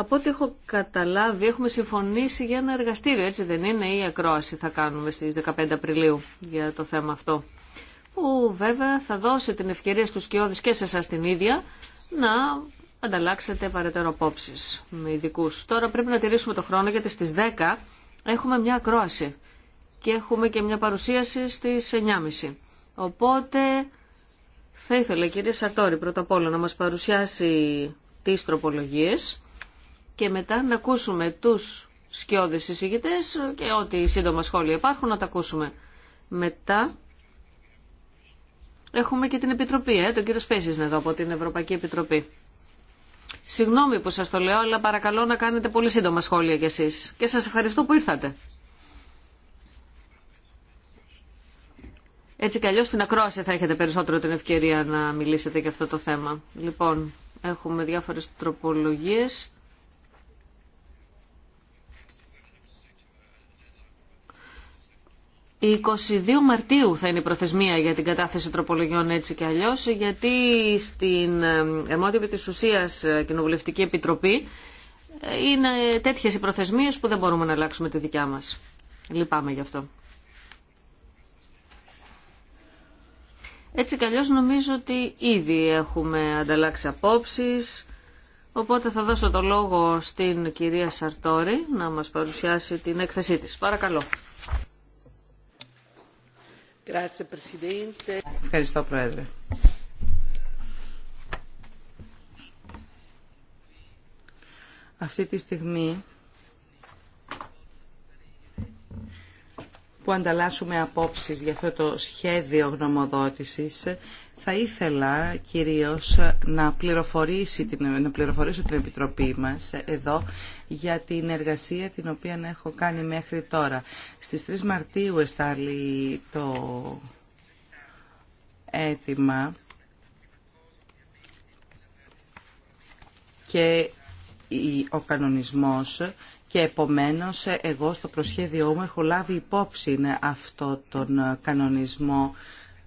Από ό,τι έχω καταλάβει, έχουμε συμφωνήσει για ένα εργαστήριο, έτσι δεν είναι, ή ακρόαση θα κάνουμε στις 15 Απριλίου για το θέμα αυτό. Που βέβαια θα δώσει την ευκαιρία στους σκιώδεις και σε εσά την ίδια να ανταλλάξετε παρετέρω απόψει με ειδικού. Τώρα πρέπει να τηρήσουμε το χρόνο γιατί στις 10 έχουμε μια ακρόαση και έχουμε και μια παρουσίαση στις 9.30. Οπότε θα ήθελα η κυρία Σαρτόρη πρώτα απ' όλα να μας παρουσιάσει τις τροπολογίες και μετά να ακούσουμε τους σκιώδεις εισηγητές και ό,τι σύντομα σχόλια υπάρχουν να τα ακούσουμε. Μετά έχουμε και την Επιτροπή, ε, τον κύριο Σπέση είναι εδώ από την Ευρωπαϊκή Επιτροπή. Συγγνώμη που σας το λέω, αλλά παρακαλώ να κάνετε πολύ σύντομα σχόλια κι εσείς. Και σας ευχαριστώ που ήρθατε. Έτσι κι αλλιώς στην ακρόαση θα έχετε περισσότερο την ευκαιρία να μιλήσετε για αυτό το θέμα. Λοιπόν, έχουμε διάφορες τροπολογίες. 22 Μαρτίου θα είναι η προθεσμία για την κατάθεση τροπολογιών έτσι και αλλιώς, γιατί στην Εμότυπη της Ουσίας ε, Κοινοβουλευτική Επιτροπή ε, είναι τέτοιες οι προθεσμίες που δεν μπορούμε να αλλάξουμε τη δικιά μας. Λυπάμαι γι' αυτό. Έτσι κι αλλιώς νομίζω ότι ήδη έχουμε ανταλλάξει απόψεις, οπότε θα δώσω το λόγο στην κυρία Σαρτόρη να μας παρουσιάσει την έκθεσή της. Παρακαλώ. Ευχαριστώ, Πρόεδρε. Αυτή τη στιγμή που ανταλλάσσουμε απόψεις για αυτό το σχέδιο γνωμοδότησης, θα ήθελα κυρίως να, πληροφορήσει την, να πληροφορήσω την Επιτροπή μας εδώ για την εργασία την οποία έχω κάνει μέχρι τώρα. Στις 3 Μαρτίου εστάλει το αίτημα και ο κανονισμός και επομένως εγώ στο προσχέδιό μου έχω λάβει υπόψη αυτό τον κανονισμό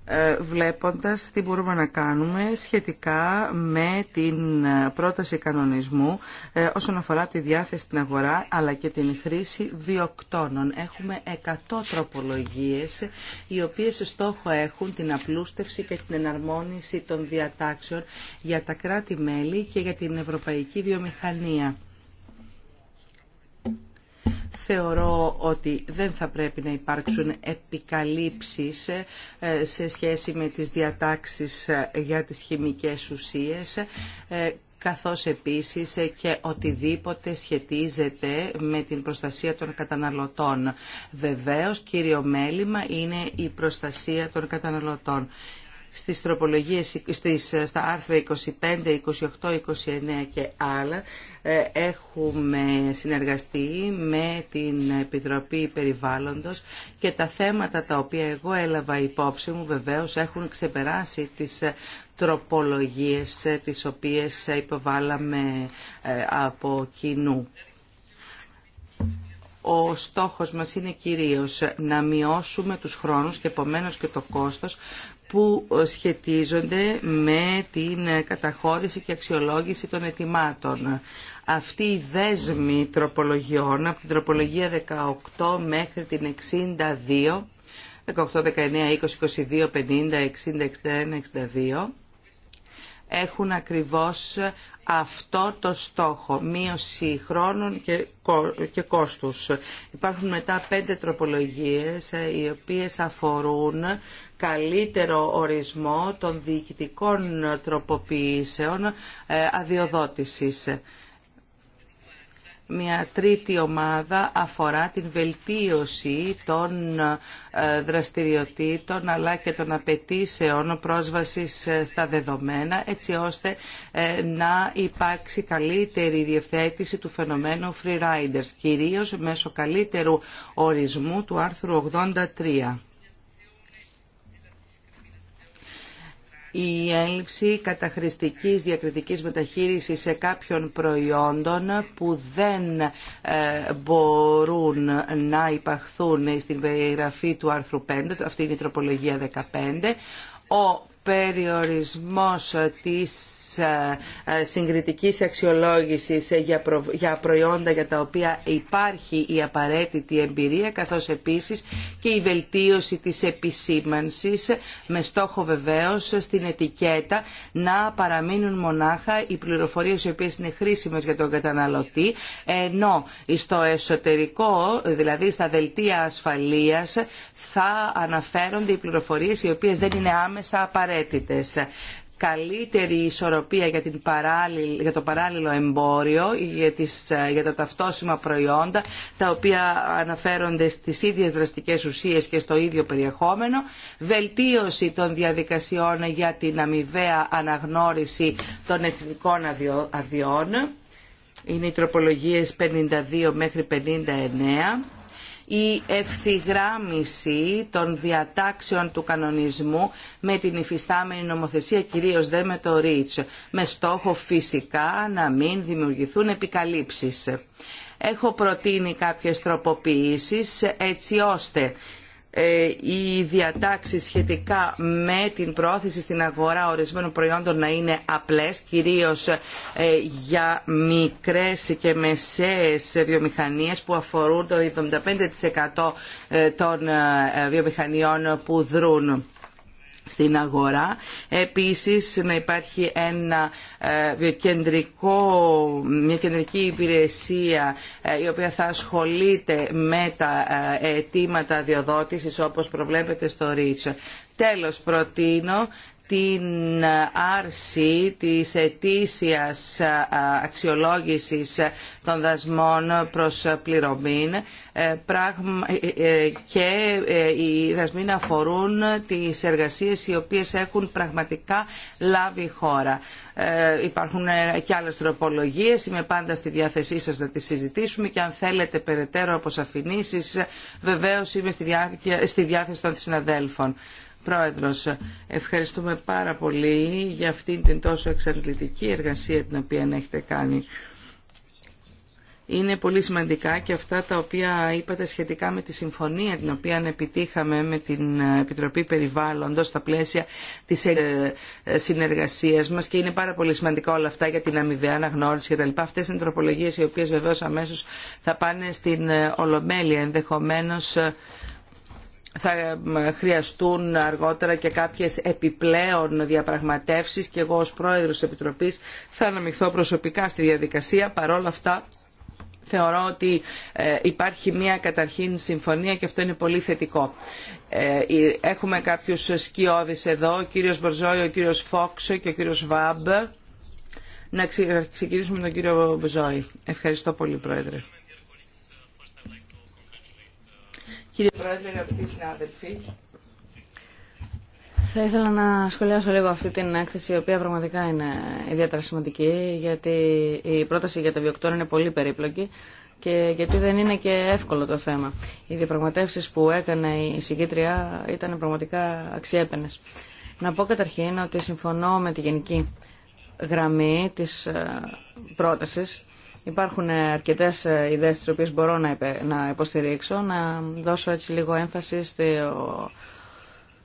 ε, βλέποντας τι μπορούμε να κάνουμε σχετικά με την ε, πρόταση κανονισμού ε, όσον αφορά τη διάθεση στην αγορά αλλά και την χρήση βιοκτώνων. Έχουμε 100 τροπολογίες οι οποίες στόχο έχουν την απλούστευση και την εναρμόνιση των διατάξεων για τα κράτη-μέλη και για την ευρωπαϊκή βιομηχανία θεωρώ ότι δεν θα πρέπει να υπάρξουν επικαλύψεις ε, σε σχέση με τις διατάξεις ε, για τις χημικές ουσίες ε, καθώς επίσης και οτιδήποτε σχετίζεται με την προστασία των καταναλωτών. Βεβαίως, κύριο μέλημα είναι η προστασία των καταναλωτών στις τροπολογίες, στις, ε, στα άρθρα 25, 28, 29 και άλλα ε, έχουμε συνεργαστεί με την Επιτροπή Περιβάλλοντος και τα θέματα τα οποία εγώ έλαβα υπόψη μου βεβαίως έχουν ξεπεράσει τις ε, τροπολογίες τις οποίες υποβάλαμε από κοινού ο στόχος μας είναι κυρίως να μειώσουμε τους χρόνους και επομένως και το κόστος που σχετίζονται με την καταχώρηση και αξιολόγηση των ετοιμάτων. Αυτή η δέσμη τροπολογιών από την τροπολογία 18 μέχρι την 62, 18, 19, 20, 22, 50, 60, 61, 62, έχουν ακριβώς αυτό το στόχο, μείωση χρόνων και, και κόστους. Υπάρχουν μετά πέντε τροπολογίες ε, οι οποίες αφορούν καλύτερο ορισμό των διοικητικών τροποποιήσεων ε, αδειοδότησης. Μια τρίτη ομάδα αφορά την βελτίωση των ε, δραστηριοτήτων αλλά και των απαιτήσεων πρόσβασης ε, στα δεδομένα έτσι ώστε ε, να υπάρξει καλύτερη διευθέτηση του φαινομένου free riders, κυρίως μέσω καλύτερου ορισμού του άρθρου 83. η έλλειψη καταχρηστικής διακριτικής μεταχείρισης σε κάποιων προϊόντων που δεν ε, μπορούν να υπαχθούν στην περιγραφή του άρθρου 5, αυτή είναι η τροπολογία 15, ο περιορισμός της ε, ε, συγκριτικής αξιολόγησης για προϊόντα για τα οποία υπάρχει η απαραίτητη εμπειρία καθώς επίσης και η βελτίωση της επισήμανσης με στόχο βεβαίως στην ετικέτα να παραμείνουν μονάχα οι πληροφορίες οι οποίες είναι χρήσιμες για τον καταναλωτή ενώ στο εσωτερικό δηλαδή στα δελτία ασφαλείας θα αναφέρονται οι πληροφορίες οι οποίες δεν είναι άμεσα απαραίτητες καλύτερη ισορροπία για, την το παράλληλο εμπόριο, για, τις, για τα ταυτόσιμα προϊόντα, τα οποία αναφέρονται στις ίδιες δραστικές ουσίες και στο ίδιο περιεχόμενο, βελτίωση των διαδικασιών για την αμοιβαία αναγνώριση των εθνικών αδειών, είναι οι τροπολογίες 52 μέχρι 59, η ευθυγράμμιση των διατάξεων του κανονισμού με την υφιστάμενη νομοθεσία, κυρίως δε με το REACH, με στόχο φυσικά να μην δημιουργηθούν επικαλύψεις. Έχω προτείνει κάποιες τροποποιήσεις έτσι ώστε ε, οι διατάξεις σχετικά με την πρόθεση στην αγορά ορισμένων προϊόντων να είναι απλές, κυρίως ε, για μικρές και μεσαίες βιομηχανίες που αφορούν το 75% ε, των βιομηχανιών που δρούν στην αγορά. Επίσης να υπάρχει ένα ε, κεντρικό, μια κεντρική υπηρεσία ε, η οποία θα ασχολείται με τα ε, αιτήματα διοδότησης όπως προβλέπεται στο Ρίτσο. Τέλος προτείνω την άρση της ετήσιας αξιολόγησης των δασμών προς πληρωμή ε, ε, ε, και οι δασμοί να αφορούν τις εργασίες οι οποίες έχουν πραγματικά λάβει η χώρα. Υπάρχουν και άλλες τροπολογίες, είμαι πάντα στη διάθεσή σας να τις συζητήσουμε και αν θέλετε περαιτέρω αποσαφηνήσεις βεβαίως είμαι στη διάθεση των συναδέλφων. Πρόεδρος, ευχαριστούμε πάρα πολύ για αυτήν την τόσο εξαντλητική εργασία την οποία έχετε κάνει. Είναι πολύ σημαντικά και αυτά τα οποία είπατε σχετικά με τη συμφωνία την οποία επιτύχαμε με την Επιτροπή Περιβάλλοντος στα πλαίσια της ε, συνεργασίας μας και είναι πάρα πολύ σημαντικά όλα αυτά για την αμοιβαία αναγνώριση λοιπά. Αυτές είναι τροπολογίες οι οποίες βεβαίως αμέσως θα πάνε στην ε, Ολομέλεια ενδεχομένως ε, θα χρειαστούν αργότερα και κάποιες επιπλέον διαπραγματεύσεις και εγώ ως πρόεδρος της Επιτροπής θα αναμειχθώ προσωπικά στη διαδικασία. Παρόλα αυτά θεωρώ ότι ε, υπάρχει μια καταρχήν συμφωνία και αυτό είναι πολύ θετικό. Ε, έχουμε κάποιους σκιώδεις εδώ, ο κύριος Μπορζόη, ο κύριος Φόξο και ο κύριος Βάμπ. Να ξεκινήσουμε με τον κύριο Μπορζόη. Ευχαριστώ πολύ πρόεδρε. Κύριε Πρόεδρε, αγαπητοί συνάδελφοι, θα ήθελα να σχολιάσω λίγο αυτή την έκθεση, η οποία πραγματικά είναι ιδιαίτερα σημαντική, γιατί η πρόταση για τα βιοκτώνα είναι πολύ περίπλοκη και γιατί δεν είναι και εύκολο το θέμα. Οι διαπραγματεύσεις που έκανε η συγκήτρια ήταν πραγματικά αξιέπαινες. Να πω καταρχήν ότι συμφωνώ με τη γενική γραμμή της ε, πρότασης Υπάρχουν ε, αρκετέ ε, ιδέε τι οποίε μπορώ να υποστηρίξω, να δώσω έτσι λίγο έμφαση στη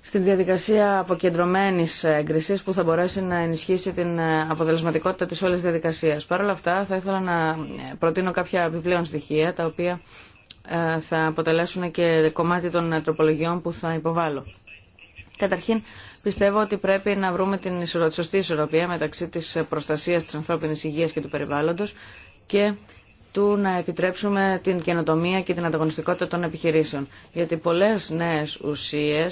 στην διαδικασία αποκεντρωμένη έγκριση που θα μπορέσει να ενισχύσει την ε, αποτελεσματικότητα τη όλη διαδικασία. Παρ' όλα αυτά, θα ήθελα να προτείνω κάποια επιπλέον στοιχεία, τα οποία θα αποτελέσουν και κομμάτι των τροπολογιών που θα υποβάλω. Καταρχήν, πιστεύω ότι πρέπει να βρούμε την σωστή ισορροπία μεταξύ τη προστασία τη ανθρώπινη υγεία και του περιβάλλοντο και του να επιτρέψουμε την καινοτομία και την ανταγωνιστικότητα των επιχειρήσεων. Γιατί πολλέ νέε ουσίε,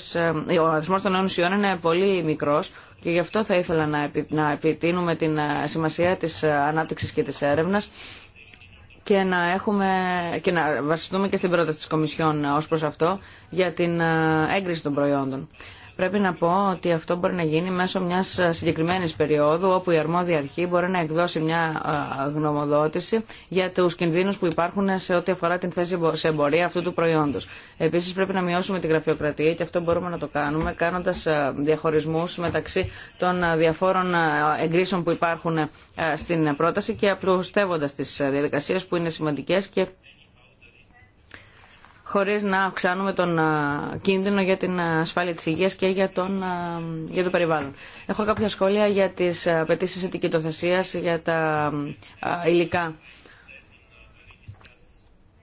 ε, ο αριθμό των νέων ουσιών είναι πολύ μικρό και γι' αυτό θα ήθελα να, να επιτείνουμε την ε, σημασία τη ε, ανάπτυξη και τη έρευνα και να, έχουμε, και να βασιστούμε και στην πρόταση της Κομισιόν ως προς αυτό για την έγκριση των προϊόντων. Πρέπει να πω ότι αυτό μπορεί να γίνει μέσω μια συγκεκριμένη περίοδου όπου η αρμόδια αρχή μπορεί να εκδώσει μια γνωμοδότηση για τους κινδύνου που υπάρχουν σε ό,τι αφορά την θέση σε εμπορία αυτού του προϊόντος. Επίσης πρέπει να μειώσουμε τη γραφειοκρατία και αυτό μπορούμε να το κάνουμε κάνοντας διαχωρισμού μεταξύ των διαφόρων εγκρίσεων που υπάρχουν στην πρόταση και απλουστεύοντας τι διαδικασίε που είναι σημαντικέ και χωρίς να αυξάνουμε τον κίνδυνο για την ασφάλεια της υγείας και για, τον, για το περιβάλλον. Έχω κάποια σχόλια για τις απαιτήσει ετικητοθεσίας για τα υλικά.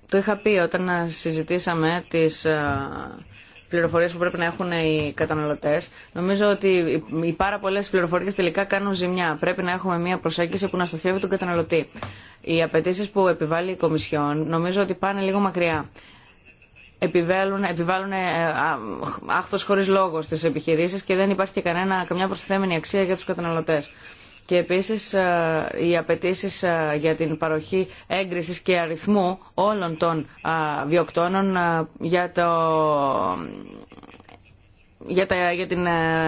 Το είχα πει όταν συζητήσαμε τις πληροφορίες που πρέπει να έχουν οι καταναλωτές. Νομίζω ότι οι πάρα πολλές πληροφορίες τελικά κάνουν ζημιά. Πρέπει να έχουμε μια προσέγγιση που να στοχεύει τον καταναλωτή. Οι απαιτήσει που επιβάλλει η Κομισιόν νομίζω ότι πάνε λίγο μακριά επιβάλλουν, επιβάλλουν ε, άχθος χωρίς λόγο στι επιχειρήσεις και δεν υπάρχει και κανένα, καμιά προσθέμενη αξία για τους καταναλωτές. Και επίσης ε, οι απαιτήσει ε, για την παροχή έγκριση και αριθμού όλων των βιοκτώνων για, το, για, τα, για την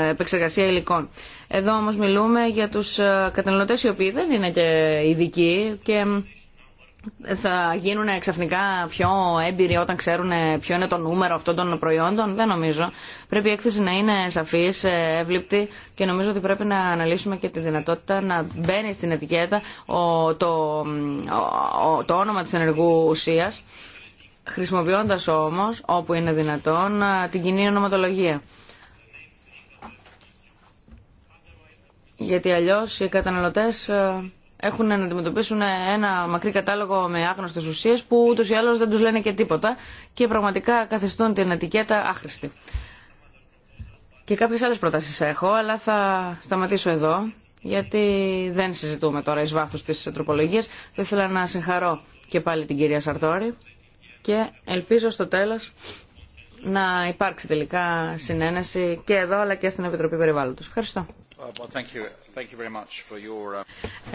επεξεργασία υλικών. Εδώ όμως μιλούμε για τους καταναλωτές οι οποίοι δεν είναι και ειδικοί και θα γίνουν ξαφνικά πιο έμπειροι όταν ξέρουν ποιο είναι το νούμερο αυτών των προϊόντων. Δεν νομίζω. Πρέπει η έκθεση να είναι σαφή, εύληπτη και νομίζω ότι πρέπει να αναλύσουμε και τη δυνατότητα να μπαίνει στην ετικέτα το, το, το όνομα της ενεργού ουσία, χρησιμοποιώντα όμως όπου είναι δυνατόν την κοινή ονοματολογία. Γιατί αλλιώς οι καταναλωτές ε, έχουν να αντιμετωπίσουν ένα μακρύ κατάλογο με άγνωστες ουσίες που ούτω ή άλλω δεν του λένε και τίποτα και πραγματικά καθιστούν την ετικέτα άχρηστη. Και κάποιε άλλε προτάσει έχω, αλλά θα σταματήσω εδώ γιατί δεν συζητούμε τώρα ει βάθο τη τροπολογία. Θα ήθελα να συγχαρώ και πάλι την κυρία Σαρτόρη και ελπίζω στο τέλο να υπάρξει τελικά συνένεση και εδώ αλλά και στην Επιτροπή Περιβάλλοντος. Ευχαριστώ.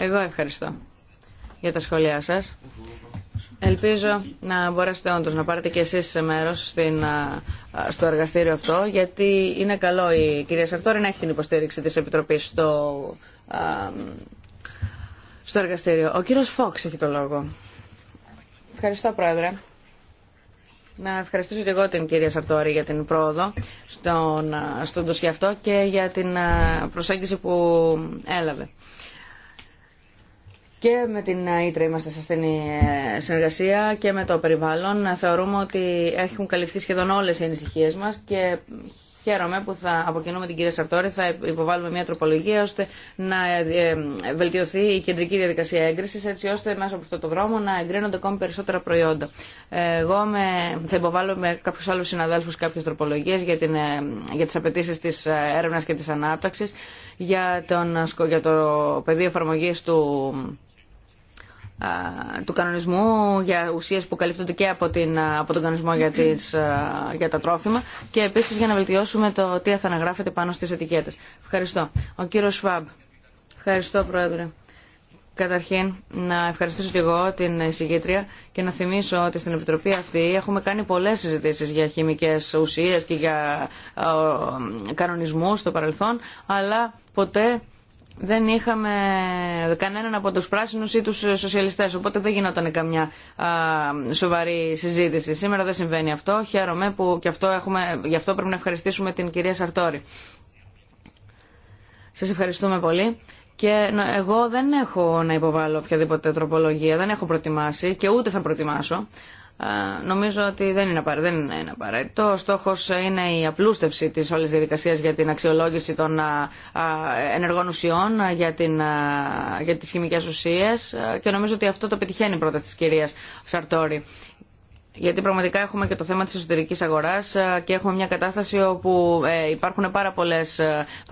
Εγώ ευχαριστώ για τα σχόλιά σας. Ελπίζω να μπορέσετε όντως να πάρετε και εσείς σε μέρος uh, στο εργαστήριο αυτό, γιατί είναι καλό η κυρία Σαρτόρη να έχει την υποστήριξη της Επιτροπής στο, um, στο εργαστήριο. Ο κύριος Φόξ έχει το λόγο. Ευχαριστώ, Πρόεδρε. Να ευχαριστήσω και εγώ την κυρία Σαρτόρη για την πρόοδο στον, στον ντοσχέ αυτό και για την προσέγγιση που έλαβε. Και με την Ήτρα είμαστε σε στενή ε, συνεργασία και με το περιβάλλον. Θεωρούμε ότι έχουν καλυφθεί σχεδόν όλες οι ανησυχίες μας και Χαίρομαι που θα αποκοινούμε την κυρία Σαρτόρη, θα υποβάλουμε μια τροπολογία ώστε να ε, ε, βελτιωθεί η κεντρική διαδικασία έγκρισης, έτσι ώστε μέσα από αυτό το δρόμο να εγκρίνονται ακόμη περισσότερα προϊόντα. Εγώ με, θα υποβάλω με κάποιους άλλους συναδέλφους κάποιες τροπολογίες για, την, ε, για τις απαιτήσει της έρευνας και της ανάπτυξης, για, για το πεδίο εφαρμογή του του κανονισμού για ουσίες που καλύπτονται και από, την, από τον κανονισμό για, τις, για τα τρόφιμα και επίσης για να βελτιώσουμε το τι θα αναγράφεται πάνω στις ετικέτες. Ευχαριστώ. Ο κύριος Σφάμπ. Ευχαριστώ Πρόεδρε. Καταρχήν, να ευχαριστήσω και εγώ την εισηγήτρια και να θυμίσω ότι στην Επιτροπή αυτή έχουμε κάνει πολλές συζητήσεις για χημικές ουσίες και για κανονισμού στο παρελθόν, αλλά ποτέ δεν είχαμε κανέναν από τους πράσινους ή τους σοσιαλιστές, οπότε δεν γινόταν καμιά σοβαρή συζήτηση. Σήμερα δεν συμβαίνει αυτό. Χαίρομαι που και αυτό έχουμε, γι' αυτό πρέπει να ευχαριστήσουμε την κυρία Σαρτόρη. Σας ευχαριστούμε πολύ. Και εγώ δεν έχω να υποβάλω οποιαδήποτε τροπολογία, δεν έχω προτιμάσει και ούτε θα προτιμάσω νομίζω ότι δεν είναι, απαραίτητο, Ο στόχος είναι η απλούστευση της όλης διαδικασίας για την αξιολόγηση των ενεργών ουσιών, για, την, για τις χημικές ουσίες και νομίζω ότι αυτό το πετυχαίνει πρώτα της κυρίας Σαρτόρη. Γιατί πραγματικά έχουμε και το θέμα της εσωτερικής αγοράς και έχουμε μια κατάσταση όπου ε,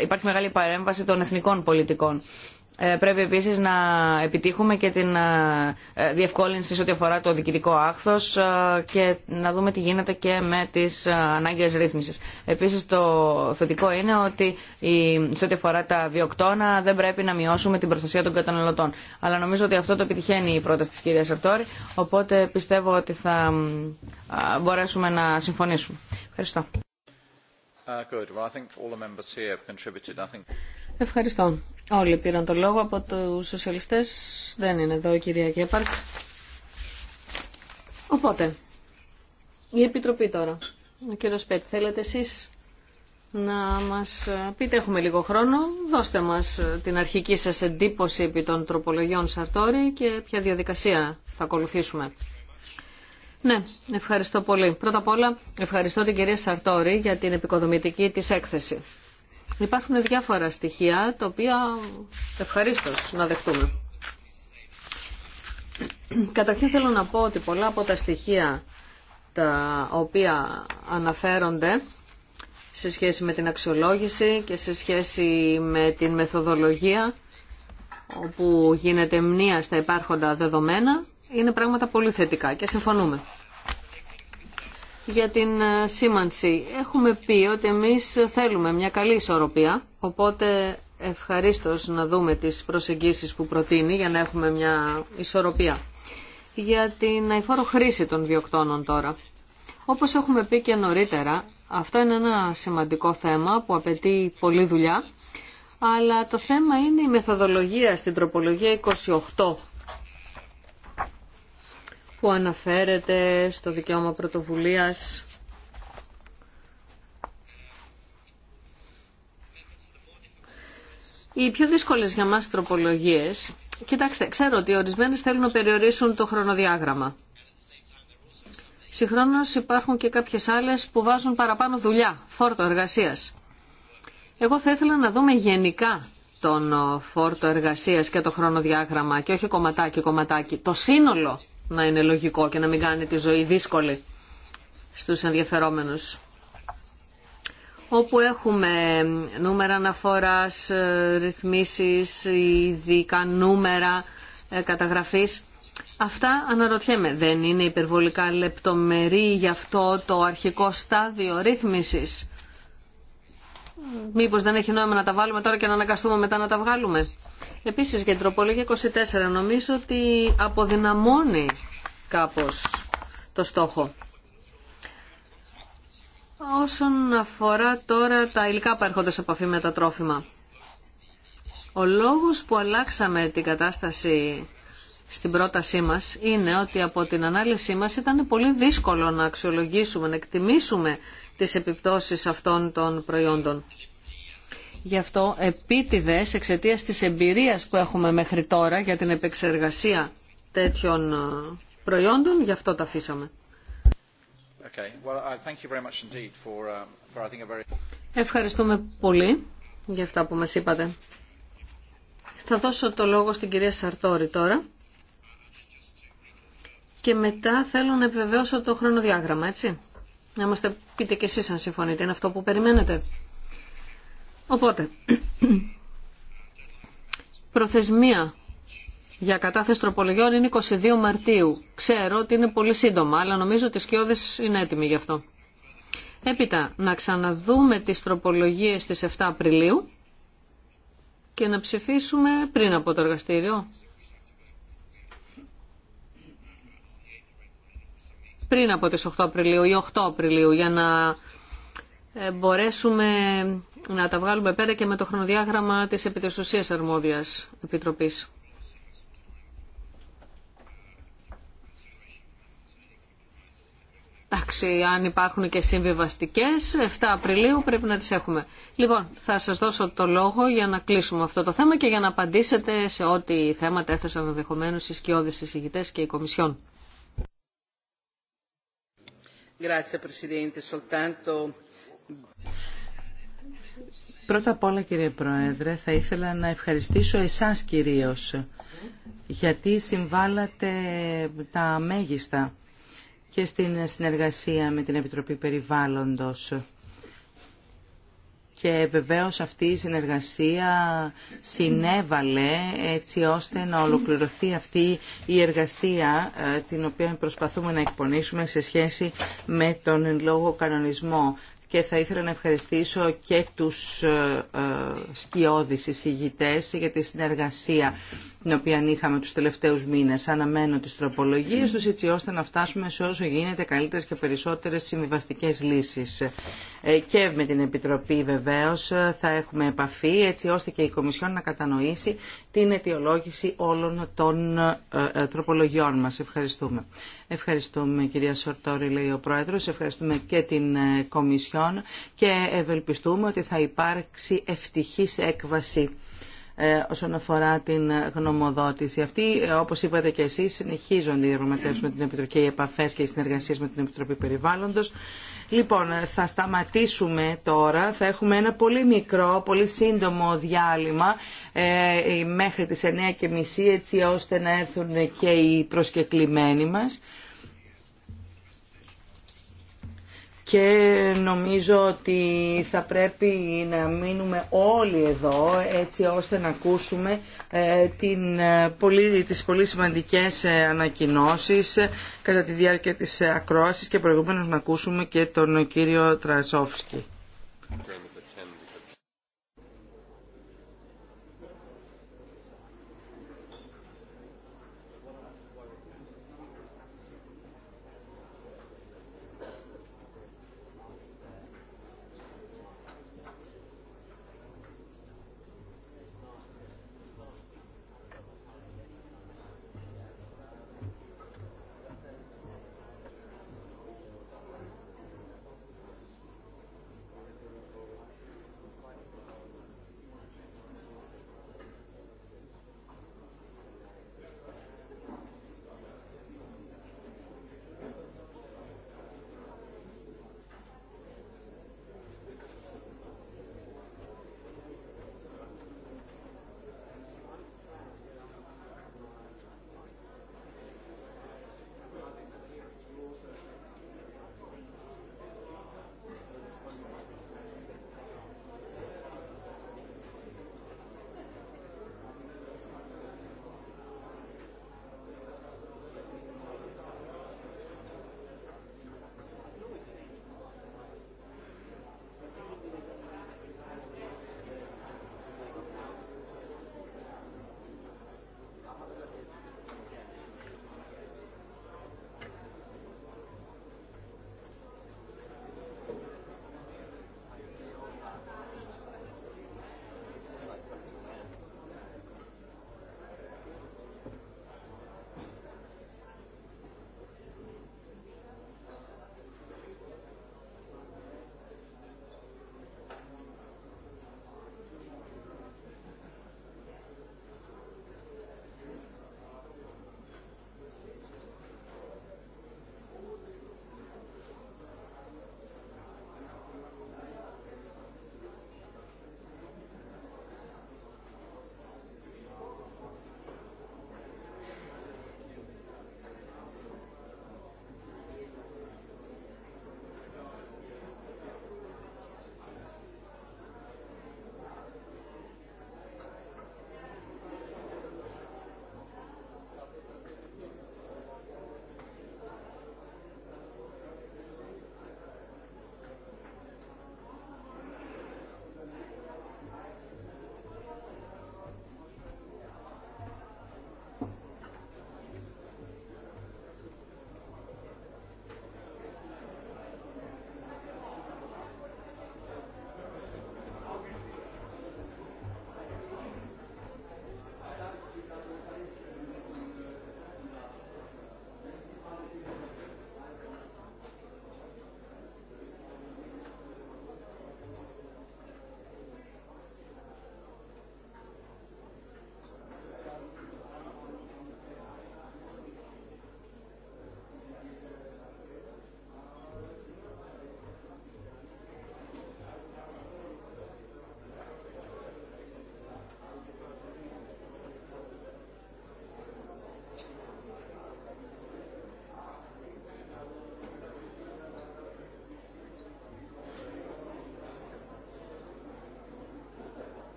υπάρχει μεγάλη παρέμβαση των εθνικών πολιτικών. Ε, πρέπει επίσης να επιτύχουμε και την ε, ε, διευκόλυνση σε ό,τι αφορά το διοικητικό άχθος και να δούμε τι γίνεται και με τις ανάγκες ρύθμιση. Επίσης το θετικό είναι ότι σε ό,τι αφορά τα βιοκτώνα δεν πρέπει να μειώσουμε την προστασία των καταναλωτών. Αλλά νομίζω ότι αυτό το επιτυχαίνει η πρόταση τη κυρία Σαρτόρη, οπότε πιστεύω ότι θα μπορέσουμε να συμφωνήσουμε. Ευχαριστώ. Ευχαριστώ. Όλοι πήραν το λόγο από τους σοσιαλιστές. Δεν είναι εδώ η κυρία Κέπαρτ. Οπότε, η Επιτροπή τώρα. Ο κύριος Πέτ, θέλετε εσείς να μας πείτε, έχουμε λίγο χρόνο, δώστε μας την αρχική σας εντύπωση επί των τροπολογιών Σαρτόρη και ποια διαδικασία θα ακολουθήσουμε. Ναι, ευχαριστώ πολύ. Πρώτα απ' όλα ευχαριστώ την κυρία Σαρτόρη για την επικοδομητική της έκθεση. Υπάρχουν διάφορα στοιχεία τα οποία ευχαρίστω να δεχτούμε. Καταρχήν θέλω να πω ότι πολλά από τα στοιχεία τα οποία αναφέρονται σε σχέση με την αξιολόγηση και σε σχέση με την μεθοδολογία όπου γίνεται μνήα στα υπάρχοντα δεδομένα είναι πράγματα πολύ θετικά και συμφωνούμε για την ε, σήμανση. Έχουμε πει ότι εμείς θέλουμε μια καλή ισορροπία, οπότε ευχαρίστως να δούμε τις προσεγγίσεις που προτείνει για να έχουμε μια ισορροπία. Για την αηφόρο χρήση των διοκτώνων τώρα. Όπως έχουμε πει και νωρίτερα, αυτό είναι ένα σημαντικό θέμα που απαιτεί πολλή δουλειά, αλλά το θέμα είναι η μεθοδολογία στην τροπολογία 28 που αναφέρεται στο δικαίωμα πρωτοβουλίας Οι πιο δύσκολες για μας τροπολογίες, κοιτάξτε, ξέρω ότι ορισμένες θέλουν να περιορίσουν το χρονοδιάγραμμα. Συγχρόνως υπάρχουν και κάποιες άλλες που βάζουν παραπάνω δουλειά, φόρτο εργασίας. Εγώ θα ήθελα να δούμε γενικά τον ε, φόρτο εργασίας και το χρονοδιάγραμμα και όχι κομματάκι-κομματάκι, το σύνολο να είναι λογικό και να μην κάνει τη ζωή δύσκολη στους ενδιαφερόμενους. Όπου έχουμε νούμερα αναφοράς, ε, ρυθμίσεις, ειδικά νούμερα ε, καταγραφής, Αυτά αναρωτιέμαι. Δεν είναι υπερβολικά λεπτομερή γι' αυτό το αρχικό στάδιο ρύθμισης. Μήπως δεν έχει νόημα να τα βάλουμε τώρα και να αναγκαστούμε μετά να τα βγάλουμε. Επίσης για την τροπολογία 24 νομίζω ότι αποδυναμώνει κάπως το στόχο. Όσον αφορά τώρα τα υλικά που έρχονται σε επαφή με τα τρόφιμα. Ο λόγος που αλλάξαμε την κατάσταση στην πρότασή μας είναι ότι από την ανάλυση μας ήταν πολύ δύσκολο να αξιολογήσουμε, να εκτιμήσουμε τις επιπτώσεις αυτών των προϊόντων. Γι' αυτό επίτηδες εξαιτία της εμπειρίας που έχουμε μέχρι τώρα για την επεξεργασία τέτοιων ε, προϊόντων, γι' αυτό τα αφήσαμε. Ευχαριστούμε πολύ για αυτά που μας είπατε. Θα δώσω το λόγο στην κυρία Σαρτόρη τώρα και μετά θέλω να επιβεβαιώσω το χρονοδιάγραμμα, έτσι. Να μας πείτε κι εσείς αν συμφωνείτε, είναι αυτό που περιμένετε. Οπότε, προθεσμία για κατάθεση τροπολογιών είναι 22 Μαρτίου. Ξέρω ότι είναι πολύ σύντομα, αλλά νομίζω ότι οι σκιώδες είναι έτοιμοι γι' αυτό. Έπειτα, να ξαναδούμε τις τροπολογίες της 7 Απριλίου και να ψηφίσουμε πριν από το εργαστήριο. Πριν από τις 8 Απριλίου ή 8 Απριλίου, για να ε, μπορέσουμε να τα βγάλουμε πέρα και με το χρονοδιάγραμμα της Επιτεσουσίας Αρμόδιας Επιτροπής. Εντάξει, αν υπάρχουν και συμβιβαστικέ, 7 Απριλίου πρέπει να τις έχουμε. Λοιπόν, θα σας δώσω το λόγο για να κλείσουμε αυτό το θέμα και για να απαντήσετε σε ό,τι θέματα έθεσαν ενδεχομένω οι σκιώδες συζητητές και η Κομισιόν. Πρώτα απ' όλα κύριε Πρόεδρε θα ήθελα να ευχαριστήσω εσάς κυρίως γιατί συμβάλατε τα μέγιστα και στην συνεργασία με την Επιτροπή Περιβάλλοντος. Και βεβαίως αυτή η συνεργασία συνέβαλε έτσι ώστε να ολοκληρωθεί αυτή η εργασία ε, την οποία προσπαθούμε να εκπονήσουμε σε σχέση με τον λόγο κανονισμό και θα ήθελα να ευχαριστήσω και τους ε, ε, σκιώδεις εισηγητές για τη συνεργασία την οποία είχαμε του τελευταίου μήνε Αναμένω τι τροπολογίε του έτσι ώστε να φτάσουμε σε όσο γίνεται καλύτερε και περισσότερε συμβιβαστικέ λύσει. Ε, και με την Επιτροπή βεβαίω θα έχουμε επαφή έτσι ώστε και η Κομισιόν να κατανοήσει την αιτιολόγηση όλων των ε, ε, τροπολογιών μα. Ευχαριστούμε. Ευχαριστούμε κυρία Σορτόρη, λέει ο Πρόεδρο. Ευχαριστούμε και την Κομισιόν και ευελπιστούμε ότι θα υπάρξει ευτυχή έκβαση ε, όσον αφορά την γνωμοδότηση. Αυτή, ε, όπως είπατε και εσείς, συνεχίζονται οι διαπραγματεύσει με την Επιτροπή, οι επαφές και οι συνεργασίε με την Επιτροπή Περιβάλλοντος. Λοιπόν, ε, θα σταματήσουμε τώρα. Θα έχουμε ένα πολύ μικρό, πολύ σύντομο διάλειμμα μέχρι τις 9.30 έτσι ώστε να έρθουν και οι προσκεκλημένοι μας. και νομίζω ότι θα πρέπει να μείνουμε όλοι εδώ έτσι ώστε να ακούσουμε ε, την, ε, πολύ, τις πολύ σημαντικές ε, ανακοινώσεις κατά τη διάρκεια της ακρόασης και προηγουμένως να ακούσουμε και τον κύριο Τρασόφσκι.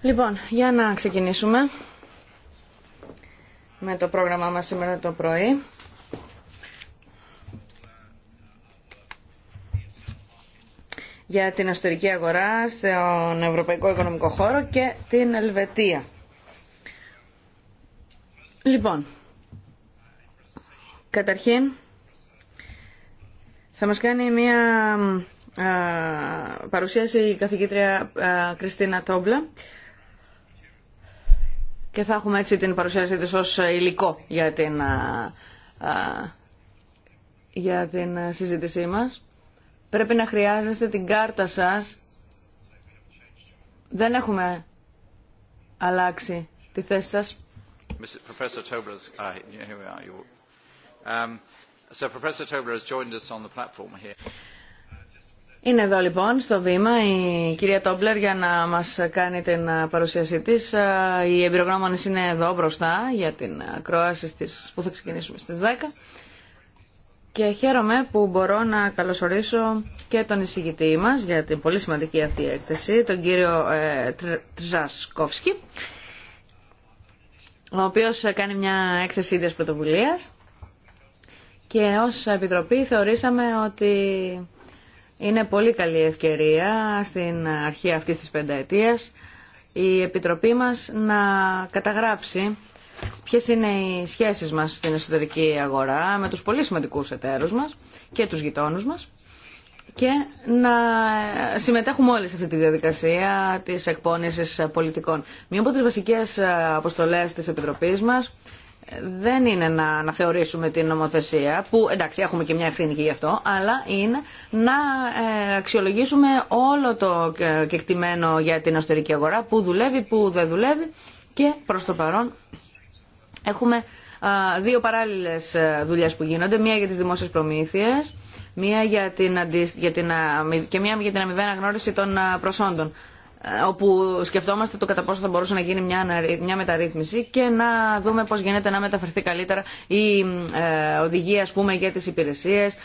Λοιπόν, για να ξεκινήσουμε με το πρόγραμμά μας σήμερα το πρωί. για την εσωτερική αγορά στον Ευρωπαϊκό Οικονομικό Χώρο και την Ελβετία. Λοιπόν, καταρχήν θα μας κάνει μια παρουσίαση η καθηγήτρια Κριστίνα Τόμπλα και θα έχουμε έτσι την παρουσίαση της ως υλικό για την, για την συζήτησή μας. Πρέπει να χρειάζεστε την κάρτα σας. Δεν έχουμε αλλάξει τη θέση σας. Είναι εδώ λοιπόν στο βήμα η κυρία Τόμπλερ για να μας κάνει την ε, παρουσίασή της. Ε, οι εμπειρογνώμονες είναι εδώ μπροστά για την ακρόαση στις, που θα ξεκινήσουμε στις 10. Και χαίρομαι που μπορώ να καλωσορίσω και τον εισηγητή μας για την πολύ σημαντική αυτή έκθεση, τον κύριο ε, ο οποίος κάνει μια έκθεση ίδιας πρωτοβουλίας και ως Επιτροπή θεωρήσαμε ότι είναι πολύ καλή ευκαιρία στην αρχή αυτής της πενταετίας η Επιτροπή μας να καταγράψει ποιες είναι οι σχέσεις μας στην εσωτερική αγορά με τους πολύ σημαντικούς εταίρους μας και τους γειτόνους μας και να συμμετέχουμε όλοι σε αυτή τη διαδικασία της εκπόνησης πολιτικών. Μία από τις βασικές αποστολές της Επιτροπής μας δεν είναι να αναθεωρήσουμε την νομοθεσία, που εντάξει έχουμε και μια ευθύνη και γι' αυτό, αλλά είναι να ε, αξιολογήσουμε όλο το κεκτημένο για την εσωτερική αγορά, που δουλεύει, που δεν δουλεύει και προς το παρόν έχουμε δύο παράλληλες ε, δουλειές που γίνονται, μία για τις δημόσιες προμήθειες μία για την, και μία για την αμοιβαία αναγνώριση των προσόντων. Ε, όπου σκεφτόμαστε το κατά πόσο θα μπορούσε να γίνει μια, μια μεταρρύθμιση και να δούμε πώς γίνεται να μεταφερθεί καλύτερα η ε, οδηγία ας πούμε, για τις υπηρεσίες, ε,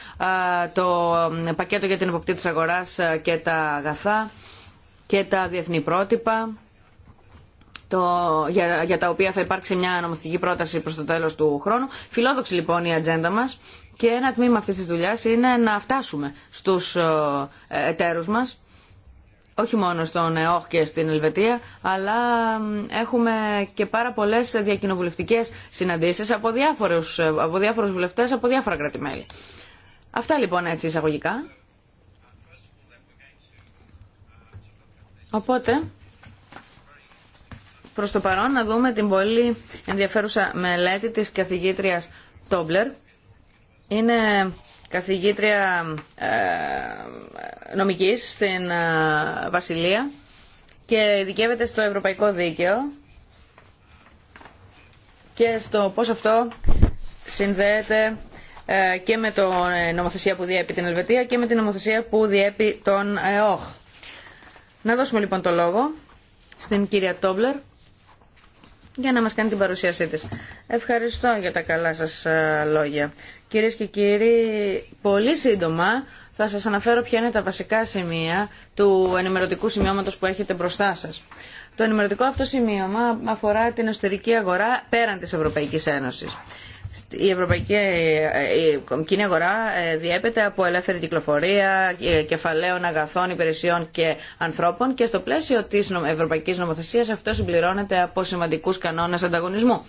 το πακέτο για την εποπτεία της αγοράς και τα αγαθά και τα διεθνή πρότυπα το, για, για τα οποία θα υπάρξει μια νομοθετική πρόταση προς το τέλος του χρόνου. Φιλόδοξη λοιπόν η ατζέντα μας και ένα τμήμα αυτής της δουλειάς είναι να φτάσουμε στους εταίρους μας όχι μόνο στον ΕΟΧ και στην Ελβετία, αλλά έχουμε και πάρα πολλέ πολλέ συναντήσεις από διάφορους, από διάφορους βουλευτές, από διάφορα κρατημέλη. Αυτά λοιπόν έτσι εισαγωγικά. Οπότε, προς το παρόν να δούμε την πολύ ενδιαφέρουσα μελέτη της καθηγήτριας Τόμπλερ. Είναι καθηγήτρια ε, νομικής στην ε, Βασιλεία και ειδικεύεται στο Ευρωπαϊκό Δίκαιο και στο πώς αυτό συνδέεται ε, και με την νομοθεσία που διέπει την Ελβετία και με την νομοθεσία που διέπει τον ΕΟΧ. Να δώσουμε λοιπόν το λόγο στην κυρία Τόμπλερ για να μας κάνει την παρουσίασή της. Ευχαριστώ για τα καλά σας λόγια. Κυρίες και κύριοι, πολύ σύντομα θα σας αναφέρω ποια είναι τα βασικά σημεία του ενημερωτικού σημειώματος που έχετε μπροστά σας. Το ενημερωτικό αυτό σημείωμα αφορά την εσωτερική αγορά πέραν της Ευρωπαϊκής Ένωσης. Η Ευρωπαϊκή η Κοινή Αγορά ε, διέπεται από ελεύθερη κυκλοφορία ε, κεφαλαίων, αγαθών, υπηρεσιών και ανθρώπων και στο πλαίσιο της Ευρωπαϊκής Νομοθεσίας αυτό συμπληρώνεται από σημαντικούς κανόνες ανταγωνισμού.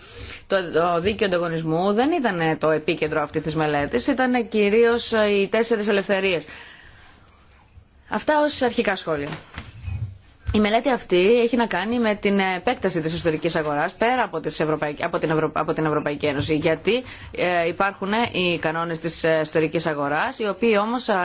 Το δίκαιο ανταγωνισμού δεν ήταν το επίκεντρο αυτής της μελέτης, ήταν κυρίως οι τέσσερις ελευθερίες. Αυτά ως αρχικά σχόλια. Η μελέτη αυτή έχει να κάνει με την επέκταση της ιστορικής αγοράς πέρα από, τις από, την, από την Ευρωπαϊκή Ένωση γιατί ε, υπάρχουν οι κανόνες της ιστορικής αγοράς οι οποίοι όμως ε,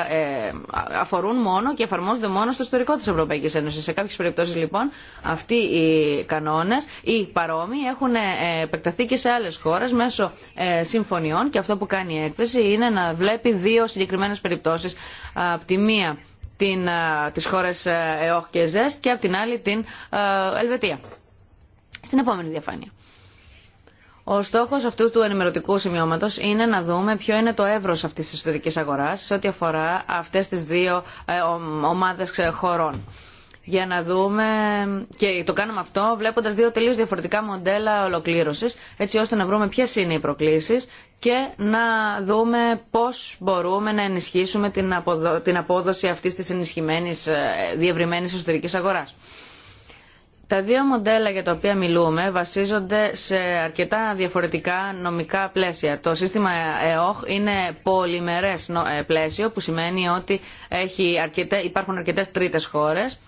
αφορούν μόνο και εφαρμόζονται μόνο στο ιστορικό της Ευρωπαϊκής Ένωσης. Σε κάποιες περιπτώσεις λοιπόν αυτοί οι κανόνες ή παρόμοιοι έχουν ε, επεκταθεί και σε άλλες χώρες μέσω ε, συμφωνιών και αυτό που κάνει η έκθεση είναι να βλέπει δύο συγκεκριμένες περιπτώσεις από τη μία την, ε, τις χώρες ε, ΕΟΧ και ΖΕΣ και από την άλλη την ε, Ελβετία. Στην επόμενη διαφάνεια. Ο στόχο αυτού του ενημερωτικού σημειώματο είναι να δούμε ποιο είναι το εύρο αυτή τη ιστορική αγορά σε ό,τι αφορά αυτέ τι δύο ομάδε χωρών. Για να δούμε, και το κάνουμε αυτό βλέποντα δύο τελείω διαφορετικά μοντέλα ολοκλήρωση, έτσι ώστε να βρούμε ποιε είναι οι προκλήσει και να δούμε πώς μπορούμε να ενισχύσουμε την, απόδοση αυτή της ενισχυμένης ε, διευρυμένης εσωτερικής αγοράς. Τα δύο μοντέλα για τα οποία μιλούμε βασίζονται σε αρκετά διαφορετικά νομικά πλαίσια. Το σύστημα ΕΟΧ είναι πολυμερές ε, πλαίσιο που σημαίνει ότι έχει αρκετέ, υπάρχουν αρκετές τρίτες χώρες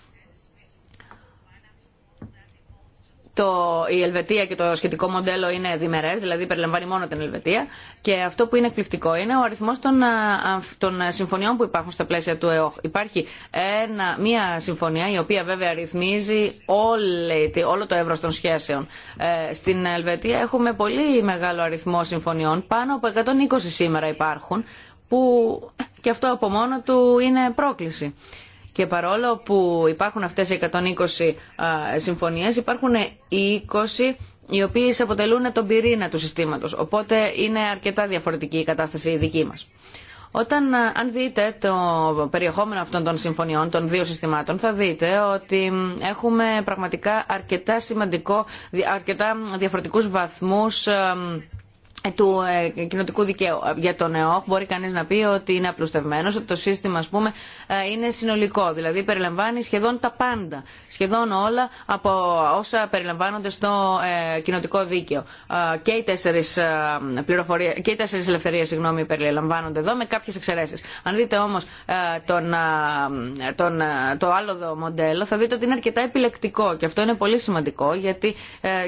το, η Ελβετία και το σχετικό μοντέλο είναι διμερές, δηλαδή περιλαμβάνει μόνο την Ελβετία και αυτό που είναι εκπληκτικό είναι ο αριθμός των, των συμφωνιών που υπάρχουν στα πλαίσια του ΕΟΧ. Υπάρχει μια συμφωνία η οποία βέβαια ρυθμίζει όλο το εύρος των σχέσεων. Ε, στην Ελβετία έχουμε πολύ μεγάλο αριθμό συμφωνιών, πάνω από 120 σήμερα υπάρχουν, που ε, και αυτό από μόνο του είναι πρόκληση. Και παρόλο που υπάρχουν αυτές οι 120 συμφωνίες, υπάρχουν οι 20 οι οποίες αποτελούν τον πυρήνα του συστήματος. Οπότε είναι αρκετά διαφορετική η κατάσταση η δική μας. Όταν, αν δείτε το περιεχόμενο αυτών των συμφωνιών, των δύο συστημάτων, θα δείτε ότι έχουμε πραγματικά αρκετά σημαντικό, αρκετά διαφορετικούς βαθμούς του ε, κοινοτικού δικαίου. Ε, για τον ΕΟΧ μπορεί κανείς να πει ότι είναι απλουστευμένος, ότι το σύστημα ας πούμε, ε, είναι συνολικό. Δηλαδή περιλαμβάνει σχεδόν τα πάντα. Σχεδόν όλα από όσα περιλαμβάνονται στο κοινοτικό δίκαιο. και οι τέσσερι ε, ελευθερίε περιλαμβάνονται εδώ με κάποιες εξαιρέσει. Αν δείτε όμω τον, τον, το άλλο μοντέλο, θα δείτε ότι είναι αρκετά επιλεκτικό. Και αυτό είναι πολύ σημαντικό γιατί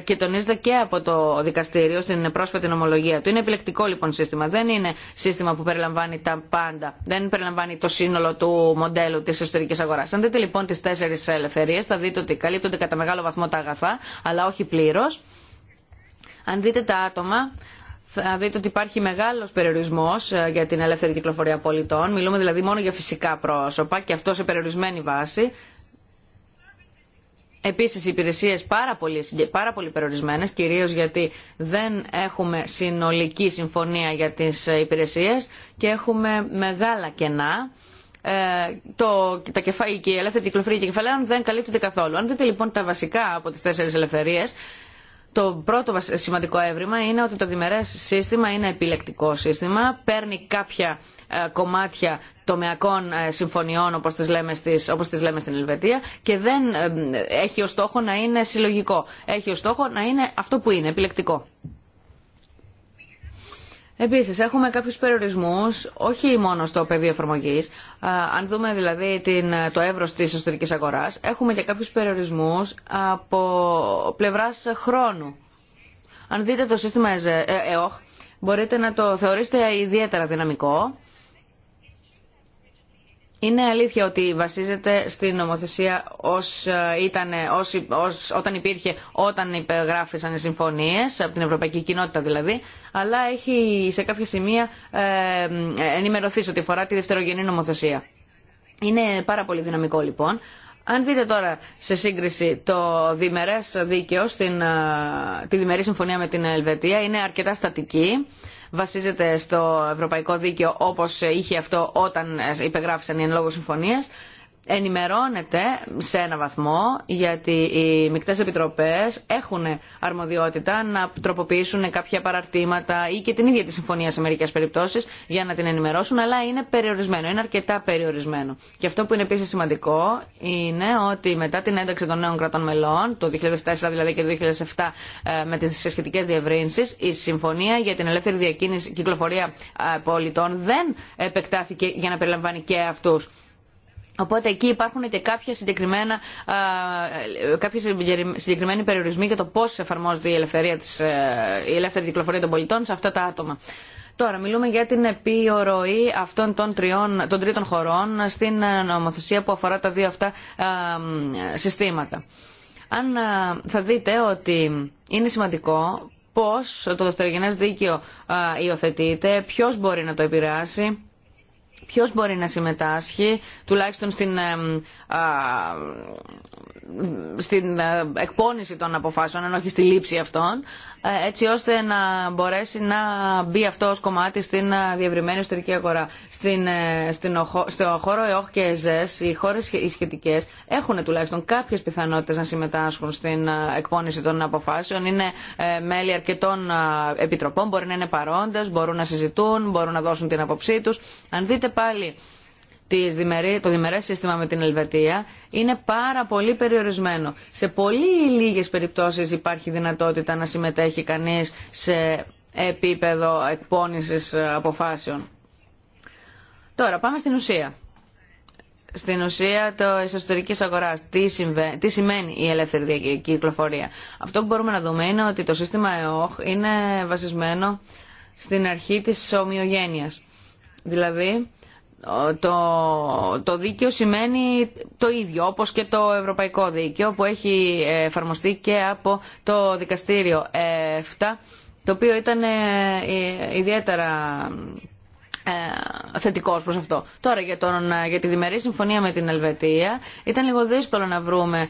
και τονίζεται και από το δικαστήριο στην πρόσφατη νομολογία του. Είναι επιλεκτικό λοιπόν σύστημα. Δεν είναι σύστημα που περιλαμβάνει τα πάντα. Δεν περιλαμβάνει το σύνολο του μοντέλου τη εσωτερική αγορά. Αν δείτε λοιπόν τι τέσσερι ελευθερίε, θα δείτε ότι καλύπτονται κατά μεγάλο βαθμό τα αγαθά, αλλά όχι πλήρω. Αν δείτε τα άτομα, θα δείτε ότι υπάρχει μεγάλος περιορισμός ε, για την ελεύθερη κυκλοφορία πολιτών. Μιλούμε δηλαδή μόνο για φυσικά πρόσωπα και αυτό σε περιορισμένη βάση. Επίση, οι υπηρεσίες πάρα πολύ, πάρα πολύ κυρίως γιατί δεν έχουμε συνολική συμφωνία για τις ε, υπηρεσίες και έχουμε μεγάλα κενά. Ε, το, τα η ελεύθερη κυκλοφορία και κεφαλαίων δεν καλύπτεται καθόλου. Αν δείτε λοιπόν τα βασικά από τι τέσσερι ελευθερίες, το πρώτο σημαντικό έβριμα είναι ότι το διμερές σύστημα είναι επιλεκτικό σύστημα, παίρνει κάποια ε, κομμάτια τομεακών ε, συμφωνιών όπως τις, λέμε στην Ελβετία και δεν ε, έχει ως στόχο να είναι συλλογικό. Έχει ως στόχο να είναι αυτό που είναι, επιλεκτικό. Επίσης, έχουμε κάποιους περιορισμούς, όχι μόνο στο πεδίο εφαρμογής. Αν δούμε δηλαδή την, το εύρος της εσωτερικής αγοράς, έχουμε και κάποιους περιορισμούς από πλευράς χρόνου. Αν δείτε το σύστημα ΕΟΧ, μπορείτε να το θεωρήσετε ιδιαίτερα δυναμικό είναι αλήθεια ότι βασίζεται στην νομοθεσία ως, ε, ήταν, ως, ως, όταν υπήρχε, όταν υπεγράφησαν οι συμφωνίες, από την Ευρωπαϊκή Κοινότητα δηλαδή, αλλά έχει σε κάποια σημεία ε, ενημερωθεί ό,τι φορά τη δευτερογενή νομοθεσία. Είναι πάρα πολύ δυναμικό λοιπόν. Αν δείτε τώρα σε σύγκριση το διμερές δίκαιο, στην, ε, τη διμερή συμφωνία με την Ελβετία, είναι αρκετά στατική βασίζεται στο ευρωπαϊκό δίκαιο όπως είχε αυτό όταν υπεγράφησαν οι εν λόγω συμφωνίες ενημερώνεται σε ένα βαθμό γιατί οι μικτές επιτροπές έχουν αρμοδιότητα να τροποποιήσουν κάποια παραρτήματα ή και την ίδια τη συμφωνία σε μερικές περιπτώσεις για να την ενημερώσουν αλλά είναι περιορισμένο, είναι αρκετά περιορισμένο. Και αυτό που είναι επίσης σημαντικό είναι ότι μετά την ένταξη των νέων κρατών μελών το 2004 δηλαδή και το 2007 ε, με τις σχετικές διευρύνσεις η συμφωνία για την ελεύθερη διακίνηση κυκλοφορία ε, πολιτών δεν επεκτάθηκε για να περιλαμβάνει και αυτού. Οπότε εκεί υπάρχουν και κάποια συγκεκριμένα, συγκεκριμένοι περιορισμοί για το πώς εφαρμόζεται η, ελευθερία της, ε, η ελεύθερη κυκλοφορία των πολιτών σε αυτά τα άτομα. Τώρα, μιλούμε για την επιορροή αυτών των, τριών, των τρίτων χωρών στην ε, νομοθεσία που αφορά τα δύο αυτά συστήματα. Αν ε, θα δείτε ότι είναι σημαντικό πώς το δευτερογενές δίκαιο υιοθετείται, ποιος μπορεί να το επηρεάσει, ποιος μπορεί να συμμετάσχει, τουλάχιστον στην, ε, στην ε, εκπόνηση των αποφάσεων, αν όχι στη λήψη αυτών, ε, έτσι ώστε να μπορέσει να μπει αυτό ως κομμάτι στην ε, διευρυμένη ιστορική αγορά. Στην, ε, στην, στο χώρο ΕΟΧ και ΕΖΕΣ, οι χώρε οι σχετικές έχουν τουλάχιστον κάποιες πιθανότητες να συμμετάσχουν στην εκπόνηση των αποφάσεων. Είναι μέλη αρκετών επιτροπών, μπορεί να είναι παρόντες, μπορούν να συζητούν, μπορούν να δώσουν την άποψή του. Αν δείτε πάλι το διμερές σύστημα με την Ελβετία είναι πάρα πολύ περιορισμένο. Σε πολύ λίγες περιπτώσεις υπάρχει δυνατότητα να συμμετέχει κανείς σε επίπεδο εκπόνησης ε, αποφάσεων. Τώρα πάμε στην ουσία. Στην ουσία το εσωτερική αγορά. Τι, τι σημαίνει η ελεύθερη κυκλοφορία. Αυτό που μπορούμε να δούμε είναι ότι το σύστημα ΕΟΧ είναι βασισμένο στην αρχή της ομοιογένειας. Δηλαδή το, δίκαιο σημαίνει το ίδιο όπως και το ευρωπαϊκό δίκαιο που έχει εφαρμοστεί και από το δικαστήριο 7 το οποίο ήταν ε, ιδιαίτερα ε, θετικός προς αυτό. Τώρα για, τον, ε, για τη διμερή συμφωνία με την Ελβετία ήταν λίγο δύσκολο να βρούμε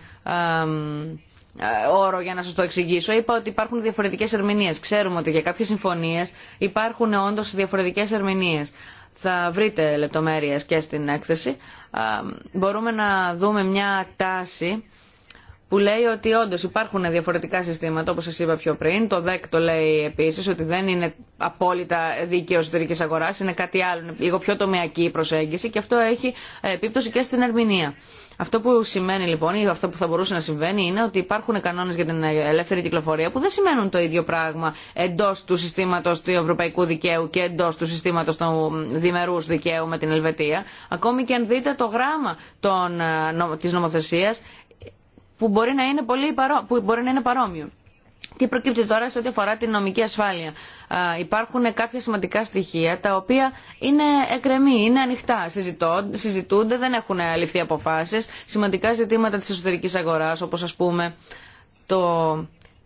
όρο για να σας το εξηγήσω. Είπα ότι υπάρχουν διαφορετικές ερμηνείες. Ξέρουμε ότι για κάποιες συμφωνίες υπάρχουν όντως διαφορετικές ερμηνείες θα βρείτε λεπτομέρειες και στην έκθεση, μπορούμε να δούμε μια τάση που λέει ότι όντω υπάρχουν διαφορετικά συστήματα, όπω σα είπα πιο πριν. Το ΔΕΚ το λέει επίση ότι δεν είναι απόλυτα δίκαιο εσωτερική αγορά, είναι κάτι άλλο, είναι λίγο πιο τομεακή η προσέγγιση και αυτό έχει ε, επίπτωση και στην ερμηνεία. Αυτό που σημαίνει λοιπόν, ή αυτό που θα μπορούσε να συμβαίνει, είναι ότι υπάρχουν κανόνε για την ελεύθερη κυκλοφορία που δεν σημαίνουν το ίδιο πράγμα εντό του συστήματο του ευρωπαϊκού δικαίου και εντό του συστήματο του διμερού δικαίου με την Ελβετία. Ακόμη και αν δείτε το γράμμα ε, τη νομοθεσία, που μπορεί να είναι, πολύ που μπορεί να είναι παρόμοιο. Τι προκύπτει τώρα σε ό,τι αφορά την νομική ασφάλεια. Υπάρχουν κάποια σημαντικά στοιχεία τα οποία είναι εκρεμή, είναι ανοιχτά, συζητούνται, δεν έχουν ληφθεί αποφάσει. Σημαντικά ζητήματα τη εσωτερική αγορά, όπω α πούμε το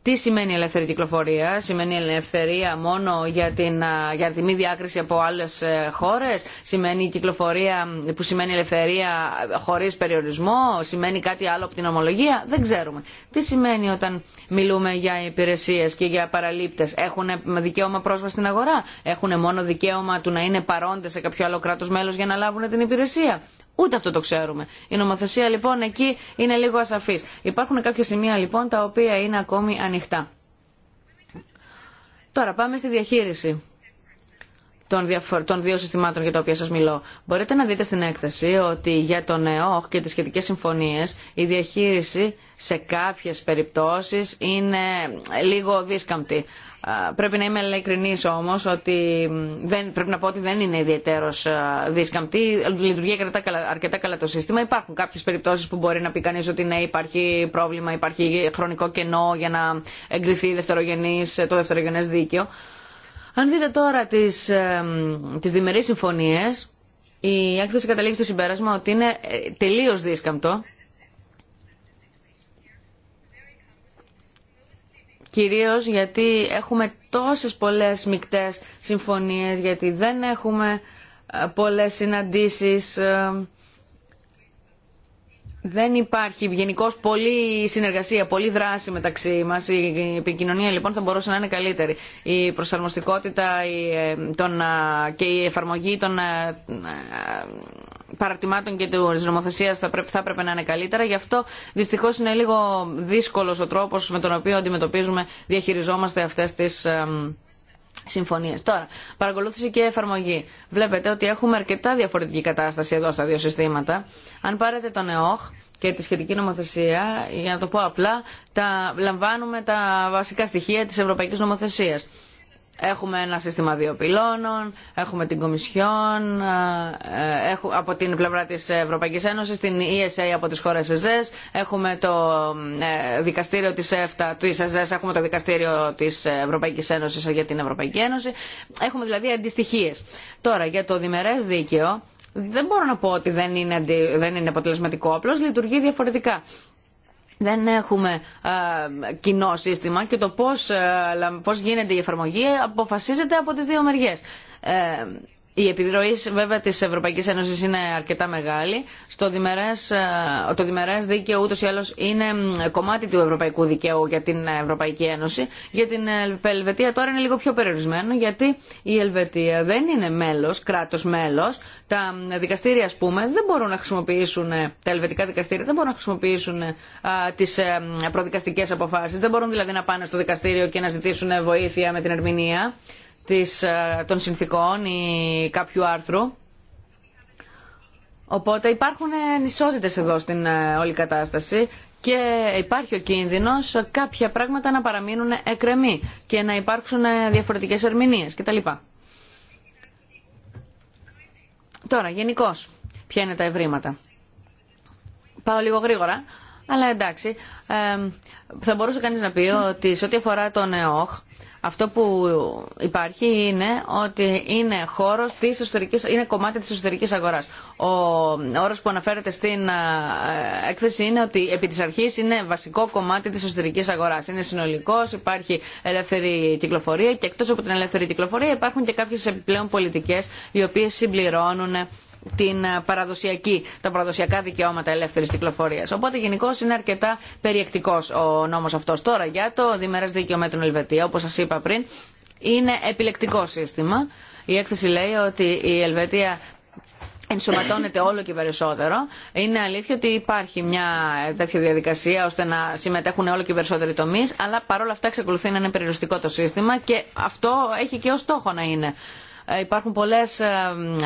τι σημαίνει ελεύθερη κυκλοφορία, σημαίνει ελευθερία μόνο για, την, για τη μη διάκριση από άλλες ε, χώρες, σημαίνει κυκλοφορία που σημαίνει ελευθερία ε, χωρίς περιορισμό, σημαίνει κάτι άλλο από την ομολογία, δεν ξέρουμε. Τι σημαίνει όταν μιλούμε για υπηρεσίες και για παραλήπτες, έχουν δικαίωμα πρόσβαση στην αγορά, έχουν μόνο δικαίωμα του να είναι παρόντε σε κάποιο άλλο κράτο μέλο για να λάβουν την υπηρεσία. Ούτε αυτό το ξέρουμε. Η νομοθεσία λοιπόν εκεί είναι λίγο ασαφή. Υπάρχουν κάποια σημεία λοιπόν τα οποία είναι ακόμη ανοιχτά. Τώρα πάμε στη διαχείριση των, δύο συστημάτων για τα οποία σα μιλώ. Μπορείτε να δείτε στην έκθεση ότι για τον ΕΟΧ και τι σχετικέ συμφωνίε, η διαχείριση σε κάποιε περιπτώσει είναι λίγο δίσκαμπτη. Πρέπει να είμαι ειλικρινή όμω ότι δεν, πρέπει να πω ότι δεν είναι ιδιαίτερο δίσκαμπτη. Λειτουργεί αρκετά καλά, αρκετά καλά το σύστημα. Υπάρχουν κάποιε περιπτώσει που μπορεί να πει κανεί ότι ναι, υπάρχει πρόβλημα, υπάρχει χρονικό κενό για να εγκριθεί το δευτερογενέ δίκαιο. Αν δείτε τώρα τι τις, ε, τις διμερεί συμφωνίε, η έκθεση καταλήγει στο συμπέρασμα ότι είναι ε, τελείω δίσκαμπτο κυρίως γιατί έχουμε τόσες πολλές μικτές συμφωνίες, γιατί δεν έχουμε ε, πολλές συναντήσεις, ε, δεν υπάρχει γενικώ πολλή συνεργασία, πολλή δράση μεταξύ μα. Η επικοινωνία λοιπόν θα μπορούσε να είναι καλύτερη. Η προσαρμοστικότητα η, ε, τον, και η εφαρμογή των Παρατημάτων και τη νομοθεσία θα, θα έπρεπε να είναι καλύτερα. Γι' αυτό δυστυχώ είναι λίγο δύσκολο ο τρόπο με τον οποίο αντιμετωπίζουμε, διαχειριζόμαστε αυτέ τι συμφωνίε. Τώρα, παρακολούθηση και εφαρμογή. Βλέπετε ότι έχουμε αρκετά διαφορετική κατάσταση εδώ στα δύο συστήματα. Αν πάρετε τον ΕΟΧ και τη σχετική νομοθεσία, για να το πω απλά, τα, λαμβάνουμε τα βασικά στοιχεία τη ευρωπαϊκή νομοθεσία. Έχουμε ένα σύστημα δύο πυλώνων, έχουμε την Κομισιόν, ε, ε, έχουμε, από την πλευρά της Ευρωπαϊκής Ένωσης, την ESA από τις χώρες ΕΖΕΣ, έχουμε το ε, δικαστήριο της ΕΦΤΑ, της ΕΖΕΣ, έχουμε το δικαστήριο της Ευρωπαϊκής Ένωσης για την Ευρωπαϊκή Ένωση. Έχουμε δηλαδή αντιστοιχίες. Τώρα, για το διμερές δίκαιο, δεν μπορώ να πω ότι δεν είναι, δεν είναι αποτελεσματικό, απλώ λειτουργεί διαφορετικά δεν έχουμε ε, κοινό σύστημα και το ε, πώς, γίνεται η εφαρμογή αποφασίζεται από τις δύο μεριές. Ε, η επιδροή βέβαια τη Ευρωπαϊκή Ένωση είναι αρκετά μεγάλη. Στο διμερές, ε, το διμερέ δίκαιο ούτω ή άλλω είναι κομμάτι του ευρωπαϊκού δικαίου για την Ευρωπαϊκή Ένωση. Για την Ελβετία τώρα είναι λίγο πιο περιορισμένο, γιατί η Ελβετία δεν είναι μέλο, κράτο μέλο. Τα δικαστήρια, α πούμε, δεν μπορούν να χρησιμοποιήσουν, ε, τα ελβετικά δικαστήρια δεν μπορούν να χρησιμοποιήσουν ε, τι προδικαστικέ αποφάσει. Δεν μπορούν δηλαδή να πάνε στο δικαστήριο και να ζητήσουν βοήθεια με την ερμηνεία της, ε, των συνθήκων ή κάποιου άρθρου. Οπότε υπάρχουν ανισότητες εδώ στην ε, όλη κατάσταση και υπάρχει ο κίνδυνος κάποια πράγματα να παραμείνουν εκρεμή και να υπάρξουν ε, διαφορετικές ερμηνείες κτλ. Τώρα, γενικώ, ποια είναι τα ευρήματα. Πάω λίγο γρήγορα, αλλά εντάξει. Ε, θα μπορούσε κανείς να πει ότι σε ό,τι αφορά τον ΕΟΧ, αυτό που υπάρχει είναι ότι είναι, χώρος τη εσωτερικής, είναι κομμάτι της εσωτερικής αγοράς. Ο όρο που αναφέρεται στην ε, έκθεση είναι ότι επί της αρχής είναι βασικό κομμάτι της εσωτερική αγοράς. Είναι συνολικός, υπάρχει ελεύθερη κυκλοφορία και εκτός από την ελεύθερη κυκλοφορία υπάρχουν και κάποιες επιπλέον πολιτικέ οι οποίε συμπληρώνουν την ε, παραδοσιακή, τα παραδοσιακά δικαιώματα ελεύθερη κυκλοφορία. Οπότε γενικώ είναι αρκετά περιεκτικό ο νόμο αυτό. Τώρα για το διμερέ δίκαιο με Ελβετία, όπω σα είπα πριν, είναι επιλεκτικό σύστημα. Η έκθεση λέει ότι η Ελβετία ενσωματώνεται όλο και περισσότερο. Είναι αλήθεια ότι υπάρχει μια τέτοια διαδικασία ώστε να συμμετέχουν όλο και περισσότεροι τομεί, αλλά παρόλα αυτά εξακολουθεί να είναι περιοριστικό το σύστημα και αυτό έχει και ω στόχο να είναι Υπάρχουν πολλές ε,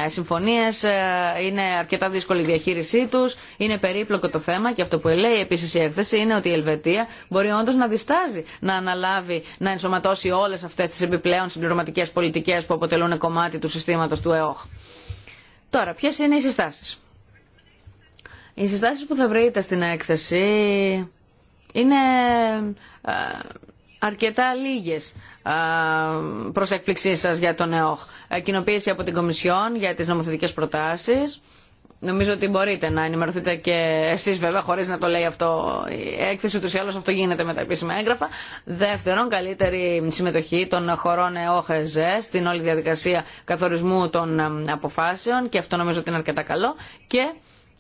συμφωνίες, ε, είναι αρκετά δύσκολη η διαχείρισή τους, είναι περίπλοκο το θέμα και αυτό που λέει επίσης η έκθεση είναι ότι η Ελβετία μπορεί όντως να διστάζει να αναλάβει, να ενσωματώσει όλες αυτές τις επιπλέον συμπληρωματικές πολιτικές που αποτελούν κομμάτι του συστήματος του ΕΟΧ. Τώρα, ποιες είναι οι συστάσεις. Οι συστάσεις που θα βρείτε στην έκθεση είναι ε, αρκετά λίγε προ έκπληξή σα για τον ΕΟΧ. Κοινοποίηση από την Κομισιόν για τι νομοθετικέ προτάσει. Νομίζω ότι μπορείτε να ενημερωθείτε και εσεί βέβαια, χωρί να το λέει αυτό η έκθεση, ούτω ή άλλω, αυτό γίνεται με τα επίσημα έγγραφα. Δεύτερον, καλύτερη συμμετοχή των χωρών ΕΟΧΕΖΕ στην όλη διαδικασία καθορισμού των αποφάσεων και αυτό νομίζω ότι είναι αρκετά καλό. Και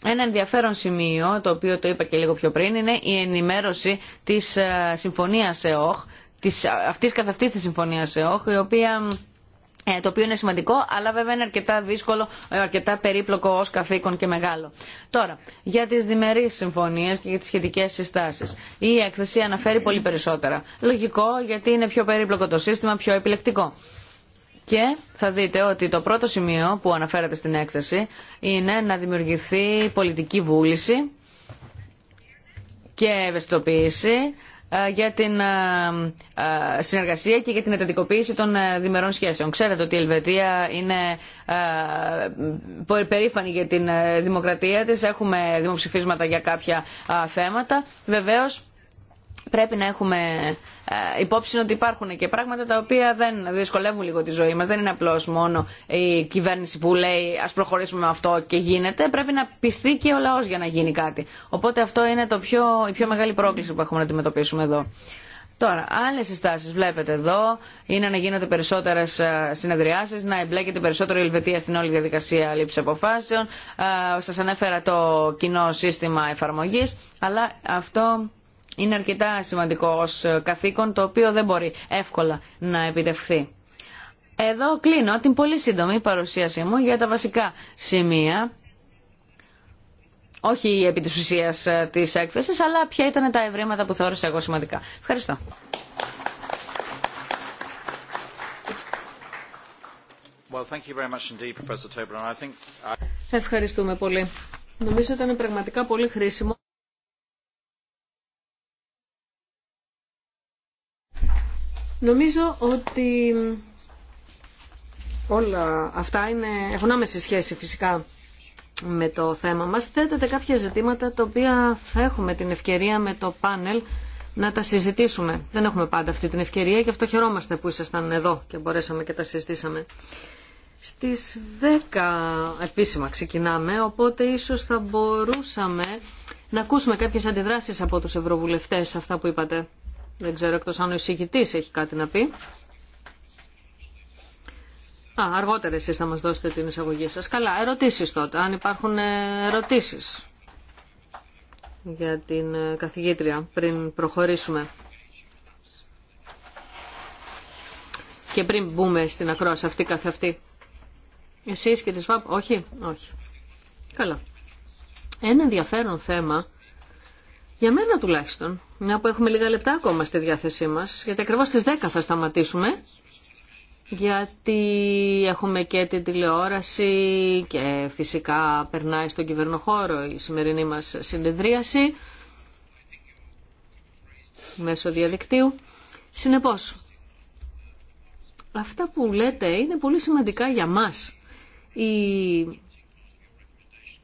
ένα ενδιαφέρον σημείο, το οποίο το είπα και λίγο πιο πριν, είναι η ενημέρωση τη συμφωνία ΕΟΧ της, αυτής καθ' αυτή της συμφωνίας ΕΟΧ, η οποία ε, το οποίο είναι σημαντικό, αλλά βέβαια είναι αρκετά δύσκολο, ε, αρκετά περίπλοκο ως καθήκον και μεγάλο. Τώρα, για τις διμερείς συμφωνίες και για τις σχετικές συστάσεις. Η έκθεση αναφέρει πολύ περισσότερα. Λογικό, γιατί είναι πιο περίπλοκο το σύστημα, πιο επιλεκτικό. Και θα δείτε ότι το πρώτο σημείο που αναφέρατε στην έκθεση είναι να δημιουργηθεί πολιτική βούληση και ευαισθητοποίηση ε, για την ε, ε, συνεργασία και για την εντατικοποίηση των διμερών σχέσεων. Ξέρετε ότι η Ελβετία είναι περήφανη για την δημοκρατία της. Έχουμε δημοψηφίσματα για κάποια θέματα. Βεβαίως πρέπει να έχουμε ε, υπόψη ότι υπάρχουν και πράγματα τα οποία δεν δυσκολεύουν λίγο τη ζωή μας. Δεν είναι απλώς μόνο η κυβέρνηση που λέει ας προχωρήσουμε με αυτό και γίνεται. Πρέπει να πιστεί και ο λαός για να γίνει κάτι. Οπότε αυτό είναι το πιο, η πιο μεγάλη πρόκληση που έχουμε να αντιμετωπίσουμε εδώ. Τώρα, άλλε συστάσει βλέπετε εδώ είναι να γίνονται περισσότερε συνεδριάσει, να εμπλέκεται περισσότερο η Ελβετία στην όλη διαδικασία λήψη αποφάσεων. Ε, Σα ανέφερα το κοινό σύστημα εφαρμογή, αλλά αυτό είναι αρκετά σημαντικό ως καθήκον το οποίο δεν μπορεί εύκολα να επιτευχθεί. Εδώ κλείνω την πολύ σύντομη παρουσίασή μου για τα βασικά σημεία όχι επί της ουσίας ε, της έκθεσης, αλλά ποια ήταν τα ευρήματα που θεώρησα εγώ σημαντικά. Ευχαριστώ. Ευχαριστούμε πολύ. Νομίζω ότι ήταν πραγματικά πολύ χρήσιμο. Νομίζω ότι όλα αυτά είναι, έχουν άμεση σχέση φυσικά με το θέμα μας. Θέτεται κάποια ζητήματα τα οποία θα έχουμε την ευκαιρία με το πάνελ να τα συζητήσουμε. Δεν έχουμε πάντα αυτή την ευκαιρία και αυτό χαιρόμαστε που ήσασταν εδώ και μπορέσαμε και τα συζητήσαμε. Στις 10 επίσημα ξεκινάμε, οπότε ίσως θα μπορούσαμε να ακούσουμε κάποιες αντιδράσεις από τους ευρωβουλευτές, αυτά που είπατε. Δεν ξέρω εκτός αν ο εισηγητής έχει κάτι να πει. Α, αργότερα εσείς θα μας δώσετε την εισαγωγή σας. Καλά, ερωτήσεις τότε, αν υπάρχουν ε, ερωτήσεις για την ε, καθηγήτρια πριν προχωρήσουμε. Και πριν μπούμε στην ακρόαση αυτή καθ' αυτή. Εσείς και τη ΣΒΑΠ, όχι, όχι. Καλά. Ένα ενδιαφέρον θέμα για μένα τουλάχιστον, μια που έχουμε λίγα λεπτά ακόμα στη διάθεσή μας, γιατί ακριβώ στις 10 θα σταματήσουμε, γιατί έχουμε και την τηλεόραση και φυσικά περνάει στον κυβερνοχώρο η σημερινή μας συνεδρίαση μέσω διαδικτύου. Συνεπώς, αυτά που λέτε είναι πολύ σημαντικά για μας. Η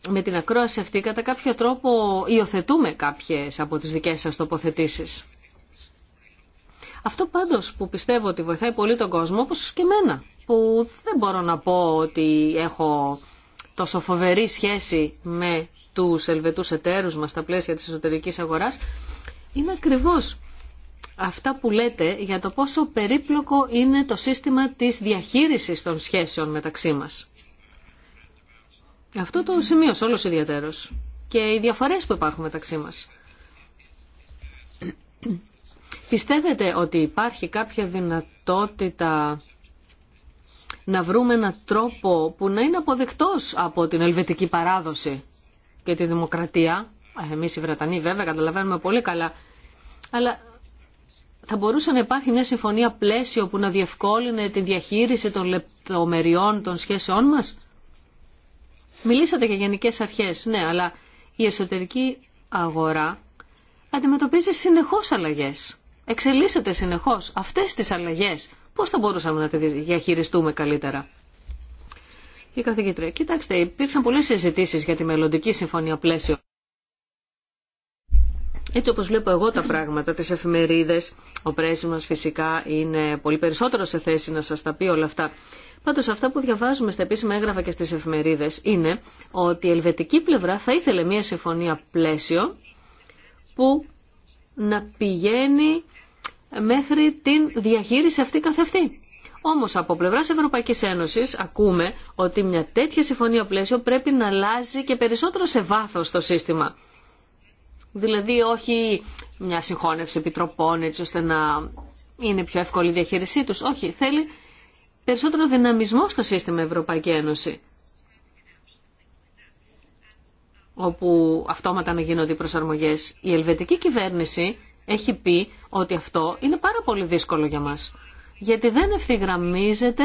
με την ακρόαση αυτή κατά κάποιο τρόπο υιοθετούμε κάποιες από τις δικές σας τοποθετήσεις. Αυτό πάντως που πιστεύω ότι βοηθάει πολύ τον κόσμο, όπως και εμένα, που δεν μπορώ να πω ότι έχω τόσο φοβερή σχέση με τους ελβετούς εταίρους μας στα πλαίσια της εσωτερικής αγοράς, είναι ακριβώς αυτά που λέτε για το πόσο περίπλοκο είναι το σύστημα της διαχείρισης των σχέσεων μεταξύ μας. Αυτό το σημείωσε όλος ιδιαίτερος και οι διαφορές που υπάρχουν μεταξύ μας. Πιστεύετε ότι υπάρχει κάποια δυνατότητα να βρούμε έναν τρόπο που να είναι αποδεκτός από την ελβετική παράδοση και τη δημοκρατία. Εμείς οι Βρετανοί βέβαια καταλαβαίνουμε πολύ καλά. Αλλά θα μπορούσε να υπάρχει μια συμφωνία πλαίσιο που να διευκόλυνε τη διαχείριση των λεπτομεριών των σχέσεών μας. Μιλήσατε για γενικές αρχές, ναι, αλλά η εσωτερική αγορά αντιμετωπίζει συνεχώς αλλαγές. Εξελίσσεται συνεχώς αυτές τις αλλαγές. Πώς θα μπορούσαμε να τις διαχειριστούμε καλύτερα. Η καθηγήτρια, κοιτάξτε, υπήρξαν πολλές συζητήσεις για τη μελλοντική συμφωνία πλαίσιο. Έτσι όπως βλέπω εγώ τα πράγματα, τις εφημερίδες, ο πρέσβης μας φυσικά είναι πολύ περισσότερο σε θέση να σας τα πει όλα αυτά. Πάντως αυτά που διαβάζουμε στα επίσημα έγγραφα και στις εφημερίδες είναι ότι η ελβετική πλευρά θα ήθελε μια συμφωνία πλαίσιο που να πηγαίνει μέχρι την διαχείριση αυτή καθ' αυτή. Όμω από πλευρά Ευρωπαϊκή Ένωση ακούμε ότι μια τέτοια συμφωνία πλαίσιο πρέπει να αλλάζει και περισσότερο σε βάθος το σύστημα. Δηλαδή όχι μια συγχώνευση επιτροπών έτσι ώστε να είναι πιο εύκολη η διαχείρισή τους. Όχι, θέλει περισσότερο δυναμισμό στο σύστημα Ευρωπαϊκή Ένωση. Όπου αυτόματα να γίνονται οι προσαρμογές. Η ελβετική κυβέρνηση έχει πει ότι αυτό είναι πάρα πολύ δύσκολο για μας. Γιατί δεν ευθυγραμμίζεται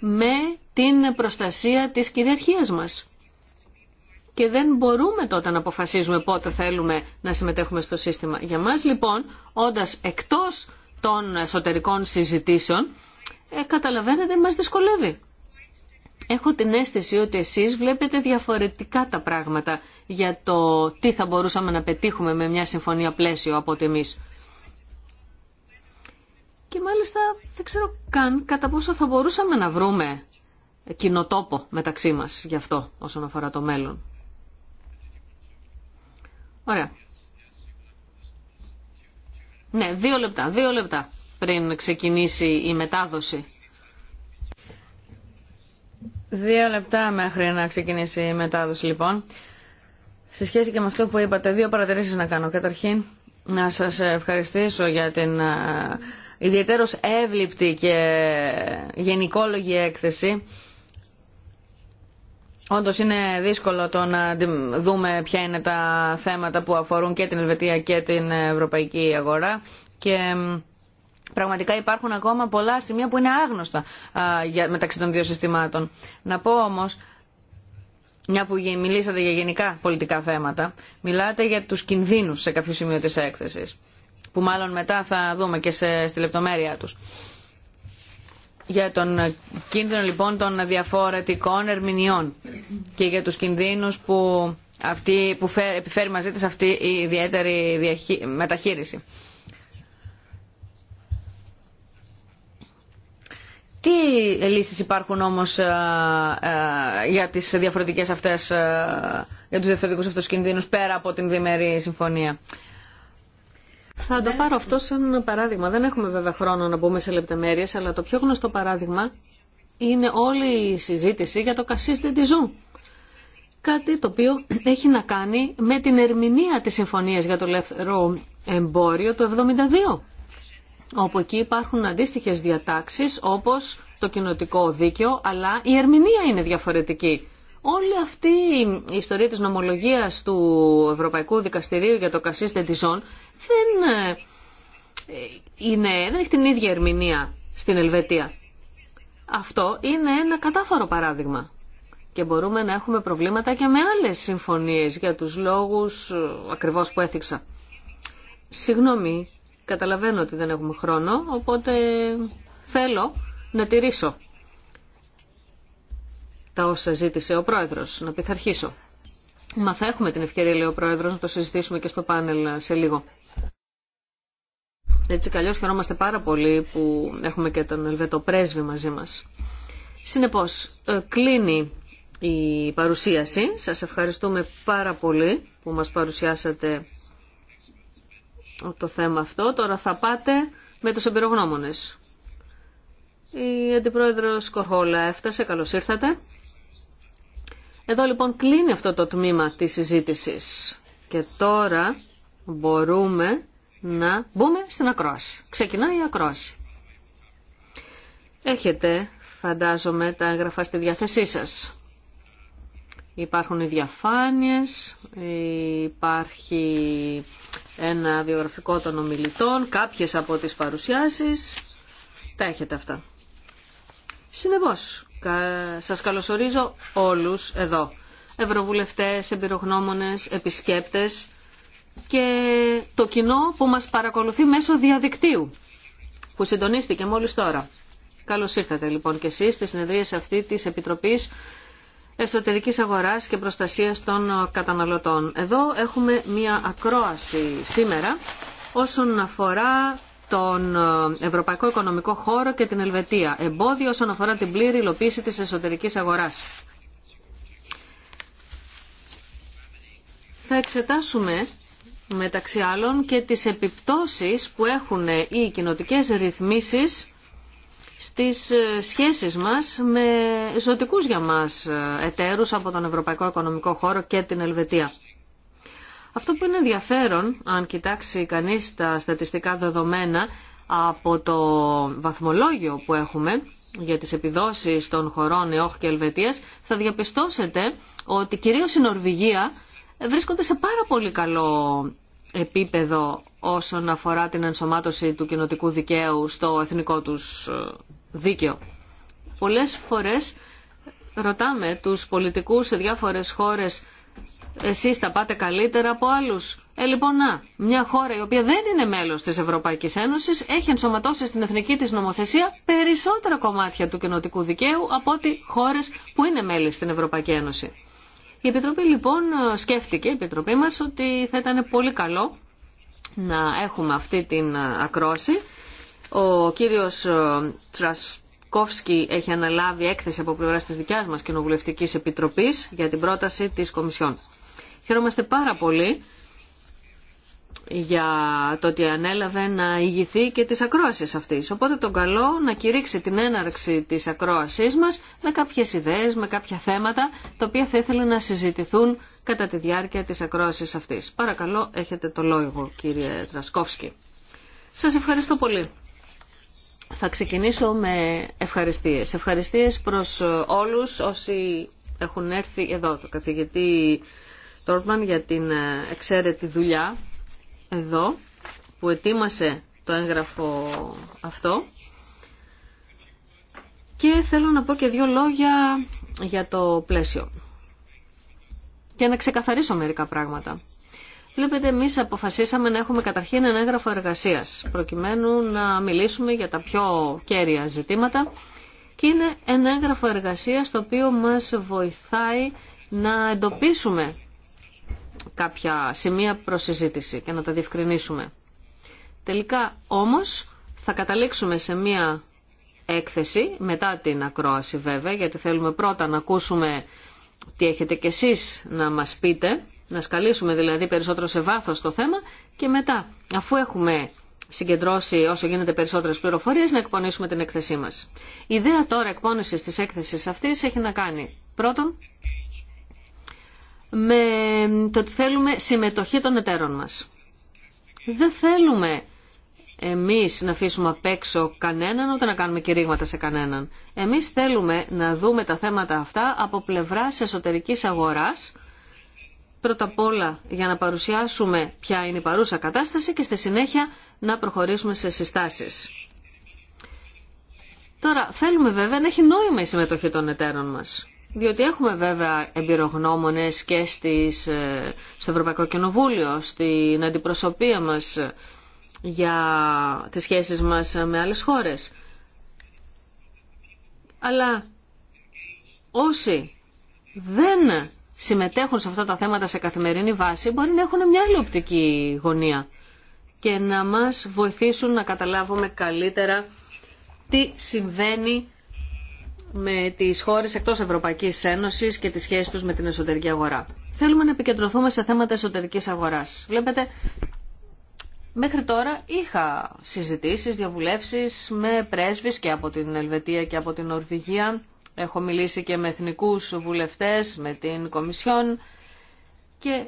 με την προστασία της κυριαρχίας μας και δεν μπορούμε τότε να αποφασίζουμε πότε θέλουμε να συμμετέχουμε στο σύστημα. Για μας λοιπόν, όντας εκτός των εσωτερικών συζητήσεων, ε, καταλαβαίνετε μας δυσκολεύει. Έχω την αίσθηση ότι εσείς βλέπετε διαφορετικά τα πράγματα για το τι θα μπορούσαμε να πετύχουμε με μια συμφωνία πλαίσιο από ότι εμείς. Και μάλιστα δεν ξέρω καν κατά πόσο θα μπορούσαμε να βρούμε κοινοτόπο μεταξύ μας γι' αυτό όσον αφορά το μέλλον. Ωραία. Ναι, δύο λεπτά, δύο λεπτά πριν ξεκινήσει η μετάδοση. Δύο λεπτά μέχρι να ξεκινήσει η μετάδοση λοιπόν. Σε σχέση και με αυτό που είπατε, δύο παρατηρήσεις να κάνω. Καταρχήν, να σας ευχαριστήσω για την ε, ιδιαίτερος εύληπτη και γενικόλογη έκθεση. Όντω είναι δύσκολο το να δούμε ποια είναι τα θέματα που αφορούν και την Ελβετία και την ευρωπαϊκή αγορά και πραγματικά υπάρχουν ακόμα πολλά σημεία που είναι άγνωστα μεταξύ των δύο συστημάτων. Να πω όμως, μια που μιλήσατε για γενικά πολιτικά θέματα, μιλάτε για τους κινδύνου σε κάποιο σημείο της έκθεση, που μάλλον μετά θα δούμε και στη λεπτομέρειά τους για τον κίνδυνο λοιπόν των διαφορετικών ερμηνειών και για τους κινδύνους που, αυτή, που επιφέρει μαζί της αυτή η ιδιαίτερη διαχεί, μεταχείριση. Τι λύσεις υπάρχουν όμως ε, ε, για, τις διαφορετικές αυτές, ε, για τους διαφορετικούς αυτούς κινδύνους πέρα από την διμερή συμφωνία. Θα το πάρω αυτό σαν ένα παράδειγμα. Δεν έχουμε βέβαια χρόνο να μπούμε σε λεπτομέρειε, αλλά το πιο γνωστό παράδειγμα είναι όλη η συζήτηση για το Κασίς Δεντιζού. Κάτι το οποίο έχει να κάνει με την ερμηνεία της Συμφωνίας για το Ελεύθερο Εμπόριο του 1972, όπου εκεί υπάρχουν αντίστοιχες διατάξεις όπως το κοινοτικό δίκαιο, αλλά η ερμηνεία είναι διαφορετική. Όλη αυτή η ιστορία της νομολογίας του Ευρωπαϊκού Δικαστηρίου για το Κασίς Dijon» δεν, ε, είναι, δεν έχει την ίδια ερμηνεία στην Ελβετία. Αυτό είναι ένα κατάφορο παράδειγμα. Και μπορούμε να έχουμε προβλήματα και με άλλες συμφωνίες για τους λόγους ε, ακριβώς που έθιξα. Συγγνώμη, καταλαβαίνω ότι δεν έχουμε χρόνο, οπότε θέλω να τηρήσω τα όσα ζήτησε ο Πρόεδρος, να πειθαρχήσω. Μα θα έχουμε την ευκαιρία, λέει ο Πρόεδρος, να το συζητήσουμε και στο πάνελ ε, σε λίγο. Έτσι καλώς χαιρόμαστε πάρα πολύ που έχουμε και τον Ελβετό πρέσβη μαζί μας. Συνεπώς, ε, κλείνει η παρουσίαση. Σας ευχαριστούμε πάρα πολύ που μας παρουσιάσατε το θέμα αυτό. Τώρα θα πάτε με τους εμπειρογνώμονες. Η Αντιπρόεδρος Κορχόλα έφτασε. Καλώς ήρθατε. Εδώ λοιπόν κλείνει αυτό το τμήμα της συζήτησης. Και τώρα μπορούμε να μπούμε στην ακρόαση. Ξεκινάει η ακρόαση. Έχετε, φαντάζομαι, τα έγγραφα στη διάθεσή σας. Υπάρχουν οι διαφάνειες, υπάρχει ένα βιογραφικό των ομιλητών, κάποιες από τις παρουσιάσεις. Τα έχετε αυτά. Συνεπώς, σας καλωσορίζω όλους εδώ. Ευρωβουλευτές, εμπειρογνώμονες, επισκέπτες και το κοινό που μας παρακολουθεί μέσω διαδικτύου, που συντονίστηκε μόλις τώρα. Καλώς ήρθατε λοιπόν και εσείς στη συνεδρία αυτή της Επιτροπής Εσωτερικής Αγοράς και Προστασίας των Καταναλωτών. Εδώ έχουμε μία ακρόαση σήμερα όσον αφορά τον Ευρωπαϊκό Οικονομικό Χώρο και την Ελβετία. Εμπόδιο όσον αφορά την πλήρη υλοποίηση της εσωτερικής αγοράς. Θα εξετάσουμε μεταξύ άλλων και τις επιπτώσεις που έχουν οι κοινοτικές ρυθμίσεις στις ε, σχέσεις μας με ζωτικούς για μας ε, εταίρους από τον Ευρωπαϊκό Οικονομικό Χώρο και την Ελβετία. Αυτό που είναι ενδιαφέρον, αν κοιτάξει κανείς τα στατιστικά δεδομένα από το βαθμολόγιο που έχουμε για τις επιδόσεις των χωρών ΕΟΧ και Ελβετίας, θα διαπιστώσετε ότι κυρίως η Νορβηγία βρίσκονται σε πάρα πολύ καλό επίπεδο όσον αφορά την ενσωμάτωση του κοινοτικού δικαίου στο εθνικό τους ε, δίκαιο. Πολλές φορές ρωτάμε τους πολιτικούς σε διάφορες χώρες εσείς τα πάτε καλύτερα από άλλους. Ε, λοιπόν, να, μια χώρα η οποία δεν είναι μέλος της Ευρωπαϊκής Ένωσης έχει ενσωματώσει στην εθνική της νομοθεσία περισσότερα κομμάτια του κοινοτικού δικαίου από ότι χώρες που είναι μέλη στην Ευρωπαϊκή Ένωση. Η Επιτροπή λοιπόν σκέφτηκε, η Επιτροπή μας, ότι θα ήταν πολύ καλό να έχουμε αυτή την ακρόση. Ο κύριος ε, Τσρασκόφσκι έχει αναλάβει έκθεση από πλευρά της δικιάς μας Κοινοβουλευτικής Επιτροπής για την πρόταση της Κομισιόν. Χαιρόμαστε πάρα πολύ για το ότι ανέλαβε να ηγηθεί και τις ακρόασης αυτής. Οπότε τον καλό να κηρύξει την έναρξη της ακρόασής μας με κάποιες ιδέες, με κάποια θέματα, τα οποία θα ήθελε να συζητηθούν κατά τη διάρκεια της ακρόασης αυτής. Παρακαλώ, έχετε το λόγο κύριε Τρασκόφσκι. Σας ευχαριστώ πολύ. Θα ξεκινήσω με ευχαριστίες. Ευχαριστίες προς όλους όσοι έχουν έρθει εδώ, το καθηγητή Τόρτμαν για την εξαίρετη δουλειά εδώ που ετοίμασε το έγγραφο αυτό και θέλω να πω και δύο λόγια για το πλαίσιο και να ξεκαθαρίσω μερικά πράγματα. Βλέπετε, εμεί αποφασίσαμε να έχουμε καταρχήν ένα έγγραφο εργασία, προκειμένου να μιλήσουμε για τα πιο κέρια ζητήματα. Και είναι ένα έγγραφο εργασία το οποίο μας βοηθάει να εντοπίσουμε κάποια σημεία προς και να τα διευκρινίσουμε. Τελικά όμως θα καταλήξουμε σε μία έκθεση, μετά την ακρόαση βέβαια, γιατί θέλουμε πρώτα να ακούσουμε τι έχετε κι εσείς να μας πείτε, να σκαλίσουμε δηλαδή περισσότερο σε βάθος το θέμα και μετά, αφού έχουμε συγκεντρώσει όσο γίνεται περισσότερες πληροφορίες, να εκπονήσουμε την έκθεσή μας. Η ιδέα τώρα εκπόνησης της έκθεσης αυτής έχει να κάνει πρώτον με το ότι θέλουμε συμμετοχή των εταίρων μας. Δεν θέλουμε εμείς να αφήσουμε απ' έξω κανέναν, ούτε να κάνουμε κηρύγματα σε κανέναν. Εμείς θέλουμε να δούμε τα θέματα αυτά από πλευράς εσωτερικής αγοράς, πρώτα απ' όλα για να παρουσιάσουμε ποια είναι η παρούσα κατάσταση και στη συνέχεια να προχωρήσουμε σε συστάσεις. Τώρα, θέλουμε βέβαια να έχει νόημα η συμμετοχή των εταίρων μας. Διότι έχουμε βέβαια εμπειρογνώμονες και στις, ε, στο Ευρωπαϊκό Κοινοβούλιο, στην αντιπροσωπεία μας για τις σχέσεις μας με άλλες χώρες. Αλλά όσοι δεν συμμετέχουν σε αυτά τα θέματα σε καθημερινή βάση μπορεί να έχουν μια άλλη οπτική γωνία και να μας βοηθήσουν να καταλάβουμε καλύτερα τι συμβαίνει με τις χώρες εκτός Ευρωπαϊκής Ένωσης και τις σχέσεις τους με την εσωτερική αγορά. Θέλουμε να επικεντρωθούμε σε θέματα εσωτερικής αγοράς. Βλέπετε, μέχρι τώρα είχα συζητήσεις, διαβουλεύσεις με πρέσβεις και από την Ελβετία και από την Ορβηγία. Έχω μιλήσει και με εθνικούς βουλευτές, με την Κομισιόν και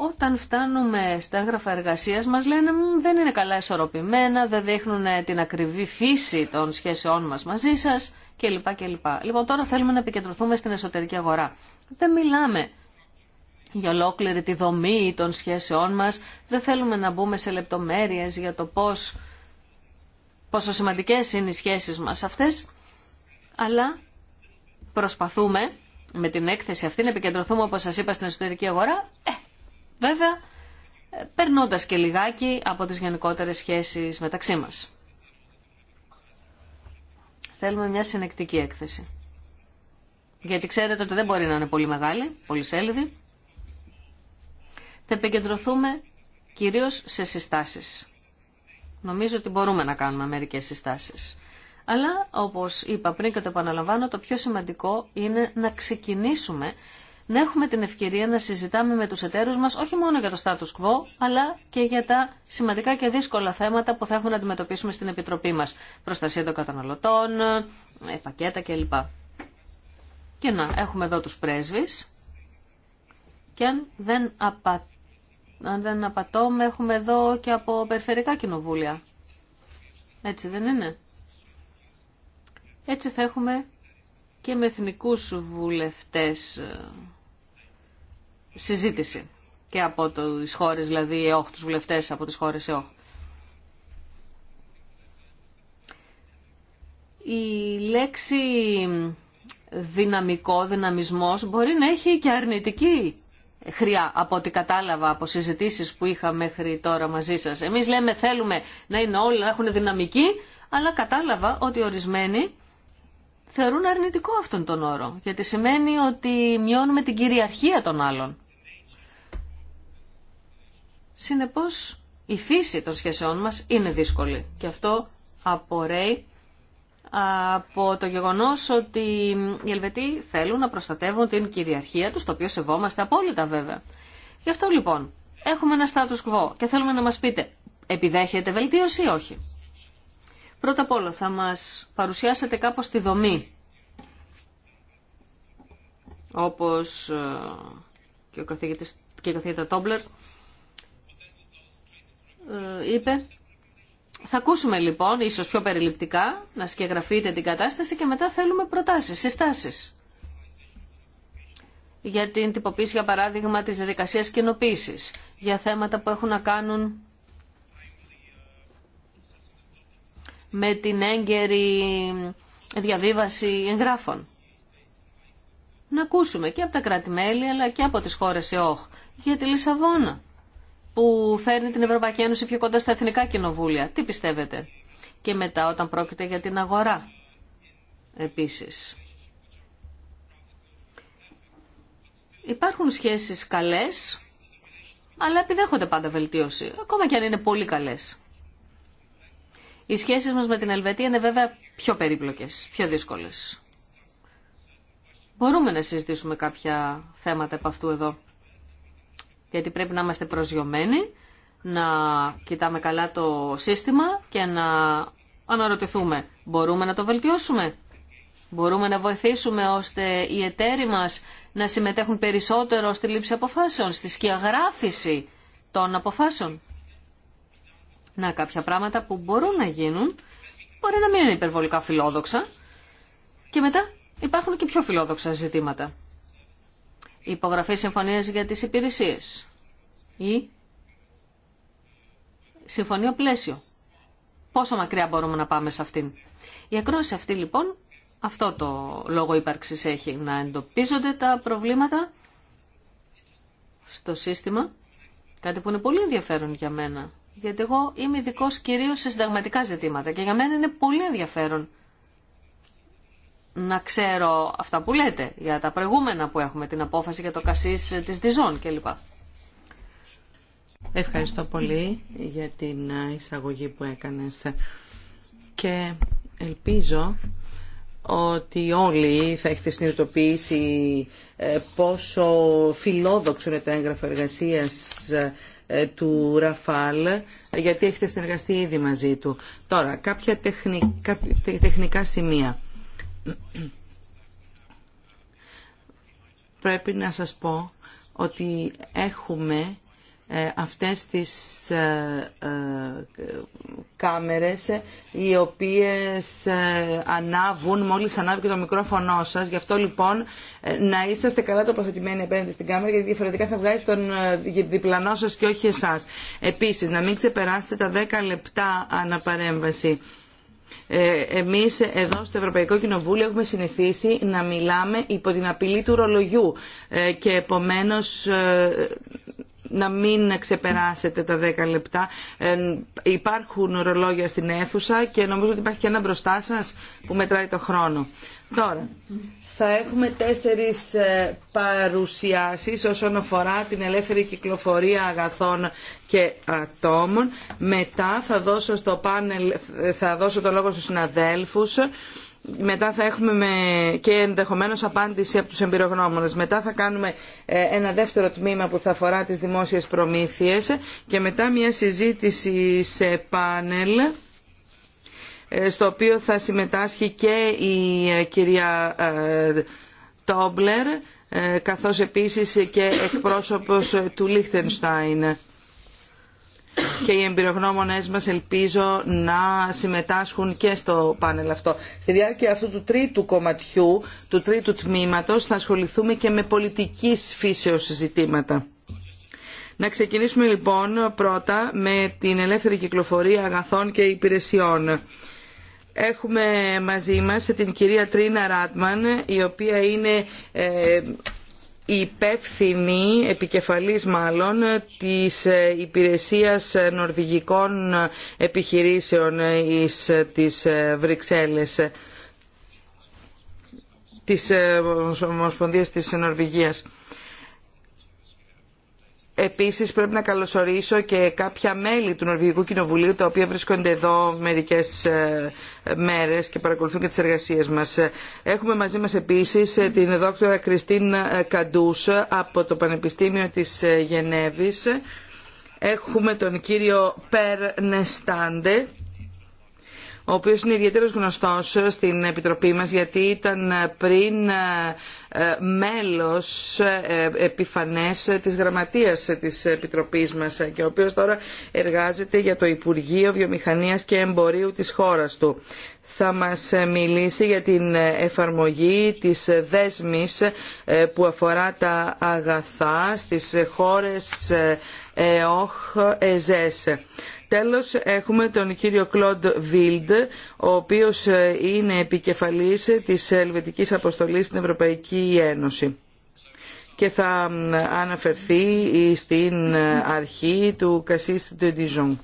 όταν φτάνουμε στα έγγραφα εργασίας μας λένε δεν είναι καλά ισορροπημένα, δεν δείχνουν ε, την ακριβή φύση των σχέσεών μας μαζί σας κλπ. κλπ. Λοιπόν τώρα θέλουμε να επικεντρωθούμε στην εσωτερική αγορά. Δεν μιλάμε για ολόκληρη τη δομή των σχέσεών μας, δεν θέλουμε να μπούμε σε λεπτομέρειες για το πώς, πόσο σημαντικές είναι οι σχέσεις μας αυτές, αλλά προσπαθούμε με την έκθεση αυτή να επικεντρωθούμε όπως σας είπα στην εσωτερική αγορά, ε, βέβαια περνώντας και λιγάκι από τις γενικότερες σχέσεις μεταξύ μας. Θέλουμε μια συνεκτική έκθεση. Γιατί ξέρετε ότι δεν μπορεί να είναι πολύ μεγάλη, πολύ σέλιδη. Θα επικεντρωθούμε κυρίως σε συστάσεις. Νομίζω ότι μπορούμε να κάνουμε μερικές συστάσεις. Αλλά, όπως είπα πριν και το επαναλαμβάνω, το πιο σημαντικό είναι να ξεκινήσουμε να έχουμε την ευκαιρία να συζητάμε με τους εταίρους μας όχι μόνο για το status quo, αλλά και για τα σημαντικά και δύσκολα θέματα που θα έχουμε να αντιμετωπίσουμε στην Επιτροπή μας. Προστασία των καταναλωτών, ε, πακέτα κλπ. Και να, έχουμε εδώ τους πρέσβεις. Και αν δεν, απα... αν δεν απατώμε, έχουμε εδώ και από περιφερικά κοινοβούλια. Έτσι δεν είναι. Έτσι θα έχουμε και με εθνικούς βουλευτές ε, συζήτηση και από τις χώρες, δηλαδή ΕΟΧ, τους βουλευτές από τις χώρες ΕΟΧ. Η λέξη δυναμικό, δυναμισμός μπορεί να έχει και αρνητική χρειά από ό,τι κατάλαβα από συζητήσεις που είχα μέχρι τώρα μαζί σας. Εμείς λέμε θέλουμε να είναι όλοι, να έχουν δυναμική, αλλά κατάλαβα ότι ορισμένοι θεωρούν αρνητικό αυτόν τον όρο, γιατί σημαίνει ότι μειώνουμε την κυριαρχία των άλλων. Συνεπώς, η φύση των σχέσεών μας είναι δύσκολη και αυτό απορρέει από το γεγονός ότι οι Ελβετοί θέλουν να προστατεύουν την κυριαρχία τους, το οποίο σεβόμαστε απόλυτα βέβαια. Γι' αυτό λοιπόν έχουμε ένα status quo και θέλουμε να μας πείτε, επιδέχεται βελτίωση ή όχι. Πρώτα απ' όλα θα μας παρουσιάσετε κάπως τη δομή, όπως ε, και ο καθηγητής και η καθηγήτρια Τόμπλερ ε, είπε θα ακούσουμε λοιπόν, ίσως πιο περιληπτικά, να σκεγγραφείτε την κατάσταση και μετά θέλουμε προτάσεις, συστάσεις. Για την τυποποίηση, για παράδειγμα, της διαδικασίας κοινοποίηση, για θέματα που έχουν να κάνουν με την έγκαιρη διαβίβαση εγγράφων. Να ακούσουμε και από τα κράτη-μέλη αλλά και από τις χώρες ΕΟΧ για τη Λισαβόνα που φέρνει την Ευρωπαϊκή Ένωση πιο κοντά στα εθνικά κοινοβούλια. Τι πιστεύετε. Και μετά όταν πρόκειται για την αγορά επίσης. Υπάρχουν σχέσεις καλές, αλλά επιδέχονται πάντα βελτίωση, ακόμα και αν είναι πολύ καλές. Οι σχέσεις μας με την Ελβετία είναι βέβαια πιο περίπλοκες, πιο δύσκολες. Μπορούμε να συζητήσουμε κάποια θέματα από αυτού εδώ. Γιατί πρέπει να είμαστε προσγειωμένοι, να κοιτάμε καλά το σύστημα και να αναρωτηθούμε. Μπορούμε να το βελτιώσουμε. Μπορούμε να βοηθήσουμε ώστε οι εταίροι μας να συμμετέχουν περισσότερο στη λήψη αποφάσεων, στη σκιαγράφηση των αποφάσεων. Να, κάποια πράγματα που μπορούν να γίνουν, μπορεί να μην είναι υπερβολικά φιλόδοξα. Και μετά υπάρχουν και πιο φιλόδοξα ζητήματα. Η υπογραφή συμφωνίας για τις υπηρεσίες ή συμφωνία πλαίσιο. Πόσο μακριά μπορούμε να πάμε σε αυτήν. Η ακρόαση αυτή λοιπόν, αυτό το λόγο ύπαρξης έχει, να εντοπίζονται τα προβλήματα στο σύστημα, κάτι που είναι πολύ ενδιαφέρον για μένα γιατί εγώ είμαι ειδικό κυρίω σε συνταγματικά ζητήματα και για μένα είναι πολύ ενδιαφέρον να ξέρω αυτά που λέτε για τα προηγούμενα που έχουμε, την απόφαση για το κασίς ε, της Διζών κλπ. Ευχαριστώ πολύ για την ε, εισαγωγή που έκανες και ελπίζω ότι όλοι θα έχετε συνειδητοποιήσει ε, πόσο φιλόδοξο είναι το έγγραφο εργασίας ε, του Ραφάλ, γιατί έχετε συνεργαστεί ήδη μαζί του. Τώρα, κάποια τεχνικά, τεχνικά σημεία. Πρέπει να σας πω ότι έχουμε ε, αυτές τις ε, ε, κάμερες οι οποίες ανάβουν μόλις ανάβει και το μικρόφωνο σας. Γι' αυτό λοιπόν να είσαστε καλά τοποθετημένοι απέναντι στην κάμερα γιατί διαφορετικά θα βγάζει τον διπλανό σας και όχι εσάς. Επίσης να μην ξεπεράσετε τα 10 λεπτά αναπαρέμβαση. Εμείς εδώ στο Ευρωπαϊκό Κοινοβούλιο έχουμε συνηθίσει να μιλάμε υπό την απειλή του ρολογιού και επομένως να μην ξεπεράσετε τα 10 λεπτά. Ε, υπάρχουν ρολόγια στην αίθουσα και νομίζω ότι υπάρχει και ένα μπροστά σα που μετράει το χρόνο. Τώρα, θα έχουμε τέσσερις ε, παρουσιάσεις όσον αφορά την ελεύθερη κυκλοφορία αγαθών και ατόμων. Μετά θα δώσω, στο πάνελ, ε, θα δώσω το λόγο στους συναδέλφους μετά θα έχουμε με... και ενδεχομένως απάντηση από τους εμπειρογνώμονες. Μετά θα κάνουμε ε, ένα δεύτερο τμήμα που θα αφορά τις δημόσιες προμήθειες και μετά μια συζήτηση σε πάνελ ε, στο οποίο θα συμμετάσχει και η ε, κυρία Τόμπλερ καθώς επίσης και εκπρόσωπος του Λίχτενστάιν και οι εμπειρογνώμονες μας ελπίζω να συμμετάσχουν και στο πάνελ αυτό. Στη διάρκεια αυτού του τρίτου κομματιού, του τρίτου τμήματος, θα ασχοληθούμε και με πολιτικής φύσεως ζητήματα. Να ξεκινήσουμε λοιπόν πρώτα με την ελεύθερη κυκλοφορία αγαθών και υπηρεσιών. Έχουμε μαζί μας την κυρία Τρίνα Ράτμαν, η οποία είναι ε, υπεύθυνη, επικεφαλής μάλλον, της υπηρεσίας νορβηγικών επιχειρήσεων εις της ε, Βρυξέλλες, της ε, Ομοσπονδίας της Νορβηγίας. Επίσης πρέπει να καλωσορίσω και κάποια μέλη του Νορβηγικού Κοινοβουλίου τα οποία βρίσκονται εδώ μερικές ε, μέρες και παρακολουθούν και τις εργασίες μας. Έχουμε μαζί μας επίσης ε, την δόκτωρα Κριστίν ε, Καντούς από το Πανεπιστήμιο της Γενέβης. Έχουμε τον κύριο Περ Νεστάντε ο οποίος είναι ιδιαίτερος γνωστός στην Επιτροπή μας γιατί ήταν πριν ε, μέλος ε, επιφανές της γραμματείας της Επιτροπής μας και ο οποίος τώρα εργάζεται για το Υπουργείο Βιομηχανίας και Εμπορίου της χώρας του. Θα μας μιλήσει για την εφαρμογή της δέσμης ε, που αφορά τα αγαθά στις χώρες ΕΟΧ-ΕΖΕΣ. Τέλος έχουμε τον κύριο Κλοντ Βίλντ, ο οποίος ε, είναι επικεφαλής της Ελβετικής Αποστολής στην Ευρωπαϊκή Ένωση και θα αναφερθεί στην ε, αρχή του Κασίς του Ντιζόν.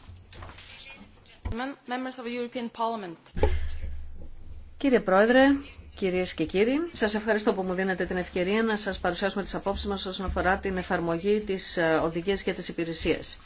Κύριε Πρόεδρε, κυρίες και κύριοι, σας ευχαριστώ που μου δίνετε την ευκαιρία να σας παρουσιάσουμε τις απόψεις μας όσον αφορά την εφαρμογή της ε, οδηγίας για τις υπηρεσίες.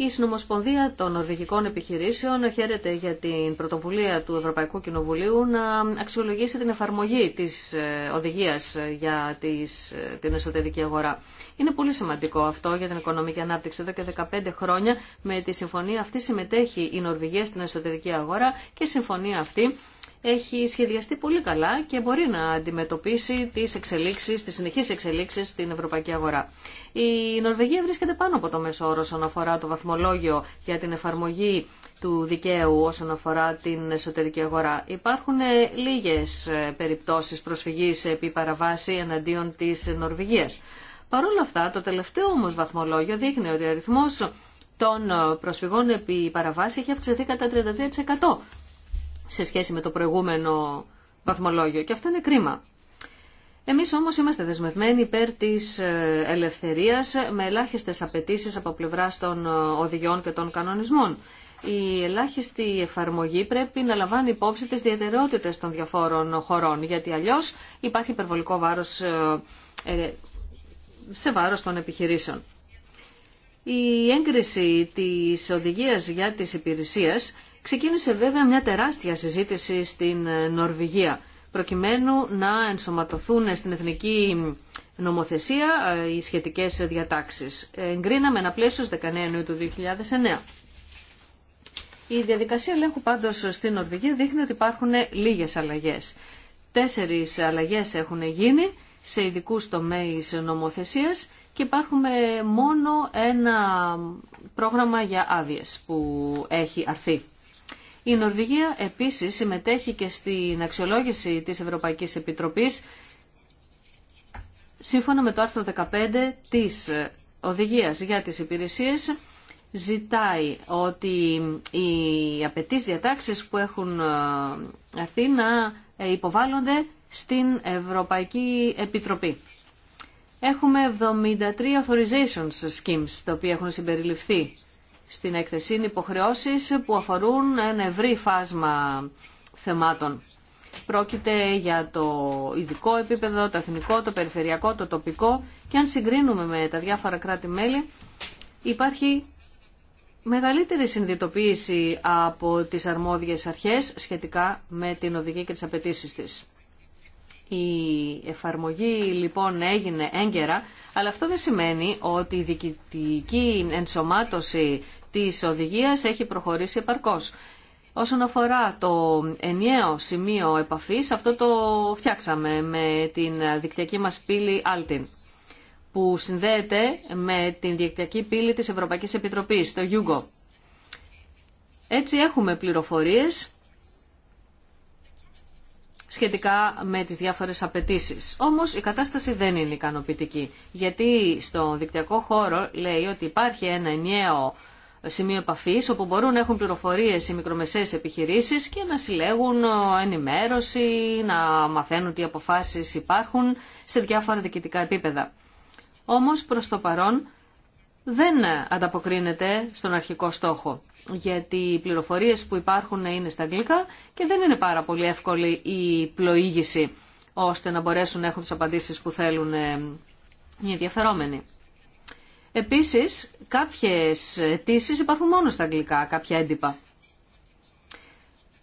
Η Συνομοσπονδία των Νορβηγικών Επιχειρήσεων χαίρεται για την πρωτοβουλία του Ευρωπαϊκού Κοινοβουλίου να αξιολογήσει την εφαρμογή της ε, οδηγίας για ε, την εσωτερική αγορά. Είναι πολύ σημαντικό αυτό για την οικονομική ανάπτυξη. Εδώ και 15 χρόνια με τη συμφωνία αυτή συμμετέχει η Νορβηγία στην εσωτερική αγορά και η συμφωνία αυτή έχει σχεδιαστεί πολύ καλά και μπορεί να αντιμετωπίσει τις εξελίξεις, τις συνεχείς εξελίξεις στην ευρωπαϊκή αγορά. Η Νορβηγία βρίσκεται πάνω από το μέσο όρο όσον αφορά το βαθμολόγιο για την εφαρμογή του δικαίου όσον αφορά την εσωτερική αγορά. Υπάρχουν λίγες ε, περιπτώσεις προσφυγής επί παραβάση εναντίον της Νορβηγίας. Παρ' όλα αυτά, το τελευταίο όμως βαθμολόγιο δείχνει ότι ο αριθμός των προσφυγών επί παραβάση έχει αυξηθεί κατά 32% σε σχέση με το προηγούμενο βαθμολόγιο και αυτό είναι κρίμα. Εμείς όμως είμαστε δεσμευμένοι υπέρ της ε, ελευθερίας με ελάχιστες απαιτήσεις από πλευρά των ε, οδηγιών και των κανονισμών. Η ελάχιστη εφαρμογή πρέπει να λαμβάνει υπόψη τις διατερότητες των διαφόρων χωρών, γιατί αλλιώς υπάρχει υπερβολικό βάρος ε, σε βάρος των επιχειρήσεων. Η έγκριση της οδηγίας για τις υπηρεσίες Ξεκίνησε βέβαια μια τεράστια συζήτηση στην ε, Νορβηγία προκειμένου να ενσωματωθούν στην εθνική νομοθεσία ε, οι σχετικές διατάξεις. Εγκρίναμε ένα πλαίσιο στις 19 Ιανουαρίου του 2009. Η διαδικασία ελέγχου πάντως στην Νορβηγία δείχνει ότι υπάρχουν λίγες αλλαγές. Τέσσερις αλλαγές έχουν γίνει σε ειδικούς τομείς νομοθεσίας και υπάρχουμε μόνο ένα πρόγραμμα για άδειες που έχει αρθεί. Η Νορβηγία επίσης συμμετέχει και στην αξιολόγηση της Ευρωπαϊκής Επιτροπής σύμφωνα με το άρθρο 15 της Οδηγίας για τις Υπηρεσίες ζητάει ότι οι απαιτήσει διατάξεις που έχουν ε, αρθεί να ε, υποβάλλονται στην Ευρωπαϊκή Επιτροπή. Έχουμε 73 authorization schemes τα οποία έχουν συμπεριληφθεί στην έκθεση. Είναι υποχρεώσεις που αφορούν ένα ευρύ φάσμα θεμάτων. Πρόκειται για το ειδικό επίπεδο, το εθνικό, το περιφερειακό, το τοπικό και αν συγκρίνουμε με τα διάφορα κράτη-μέλη υπάρχει μεγαλύτερη συνδυτοποίηση από τις αρμόδιες αρχές σχετικά με την οδηγία και τις απαιτήσει της. Η εφαρμογή λοιπόν έγινε έγκαιρα, αλλά αυτό δεν σημαίνει ότι η διοικητική ενσωμάτωση της οδηγίας έχει προχωρήσει επαρκώς. Όσον αφορά το ενιαίο σημείο επαφής, αυτό το φτιάξαμε με την δικτυακή μας πύλη Altin που συνδέεται με την δικτυακή πύλη της Ευρωπαϊκής Επιτροπής, το Yugo. Έτσι έχουμε πληροφορίες σχετικά με τις διάφορες απαιτήσει. Όμως η κατάσταση δεν είναι ικανοποιητική, γιατί στο δικτυακό χώρο λέει ότι υπάρχει ένα ενιαίο σημείο επαφή όπου μπορούν να έχουν πληροφορίες οι μικρομεσαίες επιχειρήσεις και να συλλέγουν ε, ενημέρωση, να μαθαίνουν τι αποφάσει υπάρχουν σε διάφορα διοικητικά επίπεδα. Όμως προ το παρόν δεν ανταποκρίνεται στον αρχικό στόχο γιατί οι πληροφορίες που υπάρχουν είναι στα αγγλικά και δεν είναι πάρα πολύ εύκολη η πλοήγηση ώστε να μπορέσουν να έχουν τις απαντήσεις που θέλουν ε, οι ενδιαφερόμενοι. Επίσης, κάποιες αιτήσει υπάρχουν μόνο στα αγγλικά, κάποια έντυπα.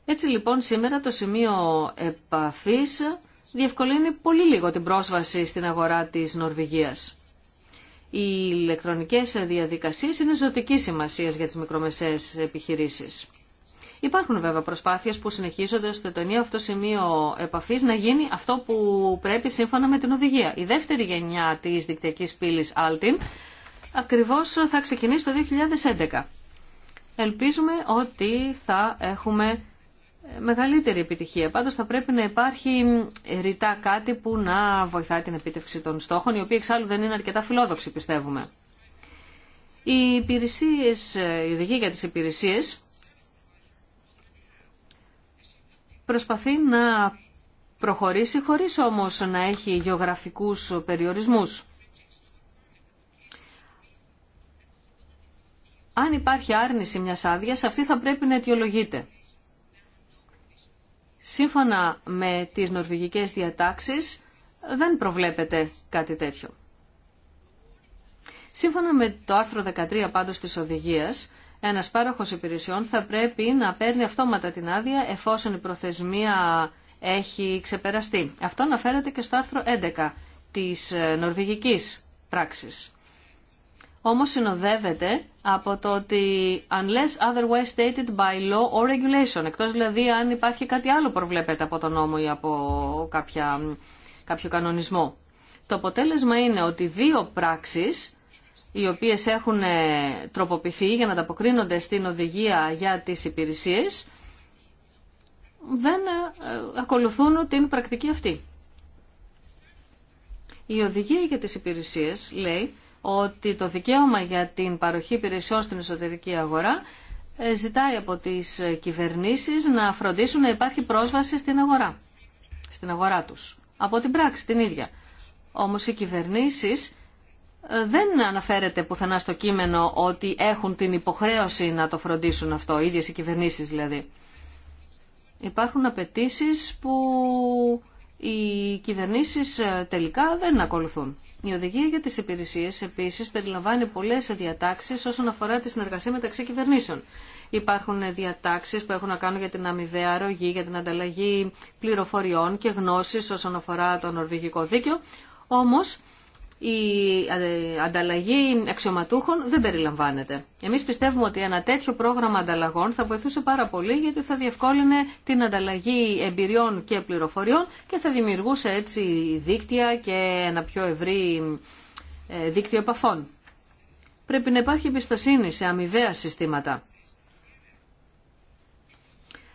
Έτσι λοιπόν σήμερα το σημείο επαφής διευκολύνει πολύ λίγο την πρόσβαση στην αγορά της Νορβηγίας. Οι ηλεκτρονικές διαδικασίες είναι ζωτικής σημασίας για τις μικρομεσαίες επιχειρήσεις. Υπάρχουν βέβαια προσπάθειες που συνεχίζονται ώστε το αυτό σημείο επαφής να γίνει αυτό που πρέπει σύμφωνα με την οδηγία. Η δεύτερη γενιά της δικτυακής πύλης Altin ακριβώς θα ξεκινήσει το 2011. Ελπίζουμε ότι θα έχουμε ε, μεγαλύτερη επιτυχία. Πάντως θα πρέπει να υπάρχει ρητά κάτι που να βοηθάει την επίτευξη των στόχων, οι οποίοι εξάλλου δεν είναι αρκετά φιλόδοξοι πιστεύουμε. Οι υπηρεσίες, η ε, οδηγία για τις υπηρεσίες προσπαθεί να προχωρήσει χωρίς όμως να έχει γεωγραφικούς περιορισμούς. αν υπάρχει άρνηση μιας άδειας, αυτή θα πρέπει να αιτιολογείται. Σύμφωνα με τις νορβηγικές διατάξεις, δεν προβλέπεται κάτι τέτοιο. Σύμφωνα με το άρθρο 13 πάντως της οδηγίας, ένας πάροχος υπηρεσιών θα πρέπει να παίρνει αυτόματα την άδεια εφόσον η προθεσμία έχει ξεπεραστεί. Αυτό αναφέρεται και στο άρθρο 11 της ε, νορβηγικής πράξης όμως συνοδεύεται από το ότι unless otherwise stated by law or regulation, εκτός δηλαδή αν υπάρχει κάτι άλλο προβλέπεται από τον νόμο ή από κάποια, κάποιο κανονισμό. Το αποτέλεσμα είναι ότι δύο πράξεις οι οποίες έχουν ε, τροποποιηθεί για να ανταποκρίνονται στην οδηγία για τις υπηρεσίες, δεν ε, ακολουθούν την πρακτική αυτή. Η οδηγία για τις υπηρεσίες λέει ότι το δικαίωμα για την παροχή υπηρεσιών στην εσωτερική αγορά ε, ζητάει από τις κυβερνήσεις να φροντίσουν να υπάρχει πρόσβαση στην αγορά, στην αγορά τους. Από την πράξη την ίδια. Όμως οι κυβερνήσεις ε, δεν αναφέρεται πουθενά στο κείμενο ότι έχουν την υποχρέωση να το φροντίσουν αυτό, οι ίδιες οι κυβερνήσεις δηλαδή. Υπάρχουν απαιτήσει που οι κυβερνήσεις ε, τελικά δεν ακολουθούν. Η οδηγία για τις υπηρεσίε επίσης περιλαμβάνει πολλές διατάξει όσον αφορά τη συνεργασία μεταξύ κυβερνήσεων. Υπάρχουν διατάξει που έχουν να κάνουν για την αμοιβαία αρρωγή, για την ανταλλαγή πληροφοριών και γνώσης όσον αφορά το νορβηγικό δίκαιο. όμω, η ε, ανταλλαγή αξιωματούχων δεν περιλαμβάνεται. Εμείς πιστεύουμε ότι ένα τέτοιο πρόγραμμα ανταλλαγών θα βοηθούσε πάρα πολύ γιατί θα διευκόλυνε την ανταλλαγή εμπειριών και πληροφοριών και θα δημιουργούσε έτσι δίκτυα και ένα πιο ευρύ ε, δίκτυο επαφών. Πρέπει να υπάρχει εμπιστοσύνη σε αμοιβαία συστήματα.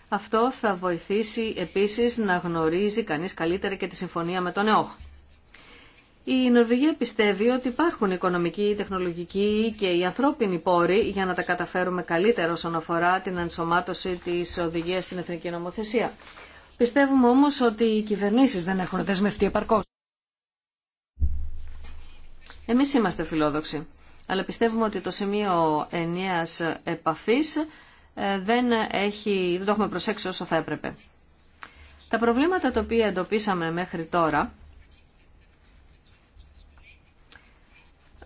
Αυτό θα βοηθήσει επίσης να γνωρίζει κανείς καλύτερα και τη συμφωνία με τον ΕΟΧ. Η Νορβηγία πιστεύει ότι υπάρχουν οικονομικοί, τεχνολογικοί και οι ανθρώπινοι πόροι για να τα καταφέρουμε καλύτερα όσον αφορά την ενσωμάτωση της οδηγία στην εθνική νομοθεσία. Πιστεύουμε όμως ότι οι κυβερνήσεις δεν έχουν δεσμευτεί επαρκώ. Εμείς είμαστε φιλόδοξοι, αλλά πιστεύουμε ότι το σημείο ενιαίας επαφής ε, δεν, δεν το έχουμε προσέξει όσο θα έπρεπε. Τα προβλήματα τα οποία εντοπίσαμε μέχρι τώρα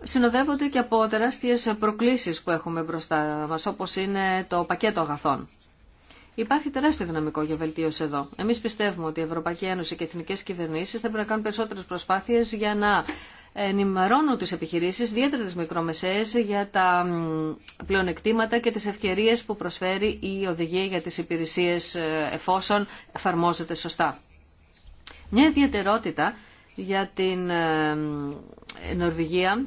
συνοδεύονται και από τεράστιες προκλήσεις που έχουμε μπροστά μας, όπως είναι το πακέτο αγαθών. Υπάρχει τεράστιο δυναμικό για βελτίωση εδώ. Εμεί πιστεύουμε ότι η Ευρωπαϊκή Ένωση και οι εθνικέ κυβερνήσει θα πρέπει να κάνουν περισσότερε προσπάθειε για να ενημερώνουν τι επιχειρήσει, ιδιαίτερα τι μικρομεσαίε, για τα πλεονεκτήματα και τι ευκαιρίε που προσφέρει η οδηγία για τι υπηρεσίε ε, εφόσον εφαρμόζεται σωστά. Μια ιδιαιτερότητα για την ε, Νορβηγία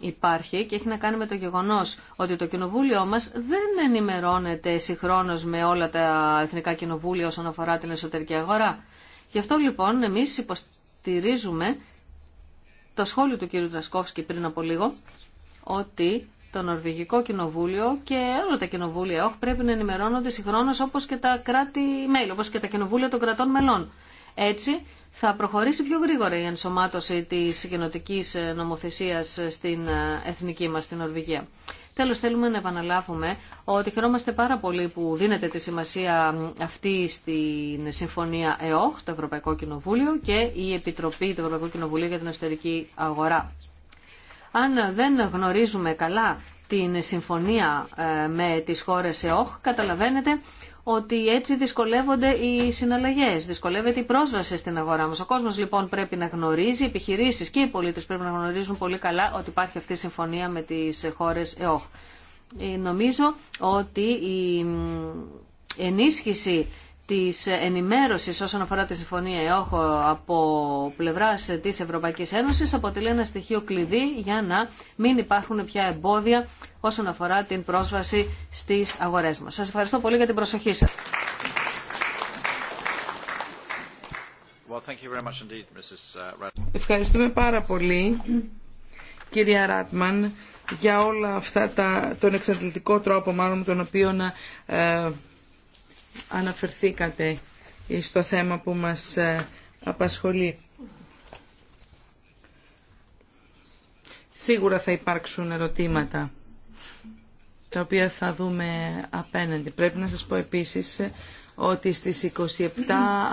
υπάρχει και έχει να κάνει με το γεγονός ότι το κοινοβούλιο μας δεν ενημερώνεται συγχρόνως με όλα τα εθνικά κοινοβούλια όσον αφορά την εσωτερική αγορά. Γι' αυτό λοιπόν εμείς υποστηρίζουμε το σχόλιο του κύριου Τρασκόφσκη πριν από λίγο ότι το Νορβηγικό Κοινοβούλιο και όλα τα κοινοβούλια όχι πρέπει να ενημερώνονται συγχρόνως όπως και τα κράτη-μέλη, όπως και τα κοινοβούλια των κρατών μελών. Έτσι θα προχωρήσει πιο γρήγορα η ενσωμάτωση τη κοινοτικής ε, νομοθεσίας στην ε, εθνική μας, στην Ορβηγία. Τέλος θέλουμε να επαναλάβουμε ότι χαιρόμαστε πάρα πολύ που δίνεται τη σημασία αυτή στην Συμφωνία ΕΟΧ, το Ευρωπαϊκό Κοινοβούλιο και η Επιτροπή του Ευρωπαϊκού Κοινοβουλίου για την Εσωτερική Αγορά. Αν δεν γνωρίζουμε καλά την συμφωνία ε, με τις χώρες ΕΟΧ, καταλαβαίνετε ότι έτσι δυσκολεύονται οι συναλλαγέ, δυσκολεύεται η πρόσβαση στην αγορά μα. Ο κόσμο λοιπόν πρέπει να γνωρίζει, οι επιχειρήσει και οι πολίτε πρέπει να γνωρίζουν πολύ καλά ότι υπάρχει αυτή η συμφωνία με τι χώρε ΕΟΧ. Ε, νομίζω ότι η ενίσχυση της ενημέρωσης όσον αφορά τη Συμφωνία ΕΟΧ από πλευράς της Ευρωπαϊκής Ένωσης αποτελεί ένα στοιχείο κλειδί για να μην υπάρχουν πια εμπόδια όσον αφορά την πρόσβαση στις αγορές μας. Σας ευχαριστώ πολύ για την προσοχή σας. Ευχαριστούμε πάρα πολύ κυρία Ράτμαν για όλα αυτά τα, τον εξαντλητικό τρόπο μάλλον τον οποίο ε, αναφερθήκατε στο θέμα που μας ε, απασχολεί. Σίγουρα θα υπάρξουν ερωτήματα τα οποία θα δούμε απέναντι. Πρέπει να σας πω επίσης ότι στις 27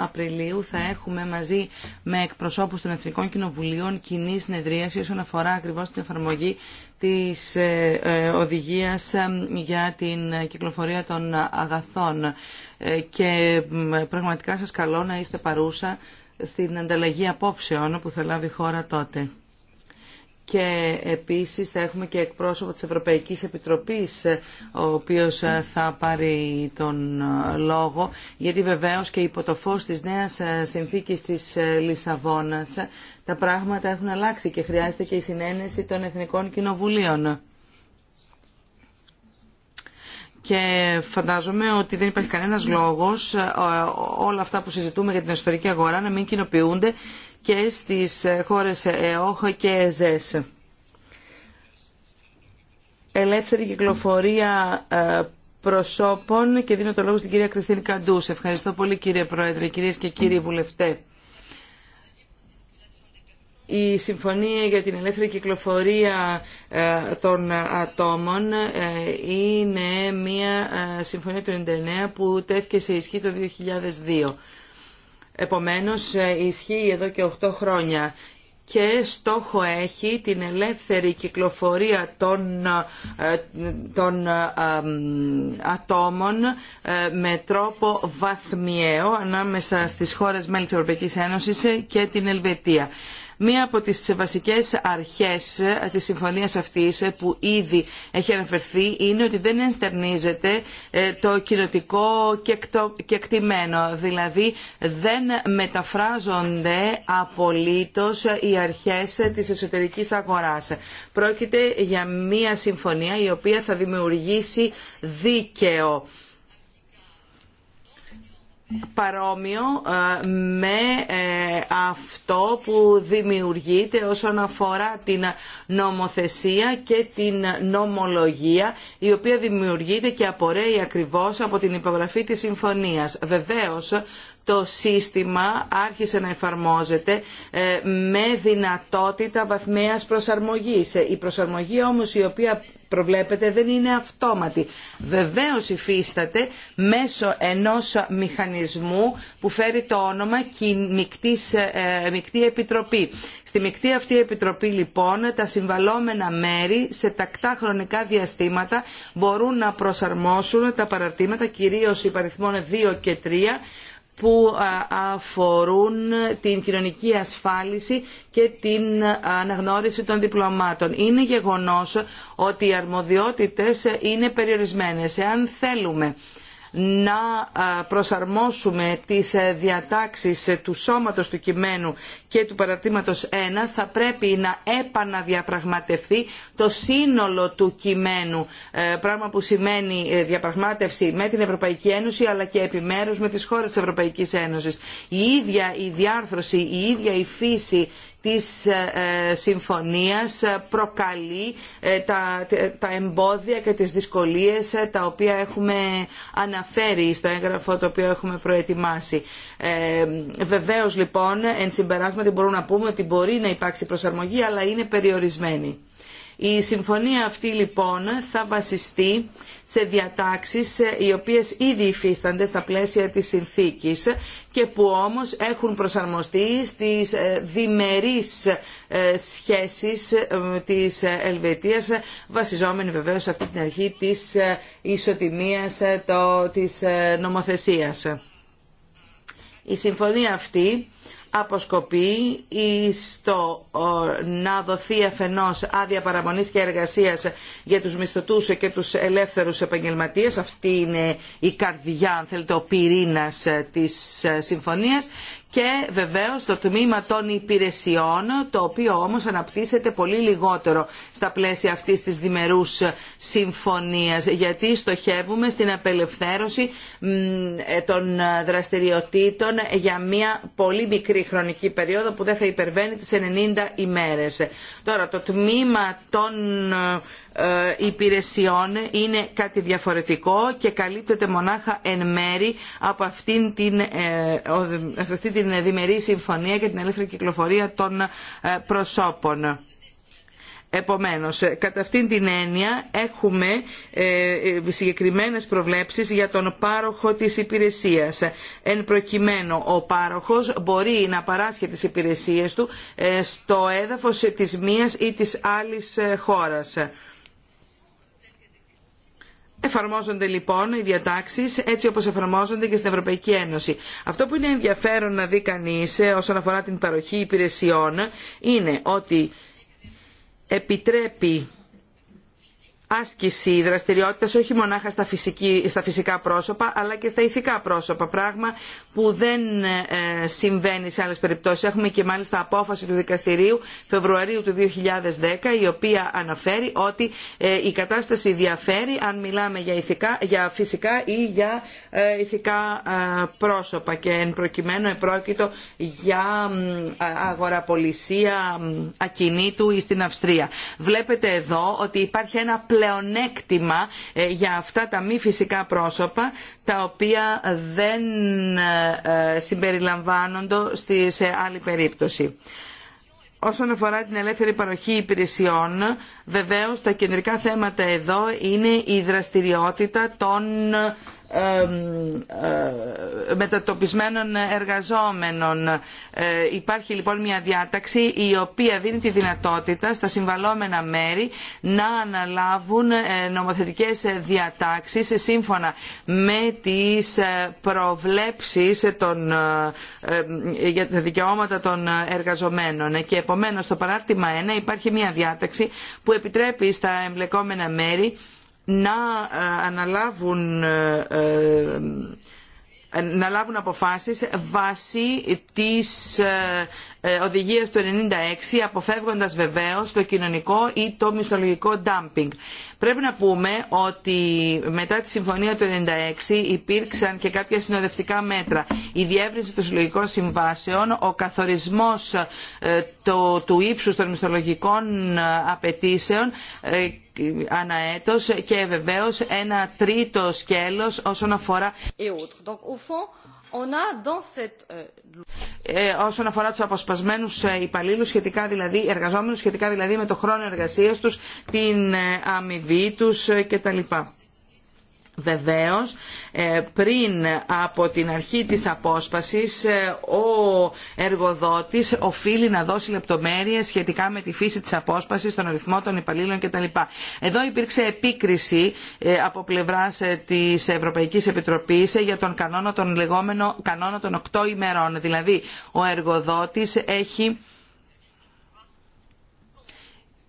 Απριλίου θα έχουμε μαζί με εκπροσώπους των Εθνικών Κοινοβουλίων κοινή συνεδρίαση όσον αφορά ακριβώς την εφαρμογή της ε, ε, οδηγίας ε, για την κυκλοφορία των αγαθών. Και πραγματικά σας καλώ να είστε παρούσα στην ανταλλαγή απόψεων που θα λάβει η χώρα τότε και επίσης θα έχουμε και εκπρόσωπο της Ευρωπαϊκής Επιτροπής ο οποίος ε, θα πάρει τον ε, λόγο γιατί βεβαίως και υπό το φως της νέας ε, συνθήκης της Λισαβόνας τα πράγματα έχουν αλλάξει και χρειάζεται και η συνένεση των Εθνικών Κοινοβουλίων. Και φαντάζομαι ότι δεν υπάρχει κανένας λόγος όλα αυτά που συζητούμε για την εσωτερική αγορά να μην κοινοποιούνται και στις χώρες ΕΟΧ και ΕΖΕΣ. Ελεύθερη κυκλοφορία ε, προσώπων και δίνω το λόγο στην κυρία Κριστίνη Καντού. Ευχαριστώ πολύ κύριε Πρόεδρε, κυρίες και κύριοι βουλευτέ. Η Συμφωνία για την Ελεύθερη Κυκλοφορία ε, των Ατόμων ε, είναι μια συμφωνία του 99 που τέθηκε σε ισχύ το 2002. Επομένως ε, ισχύει εδώ και 8 χρόνια και στόχο έχει την ελεύθερη κυκλοφορία των, ε, των ε, ατόμων με τρόπο βαθμιαίο ανάμεσα στις χώρες μέλη της Ευρωπαϊκής Ένωσης και την Ελβετία. Μία από τις βασικές αρχές της συμφωνίας αυτής που ήδη έχει αναφερθεί είναι ότι δεν ενστερνίζεται ε, το κοινοτικό κεκτημένο. Δηλαδή δεν μεταφράζονται απολύτως οι αρχές της εσωτερικής αγοράς. Πρόκειται για μία συμφωνία η οποία θα δημιουργήσει δίκαιο παρόμοιο ε, με ε, αυτό που δημιουργείται όσον αφορά την νομοθεσία και την νομολογία η οποία δημιουργείται και απορρέει ακριβώς από την υπογραφή της συμφωνίας. Βεβαίως το σύστημα άρχισε να εφαρμόζεται ε, με δυνατότητα βαθμιαίας προσαρμογής. Η προσαρμογή όμως η οποία προβλέπετε δεν είναι αυτόματη. Βεβαίως υφίσταται μέσω ενός μηχανισμού που φέρει το όνομα μικτής, ε, ε, Μικτή Επιτροπή. Στη Μικτή αυτή Επιτροπή λοιπόν τα συμβαλόμενα μέρη σε τακτά χρονικά διαστήματα μπορούν να προσαρμόσουν τα παραρτήματα κυρίως υπαριθμών 2 και 3 που αφορούν την κοινωνική ασφάλιση και την αναγνώριση των διπλωμάτων. Είναι γεγονός ότι οι αρμοδιότητες είναι περιορισμένες. Εάν θέλουμε να προσαρμόσουμε τις ε, διατάξεις ε, του σώματος του κειμένου και του παραρτήματος 1 θα πρέπει να επαναδιαπραγματευτεί το σύνολο του κειμένου ε, πράγμα που σημαίνει διαπραγμάτευση με την Ευρωπαϊκή Ένωση αλλά και επιμέρους με τις χώρες της Ευρωπαϊκής Ένωσης. Η ίδια η διάρθρωση, η ίδια η φύση της ε, συμφωνίας ε, προκαλεί ε, τα, εμπόδια και τις δυσκολίες τα οποία έχουμε αναφέρει στο έγγραφο το οποίο έχουμε προετοιμάσει. βεβαίως λοιπόν εν συμπεράσματι μπορούμε να πούμε ότι μπορεί να υπάρξει προσαρμογή αλλά είναι περιορισμένη. Η συμφωνία αυτή λοιπόν θα βασιστεί σε διατάξεις ε, οι οποίες ήδη υφίστανται στα πλαίσια της συνθήκης και που όμως έχουν προσαρμοστεί στις ε, διμερείς ε, σχέσεις της Ελβετίας βασιζόμενη βεβαίως σε αυτή την αρχή της ισοτιμίας της νομοθεσίας. Η συμφωνία αυτή αποσκοπεί στο να δοθεί αφενός άδεια παραμονής και εργασίας για τους μισθωτούς και τους ελεύθερους επαγγελματίες. Αυτή είναι η καρδιά, αν θέλετε, ο πυρήνας ε, της ε, συμφωνίας και βεβαίως το τμήμα των υπηρεσιών, το οποίο όμως αναπτύσσεται πολύ λιγότερο στα πλαίσια αυτής της διμερούς συμφωνίας, γιατί στοχεύουμε στην απελευθέρωση ε, των δραστηριοτήτων για μια πολύ μικρή χρονική περίοδο που δεν θα υπερβαίνει τις 90 ημέρες. Τώρα, το τμήμα των ε, ε, υπηρεσιών είναι κάτι διαφορετικό και καλύπτεται μονάχα εν μέρη από αυτήν την, ε, αυτή την διμερή συμφωνία για την ελεύθερη κυκλοφορία των ε, προσώπων. Επομένως, κατά αυτήν την έννοια έχουμε συγκεκριμένες προβλέψεις για τον πάροχο της υπηρεσίας. Εν προκειμένου, ο πάροχος μπορεί να παράσχει τις υπηρεσίες του στο έδαφος της μίας ή της άλλης χώρας Εφαρμόζονται λοιπόν οι διατάξεις έτσι όπως εφαρμόζονται και στην Ευρωπαϊκή Ένωση. Αυτό που είναι ενδιαφέρον να δει κανείς ε, όσον αφορά την παροχή υπηρεσιών είναι ότι επιτρέπει άσκηση δραστηριότητας όχι μονάχα στα, στα φυσικά πρόσωπα αλλά και στα ηθικά πρόσωπα πράγμα που δεν ε, συμβαίνει σε άλλες περιπτώσεις. Έχουμε και μάλιστα απόφαση του δικαστηρίου Φεβρουαρίου του 2010 η οποία αναφέρει ότι ε, η κατάσταση διαφέρει αν μιλάμε για, ηθικά, για φυσικά ή για ε, ηθικά πρόσωπα και εν προκειμένου επρόκειτο για αγοραπολισία ακινήτου ή στην Αυστρία. Βλέπετε εδώ ότι υπάρχει ένα πλεονέκτημα ε, για αυτά τα μη φυσικά πρόσωπα τα οποία δεν ε, ε, συμπεριλαμβάνονται σε άλλη περίπτωση. Όσον αφορά την ελεύθερη παροχή υπηρεσιών, βεβαίως τα κεντρικά θέματα εδώ είναι η δραστηριότητα των ε, μετατοπισμένων εργαζόμενων. Ε, υπάρχει λοιπόν μια διάταξη η οποία δίνει τη δυνατότητα στα συμβαλόμενα μέρη να αναλάβουν ε, νομοθετικές διατάξεις σύμφωνα με τις προβλέψεις των, για τα δικαιώματα των εργαζομένων και επομένως στο παράρτημα 1 υπάρχει μια διάταξη που επιτρέπει στα εμπλεκόμενα μέρη να ε, αναλάβουν ε, ε, να λάβουν αποφάσεις βάσει της ε, οδηγίας του 96 αποφεύγοντας βεβαίως το κοινωνικό ή το μισθολογικό dumping. Πρέπει να πούμε ότι μετά τη συμφωνία του 96 υπήρξαν και κάποια συνοδευτικά μέτρα. Η διεύρυνση των συλλογικών συμβάσεων, ο καθορισμός ε, του ύψους των μισθολογικών ε, απαιτήσεων αναέτος και βεβαίως ένα τρίτο σκέλος όσον αφορά... Euh, ε, όσον αφορά τους αποσπασμένους ε, υπαλλήλους, σχετικά δηλαδή, εργαζόμενους, σχετικά δηλαδή με το χρόνο εργασίας τους, την ε, αμοιβή τους κτλ. Βεβαίως, ε, πριν από την αρχή της απόσπασης, ε, ο εργοδότης οφείλει να δώσει λεπτομέρειες σχετικά με τη φύση της απόσπασης, τον αριθμό των υπαλλήλων κτλ. Εδώ υπήρξε επίκριση ε, από πλευράς της Ευρωπαϊκής Επιτροπής για τον κανόνα των λεγόμενο κανόνα των 8 ημερών. Δηλαδή, ο εργοδότης έχει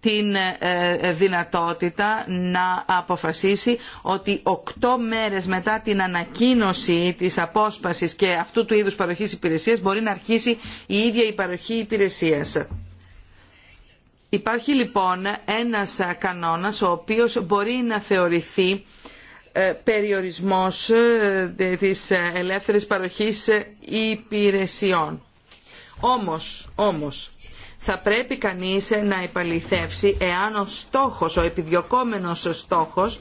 την ε, ε, δυνατότητα να αποφασίσει ότι οκτώ μέρες μετά την ανακοίνωση της απόσπασης και αυτού του είδους παροχής υπηρεσίας μπορεί να αρχίσει η ίδια η παροχή υπηρεσίας. Υπάρχει λοιπόν ένας κανόνας ο οποίος μπορεί να θεωρηθεί ε, περιορισμός της ελεύθερης παροχής υπηρεσιών. Όμως, όμως, θα πρέπει κανείς να επαληθεύσει εάν ο στόχος, ο επιδιωκόμενος στόχος,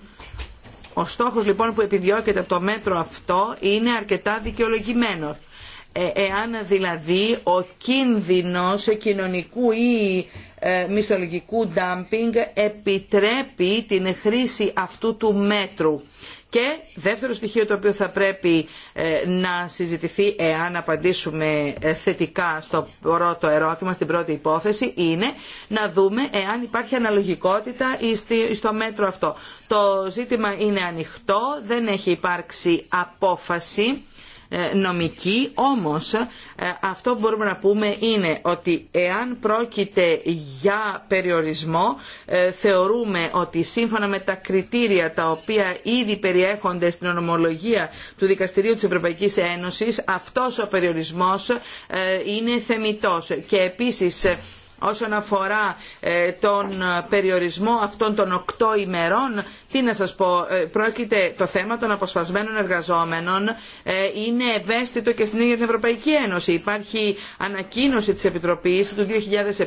ο στόχος λοιπόν που επιδιώκεται από το μέτρο αυτό είναι αρκετά δικαιολογημένος. Ε, εάν δηλαδή ο κίνδυνος κοινωνικού ή ε, μισθολογικού ντάμπινγκ επιτρέπει την χρήση αυτού του μέτρου και δεύτερο στοιχείο το οποίο θα πρέπει ε, να συζητηθεί εάν απαντήσουμε ε, θετικά στο πρώτο ερώτημα, στην πρώτη υπόθεση, είναι να δούμε εάν υπάρχει αναλογικότητα στο μέτρο αυτό. Το ζήτημα είναι ανοιχτό, δεν έχει υπάρξει απόφαση ε, νομική, όμως ε, αυτό που μπορούμε να πούμε είναι ότι εάν πρόκειται για περιορισμό ε, θεωρούμε ότι σύμφωνα με τα κριτήρια τα οποία ήδη περιέχονται στην ονομολογία του Δικαστηρίου της Ευρωπαϊκής Ένωσης αυτός ο περιορισμός είναι θεμητός και επίσης όσον αφορά τον περιορισμό αυτών των οκτώ ημερών τι να σας πω, ε, πρόκειται το θέμα των αποσπασμένων εργαζόμενων ε, είναι ευαίσθητο και στην ίδια την Ευρωπαϊκή Ένωση. Υπάρχει ανακοίνωση της Επιτροπής του 2007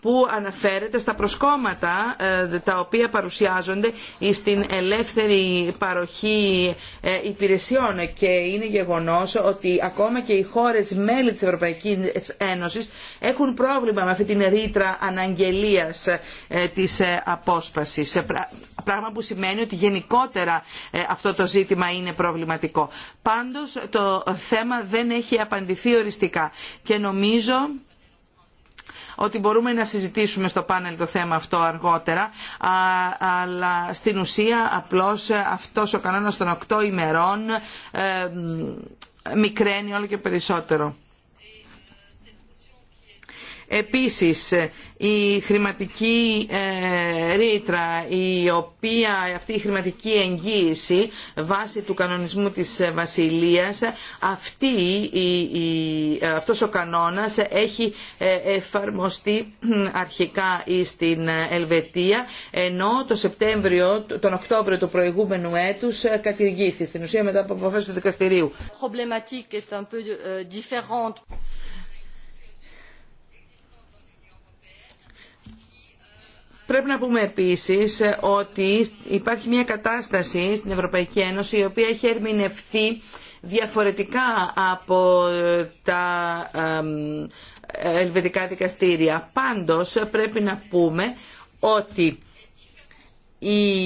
που αναφέρεται στα προσκόμματα ε, τα οποία παρουσιάζονται στην ελεύθερη παροχή υπηρεσιών και είναι γεγονός ότι ακόμα και οι χώρες μέλη της Ευρωπαϊκής Ένωσης έχουν πρόβλημα με αυτή την ρήτρα αναγγελίας της απόσπασης. Πράγμα σημαίνει ότι γενικότερα ε, αυτό το ζήτημα είναι προβληματικό. Πάντως το θέμα δεν έχει απαντηθεί οριστικά και νομίζω ότι μπορούμε να συζητήσουμε στο πάνελ το θέμα αυτό αργότερα, αλλά στην ουσία απλώς αυτός ο κανόνας των οκτώ ημερών ε, μικραίνει όλο και περισσότερο. Επίσης, η χρηματική ε, ρήτρα, η οποία, αυτή η χρηματική εγγύηση βάσει του κανονισμού της Βασιλείας, αυτή, η, αυτός ο κανόνας έχει ε, εφαρμοστεί hm, αρχικά στην Ελβετία, ενώ το Σεπτέμβριο, τον Οκτώβριο του προηγούμενου έτους κατηργήθη, στην ουσία μετά από αποφάσεις του δικαστηρίου. Πρέπει να πούμε επίσης ότι υπάρχει μια κατάσταση στην Ευρωπαϊκή Ένωση η οποία έχει ερμηνευθεί διαφορετικά από τα ελβετικά δικαστήρια. Πάντως πρέπει να πούμε ότι οι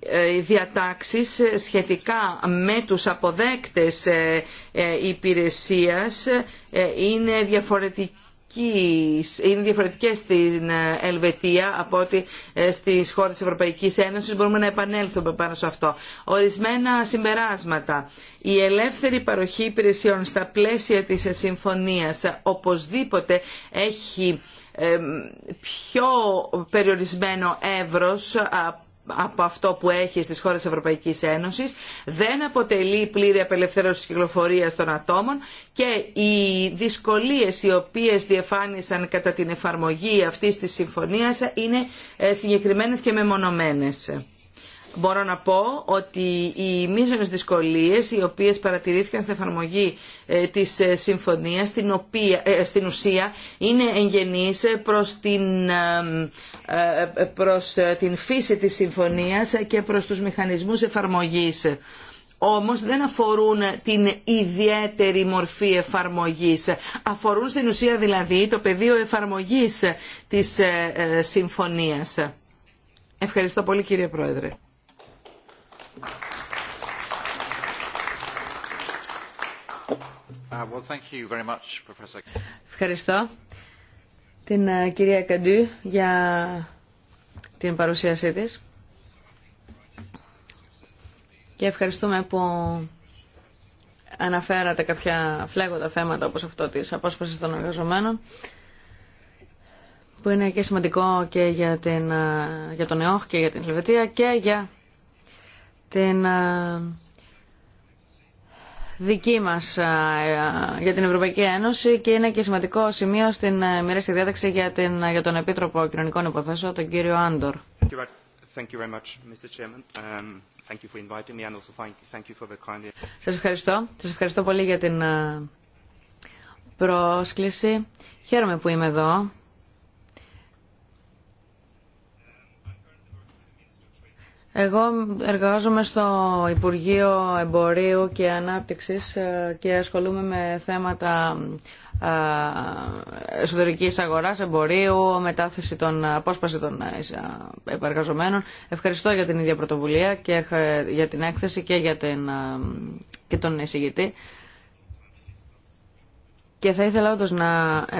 ε, διατάξεις σχετικά με τους αποδέκτες ε, ε, υπηρεσίας είναι διαφορετικές είναι διαφορετικές στην ε, Ελβετία από ότι ε, στις χώρες της Ευρωπαϊκής Ένωσης. Μπορούμε να επανέλθουμε πάνω σε αυτό. Ορισμένα συμπεράσματα. Η ελεύθερη παροχή υπηρεσιών στα πλαίσια της συμφωνίας οπωσδήποτε έχει πιο περιορισμένο εύρος από αυτό που έχει στις χώρες Ευρωπαϊκής Ένωσης, δεν αποτελεί πλήρη απελευθέρωση της κυκλοφορίας των ατόμων και οι δυσκολίες οι οποίες διεφάνησαν κατά την εφαρμογή αυτής της συμφωνίας είναι ε, συγκεκριμένες και μεμονωμένες μπορώ να πω ότι οι μείζονες δυσκολίες οι οποίες παρατηρήθηκαν στην εφαρμογή ε, της ε, συμφωνίας στην, οποία, ε, στην ουσία είναι εγγενείς προς την, προς την φύση της συμφωνίας και προς τους μηχανισμούς εφαρμογής όμως δεν αφορούν την ιδιαίτερη μορφή εφαρμογής. Αφορούν στην ουσία δηλαδή το πεδίο εφαρμογής της συμφωνίας. Ευχαριστώ πολύ κύριε Πρόεδρε. Uh, Ευχαριστώ την uh, κυρία Καντού για την παρουσίασή της. Και ευχαριστούμε που αναφέρατε κάποια φλέγοντα θέματα όπως αυτό της απόσπασης των εργαζομένων που είναι και σημαντικό και για, την, uh, τον ΕΟΧ και για την Ελβετία και για την δική μας ε, ε, για την Ευρωπαϊκή Ένωση και είναι και σημαντικό σημείο στην ε, μοιραστή διάταξη για, την, για τον Επίτροπο Κοινωνικών Υποθέσεων, τον κύριο Άντορ. Um, Σα ευχαριστώ. Σα ευχαριστώ πολύ για την πρόσκληση. Χαίρομαι που είμαι εδώ Εγώ εργάζομαι στο Υπουργείο Εμπορίου και Ανάπτυξης ε, και ασχολούμαι με θέματα ε, εσωτερικής αγοράς, εμπορίου, μετάθεση των απόσπαση των ε, εργαζομένων; Ευχαριστώ για την ίδια πρωτοβουλία και για την έκθεση και για και τον εισηγητή. Και θα ήθελα όντω να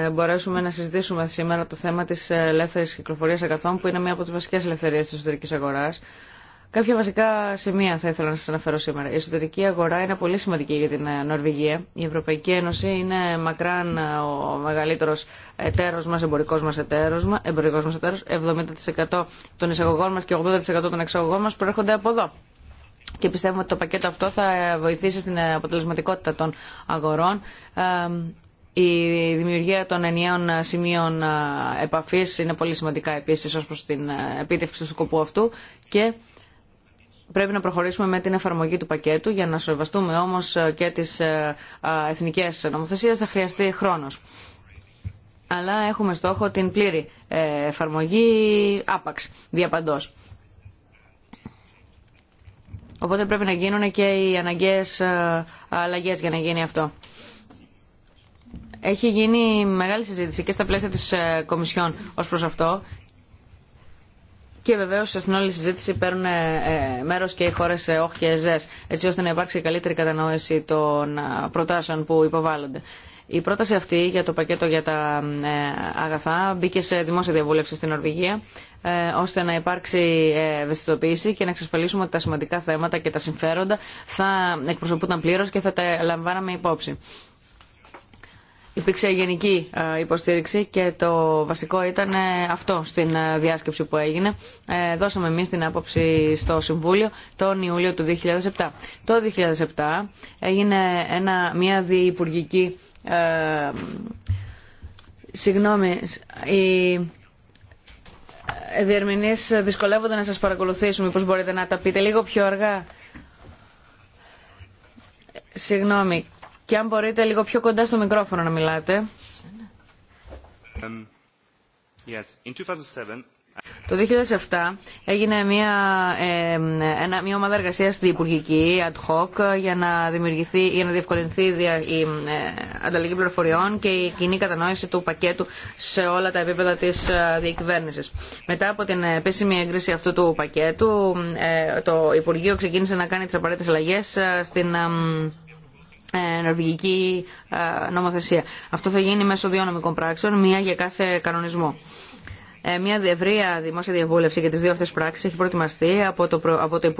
μπορέσουμε να συζητήσουμε σήμερα το θέμα τη ελεύθερη κυκλοφορία αγαθών, που είναι μία από τι βασικέ ελευθερίε τη εσωτερική αγορά. Κάποια βασικά σημεία θα ήθελα να σα αναφέρω σήμερα. Η εσωτερική αγορά είναι πολύ σημαντική για την ε, Νορβηγία. Η Ευρωπαϊκή Ένωση είναι μακράν ε, ο μεγαλύτερο εταίρος μα εμπορικός μας 70% των εισαγωγών μα και 80% των εξαγωγών μα προέρχονται από εδώ. Και πιστεύουμε ότι το πακέτο αυτό θα ε, βοηθήσει στην αποτελεσματικότητα των αγορών η δημιουργία των ενιαίων σημείων επαφής είναι πολύ σημαντικά επίσης ως προς την επίτευξη του σκοπού αυτού και Πρέπει να προχωρήσουμε με την εφαρμογή του πακέτου. Για να σεβαστούμε όμως ε, και τι ε, εθνικέ νομοθεσίες θα χρειαστεί χρόνος. Αλλά έχουμε στόχο την πλήρη ε, εφαρμογή άπαξ, διαπαντός. Οπότε πρέπει να γίνουν και οι αναγκαίες αλλαγές για να γίνει αυτό. Έχει γίνει μεγάλη συζήτηση και στα πλαίσια της Κομισιόν ως προς αυτό και βεβαίω στην όλη συζήτηση παίρνουν ε, ε, μέρο και οι χώρε ΟΧ ε, και έτσι ώστε να υπάρξει καλύτερη κατανόηση των προτάσεων που υποβάλλονται. Η πρόταση αυτή για το πακέτο για τα αγαθά μπήκε σε δημόσια διαβούλευση στην Νορβηγία ώστε να υπάρξει ευαισθητοποίηση και να εξασφαλίσουμε ότι τα σημαντικά θέματα και τα συμφέροντα θα εκπροσωπούνταν πλήρω και θα τα λαμβάναμε υπόψη. Υπήρξε γενική ε, υποστήριξη και το βασικό ήταν ε, αυτό στην ε, διάσκεψη που έγινε. Δώσαμε εμείς την άποψη στο Συμβούλιο τον Ιούλιο του 2007. Το 2007 έγινε ένα, μια διυπουργική... Ε, συγγνώμη, η, διερμηνείς δυσκολεύονται να σας παρακολουθήσουν. Μήπως μπορείτε να τα πείτε λίγο πιο αργά. Συγγνώμη. Και αν μπορείτε λίγο πιο κοντά στο μικρόφωνο να μιλάτε. Um, το 2007 έγινε μια, ε, ένα, μια ομάδα εργασία στην Υπουργική, ad hoc, για να, δημιουργηθεί, για να διευκολυνθεί η ε, ανταλλαγή πληροφοριών και η κοινή κατανόηση του πακέτου σε όλα τα επίπεδα τη ε, διακυβέρνηση. Μετά από την επίσημη έγκριση αυτού του πακέτου, ε, το Υπουργείο ξεκίνησε να κάνει τι απαραίτητε αλλαγέ ε, στην ε, ε, νορβηγική ε, νομοθεσία. Αυτό θα γίνει μέσω δύο νομικών πράξεων, μία για κάθε κανονισμό. Ε, μια ευρεία δημόσια διαβούλευση για τι δύο αυτέ πράξει έχει προετοιμαστεί από, το, από, το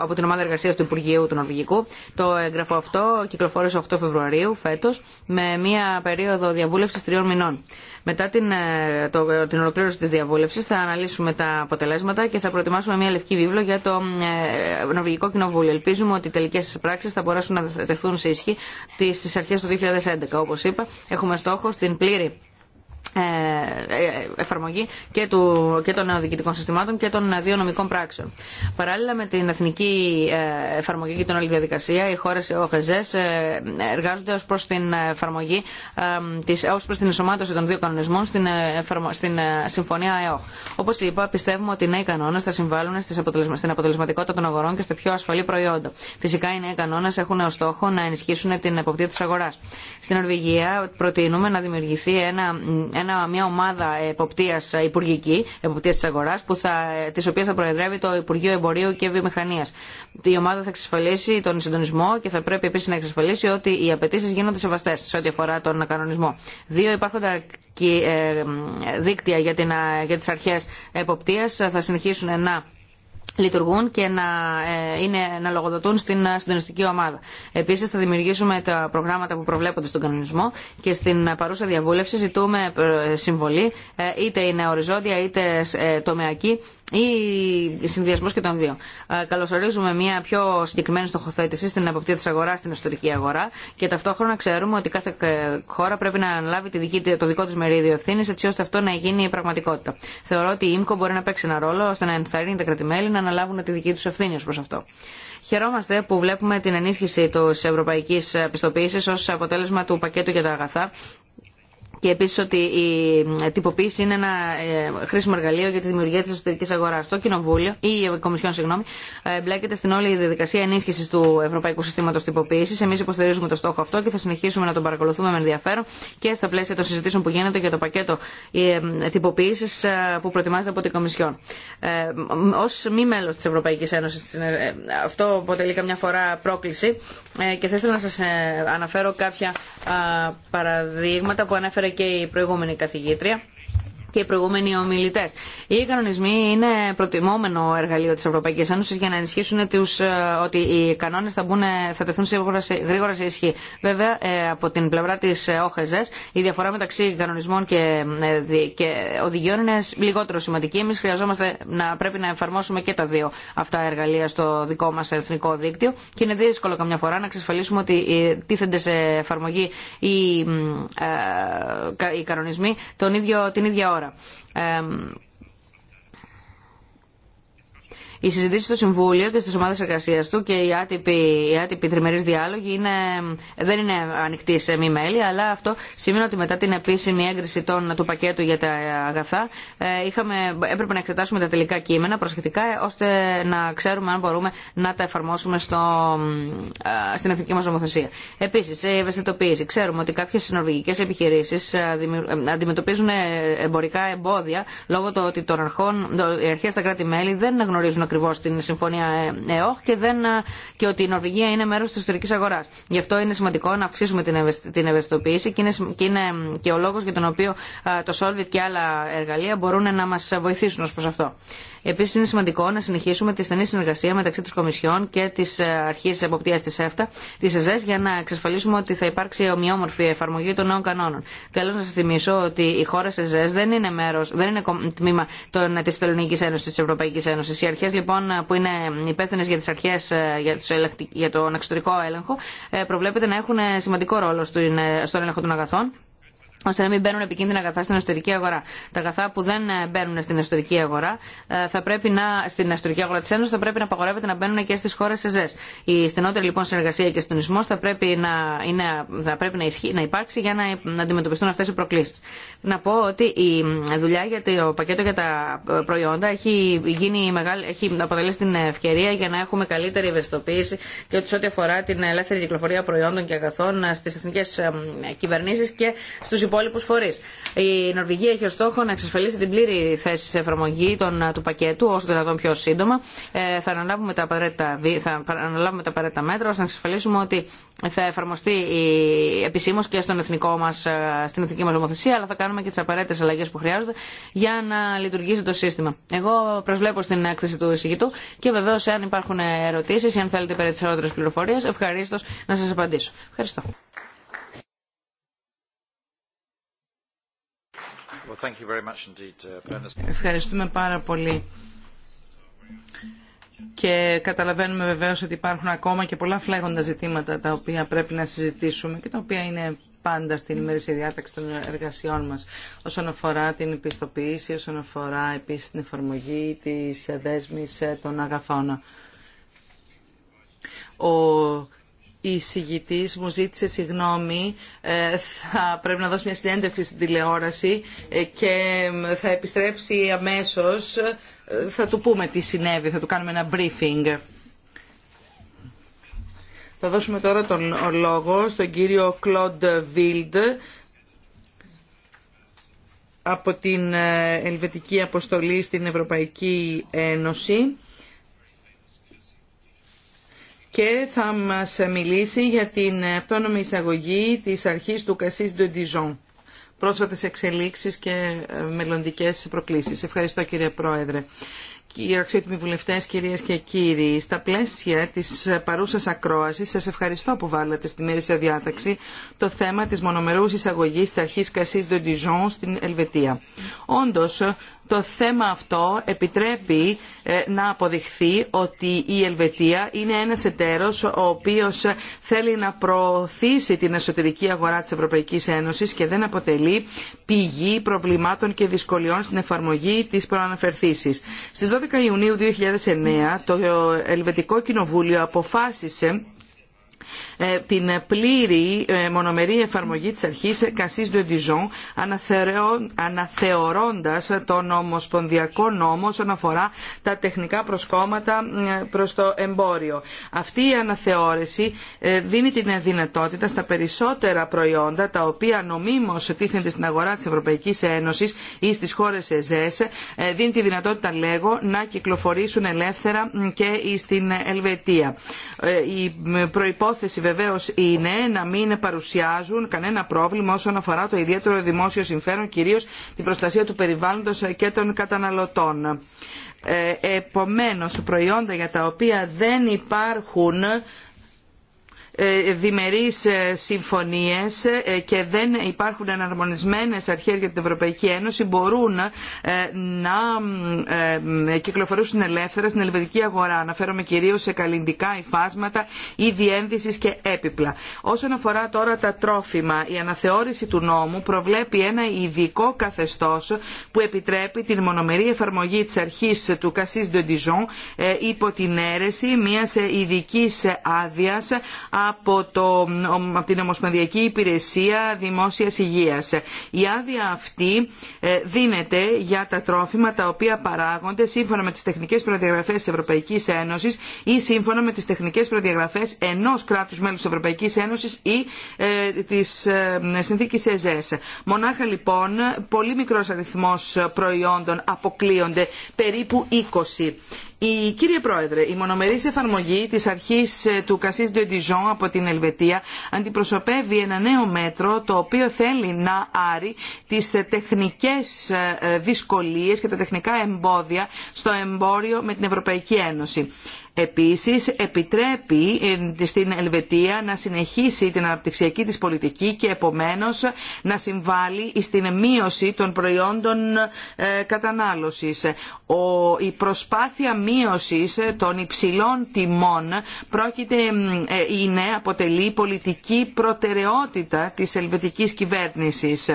από την ομάδα εργασία του Υπουργείου του Νορβηγικού. Το έγγραφο αυτό κυκλοφόρησε 8 Φεβρουαρίου φέτο με μια περίοδο διαβούλευση τριών μηνών. Μετά την, ε, το, την ολοκλήρωση τη διαβούλευση, θα αναλύσουμε τα αποτελέσματα και θα προετοιμάσουμε μια λευκή βίβλο για το ε, Νορβηγικό Κοινοβούλιο. Ελπίζουμε ότι οι τελικές πράξει θα μπορέσουν να τεθούν σε ισχύ στι αρχές του 2011. Όπως είπα, έχουμε στόχο στην πλήρη ε, ε, εφαρμογή και, του, και των νεοδιοικητικών συστημάτων και των δύο νομικών πράξεων. Παράλληλα με την εθνική ε, εφαρμογή και την όλη διαδικασία, οι χώρε ΟΧΕΖΕ εργάζονται ω προ την εφαρμογή, ω προ την ενσωμάτωση των δύο κανονισμών στην, στην Συμφωνία ΕΟΧ. Όπω είπα, πιστεύουμε ότι οι νέοι κανόνε θα συμβάλλουν στην αποτελεσματικότητα των αγορών και στα πιο ασφαλή προϊόντα. Φυσικά, οι νέοι κανόνε έχουν ω στόχο να ενισχύσουν την εποπτεία τη αγορά. Στην Ορβηγία προτείνουμε να δημιουργηθεί ένα ένα, μια ομάδα εποπτείας υπουργική, εποπτείας της αγοράς, που θα, της οποίας θα προεδρεύει το Υπουργείο Εμπορίου και Βιομηχανίας. Η ομάδα θα εξασφαλίσει τον συντονισμό και θα πρέπει επίσης να εξασφαλίσει ότι οι απαιτήσει γίνονται σεβαστές σε ό,τι αφορά τον κανονισμό. Δύο υπάρχοντα ε, δίκτυα για, την, ε, για τις αρχές εποπτείας θα συνεχίσουν να λειτουργούν και να, ε, είναι, να λογοδοτούν στην συντονιστική ομάδα. Επίση, θα δημιουργήσουμε τα προγράμματα που προβλέπονται στον κανονισμό και στην παρούσα διαβούλευση ζητούμε ε, συμβολή, ε, είτε είναι οριζόντια είτε τομεακή, ή συνδυασμό και των δύο. Ε, καλωσορίζουμε μια πιο συγκεκριμένη στοχοθέτηση στην αποκτήρια τη αγορά στην εσωτερική αγορά και ταυτόχρονα ξέρουμε ότι κάθε ε, χώρα πρέπει να αναλάβει το δικό τη μερίδιο ευθύνη έτσι ώστε αυτό να γίνει πραγματικότητα. Θεωρώ ότι η ΙΜΚΟ μπορεί να παίξει ένα ρόλο ώστε να ενθαρρύνει τα κρατημέλη να αναλάβουν τη δική του ευθύνη προ αυτό. Χαιρόμαστε που βλέπουμε την ενίσχυση τη ευρωπαϊκή πιστοποίηση ω αποτέλεσμα του πακέτου για τα αγαθά και επίση ότι η τυποποίηση είναι ένα ε, χρήσιμο εργαλείο για τη δημιουργία τη εσωτερική αγορά. Το Κοινοβούλιο, ή η Κομισιόν, συγγνώμη, ε, εμπλέκεται στην όλη η κομισιον συγγνωμη μπλέκεται στην ενίσχυση του Ευρωπαϊκού Συστήματο Τυποποίηση. Εμεί υποστηρίζουμε το στόχο αυτό και θα συνεχίσουμε να τον παρακολουθούμε με ενδιαφέρον και στα πλαίσια των συζητήσεων που γίνεται για το πακέτο ε, τυποποίηση που προετοιμάζεται από την Κομισιόν. Ω μη μέλο τη Ευρωπαϊκή Ένωση, αυτό αποτελεί καμιά φορά πρόκληση και θα ήθελα να σα αναφέρω κάποια παραδείγματα που ανέφερε και η προηγούμενη καθηγήτρια και οι προηγούμενοι ομιλητέ. Οι κανονισμοί είναι προτιμόμενο εργαλείο τη Ευρωπαϊκή Ένωση για να ενισχύσουν τους, ε, ότι οι κανόνε θα, ε, θα τεθούν γρήγορα σε ισχύ. Βέβαια, ε, από την πλευρά τη ΟΧΕΖΕΣ, η διαφορά μεταξύ κανονισμών και, και οδηγιών είναι λιγότερο σημαντική. Εμεί χρειαζόμαστε να πρέπει να εφαρμόσουμε και τα δύο αυτά εργαλεία στο δικό μα εθνικό δίκτυο και είναι δύσκολο καμιά φορά να εξασφαλίσουμε ότι τίθενται σε εφαρμογή οι, οι κανονισμοί τον ίδιο, την ίδια ώρα. Τώρα, οι συζητήσει στο Συμβούλιο και στι ομάδε εργασία του και οι άτυποι, οι άτυποι τριμερεί διάλογοι είναι, δεν είναι ανοιχτοί σε μη μέλη, αλλά αυτό σημαίνει ότι μετά την επίσημη έγκριση των, του πακέτου για τα αγαθά ε, είχαμε, έπρεπε να εξετάσουμε τα τελικά κείμενα προσεκτικά ε, ώστε να ξέρουμε αν μπορούμε να τα εφαρμόσουμε στο, ε, στην εθνική μα νομοθεσία. Επίση, η ευαισθητοποίηση. Ξέρουμε ότι κάποιε νορβηγικέ επιχειρήσει αντιμετωπίζουν εμπορικά εμπόδια λόγω του ότι οι αρχέ στα κράτη-μέλη δεν γνωρίζουν ακριβώ την συμφωνία ΕΟΧ και, δεν, και ότι η Νορβηγία είναι μέρο τη ιστορική αγορά. Γι' αυτό είναι σημαντικό να αυξήσουμε την ευαισθητοποίηση και είναι, και, ο λόγο για τον οποίο το Solvit και άλλα εργαλεία μπορούν να μα βοηθήσουν ω προ αυτό. Επίση, είναι σημαντικό να συνεχίσουμε τη στενή συνεργασία μεταξύ τη Κομισιόν και τη ε, Αρχή Εποπτεία τη ΕΦΤΑ, τη ΕΖΕΣ, για να εξασφαλίσουμε ότι θα υπάρξει ομοιόμορφη εφαρμογή των νέων κανόνων. Τέλο, να σα θυμίσω ότι οι χώρε ΕΖΕΣ δεν είναι, μέρος, δεν είναι τμήμα τη Ελληνική Ένωση, τη Ευρωπαϊκή Ένωση. Οι αρχέ λοιπόν που είναι υπεύθυνε για τι αρχέ ε, για τον εξωτερικό έλεγχο ε, προβλέπεται να έχουν σημαντικό ρόλο στον έλεγχο των αγαθών ώστε να μην μπαίνουν επικίνδυνα αγαθά στην εσωτερική αγορά. Τα αγαθά που δεν ε, μπαίνουν στην εσωτερική αγορά, ε, θα πρέπει να, στην εσωτερική αγορά τη Ένωση, θα πρέπει να απαγορεύεται να μπαίνουν και στι χώρε Εζέ. Η στενότερη λοιπόν συνεργασία και συντονισμό θα πρέπει, να, είναι, θα πρέπει να, ισχύ, να υπάρξει για να, αντιμετωπιστούν αυτέ οι προκλήσει. Να πω ότι η δουλειά για το πακέτο για τα προϊόντα έχει, γίνει μεγάλη, έχει αποτελέσει την ευκαιρία για να έχουμε καλύτερη ευαισθητοποίηση και ότι σε ό,τι αφορά την ελεύθερη κυκλοφορία προϊόντων και αγαθών ε, στι εθνικέ κυβερνήσει και στου υπόλοιπου φορεί. Η Νορβηγία έχει ως στόχο να εξασφαλίσει την πλήρη θέση σε εφαρμογή των, ε, του πακέτου όσο δυνατόν πιο σύντομα. Ε, θα, αναλάβουμε τα απαραίτητα, θα αναλάβουμε τα απαραίτητα μέτρα ώστε να εξασφαλίσουμε ότι θα εφαρμοστεί επισήμω και στον εθνικό μας, ε, στην εθνική μα νομοθεσία, αλλά θα κάνουμε και τι απαραίτητε αλλαγέ που χρειάζονται για να λειτουργήσει το σύστημα. Εγώ προσβλέπω στην έκθεση του εισηγητού και βεβαίω αν υπάρχουν ερωτήσει ή αν θέλετε περισσότερε πληροφορίε, ευχαρίστω να σα απαντήσω. Ευχαριστώ. Uh, Ευχαριστούμε πάρα πολύ. Και καταλαβαίνουμε βεβαίως ότι υπάρχουν ακόμα και πολλά φλέγοντα ζητήματα τα οποία πρέπει να συζητήσουμε και τα οποία είναι πάντα στην ημερήσια διάταξη των εργασιών μας όσον αφορά την επιστοποίηση όσον αφορά επίσης την εφαρμογή της δέσμης των αγαθών. Ο η συγητή μου ζήτησε συγγνώμη, ε, θα πρέπει να δώσει μια συνέντευξη στην τηλεόραση ε, και θα επιστρέψει αμέσως. Ε, θα του πούμε τι συνέβη, θα του κάνουμε ένα briefing. Θα δώσουμε τώρα τον λόγο στον κύριο Κλοντ Βίλντ από την Ελβετική Αποστολή στην Ευρωπαϊκή Ένωση και θα μας μιλήσει για την αυτόνομη εισαγωγή της αρχής του Κασίς Ντοντιζόν. Πρόσφατες εξελίξεις και ε, μελλοντικές προκλήσεις. Ευχαριστώ κύριε Πρόεδρε. Κύριε αξιότιμοι βουλευτέ, κυρίε και κύριοι, στα πλαίσια τη παρούσα ακρόαση, σα ευχαριστώ που βάλατε στη μέρη σε διάταξη το θέμα τη μονομερού εισαγωγή τη αρχή Κασί Ντοντιζόν στην Ελβετία. Όντω, το θέμα αυτό επιτρέπει ε, να αποδειχθεί ότι η Ελβετία είναι ένας εταίρος ο οποίος θέλει να προωθήσει την εσωτερική αγορά της Ευρωπαϊκής Ένωσης και δεν αποτελεί πηγή προβλημάτων και δυσκολιών στην εφαρμογή της προαναφερθήσης. Στις 12 Ιουνίου 2009 το Ελβετικό Κοινοβούλιο αποφάσισε ε, την πλήρη ε, μονομερή εφαρμογή της αρχής Κασίς Dijon αναθεωρώντας τον ομοσπονδιακό νόμο όσον αφορά τα τεχνικά προσκόμματα ε, προς το εμπόριο. Αυτή η αναθεώρηση δίνει την δυνατότητα στα περισσότερα προϊόντα τα οποία νομίμως τίθενται στην αγορά της Ευρωπαϊκής Ένωσης ή στις χώρες ΕΖΕΣ δίνει τη δυνατότητα λέγω να κυκλοφορήσουν ελεύθερα και στην Ελβετία. Η προϋπόθεση Βεβαίω είναι να μην παρουσιάζουν κανένα πρόβλημα όσον αφορά το ιδιαίτερο δημόσιο συμφέρον, κυρίως την προστασία του περιβάλλοντος και των καταναλωτών. Ε, επομένως, προϊόντα για τα οποία δεν υπάρχουν ε, διμερείς ε, συμφωνίες ε, και δεν υπάρχουν εναρμονισμένες αρχές για την Ευρωπαϊκή Ένωση μπορούν να κυκλοφορούσουν ελεύθερα στην ελβετική αγορά. Αναφέρομαι κυρίως σε καλλιντικά υφάσματα ή διένδυσης και έπιπλα. Όσον αφορά τώρα τα τρόφιμα, η αναθεώρηση του νόμου προβλέπει ένα ειδικό καθεστώς που επιτρέπει την μονομερή εφαρμογή της αρχής του Cassis de Dijon υπό την αίρεση μιας ειδικής άδειας από, το, από την Ομοσπονδιακή Υπηρεσία Δημόσιας Υγείας. Η άδεια αυτή ε, δίνεται για τα τρόφιμα τα οποία παράγονται σύμφωνα με τις τεχνικές προδιαγραφές της Ευρωπαϊκής Ένωσης ή σύμφωνα με τις τεχνικές προδιαγραφές ενός κράτους μέλους της Ευρωπαϊκής Ένωσης ή ε, της ε, συνθήκης ΕΖΕΣ. Μονάχα λοιπόν πολύ μικρός αριθμός προϊόντων αποκλείονται, περίπου 20. Η, κύριε Πρόεδρε, η μονομερής εφαρμογή τη αρχής ε, του Cassis de από την Ελβετία αντιπροσωπεύει ένα νέο μέτρο το οποίο θέλει να άρει τι ε, τεχνικές ε, δυσκολίε και τα τεχνικά εμπόδια στο εμπόριο με την Ευρωπαϊκή Ένωση. Επίσης επιτρέπει ε, στην Ελβετία να συνεχίσει την αναπτυξιακή της πολιτική και επομένως να συμβάλλει στην μείωση των προϊόντων ε, κατανάλωσης. Η προσπάθεια μείωσης ε, των υψηλών τιμών πρόκειται, είναι, αποτελεί πολιτική προτεραιότητα της ελβετικής κυβέρνησης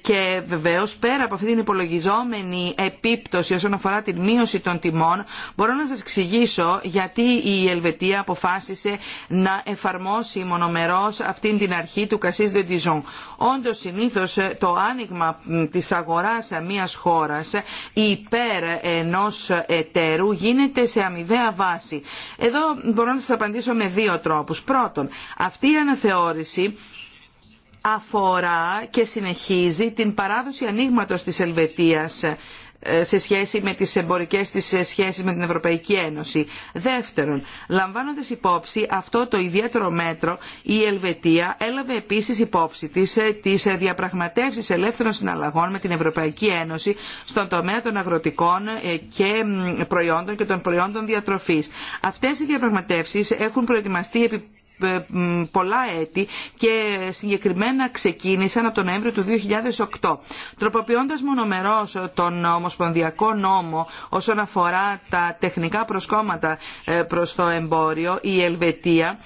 και βεβαίως πέρα από αυτή την υπολογιζόμενη επίπτωση όσον αφορά την μείωση των τιμών μπορώ να σας εξηγήσω γιατί η Ελβετία αποφάσισε να εφαρμόσει μονομερώς αυτήν την αρχή του de Dijon. Όντως συνήθως το άνοιγμα της αγοράς μιας χώρας υπέρ ενός εταίρου γίνεται σε αμοιβαία βάση. Εδώ μπορώ να σας απαντήσω με δύο τρόπους. Πρώτον, αυτή η αναθεώρηση αφορά και συνεχίζει την παράδοση ανοίγματο της Ελβετίας ε, σε σχέση με τις εμπορικές της ε, σχέσεις με την Ευρωπαϊκή Ένωση. Δεύτερον, λαμβάνοντας υπόψη αυτό το ιδιαίτερο μέτρο, η Ελβετία έλαβε επίσης υπόψη της ε, τις διαπραγματεύσεις ελεύθερων συναλλαγών με την Ευρωπαϊκή Ένωση στον τομέα των αγροτικών και προϊόντων και των προϊόντων διατροφής. Αυτές οι διαπραγματεύσεις έχουν προετοιμαστεί επί ε, πολλά έτη και συγκεκριμένα ξεκίνησαν από τον Νοέμβριο του 2008. Τροποποιώντας μονομερώς τον Ομοσπονδιακό Νόμο όσον αφορά τα τεχνικά προσκόμματα ε, προς το εμπόριο, η Ελβετία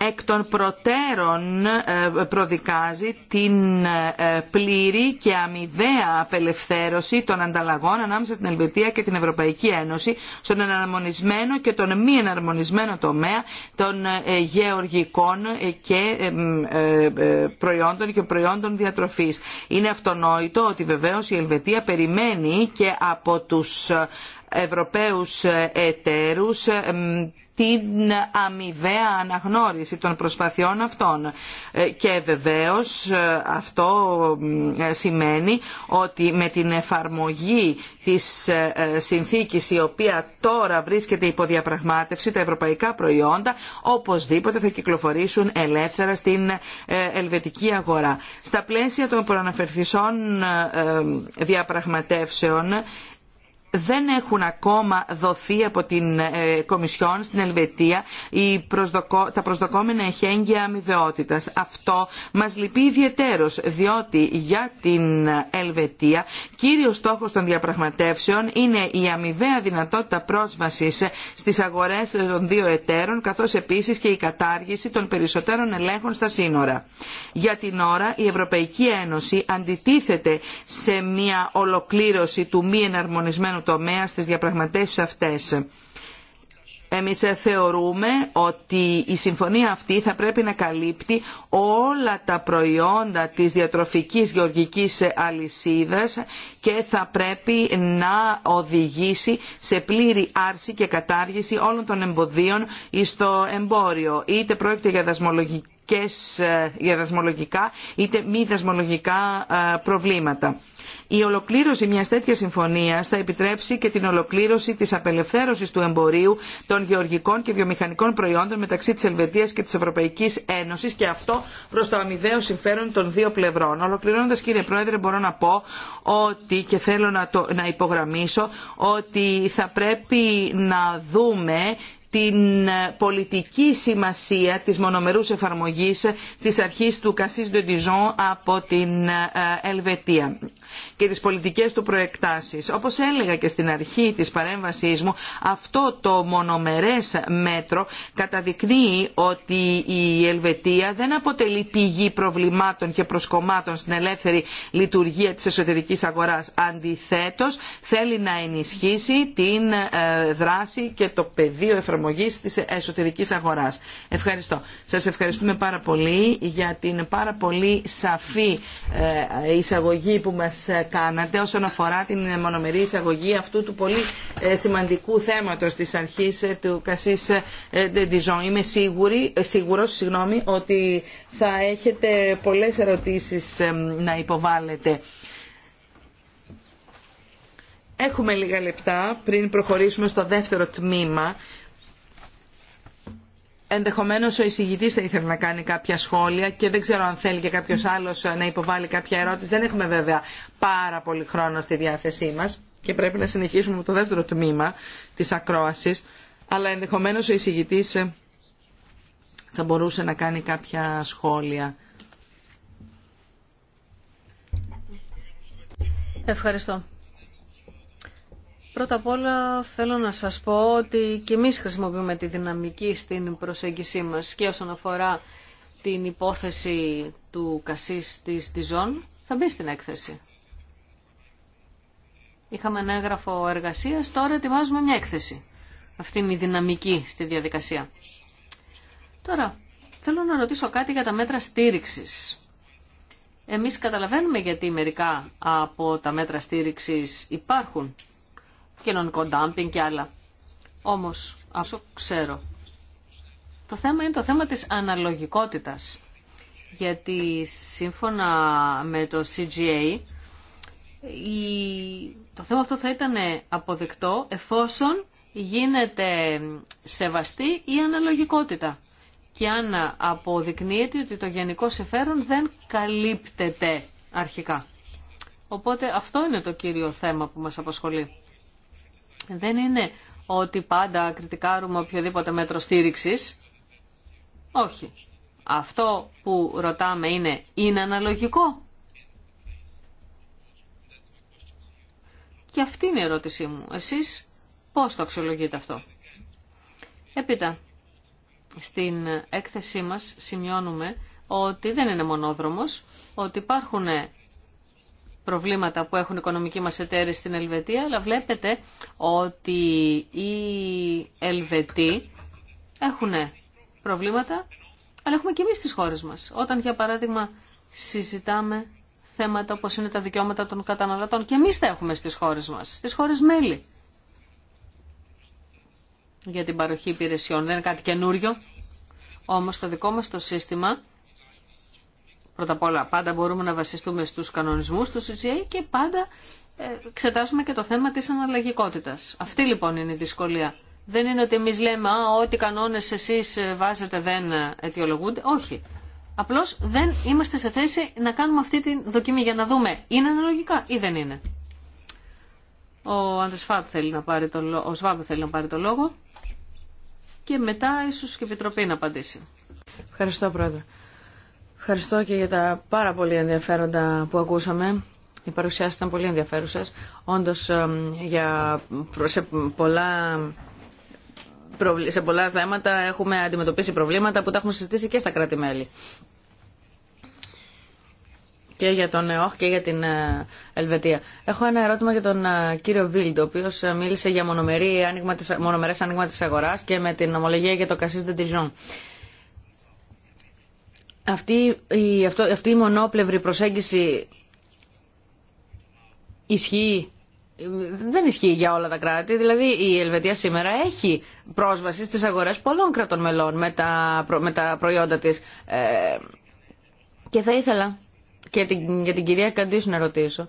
εκ των προτέρων ε, προδικάζει την ε, πλήρη και αμοιβαία απελευθέρωση των ανταλλαγών ανάμεσα στην Ελβετία και την Ευρωπαϊκή Ένωση στον εναρμονισμένο και τον μη εναρμονισμένο τομέα των ε, γεωργικών και προϊόντων και προϊόντων διατροφής. Είναι αυτονόητο ότι βεβαίως η Ελβετία περιμένει και από τους Ευρωπαίους εταίρους την αμοιβαία αναγνώριση των προσπαθειών αυτών. Ε, και βεβαίως ε, αυτό ε, σημαίνει ότι με την εφαρμογή της συνθήκης η οποία τώρα βρίσκεται υπό διαπραγμάτευση τα ευρωπαϊκά προϊόντα οπωσδήποτε θα κυκλοφορήσουν ελεύθερα στην ελβετική αγορά. Στα πλαίσια των προαναφερθισών διαπραγματεύσεων δεν έχουν ακόμα δοθεί από την ε, Κομισιόν στην Ελβετία η τα προσδοκόμενα εχέγγυα αμοιβαιότητα. Αυτό μας λυπεί ιδιαιτέρως, διότι για την Ελβετία κύριος στόχος των διαπραγματεύσεων είναι η αμοιβαία δυνατότητα πρόσβασης στις αγορές των δύο εταίρων, καθώς επίσης και η κατάργηση των περισσότερων ελέγχων στα σύνορα. Για την ώρα η Ευρωπαϊκή Ένωση αντιτίθεται σε μια ολοκλήρωση του μη εναρμονισμένου το τομέα στις διαπραγματεύσεις αυτές. Εμείς θεωρούμε ότι η συμφωνία αυτή θα πρέπει να καλύπτει όλα τα προϊόντα της διατροφικής γεωργικής αλυσίδας και θα πρέπει να οδηγήσει σε πλήρη άρση και κατάργηση όλων των εμποδίων στο εμπόριο. Είτε πρόκειται για δασμολογική ε, για δασμολογικά είτε μη δασμολογικά ε, προβλήματα. Η ολοκλήρωση μια τέτοια συμφωνία θα επιτρέψει και την ολοκλήρωση τη απελευθέρωση του εμπορίου των γεωργικών και βιομηχανικών προϊόντων μεταξύ τη Ελβετία και τη Ευρωπαϊκή Ένωση και αυτό προ το αμοιβαίο συμφέρον των δύο πλευρών. Ολοκληρώνοντα, κύριε Πρόεδρε, μπορώ να πω ότι και θέλω να, το, να υπογραμμίσω ότι θα πρέπει να δούμε την πολιτική σημασία της μονομερούς εφαρμογής της αρχής του Cassis de Dijon από την ε, Ελβετία και τις πολιτικές του προεκτάσεις. Όπως έλεγα και στην αρχή της παρέμβασής μου, αυτό το μονομερές μέτρο καταδεικνύει ότι η Ελβετία δεν αποτελεί πηγή προβλημάτων και προσκομμάτων στην ελεύθερη λειτουργία της εσωτερικής αγοράς. Αντιθέτως, θέλει να ενισχύσει την ε, δράση και το πεδίο εφαρμογής της εσωτερικής αγοράς. Ευχαριστώ. Σας ευχαριστούμε πάρα πολύ για την πάρα πολύ σαφή ε, εισαγωγή που μας κάνατε όσον αφορά την μονομερή εισαγωγή αυτού του πολύ ε, σημαντικού θέματος της αρχής ε, του Κασίς ε, Ντιζόν. Είμαι σίγουρη, σίγουρος συγγνώμη, ότι θα έχετε πολλές ερωτήσεις να υποβάλλετε. Έχουμε λίγα λεπτά πριν προχωρήσουμε στο δεύτερο τμήμα Ενδεχομένως ο εισηγητής θα ήθελε να κάνει κάποια σχόλια και δεν ξέρω αν θέλει και κάποιος άλλος να υποβάλει κάποια ερώτηση. Δεν έχουμε βέβαια πάρα πολύ χρόνο στη διάθεσή μας και πρέπει να συνεχίσουμε με το δεύτερο τμήμα της ακρόασης. Αλλά ενδεχομένως ο εισηγητής θα μπορούσε να κάνει κάποια σχόλια. Ευχαριστώ. Πρώτα απ' όλα θέλω να σας πω ότι και εμείς χρησιμοποιούμε τη δυναμική στην προσέγγισή μας και όσον αφορά την υπόθεση του Κασίς της Τιζών θα μπει στην έκθεση. Είχαμε ένα έγγραφο εργασίας, τώρα ετοιμάζουμε μια έκθεση. Αυτή είναι η δυναμική στη διαδικασία. Τώρα, θέλω να ρωτήσω κάτι για τα μέτρα στήριξης. Εμείς καταλαβαίνουμε γιατί μερικά από τα μέτρα στήριξης υπάρχουν κοινωνικό ντάμπινγκ και άλλα. Όμως, άσο, ξέρω, το θέμα είναι το θέμα της αναλογικότητας. Γιατί σύμφωνα με το CGA, το θέμα αυτό θα ήταν αποδεκτό εφόσον γίνεται σεβαστή η αναλογικότητα και αν αποδεικνύεται ότι το γενικό συμφέρον δεν καλύπτεται αρχικά. Οπότε αυτό είναι το κύριο θέμα που μας απασχολεί δεν είναι ότι πάντα κριτικάρουμε οποιοδήποτε μέτρο στήριξης. Όχι. Αυτό που ρωτάμε είναι, είναι αναλογικό. Και αυτή είναι η ερώτησή μου. Εσείς πώς το αξιολογείτε αυτό. Έπειτα, στην έκθεσή μας σημειώνουμε ότι δεν είναι μονόδρομος, ότι υπάρχουν προβλήματα που έχουν οι οικονομικοί μας εταίροι στην Ελβετία, αλλά βλέπετε ότι οι Ελβετοί έχουν προβλήματα, αλλά έχουμε και εμείς στις χώρες μας. Όταν, για παράδειγμα, συζητάμε θέματα όπως είναι τα δικαιώματα των καταναλωτών, και εμείς τα έχουμε στις χώρες μας, στις χώρες μέλη για την παροχή υπηρεσιών. Δεν είναι κάτι καινούριο, όμως το δικό μας το σύστημα Πρώτα απ' όλα πάντα μπορούμε να βασιστούμε στους κανονισμούς του CGA και πάντα ε, εξετάζουμε και το θέμα της αναλλαγικότητας. Αυτή λοιπόν είναι η δυσκολία. Δεν είναι ότι εμείς λέμε Α, ό,τι κανόνες εσείς ε, βάζετε δεν ε, αιτιολογούνται. Όχι. Απλώς δεν είμαστε σε θέση να κάνουμε αυτή τη δοκιμή για να δούμε είναι αναλογικά ή δεν είναι. Ο Άντρες θέλει να πάρει το λόγο, ο θέλει να πάρει το και μετά ίσως και η Επιτροπή να απαντήσει. Ευχαριστώ πρόεδρε. Ευχαριστώ και για τα πάρα πολύ ενδιαφέροντα που ακούσαμε. Οι παρουσιάσει ήταν πολύ ενδιαφέρουσε. Όντω, σε πολλά σε πολλά θέματα έχουμε αντιμετωπίσει προβλήματα που τα έχουμε συζητήσει και στα κράτη-μέλη. Και για τον ΕΟΧ και για την ε, Ελβετία. Έχω ένα ερώτημα για τον ε, κύριο Βίλντ, ο οποίο ε, μίλησε για μονομερέ άνοιγμα τη αγορά και με την ομολογία για το Cassis de Dijon αυτή η, αυτό, αυτή η μονόπλευρη προσέγγιση ισχύει δεν ισχύει για όλα τα κράτη. Δηλαδή η Ελβετία σήμερα έχει πρόσβαση στις αγορές πολλών κρατών μελών με τα, με τα προϊόντα της. Ε, και θα ήθελα και την, για την κυρία Καντής να ρωτήσω.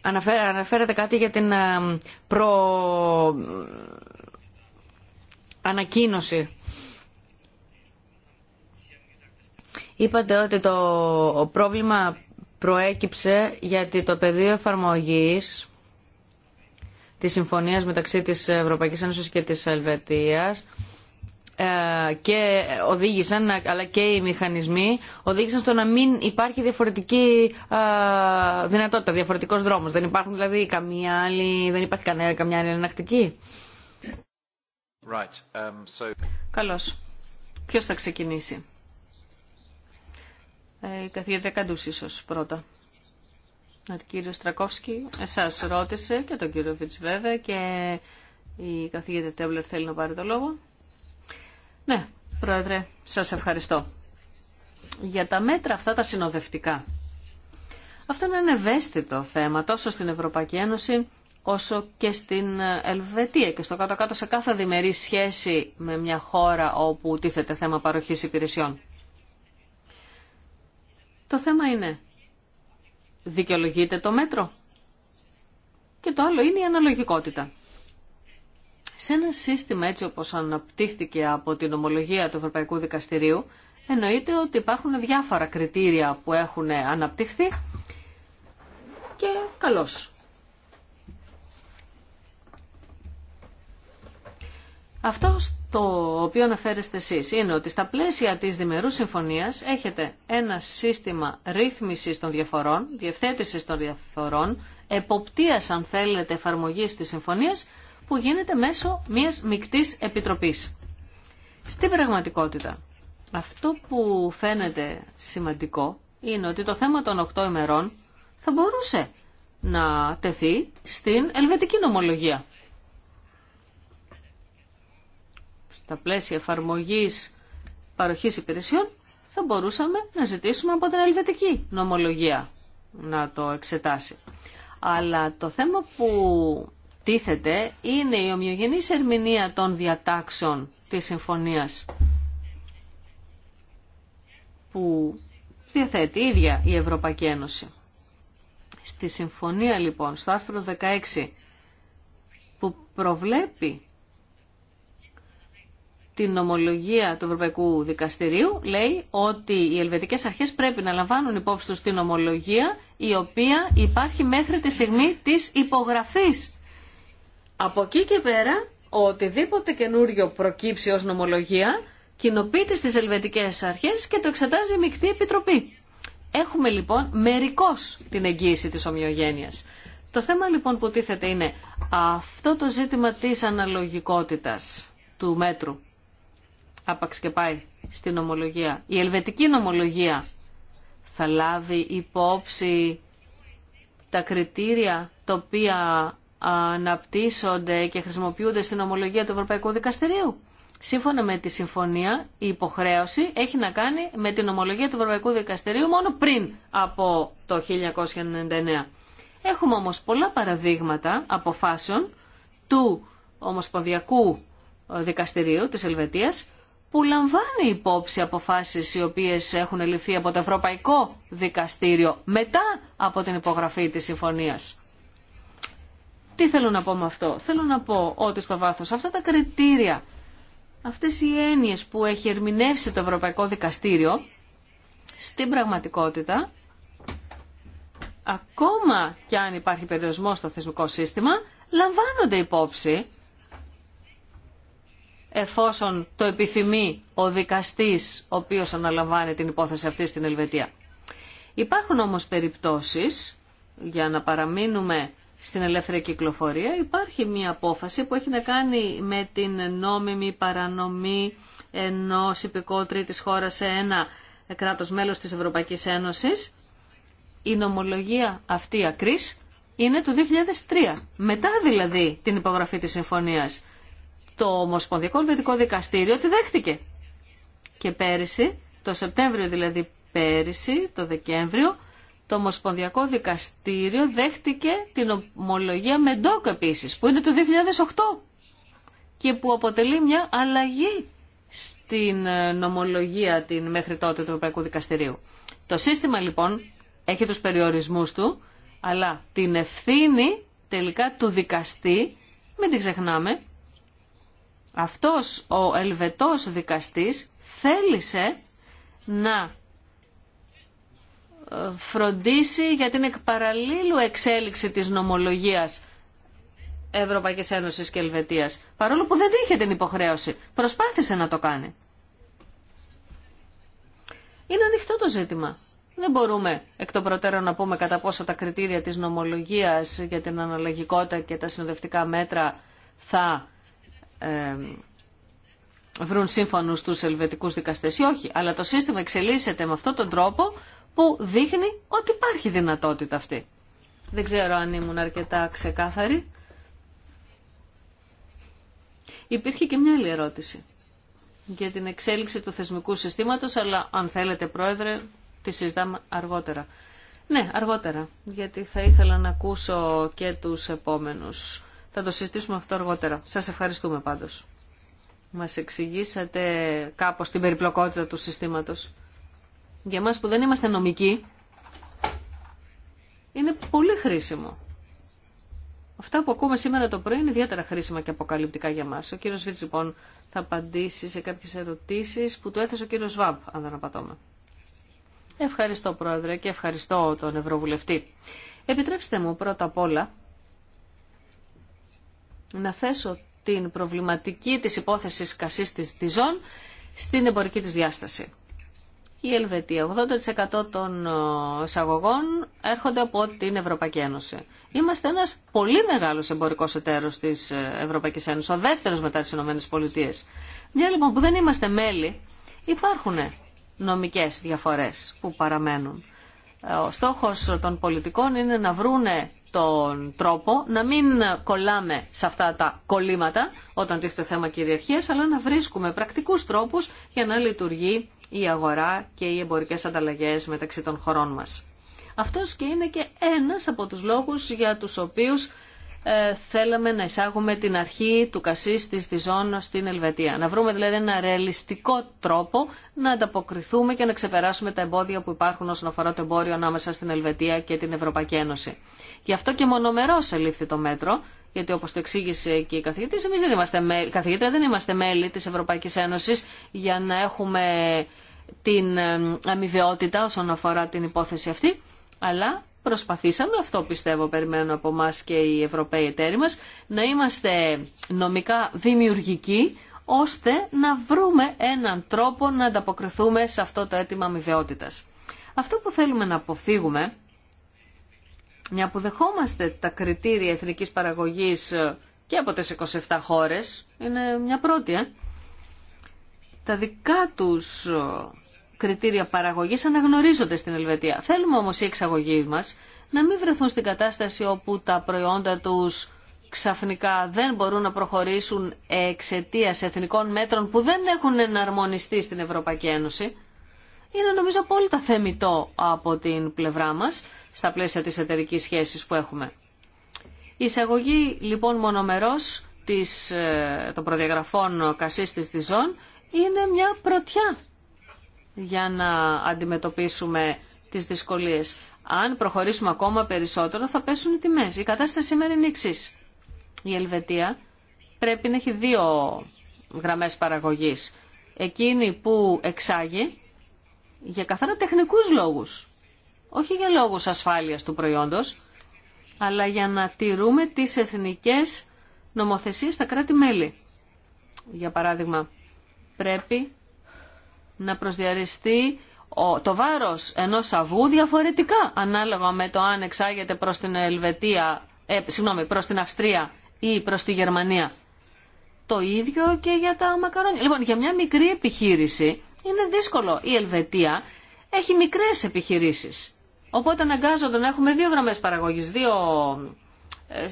Αναφέρε, αναφέρετε κάτι για την ε, προ... Ε, ανακοίνωση Είπατε ότι το πρόβλημα προέκυψε γιατί το πεδίο εφαρμογής της συμφωνίας μεταξύ της Ευρωπαϊκής Ένωσης και της Ελβετίας ε, και οδήγησαν, αλλά και οι μηχανισμοί, οδήγησαν στο να μην υπάρχει διαφορετική ε, δυνατότητα, διαφορετικός δρόμος. Δεν υπάρχουν δηλαδή καμία άλλη, δεν υπάρχει κανένα, καμιά άλλη ενακτική. Right. Um, Καλώς. Ποιος θα ξεκινήσει. Ε, η καθηγήτρια Καντούς ίσως πρώτα. Ο κύριο Στρακόφσκι εσάς ρώτησε και τον κύριο Βιτς βέβαια και η καθηγήτρια Τέμπλερ θέλει να πάρει το λόγο. Ναι, Πρόεδρε, σας ευχαριστώ. Για τα μέτρα αυτά τα συνοδευτικά. Αυτό είναι ένα ευαίσθητο θέμα τόσο στην Ευρωπαϊκή Ένωση όσο και στην Ελβετία και στο κάτω-κάτω σε κάθε διμερή σχέση με μια χώρα όπου τίθεται θέμα παροχής υπηρεσιών. Το θέμα είναι, δικαιολογείται το μέτρο. Και το άλλο είναι η αναλογικότητα. Σε ένα σύστημα έτσι όπως αναπτύχθηκε από την ομολογία του Ευρωπαϊκού Δικαστηρίου, εννοείται ότι υπάρχουν διάφορα κριτήρια που έχουν αναπτυχθεί και καλώς. Αυτό στο οποίο αναφέρεστε εσείς είναι ότι στα πλαίσια της διμερούς συμφωνίας έχετε ένα σύστημα ρύθμισης των διαφορών, διευθέτησης των διαφορών, εποπτείας αν θέλετε εφαρμογής της συμφωνίας που γίνεται μέσω μιας μικτής επιτροπής. Στην πραγματικότητα, αυτό που φαίνεται σημαντικό είναι ότι το θέμα των 8 ημερών θα μπορούσε να τεθεί στην ελβετική νομολογία. τα πλαίσια εφαρμογής παροχής υπηρεσιών, θα μπορούσαμε να ζητήσουμε από την ελβετική νομολογία να το εξετάσει. Αλλά το θέμα που τίθεται είναι η ομοιογενής ερμηνεία των διατάξεων της συμφωνίας που διαθέτει η ίδια η Ευρωπαϊκή Ένωση. Στη συμφωνία λοιπόν, στο άρθρο 16, που προβλέπει την νομολογία του Ευρωπαϊκού Δικαστηρίου λέει ότι οι ελβετικές αρχές πρέπει να λαμβάνουν υπόψη τους την ομολογία η οποία υπάρχει μέχρι τη στιγμή της υπογραφής. Από εκεί και πέρα, οτιδήποτε καινούριο προκύψει ως νομολογία, κοινοποιείται στις ελβετικές αρχές και το εξετάζει η Μικτή Επιτροπή. Έχουμε λοιπόν μερικώς την εγγύηση της ομοιογένειας. Το θέμα λοιπόν που τίθεται είναι αυτό το ζήτημα της αναλογικότητας του μέτρου άπαξ και πάει στην ομολογία. Η ελβετική νομολογία θα λάβει υπόψη τα κριτήρια τα οποία αναπτύσσονται και χρησιμοποιούνται στην ομολογία του Ευρωπαϊκού Δικαστηρίου. Σύμφωνα με τη συμφωνία, η υποχρέωση έχει να κάνει με την ομολογία του Ευρωπαϊκού Δικαστηρίου μόνο πριν από το 1999. Έχουμε όμως πολλά παραδείγματα αποφάσεων του Ομοσπονδιακού Δικαστηρίου της Ελβετίας που λαμβάνει υπόψη αποφάσεις οι οποίες έχουν ληφθεί από το Ευρωπαϊκό Δικαστήριο μετά από την υπογραφή της συμφωνίας. Τι θέλω να πω με αυτό. Θέλω να πω ότι στο βάθος αυτά τα κριτήρια, αυτές οι έννοιες που έχει ερμηνεύσει το Ευρωπαϊκό Δικαστήριο, στην πραγματικότητα, ακόμα κι αν υπάρχει περιορισμό στο θεσμικό σύστημα, λαμβάνονται υπόψη εφόσον το επιθυμεί ο δικαστής ο οποίος αναλαμβάνει την υπόθεση αυτή στην Ελβετία. Υπάρχουν όμως περιπτώσεις, για να παραμείνουμε στην ελεύθερη κυκλοφορία, υπάρχει μία απόφαση που έχει να κάνει με την νόμιμη παρανομή ενός υπηκό τρίτης χώρας σε ένα κράτος μέλος της Ευρωπαϊκής Ένωσης. Η νομολογία αυτή ακρίς είναι του 2003, μετά δηλαδή την υπογραφή της συμφωνίας το Ομοσπονδιακό Ελβετικό Δικαστήριο τη δέχτηκε. Και πέρυσι, το Σεπτέμβριο δηλαδή πέρυσι, το Δεκέμβριο, το Ομοσπονδιακό Δικαστήριο δέχτηκε την ομολογία Μεντόκ επίσης, που είναι το 2008 και που αποτελεί μια αλλαγή στην ε, νομολογία την μέχρι τότε του Ευρωπαϊκού Δικαστηρίου. Το σύστημα λοιπόν έχει τους περιορισμούς του, αλλά την ευθύνη τελικά του δικαστή, μην την ξεχνάμε, αυτός ο Ελβετός δικαστής θέλησε να ε, φροντίσει για την εκπαραλλήλου εξέλιξη της νομολογίας Ευρωπαϊκής Ένωσης και Ελβετίας, παρόλο που δεν είχε την υποχρέωση. Προσπάθησε να το κάνει. Είναι ανοιχτό το ζήτημα. Δεν μπορούμε εκ των προτέρων να πούμε κατά πόσο τα κριτήρια της νομολογίας για την αναλογικότητα και τα συνοδευτικά μέτρα θα βρουν σύμφωνους τους ελβετικούς δικαστές ή όχι. Αλλά το σύστημα εξελίσσεται με αυτόν τον τρόπο που δείχνει ότι υπάρχει δυνατότητα αυτή. Δεν ξέρω αν ήμουν αρκετά ξεκάθαρη. Υπήρχε και μια άλλη ερώτηση για την εξέλιξη του θεσμικού συστήματος, αλλά αν θέλετε πρόεδρε, τη συζητάμε αργότερα. Ναι, αργότερα, γιατί θα ήθελα να ακούσω και τους επόμενους θα το συζητήσουμε αυτό αργότερα. Σας ευχαριστούμε πάντως. Μας εξηγήσατε κάπως την περιπλοκότητα του συστήματος. Για εμά που δεν είμαστε νομικοί, είναι πολύ χρήσιμο. Αυτά που ακούμε σήμερα το πρωί είναι ιδιαίτερα χρήσιμα και αποκαλυπτικά για μας. Ο κύριο Βίτ, λοιπόν θα απαντήσει σε κάποιες ερωτήσει που του έθεσε ο κύριο Βαμπ, αν δεν απατώμε. Ευχαριστώ Πρόεδρε και ευχαριστώ τον Ευρωβουλευτή. Επιτρέψτε μου πρώτα απ' όλα να θέσω την προβληματική της υπόθεσης κασίστης της ζών στην εμπορική της διάσταση. Η Ελβετία, 80% των ε, εισαγωγών έρχονται από την Ευρωπαϊκή Ένωση. Είμαστε ένας πολύ μεγάλος εμπορικός εταίρος της ε, Ευρωπαϊκής Ένωσης, ο δεύτερος μετά τις Ηνωμένες Πολιτείες. Μια λοιπόν που δεν είμαστε μέλη, υπάρχουν νομικές διαφορές που παραμένουν. Ε, ο στόχος των πολιτικών είναι να βρούνε τον τρόπο να μην κολλάμε σε αυτά τα κολλήματα όταν τίθεται θέμα κυριαρχίας, αλλά να βρίσκουμε πρακτικούς τρόπους για να λειτουργεί η αγορά και οι εμπορικές ανταλλαγές μεταξύ των χωρών μας. Αυτός και είναι και ένας από τους λόγους για τους οποίους ε, θέλαμε να εισάγουμε την αρχή του κασίστη στη ζώνη στην Ελβετία. Να βρούμε δηλαδή ένα ρεαλιστικό τρόπο να ανταποκριθούμε και να ξεπεράσουμε τα εμπόδια που υπάρχουν όσον αφορά το εμπόριο ανάμεσα στην Ελβετία και την Ευρωπαϊκή Ένωση. Γι' αυτό και μονομερό ελήφθη το μέτρο, γιατί όπω το εξήγησε και η καθηγήτρια, εμείς δεν είμαστε μέλη, καθηγήτρια δεν είμαστε μέλη της Ευρωπαϊκής Ένωσης για να έχουμε την αμοιβαιότητα όσον αφορά την υπόθεση αυτή, αλλά Προσπαθήσαμε, αυτό πιστεύω περιμένουν από εμά και οι Ευρωπαίοι εταίροι μας, να είμαστε νομικά δημιουργικοί, ώστε να βρούμε έναν τρόπο να ανταποκριθούμε σε αυτό το αίτημα αμοιβαιότητας. Αυτό που θέλουμε να αποφύγουμε, μια που δεχόμαστε τα κριτήρια εθνικής παραγωγής και από τις 27 χώρες, είναι μια πρώτη, ε. τα δικά τους κριτήρια παραγωγής αναγνωρίζονται στην Ελβετία. Θέλουμε όμως οι εξαγωγοί μας να μην βρεθούν στην κατάσταση όπου τα προϊόντα τους ξαφνικά δεν μπορούν να προχωρήσουν εξαιτία εθνικών μέτρων που δεν έχουν εναρμονιστεί στην Ευρωπαϊκή Ένωση. Είναι νομίζω απόλυτα θεμητό από την πλευρά μας στα πλαίσια της εταιρικής σχέσης που έχουμε. Η εισαγωγή λοιπόν μονομερός της, ε, των προδιαγραφών κασίστης της ζών είναι μια πρωτιά για να αντιμετωπίσουμε τις δυσκολίες. Αν προχωρήσουμε ακόμα περισσότερο θα πέσουν οι τιμές. Η κατάσταση σήμερα είναι εξή. Η Ελβετία πρέπει να έχει δύο γραμμές παραγωγής. Εκείνη που εξάγει για καθαρά τεχνικούς λόγους, όχι για λόγους ασφάλειας του προϊόντος, αλλά για να τηρούμε τις εθνικές νομοθεσίες στα κράτη-μέλη. Για παράδειγμα, πρέπει να προσδιαριστεί το βάρος ενός σαβού διαφορετικά ανάλογα με το αν εξάγεται προς την, Ελβετία, ε, συγγνώμη, προς την Αυστρία ή προς τη Γερμανία. Το ίδιο και για τα μακαρόνια. Λοιπόν, για μια μικρή επιχείρηση είναι δύσκολο. Η Ελβετία έχει μικρές επιχειρήσεις. Οπότε αναγκάζονται να έχουμε δύο γραμμές παραγωγής, δύο ε,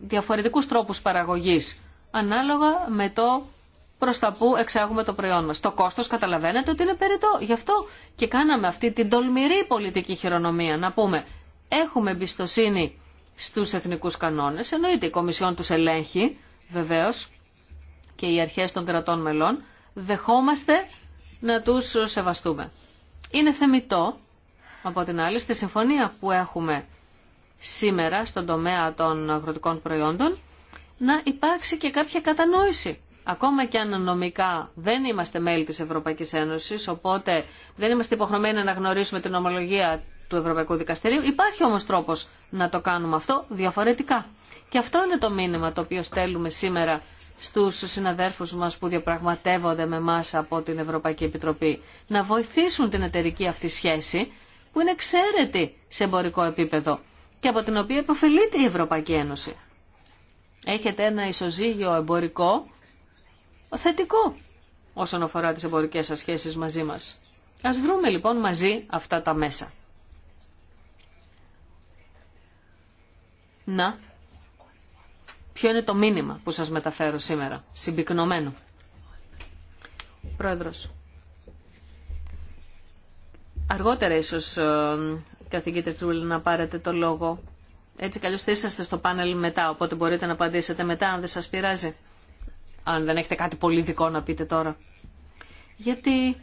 διαφορετικούς τρόπους παραγωγής, ανάλογα με το προς τα που εξάγουμε το προϊόν μας. Το κόστος καταλαβαίνετε ότι είναι περιττό. Γι' αυτό και κάναμε αυτή την τολμηρή πολιτική χειρονομία. Να πούμε, έχουμε εμπιστοσύνη στους εθνικούς κανόνες. Εννοείται η Κομισιόν του ελέγχει βεβαίως και οι αρχές των κρατών μελών. Δεχόμαστε να τους σεβαστούμε. Είναι θεμητό από την άλλη στη συμφωνία που έχουμε σήμερα στον τομέα των αγροτικών προϊόντων να υπάρξει και κάποια κατανόηση Ακόμα και αν νομικά δεν είμαστε μέλη της Ευρωπαϊκής Ένωσης, οπότε δεν είμαστε υποχρεωμένοι να γνωρίσουμε την ομολογία του Ευρωπαϊκού Δικαστηρίου. Υπάρχει όμως τρόπος να το κάνουμε αυτό διαφορετικά. Και αυτό είναι το μήνυμα το οποίο στέλνουμε σήμερα στους συναδέρφους μας που διαπραγματεύονται με εμά από την Ευρωπαϊκή Επιτροπή. Να βοηθήσουν την εταιρική αυτή σχέση που είναι εξαίρετη σε εμπορικό επίπεδο και από την οποία υποφελείται η Ευρωπαϊκή Ένωση. Έχετε ένα ισοζύγιο εμπορικό θετικό όσον αφορά τις εμπορικές σας σχέσεις μαζί μας. Ας βρούμε λοιπόν μαζί αυτά τα μέσα. Να, ποιο είναι το μήνυμα που σας μεταφέρω σήμερα, συμπυκνωμένο. Πρόεδρος, αργότερα ίσως ε, καθηγήτρια Τσούλη, να πάρετε το λόγο. Έτσι καλώς θα είσαστε στο πάνελ μετά, οπότε μπορείτε να απαντήσετε μετά αν δεν σας πειράζει αν δεν έχετε κάτι πολύ δικό να πείτε τώρα. Γιατί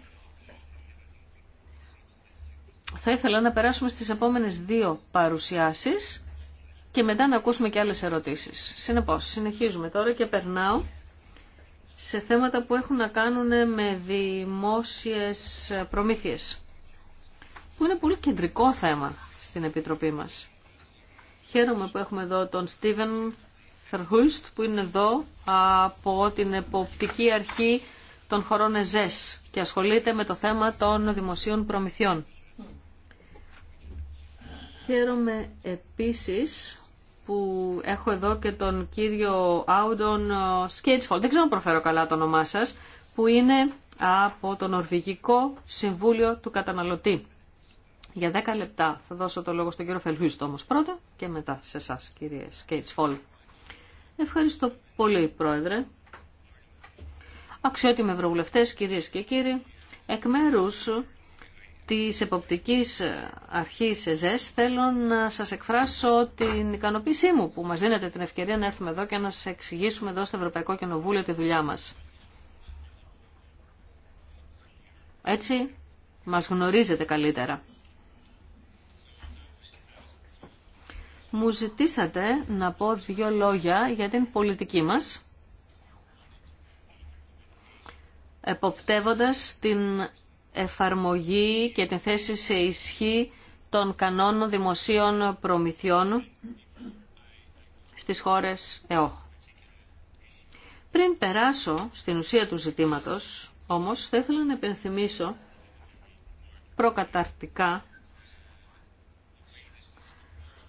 θα ήθελα να περάσουμε στις επόμενες δύο παρουσιάσεις και μετά να ακούσουμε και άλλες ερωτήσεις. Συνεπώς, συνεχίζουμε τώρα και περνάω σε θέματα που έχουν να κάνουν με δημόσιες προμήθειες, που είναι πολύ κεντρικό θέμα στην Επιτροπή μας. Χαίρομαι που έχουμε εδώ τον Στίβεν Θερχούλστ που είναι εδώ από την εποπτική αρχή των χωρών ΕΖΕΣ και ασχολείται με το θέμα των δημοσίων προμηθειών. Χαίρομαι επίσης που έχω εδώ και τον κύριο Άουντον Σκέιτσφολ, δεν ξέρω αν προφέρω καλά το όνομά σας, που είναι από το Νορβηγικό Συμβούλιο του Καταναλωτή. Για 10 λεπτά θα δώσω το λόγο στον κύριο Φελχούστο όμως πρώτα και μετά σε εσά κύριε Σκέιτσφολ. Ευχαριστώ πολύ, Πρόεδρε. Αξιότιμοι ευρωβουλευτές, κυρίες και κύριοι, εκ μέρους της Εποπτικής Αρχής ΕΖΕΣ θέλω να σας εκφράσω την ικανοποίησή μου που μας δίνετε την ευκαιρία να έρθουμε εδώ και να σας εξηγήσουμε εδώ στο Ευρωπαϊκό Κοινοβούλιο τη δουλειά μας. Έτσι μας γνωρίζετε καλύτερα. μου ζητήσατε να πω δύο λόγια για την πολιτική μας, εποπτεύοντας την εφαρμογή και την θέση σε ισχύ των κανόνων δημοσίων προμηθειών στις χώρες ΕΟΧ. Πριν περάσω στην ουσία του ζητήματος, όμως, θα ήθελα να επενθυμίσω προκαταρτικά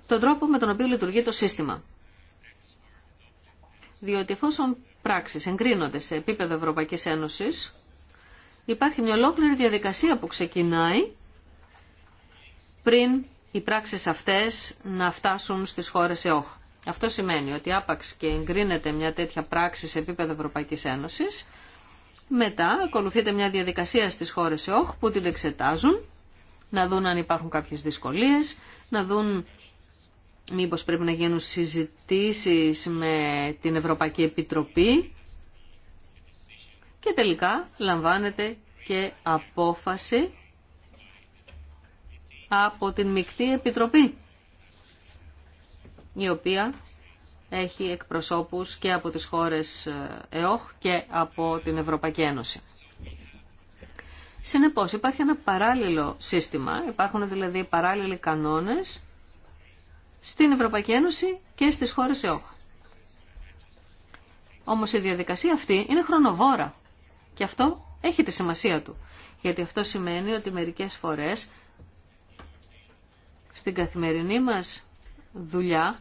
τον τρόπο με τον οποίο λειτουργεί το σύστημα. Διότι εφόσον πράξεις εγκρίνονται σε επίπεδο Ευρωπαϊκής Ένωσης, υπάρχει μια ολόκληρη διαδικασία που ξεκινάει πριν οι πράξεις αυτές να φτάσουν στις χώρες ΕΟΧ. Αυτό σημαίνει ότι άπαξ και εγκρίνεται μια τέτοια πράξη σε επίπεδο Ευρωπαϊκής Ένωσης, μετά ακολουθείται μια διαδικασία στις χώρες ΕΟΧ που την εξετάζουν, να δουν αν υπάρχουν κάποιες δυσκολίες, να δουν μήπως πρέπει να γίνουν συζητήσεις με την Ευρωπαϊκή Επιτροπή και τελικά λαμβάνεται και απόφαση από την Μικτή Επιτροπή η οποία έχει εκπροσώπους και από τις χώρες ε, ΕΟΧ και από την Ευρωπαϊκή Ένωση. Συνεπώς υπάρχει ένα παράλληλο σύστημα, υπάρχουν δηλαδή παράλληλοι κανόνες στην Ευρωπαϊκή Ένωση και στις χώρες ΕΟΧ. Όμως η διαδικασία αυτή είναι χρονοβόρα και αυτό έχει τη σημασία του. Γιατί αυτό σημαίνει ότι μερικές φορές στην καθημερινή μας δουλειά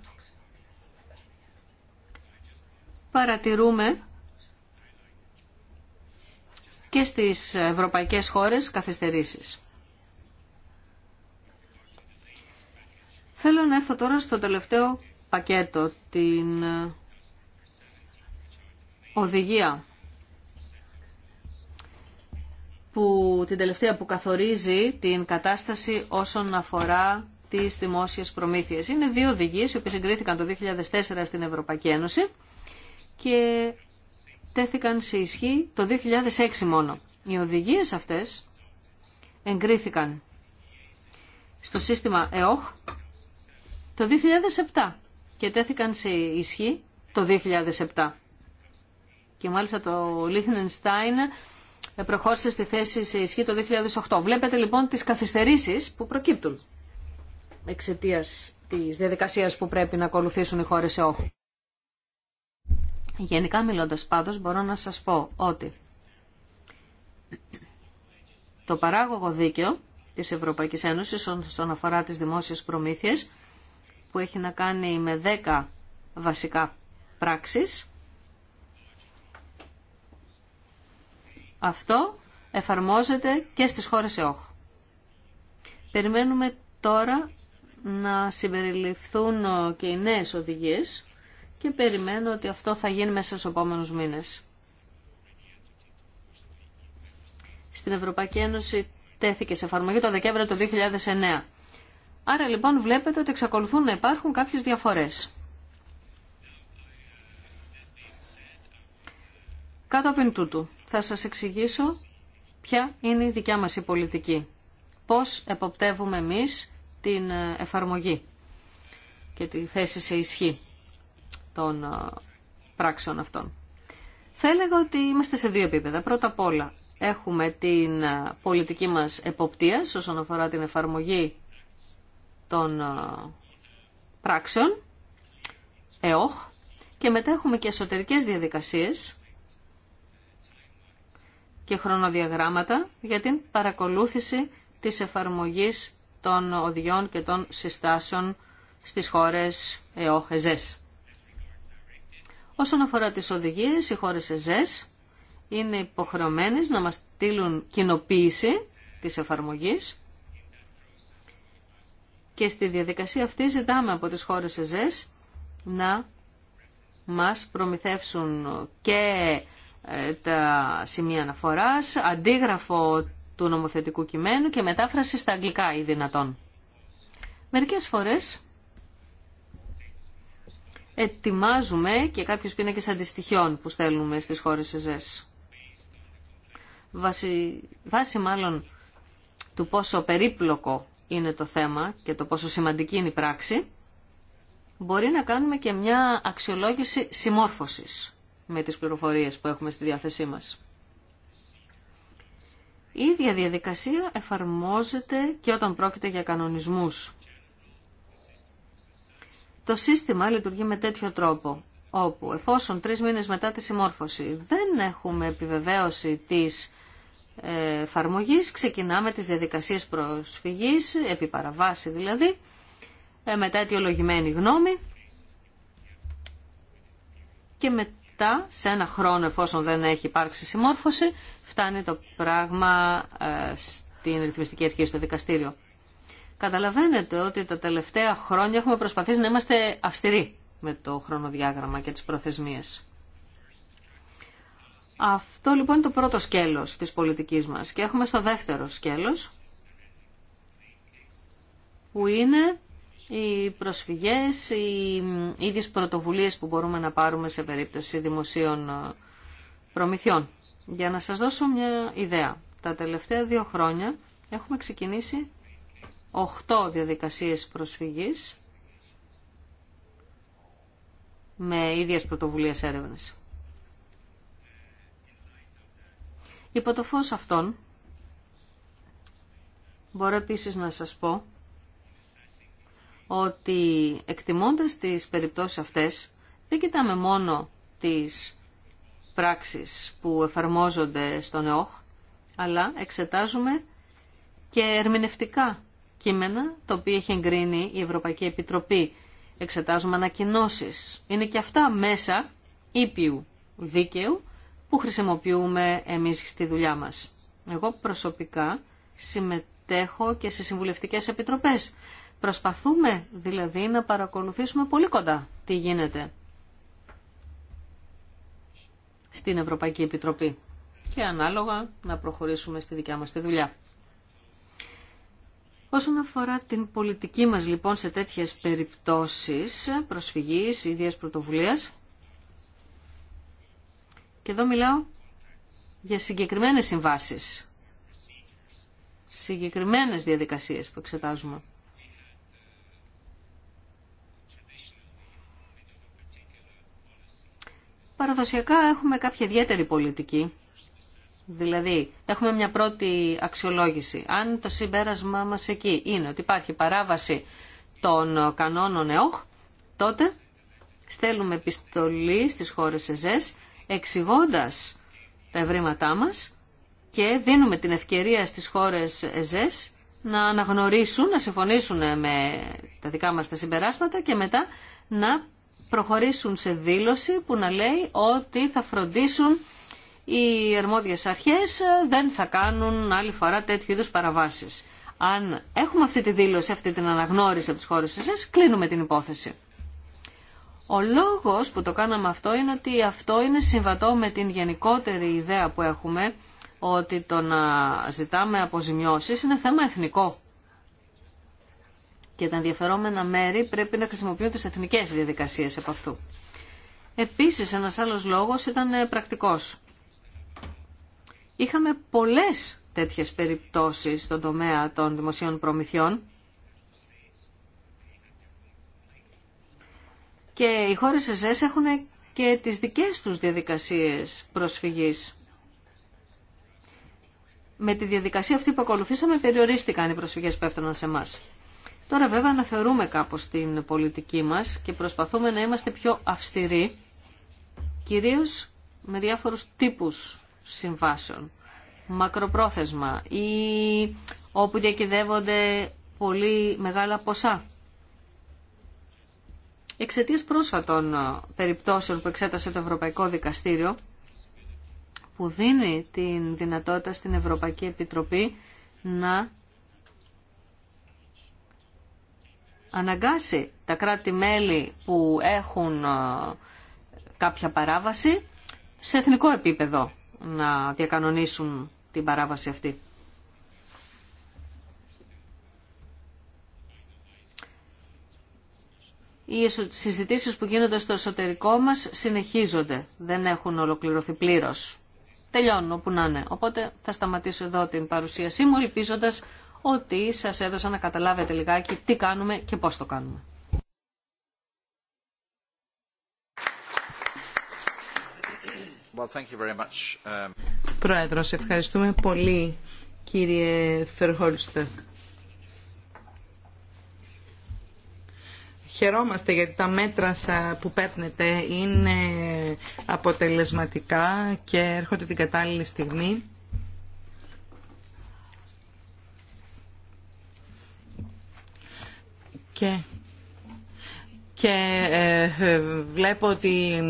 παρατηρούμε και στις ευρωπαϊκές χώρες καθυστερήσεις. Θέλω να έρθω τώρα στο τελευταίο πακέτο, την ε, οδηγία που την τελευταία που καθορίζει την κατάσταση όσον αφορά τις δημόσιες προμήθειες. Είναι δύο οδηγίες οι οποίες εγκρίθηκαν το 2004 στην Ευρωπαϊκή Ένωση και τέθηκαν σε ισχύ το 2006 μόνο. Οι οδηγίες αυτές εγκρίθηκαν στο σύστημα ΕΟΧ το 2007 και τέθηκαν σε ισχύ το 2007. Και μάλιστα το Λίχνενστάιν προχώρησε στη θέση σε ισχύ το 2008. Βλέπετε λοιπόν τις καθυστερήσεις που προκύπτουν εξαιτία της διαδικασίας που πρέπει να ακολουθήσουν οι χώρες σε όχο. Γενικά μιλώντας πάντως μπορώ να σας πω ότι το παράγωγο δίκαιο της Ευρωπαϊκής Ένωσης όσον αφορά τις δημόσιες προμήθειες που έχει να κάνει με 10 βασικά πράξεις. Αυτό εφαρμόζεται και στις χώρες ΕΟΧ. Περιμένουμε τώρα να συμπεριληφθούν ε, και οι νέες οδηγίες και περιμένω ότι αυτό θα γίνει μέσα στους επόμενους μήνες. Στην Ευρωπαϊκή Ένωση τέθηκε σε εφαρμογή το Δεκέμβριο του 2009. Άρα λοιπόν βλέπετε ότι εξακολουθούν να υπάρχουν κάποιες διαφορές. Κατόπιν τούτου θα σας εξηγήσω ποια είναι η δικιά μας η πολιτική. Πώς εποπτεύουμε εμείς την ε, εφαρμογή και τη θέση σε ισχύ των ε, πράξεων αυτών. Θα έλεγα ότι είμαστε σε δύο επίπεδα. Πρώτα απ' όλα έχουμε την ε, πολιτική μας εποπτείας όσον αφορά την εφαρμογή των ε, πράξεων, ΕΟΧ, και μετά έχουμε και εσωτερικές διαδικασίες και χρονοδιαγράμματα για την παρακολούθηση της εφαρμογής των οδηγιών και των συστάσεων στις χώρες ΕΟΧ ΕΖΕΣ. Όσον αφορά τις οδηγίες, οι χώρες ΕΖΕΣ είναι υποχρεωμένες να μας στείλουν κοινοποίηση της εφαρμογής και στη διαδικασία αυτή ζητάμε από τις χώρες ΕΖΕΣ να μας προμηθεύσουν και ε, τα σημεία αναφοράς, αντίγραφο του νομοθετικού κειμένου και μετάφραση στα αγγλικά ή δυνατόν. Μερικές φορές ετοιμάζουμε και κάποιους πίνακες αντιστοιχιών που στέλνουμε στις χώρες ΕΖΕΣ. βάσει μάλλον του πόσο περίπλοκο είναι το θέμα και το πόσο σημαντική είναι η πράξη, μπορεί να κάνουμε και μια αξιολόγηση συμμόρφωσης με τις πληροφορίες που έχουμε στη διάθεσή μας. Η ίδια διαδικασία εφαρμόζεται και όταν πρόκειται για κανονισμούς. Το σύστημα λειτουργεί με τέτοιο τρόπο, όπου εφόσον τρεις μήνες μετά τη συμμόρφωση δεν έχουμε επιβεβαίωση της εφαρμογής ξεκινάμε τις διαδικασίες προσφυγής, επί παραβάση δηλαδή, ε, μετά αιτιολογημένη γνώμη και μετά σε ένα χρόνο εφόσον δεν έχει υπάρξει συμμόρφωση φτάνει το πράγμα ε, στην ρυθμιστική αρχή στο δικαστήριο. Καταλαβαίνετε ότι τα τελευταία χρόνια έχουμε προσπαθήσει να είμαστε αυστηροί με το χρονοδιάγραμμα και τις προθεσμίες. Αυτό λοιπόν είναι το πρώτο σκέλος της πολιτικής μας και έχουμε στο δεύτερο σκέλος που είναι οι προσφυγές, οι ίδιες πρωτοβουλίες που μπορούμε να πάρουμε σε περίπτωση δημοσίων ε, προμηθειών. Για να σας δώσω μια ιδέα, τα τελευταία δύο χρόνια έχουμε ξεκινήσει 8 διαδικασίες προσφυγής με ίδιες πρωτοβουλίες έρευνας. Υπό το φως αυτών, μπορώ επίσης να σας πω ότι εκτιμώντας τις περιπτώσεις αυτές, δεν κοιτάμε μόνο τις πράξεις που εφαρμόζονται στον ΕΟΧ, αλλά εξετάζουμε και ερμηνευτικά κείμενα, τα οποία έχει εγκρίνει η Ευρωπαϊκή Επιτροπή. Εξετάζουμε ανακοινώσει. Είναι και αυτά μέσα ήπιου δίκαιου που χρησιμοποιούμε εμείς στη δουλειά μας. Εγώ προσωπικά συμμετέχω και σε συμβουλευτικές επιτροπές. Προσπαθούμε δηλαδή να παρακολουθήσουμε πολύ κοντά τι γίνεται στην Ευρωπαϊκή Επιτροπή και ανάλογα να προχωρήσουμε στη δικιά μας τη δουλειά. Όσον αφορά την πολιτική μας λοιπόν σε τέτοιες περιπτώσεις προσφυγής, ίδιας πρωτοβουλίας, και εδώ μιλάω για συγκεκριμένες συμβάσεις, συγκεκριμένες διαδικασίες που εξετάζουμε. Παραδοσιακά έχουμε κάποια ιδιαίτερη πολιτική. Δηλαδή, έχουμε μια πρώτη αξιολόγηση. Αν το συμπέρασμά μας εκεί είναι ότι υπάρχει παράβαση των κανόνων ΕΟΧ, τότε στέλνουμε επιστολή στις χώρες ΕΖΕΣ εξηγώντα τα ευρήματά μας και δίνουμε την ευκαιρία στις χώρες ΕΖΕΣ να αναγνωρίσουν, να συμφωνήσουν με τα δικά μας τα συμπεράσματα και μετά να προχωρήσουν σε δήλωση που να λέει ότι θα φροντίσουν οι αρμόδιες αρχές δεν θα κάνουν άλλη φορά τέτοιου είδους παραβάσεις. Αν έχουμε αυτή τη δήλωση, αυτή την αναγνώριση από τις χώρες ΕΖΕΣ, κλείνουμε την υπόθεση. Ο λόγος που το κάναμε αυτό είναι ότι αυτό είναι συμβατό με την γενικότερη ιδέα που έχουμε ότι το να ζητάμε αποζημιώσεις είναι θέμα εθνικό. Και τα ενδιαφερόμενα μέρη πρέπει να χρησιμοποιούν τις εθνικές διαδικασίες από αυτού. Επίσης ένας άλλος λόγος ήταν ε, πρακτικός. Είχαμε πολλές τέτοιες περιπτώσεις στον τομέα των δημοσίων προμηθειών Και οι χώρες εσές έχουν και τις δικές τους διαδικασίες προσφυγής. Με τη διαδικασία αυτή που ακολουθήσαμε περιορίστηκαν οι προσφυγές που έφταναν σε εμά. Τώρα βέβαια αναθεωρούμε κάπως την πολιτική μας και προσπαθούμε να είμαστε πιο αυστηροί, κυρίως με διάφορους τύπους συμβάσεων. Μακροπρόθεσμα ή όπου διακυδεύονται πολύ μεγάλα ποσά. Εξαιτίας πρόσφατων ε, περιπτώσεων που εξέτασε το Ευρωπαϊκό Δικαστήριο, που δίνει την δυνατότητα στην Ευρωπαϊκή Επιτροπή να αναγκάσει τα κράτη-μέλη που έχουν ε, κάποια παράβαση σε εθνικό επίπεδο να διακανονίσουν την παράβαση αυτή. οι συζητήσεις που γίνονται στο εσωτερικό μας συνεχίζονται. Δεν έχουν ολοκληρωθεί πλήρως. Τελειώνουν όπου να είναι. Οπότε θα σταματήσω εδώ την παρουσίασή μου, ελπίζοντα ότι σας έδωσα να καταλάβετε λιγάκι τι κάνουμε και πώς το κάνουμε. Well, thank um, Πρόεδρος, ευχαριστούμε πολύ κύριε Φερχόλστερ. Χαιρόμαστε γιατί τα μέτρα που παίρνετε είναι αποτελεσματικά και έρχονται την κατάλληλη στιγμή. Και και ε, ε, βλέπω ότι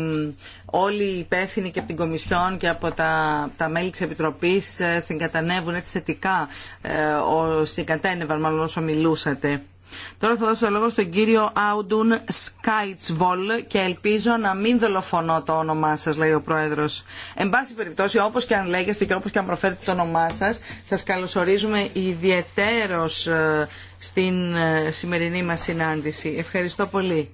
όλοι οι υπεύθυνοι και από την Κομισιόν και από τα, τα μέλη της Επιτροπής ε, συγκατανεύουν έτσι θετικά, ε, συγκατένευαν μάλλον όσο μιλούσατε. Τώρα θα δώσω λόγο στον κύριο Άουντουν Σκάιτσβολ και ελπίζω να μην δολοφονώ το όνομά σας, λέει ο Πρόεδρος. Εν πάση περιπτώσει, όπως και αν λέγεστε και όπως και αν προφέρετε το όνομά σας, σας καλωσορίζουμε ιδιαιτέρως ε, στην ε, σημερινή μας συνάντηση. Ευχαριστώ πολύ.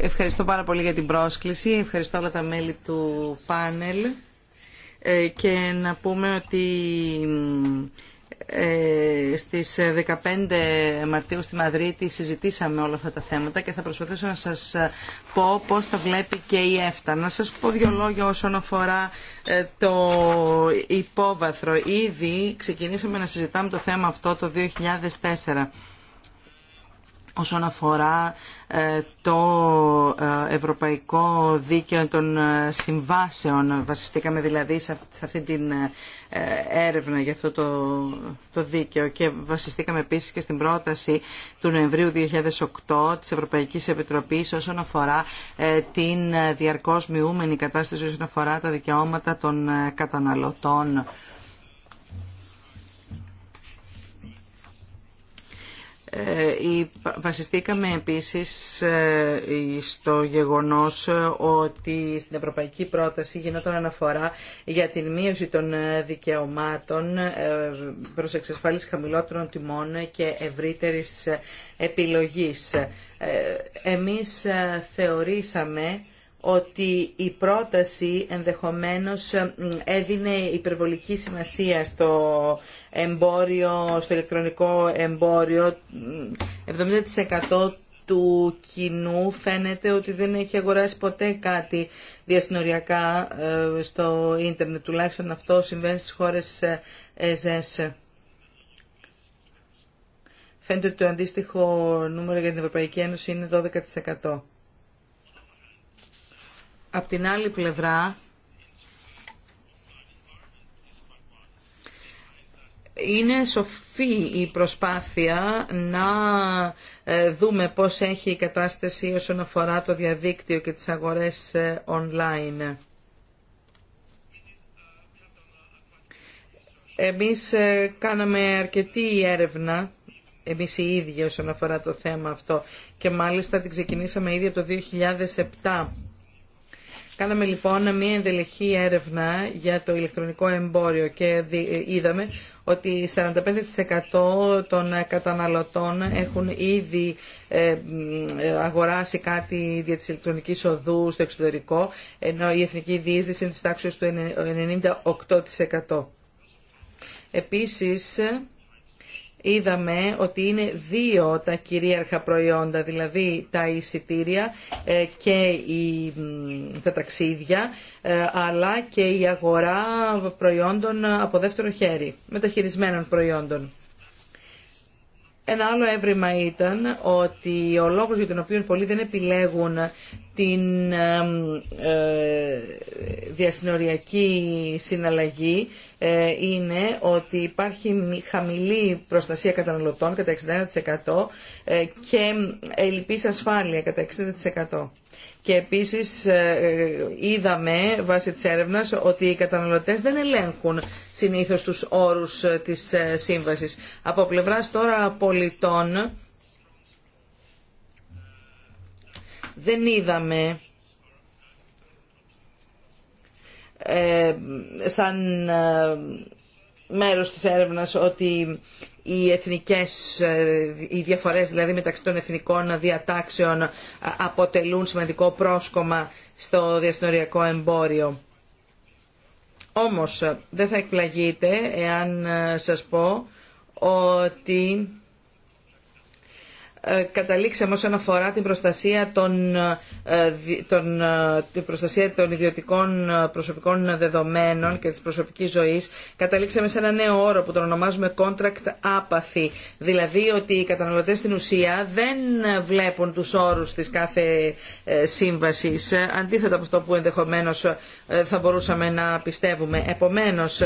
Ευχαριστώ πάρα πολύ για την πρόσκληση. Ευχαριστώ όλα τα μέλη του πάνελ. Ε, και να πούμε ότι ε, στις 15 Μαρτίου στη Μαδρίτη συζητήσαμε όλα αυτά τα θέματα και θα προσπαθήσω να σας ε, πω πώς τα βλέπει και η ΕΦΤΑ. Να σας πω δύο λόγια όσον αφορά το υπόβαθρο. Ήδη ξεκινήσαμε να συζητάμε το θέμα αυτό το 2004 όσον αφορά ε, το ε, ευρωπαϊκό δίκαιο των ε, συμβάσεων. Βασιστήκαμε δηλαδή σε αυτή την έρευνα για αυτό το, το δίκαιο και βασιστήκαμε επίσης και στην πρόταση του Νοεμβρίου 2008 της Ευρωπαϊκής Επιτροπής όσον αφορά την διαρκώς μειούμενη κατάσταση όσον αφορά τα δικαιώματα των καταναλωτών. Ε, βασιστήκαμε επίσης ε, στο γεγονός ε, ότι στην Ευρωπαϊκή Πρόταση γινόταν αναφορά για την μείωση των δικαιωμάτων προς εξασφάλιση χαμηλότερων τιμών και ευρύτερης επιλογής. Εμείς θεωρήσαμε ότι η πρόταση ενδεχομένως ε, έδινε υπερβολική σημασία στο εμπόριο, στο ηλεκτρονικό εμπόριο. 70% του κοινού φαίνεται ότι δεν έχει αγοράσει ποτέ κάτι διασυνοριακά ε, στο ίντερνετ. Τουλάχιστον αυτό συμβαίνει στις χώρες ε, ΕΖΕΣ. Φαίνεται ότι το αντίστοιχο νούμερο για την Ευρωπαϊκή Ένωση είναι 12%. Απ' την άλλη πλευρά, είναι σοφή η προσπάθεια να ε, δούμε πώς έχει η κατάσταση όσον αφορά το διαδίκτυο και τις αγορές ε, online. Εμείς ε, κάναμε αρκετή έρευνα, εμείς οι ίδιοι όσον αφορά το θέμα αυτό και μάλιστα την ξεκινήσαμε ήδη από το 2007. Κάναμε λοιπόν μια ενδελεχή έρευνα για το ηλεκτρονικό εμπόριο και ε, είδαμε ότι 45% των καταναλωτών έχουν ήδη ε, αγοράσει κάτι δια της ηλεκτρονικής οδού στο εξωτερικό, ενώ η εθνική διείσδυση είναι της τάξης του 98%. Επίσης, είδαμε ότι είναι δύο τα κυρίαρχα προϊόντα, δηλαδή τα εισιτήρια ε, και τα ταξίδια, ε, αλλά και η αγορά προϊόντων από δεύτερο χέρι, μεταχειρισμένων προϊόντων. Ένα άλλο έβριμα ήταν ότι ο λόγος για τον οποίο πολλοί δεν επιλέγουν την ε, διασυνοριακή συναλλαγή ε, είναι ότι υπάρχει χαμηλή προστασία καταναλωτών κατά 61% ε, και ελλειπής ασφάλεια κατά 60%. Και επίσης ε, ε, είδαμε βάσει της έρευνας ότι οι καταναλωτές δεν ελέγχουν συνήθως τους όρους ε, της σύμβασης. Από πλευράς τώρα πολιτών δεν είδαμε σαν μέρος της έρευνας ότι οι εθνικές, ε, οι διαφορές δηλαδή μεταξύ των εθνικών διατάξεων ε, αποτελούν σημαντικό πρόσκομα στο διασυνοριακό εμπόριο. Όμως ε, δεν θα εκπλαγείτε εάν σας πω ότι ε, καταλήξαμε όσον αφορά την προστασία των, ε, των, ε, την προστασία των ιδιωτικών προσωπικών δεδομένων και της προσωπικής ζωής, καταλήξαμε σε ένα νέο όρο που τον ονομάζουμε contract apathy. Δηλαδή ότι οι καταναλωτές στην ουσία δεν βλέπουν τους όρους της κάθε σύμβασης, αντίθετα από αυτό που ενδεχομένως θα μπορούσαμε να πιστεύουμε. Επομένως,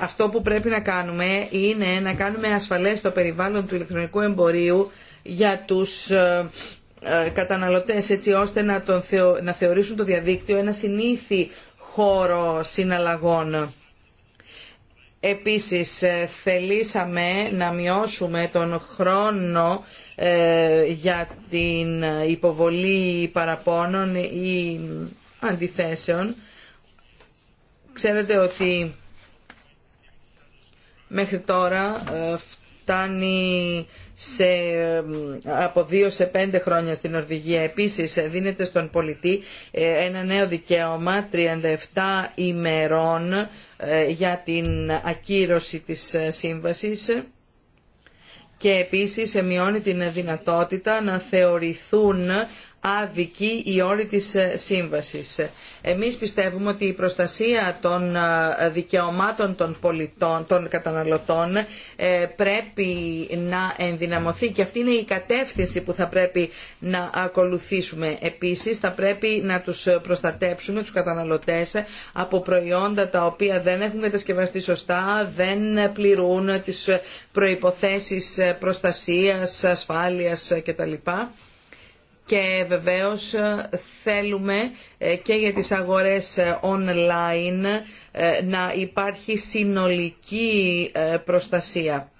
αυτό που πρέπει να κάνουμε είναι να κάνουμε ασφαλές το περιβάλλον του ηλεκτρονικού εμπορίου για τους ε, ε, καταναλωτές έτσι ώστε να, τον να θεωρήσουν το διαδίκτυο ένα συνήθι χώρο συναλλαγών. Επίσης ε, θελήσαμε να μειώσουμε τον χρόνο για την υποβολή παραπώνων ή αντιθέσεων. Ξέρετε ότι μέχρι τώρα φτάνει σε, από δύο σε πέντε χρόνια στην Ορβηγία Επίσης δίνεται στον πολιτή ε, ένα νέο δικαίωμα 37 ημερών ε, για την ακύρωση της ε, σύμβασης και επίσης μειώνει την δυνατότητα να θεωρηθούν άδικη η όροι της ε, σύμβασης. Εμείς πιστεύουμε ότι η προστασία των ε, δικαιωμάτων των πολιτών, των καταναλωτών ε, πρέπει να ενδυναμωθεί και αυτή είναι η κατεύθυνση που θα πρέπει να ακολουθήσουμε. Επίσης θα πρέπει να τους προστατέψουμε τους καταναλωτές από προϊόντα τα οποία δεν έχουν κατασκευαστεί σωστά, δεν πληρούν τις προϋποθέσεις προστασίας, ασφάλειας κτλ και βεβαίως ε, θέλουμε ε, και για τις αγορές ε, online να υπάρχει συνολική προστασία.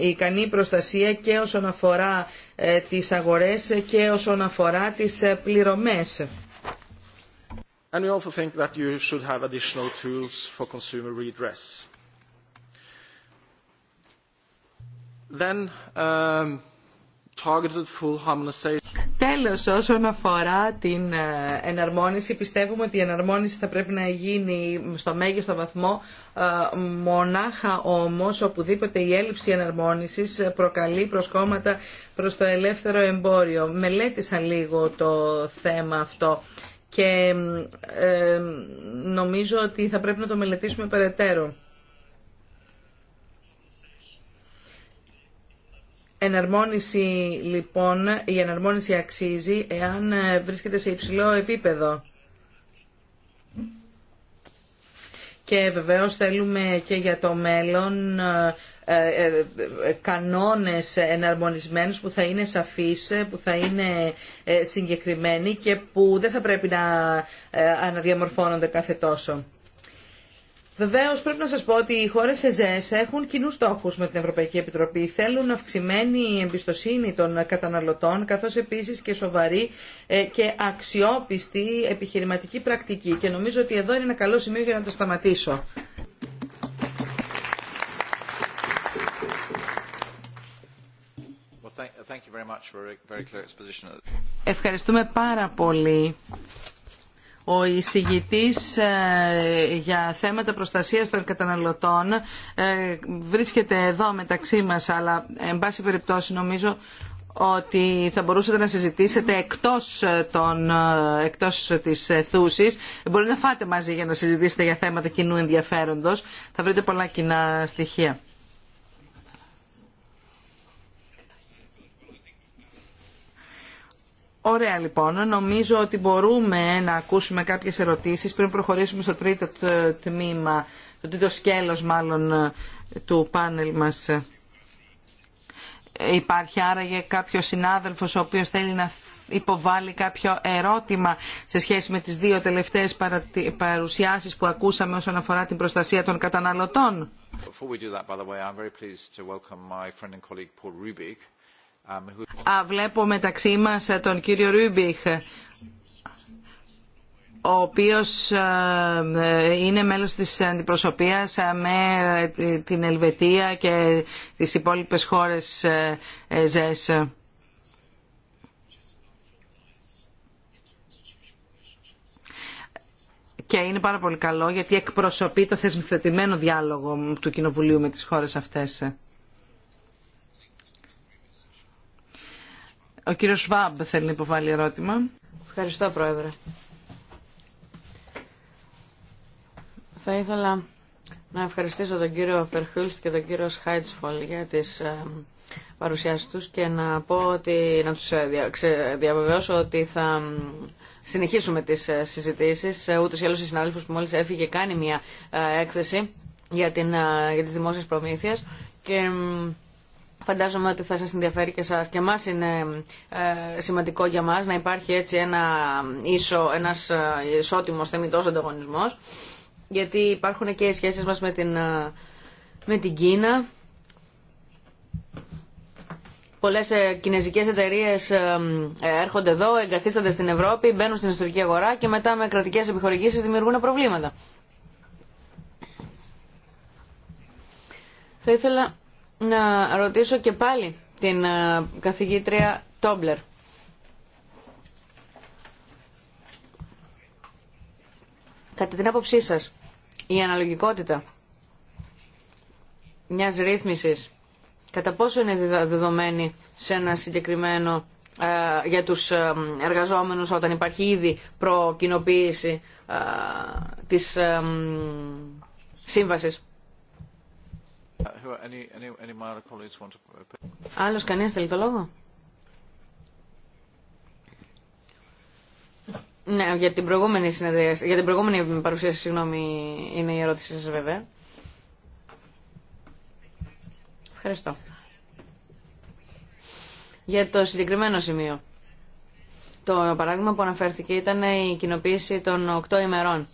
ικανή προστασία και όσον αφορά τις αγορές και όσον αφορά τις πληρωμές. And we also think that you should have additional tools for consumer redress. Um, Τέλος, όσον αφορά την ε, εναρμόνιση, πιστεύουμε ότι η εναρμόνιση θα πρέπει να γίνει στο μέγιστο βαθμό ε, μονάχα όμως οπουδήποτε η έλλειψη εναρμόνισης προκαλεί προσκόμματα προς το ελεύθερο εμπόριο. Μελέτησα λίγο το θέμα αυτό και ε, νομίζω ότι θα πρέπει να το μελετήσουμε περαιτέρω. Εναρμόνιση λοιπόν, η εναρμόνιση αξίζει εάν ε, βρίσκεται σε υψηλό επίπεδο. Και βεβαίως θέλουμε και για το μέλλον ε, ε, κανόνες εναρμονισμένους που θα είναι σαφείς, που θα είναι συγκεκριμένοι και που δεν θα πρέπει να αναδιαμορφώνονται κάθε τόσο. Βεβαίω πρέπει να σα πω ότι οι χώρε ΕΖΕΣ έχουν κοινού στόχου με την Ευρωπαϊκή Επιτροπή. Θέλουν αυξημένη εμπιστοσύνη των καταναλωτών, καθώ επίση και σοβαρή ε, και αξιόπιστη επιχειρηματική πρακτική. Και νομίζω ότι εδώ είναι ένα καλό σημείο για να τα σταματήσω. Ευχαριστούμε πάρα πολύ ο εισηγητής ε, για θέματα προστασίας των καταναλωτών ε, βρίσκεται εδώ μεταξύ μας, αλλά εν πάση περιπτώσει νομίζω ότι θα μπορούσατε να συζητήσετε εκτός, ε, των, εκτός της θούσης. Μπορείτε να φάτε μαζί για να συζητήσετε για θέματα κοινού ενδιαφέροντος. Θα βρείτε πολλά κοινά στοιχεία. Ωραία λοιπόν, νομίζω ότι μπορούμε να ακούσουμε κάποιες ερωτήσεις πριν προχωρήσουμε στο τρίτο τμήμα, το τρίτο σκέλος μάλλον του πάνελ μας. Ε, υπάρχει άραγε κάποιο συνάδελφος ο οποίος θέλει να υποβάλει κάποιο ερώτημα σε σχέση με τις δύο τελευταίες παρουσιάσεις που ακούσαμε όσον αφορά την προστασία των καταναλωτών. Α, βλέπω μεταξύ μας ε, τον κύριο Ρούμπιχ ο οποίος ε, ε, είναι μέλος της αντιπροσωπείας με την Ελβετία και τις υπόλοιπες χώρες ΕΖΕΣ. Και είναι πάρα πολύ καλό γιατί εκπροσωπεί το θεσμιθετημένο διάλογο του Κοινοβουλίου με τις χώρες αυτές. Ο κύριος Σβάμπ θέλει να υποβάλει ερώτημα. Ευχαριστώ, Πρόεδρε. Θα ήθελα να ευχαριστήσω τον κύριο Φερχούλστ και τον κύριο Σχάιτσφολ για τις ε, παρουσιάσεις τους και να πω ότι, να τους ε, διαβεβαιώσω ότι θα συνεχίσουμε τις ε, συζητήσεις. Ούτως ή άλλως η αλλως η που μόλις έφυγε κάνει μια έκθεση για, την, για τις δημόσιες προμήθειες Φαντάζομαι ότι θα σας ενδιαφέρει και σας και μας είναι ε, σημαντικό για μας να υπάρχει έτσι ένα ίσο, ένας ε, ισότιμος θεμητός ανταγωνισμός γιατί υπάρχουν και οι σχέσεις μας με την, ε, με την Κίνα. Πολλές ε, κινέζικες εταιρείες έρχονται εδώ, εγκαθίστανται στην Ευρώπη, μπαίνουν στην ιστορική αγορά και μετά με κρατικές επιχορηγήσεις δημιουργούν προβλήματα. Θα ήθελα να ρωτήσω και πάλι την ε, καθηγήτρια Τόμπλερ. Κατά την άποψή σας, η αναλογικότητα μιας ρύθμισης, κατά πόσο είναι δεδομένη σε ένα συγκεκριμένο ε, για τους ε, εργαζόμενους όταν υπάρχει ήδη προκοινοποίηση της σύμβασης. Άλλος κανείς θέλει το λόγο. Ναι, για την προηγούμενη συνεδρία, για την προηγούμενη παρουσίαση, συγγνώμη, είναι η ερώτησή σας βέβαια. Ευχαριστώ. Για το συγκεκριμένο σημείο. Το παράδειγμα που αναφέρθηκε ήταν η κοινοποίηση των 8 ημερών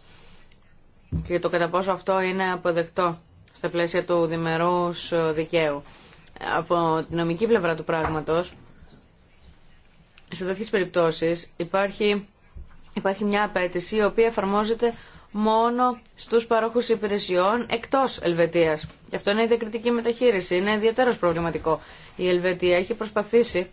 και το κατά πόσο αυτό είναι αποδεκτό στα πλαίσια του διμερούς ε, δικαίου. Από την νομική πλευρά του πράγματος, σε τέτοιε περιπτώσεις υπάρχει, υπάρχει μια απέτηση η οποία εφαρμόζεται μόνο στους παρόχους υπηρεσιών εκτός Ελβετίας. Και αυτό είναι η διακριτική μεταχείριση. Είναι ιδιαίτερος προβληματικό. Η Ελβετία έχει προσπαθήσει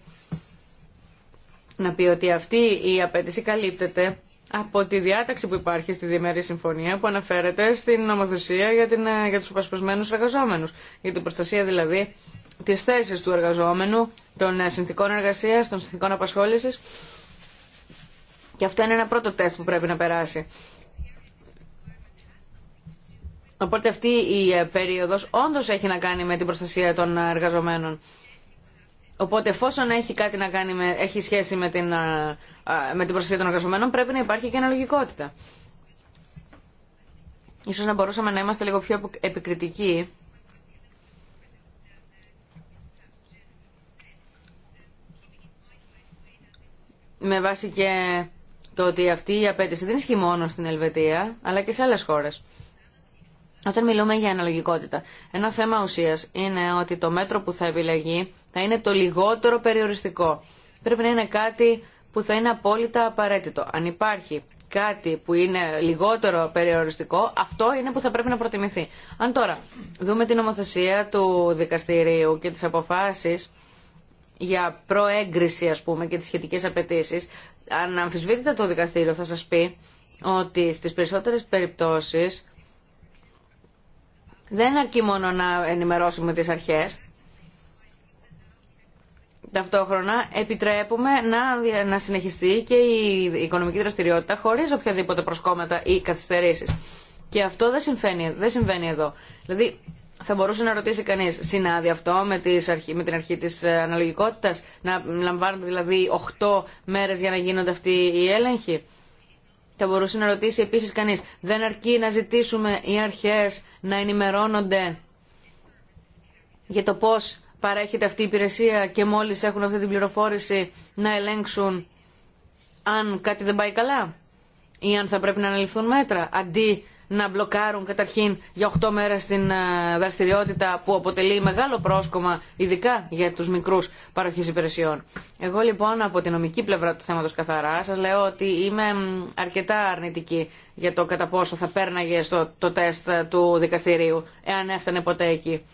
να πει ότι αυτή η απέτηση καλύπτεται από τη διάταξη που υπάρχει στη διμερή Συμφωνία που αναφέρεται στην νομοθεσία για, την, ε, για τους εργαζόμενους. Για την προστασία δηλαδή της θέσης του εργαζόμενου, των ε, συνθήκων εργασίας, των συνθήκων απασχόλησης. Και αυτό είναι ένα πρώτο τεστ που πρέπει να περάσει. Οπότε αυτή η ε, περίοδος όντως έχει να κάνει με την προστασία των εργαζομένων. Οπότε εφόσον έχει κάτι να κάνει με, έχει σχέση με την, ε, ε, με την προστασία των εργαζομένων πρέπει να υπάρχει και αναλογικότητα. Ίσως να μπορούσαμε να είμαστε λίγο πιο επικριτικοί με βάση και το ότι αυτή η απέτηση δεν ισχύει μόνο στην Ελβετία αλλά και σε άλλες χώρες. Όταν μιλούμε για αναλογικότητα, ένα θέμα ουσία είναι ότι το μέτρο που θα επιλεγεί θα είναι το λιγότερο περιοριστικό. Πρέπει να είναι κάτι που θα είναι απόλυτα απαραίτητο. Αν υπάρχει κάτι που είναι λιγότερο περιοριστικό, αυτό είναι που θα πρέπει να προτιμηθεί. Αν τώρα δούμε την ομοθεσία του δικαστηρίου και τις αποφάσεις για προέγκριση ας πούμε και τις σχετικές απαιτήσει, αν αμφισβήτητα το δικαστήριο θα σας πει ότι στις περισσότερες περιπτώσεις δεν αρκεί μόνο να ενημερώσουμε τις αρχές. Ταυτόχρονα επιτρέπουμε να, να συνεχιστεί και η οικονομική δραστηριότητα χωρίς οποιαδήποτε προσκόμματα ή καθυστερήσεις. Και αυτό δεν συμβαίνει, δεν συμβαίνει εδώ. Δηλαδή θα μπορούσε να ρωτήσει κανείς, συνάδει αυτό με, τις με την αρχή της αναλογικότητας, να λαμβάνονται δηλαδή 8 μέρες για να γίνονται αυτοί οι έλεγχοι. Θα μπορούσε να ρωτήσει επίσης κανείς, δεν αρκεί να ζητήσουμε οι αρχές να ενημερώνονται για το πώς παρέχεται αυτή η υπηρεσία και μόλις έχουν αυτή την πληροφόρηση να ελέγξουν αν κάτι δεν πάει καλά ή αν θα πρέπει να αναλυφθούν μέτρα, αντί να μπλοκάρουν καταρχήν για 8 μέρες την ε, δραστηριότητα που αποτελεί μεγάλο πρόσκομα ειδικά για τους μικρούς παροχής υπηρεσιών. Εγώ λοιπόν από την νομική πλευρά του θέματος καθαρά σας λέω ότι είμαι αρκετά αρνητική για το κατά πόσο θα πέρναγε στο, το τεστ ε, του δικαστηρίου εάν έφτανε ποτέ εκεί.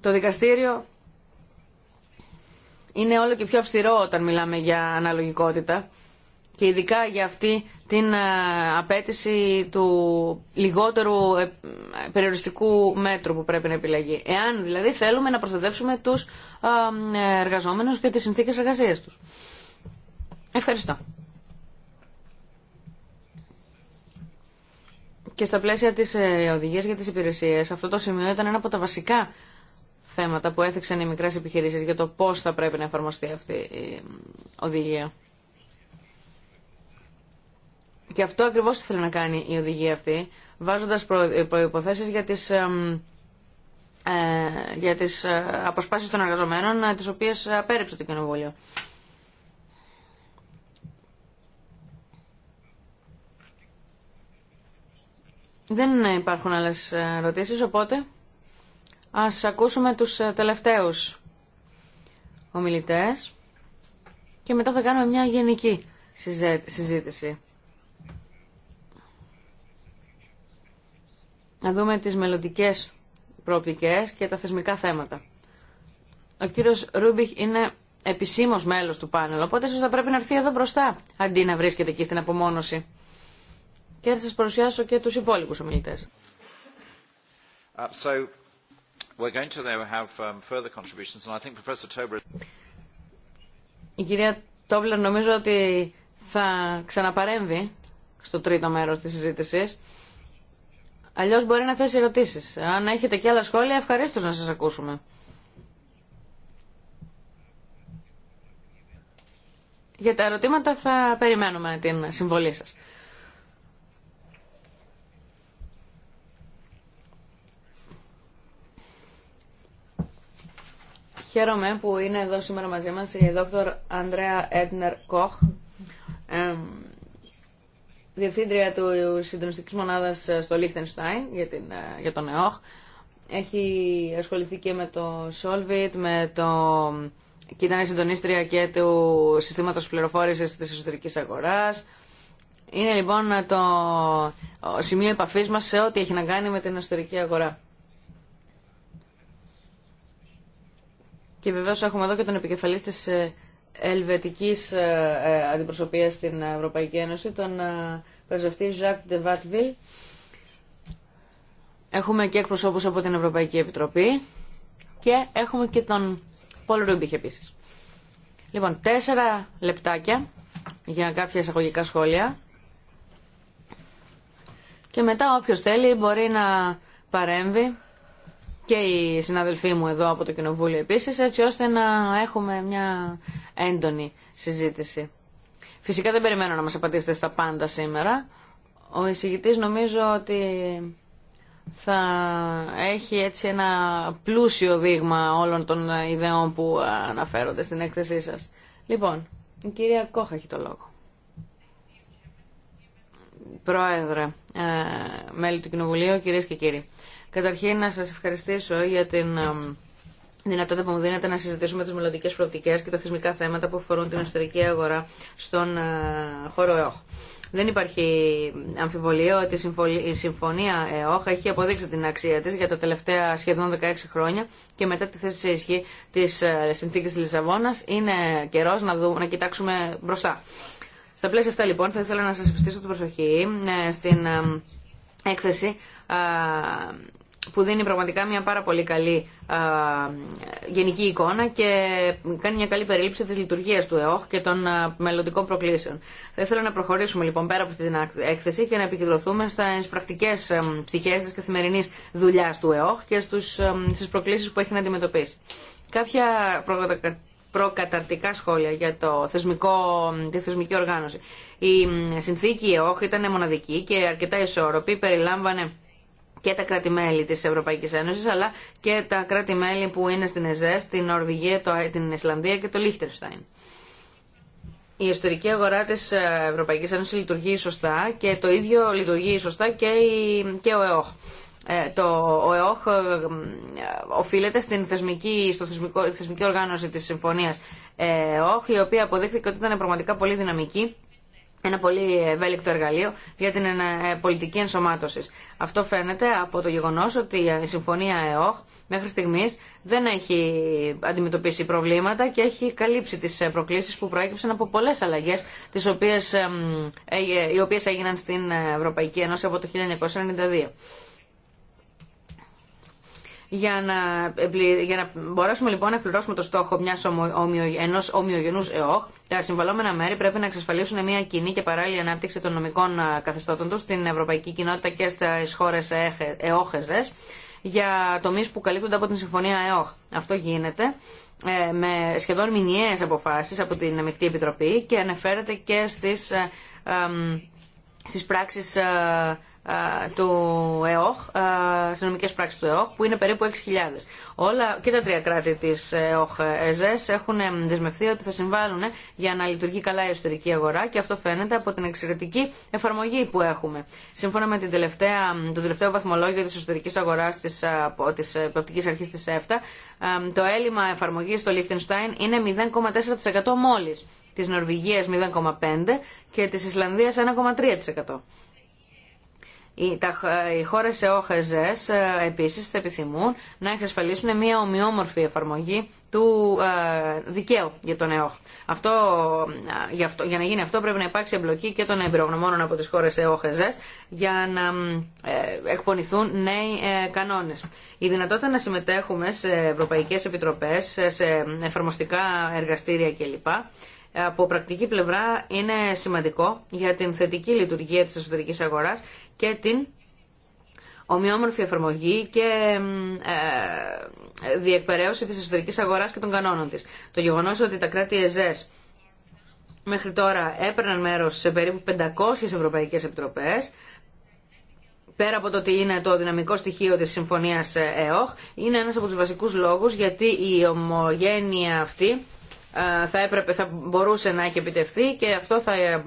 Το δικαστήριο είναι όλο και πιο αυστηρό όταν μιλάμε για αναλογικότητα και ειδικά για αυτή την ε, απέτηση του λιγότερου ε, περιοριστικού μέτρου που πρέπει να επιλεγεί. Εάν δηλαδή θέλουμε να προστατεύσουμε τους ε, εργαζόμενους και τις συνθήκες εργασίας τους. Ευχαριστώ. Και στα πλαίσια της οδηγίας για τις υπηρεσίες, αυτό το σημείο ήταν ένα από τα βασικά θέματα που έθιξαν οι μικρές επιχειρήσεις για το πώς θα πρέπει να εφαρμοστεί αυτή η οδηγία. Και αυτό ακριβώς θέλει να κάνει η οδηγία αυτή, βάζοντας ε, προϋποθέσεις για τις, ε, για τις ε, αποσπάσεις των εργαζομένων, τις οποίες απέριψε το Κοινοβούλιο. Δεν υπάρχουν άλλες ρωτήσεις, οπότε ας ακούσουμε τους τελευταίους ομιλητές και μετά θα κάνουμε μια γενική συζήτηση. να δούμε τις μελλοντικέ προοπτικές και τα θεσμικά θέματα. Ο κύριος Ρούμπιχ είναι επισήμως μέλος του πάνελ, οπότε ίσως θα πρέπει να έρθει εδώ μπροστά, αντί να βρίσκεται εκεί στην απομόνωση. Και θα σας παρουσιάσω και τους υπόλοιπους ομιλητές. Η κυρία Τόμπλερ νομίζω ότι θα ξαναπαρέμβει στο τρίτο μέρος της συζήτησης. Αλλιώ μπορεί να θέσει ερωτήσει. Αν έχετε και άλλα σχόλια, ευχαρίστω να σα ακούσουμε. Για τα ερωτήματα θα περιμένουμε την συμβολή σας. Χαίρομαι που είναι εδώ σήμερα μαζί μας η δόκτωρ Ανδρέα Έντνερ Κοχ, διευθύντρια του συντονιστικής μονάδας ε, στο Λίχτενστάιν για, την, ε, για τον ΕΟΧ. Έχει ασχοληθεί και με το Solvit, με το... και ήταν συντονίστρια και του συστήματος πληροφόρησης της εσωτερικής αγοράς. Είναι λοιπόν το σημείο επαφής μας σε ό,τι έχει να κάνει με την εσωτερική αγορά. Και βεβαίως έχουμε εδώ και τον επικεφαλής τη ε, ελβετικής αντιπροσωπείας στην Ευρωπαϊκή Ένωση, τον πρεσβευτή Ζακ Ντεβάτβιλ. Έχουμε και εκπροσώπους από την Ευρωπαϊκή Επιτροπή και έχουμε και τον Πολ Ρούμπιχ επίσης. Λοιπόν, τέσσερα λεπτάκια για κάποια εισαγωγικά σχόλια και μετά όποιος θέλει μπορεί να παρέμβει και οι συναδελφοί μου εδώ από το Κοινοβούλιο επίσης έτσι ώστε να έχουμε μια έντονη συζήτηση. Φυσικά δεν περιμένω να μας απαντήσετε στα πάντα σήμερα. Ο εισηγητής νομίζω ότι θα έχει έτσι ένα πλούσιο δείγμα όλων των ιδεών που αναφέρονται στην έκθεσή σας. Λοιπόν, η κυρία Κόχα έχει το λόγο. Πρόεδρε, ε, μέλη του Κοινοβουλίου, κυρίες και κύριοι. Καταρχήν να σας ευχαριστήσω για την ε, δυνατότητα που μου δίνεται να συζητήσουμε τι μελλοντικέ προοπτικές και τα θεσμικά θέματα που αφορούν την εσωτερική αγορά στον ε, χώρο ΕΟΧ. Δεν υπάρχει αμφιβολία ότι η συμφωνία ΕΟΧ έχει αποδείξει την αξία της για τα τελευταία σχεδόν 16 χρόνια και μετά τη θέση σε ισχύ της ε, συνθήκη τη Λισαβόνα είναι καιρό να, να κοιτάξουμε μπροστά. Στα πλαίσια αυτά λοιπόν θα ήθελα να σας επιστήσω την προσοχή ε, στην έκθεση που δίνει πραγματικά μια πάρα πολύ καλή α, γενική εικόνα και κάνει μια καλή περίληψη της λειτουργίας του ΕΟΧ και των α, μελλοντικών προκλήσεων. Θα ήθελα να προχωρήσουμε λοιπόν πέρα από αυτή την έκθεση και να επικεντρωθούμε στις πρακτικές ψυχές της καθημερινής δουλειάς του ΕΟΧ και στους, α, στις προκλήσεις που έχει να αντιμετωπίσει. Κάποια προκαταρτικά σχόλια για το θεσμικό, τη θεσμική οργάνωση. Η συνθήκη ΕΟΧ ήταν μοναδική και αρκετά ισόρροπη, περιλάμβανε και τα κράτη-μέλη της Ευρωπαϊκής Ένωσης, αλλά και τα κράτη-μέλη που είναι στην ΕΖΕΣ, την Νορβηγία, την Ισλανδία και το Λίχτερστάιν. Η ιστορική αγορά της ε, Ευρωπαϊκής Ένωσης λειτουργεί σωστά και το ίδιο λειτουργεί σωστά και, η, και ο ΕΟΧ. Ε, το ΕΟΧ ε, οφείλεται στην θεσμική, στο θεσμικό, οργάνωση της συμφωνίας ΕΟΧ, η οποία αποδείχθηκε ότι ήταν πραγματικά πολύ δυναμική ένα πολύ ευέλικτο εργαλείο για την ε, πολιτική ενσωμάτωση. Αυτό φαίνεται από το γεγονό ότι η συμφωνία ΕΟΧ μέχρι στιγμή δεν έχει αντιμετωπίσει προβλήματα και έχει καλύψει τι ε, προκλήσει που προέκυψαν από πολλέ αλλαγέ ε, οι οποίε έγιναν στην Ευρωπαϊκή Ένωση από το 1992. Για να, για να μπορέσουμε λοιπόν να πληρώσουμε το στόχο μιας ομοιο, ενός ομοιογενούς ΕΟΧ, τα συμβαλόμενα μέρη πρέπει να εξασφαλίσουν μια κοινή και παράλληλη ανάπτυξη των νομικών καθεστώτων τους στην Ευρωπαϊκή Κοινότητα και στις χώρες ΕΟΧΕΖΕΣ για τομείς που καλύπτονται από την Συμφωνία ΕΟΧ. Αυτό γίνεται ε, με σχεδόν μηνιαίες αποφάσεις από την Μεικτή Επιτροπή και αναφέρεται και στις, ε, στις πράξεις ε, του ΕΟΧ, αστυνομικέ πράξει του ΕΟΧ, που είναι περίπου 6.000. Όλα και τα τρία κράτη τη ΕΟΧ ΕΖΕΣ έχουν δεσμευθεί ότι θα συμβάλλουν ε, για να λειτουργεί καλά η εσωτερική αγορά και αυτό φαίνεται από την εξαιρετική εφαρμογή που έχουμε. Σύμφωνα με την τελευταία, το τελευταίο βαθμολόγιο τη εσωτερική αγορά τη ε, Προπτική Αρχή τη ΕΦΤΑ, το έλλειμμα εφαρμογή στο Λίχτενστάιν είναι 0,4% μόλι, τη Νορβηγία 0,5% και τη Ισλανδία 1,3%. Οι χώρες ΕΟΧΕΖΕΣ ε, επίσης θα επιθυμούν να εξασφαλίσουν μια ομοιόμορφη εφαρμογή του ε, δικαίου για τον ΕΟΧ. Αυτό, ε, για, αυτό, για να γίνει αυτό πρέπει να υπάρξει εμπλοκή και των εμπειρογνωμόνων από τις χώρες ΕΟΧΕΖΕΣ για να εκπονηθούν νέοι κανόνες. Η δυνατότητα να συμμετέχουμε σε ευρωπαϊκές επιτροπές, σε εφαρμοστικά εργαστήρια κλπ από πρακτική πλευρά είναι σημαντικό για την θετική λειτουργία της εσωτερικής αγοράς και την ομοιόμορφη εφαρμογή και ε, διεκπαιρέωση της εσωτερικής αγοράς και των κανόνων της. Το γεγονός ότι τα κράτη ΕΖΕΣ μέχρι τώρα έπαιρναν μέρος σε περίπου 500 ευρωπαϊκές επιτροπές, πέρα από το ότι είναι το δυναμικό στοιχείο της συμφωνίας ε, ΕΟΧ, είναι ένας από τους βασικούς λόγους γιατί η ομογένεια αυτή ε, θα μπορούσε να έχει επιτευχθεί και αυτό θα ε,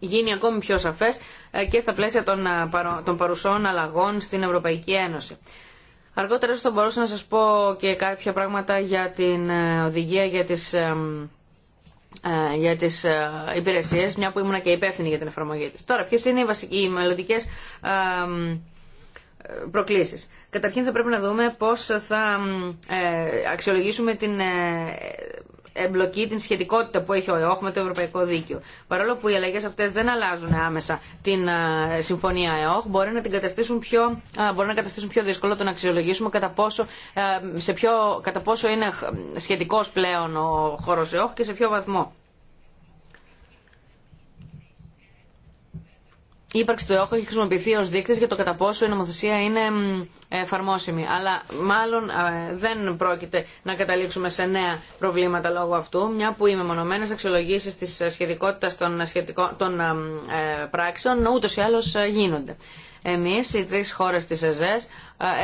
γίνει ακόμη πιο σαφές ε, και στα πλαίσια ε, των παρουσών αλλαγών στην Ευρωπαϊκή Ένωση. Αργότερα θα μπορούσα να σας πω και κάποια πράγματα για την ε, οδηγία για τις, για τις υπηρεσίες, μια που ήμουν και υπεύθυνη για την εφαρμογή της. Τώρα, ποιες είναι οι βασικοί, οι μελλοντικές προκλήσεις. Καταρχήν θα πρέπει να δούμε πώς θα αξιολογήσουμε την εμπλοκή, την σχετικότητα που έχει ο ΕΟΧ με το Ευρωπαϊκό Δίκαιο. Παρόλο που οι αλλαγέ αυτέ δεν αλλάζουν άμεσα την ε, συμφωνία ΕΟΧ, μπορεί να, την καταστήσουν πιο, ε, μπορεί να καταστήσουν πιο δύσκολο το να αξιολογήσουμε κατά πόσο, ε, σε ποιο, κατά πόσο είναι σχετικό πλέον ο χώρο ΕΟΧ και σε ποιο βαθμό. η ύπαρξη του ΕΟΧΟ έχει χρησιμοποιηθεί ως δείκτη για το κατά πόσο η νομοθεσία είναι εφαρμόσιμη. Αλλά μάλλον ε, δεν πρόκειται να καταλήξουμε σε νέα προβλήματα λόγω αυτού, μια που οι μεμονωμένε αξιολογήσει τη σχετικότητα των, σχετικό, των ε, πράξεων ούτω ή άλλω ε, γίνονται. Εμεί, οι τρει χώρε τη ΕΖΕΣ,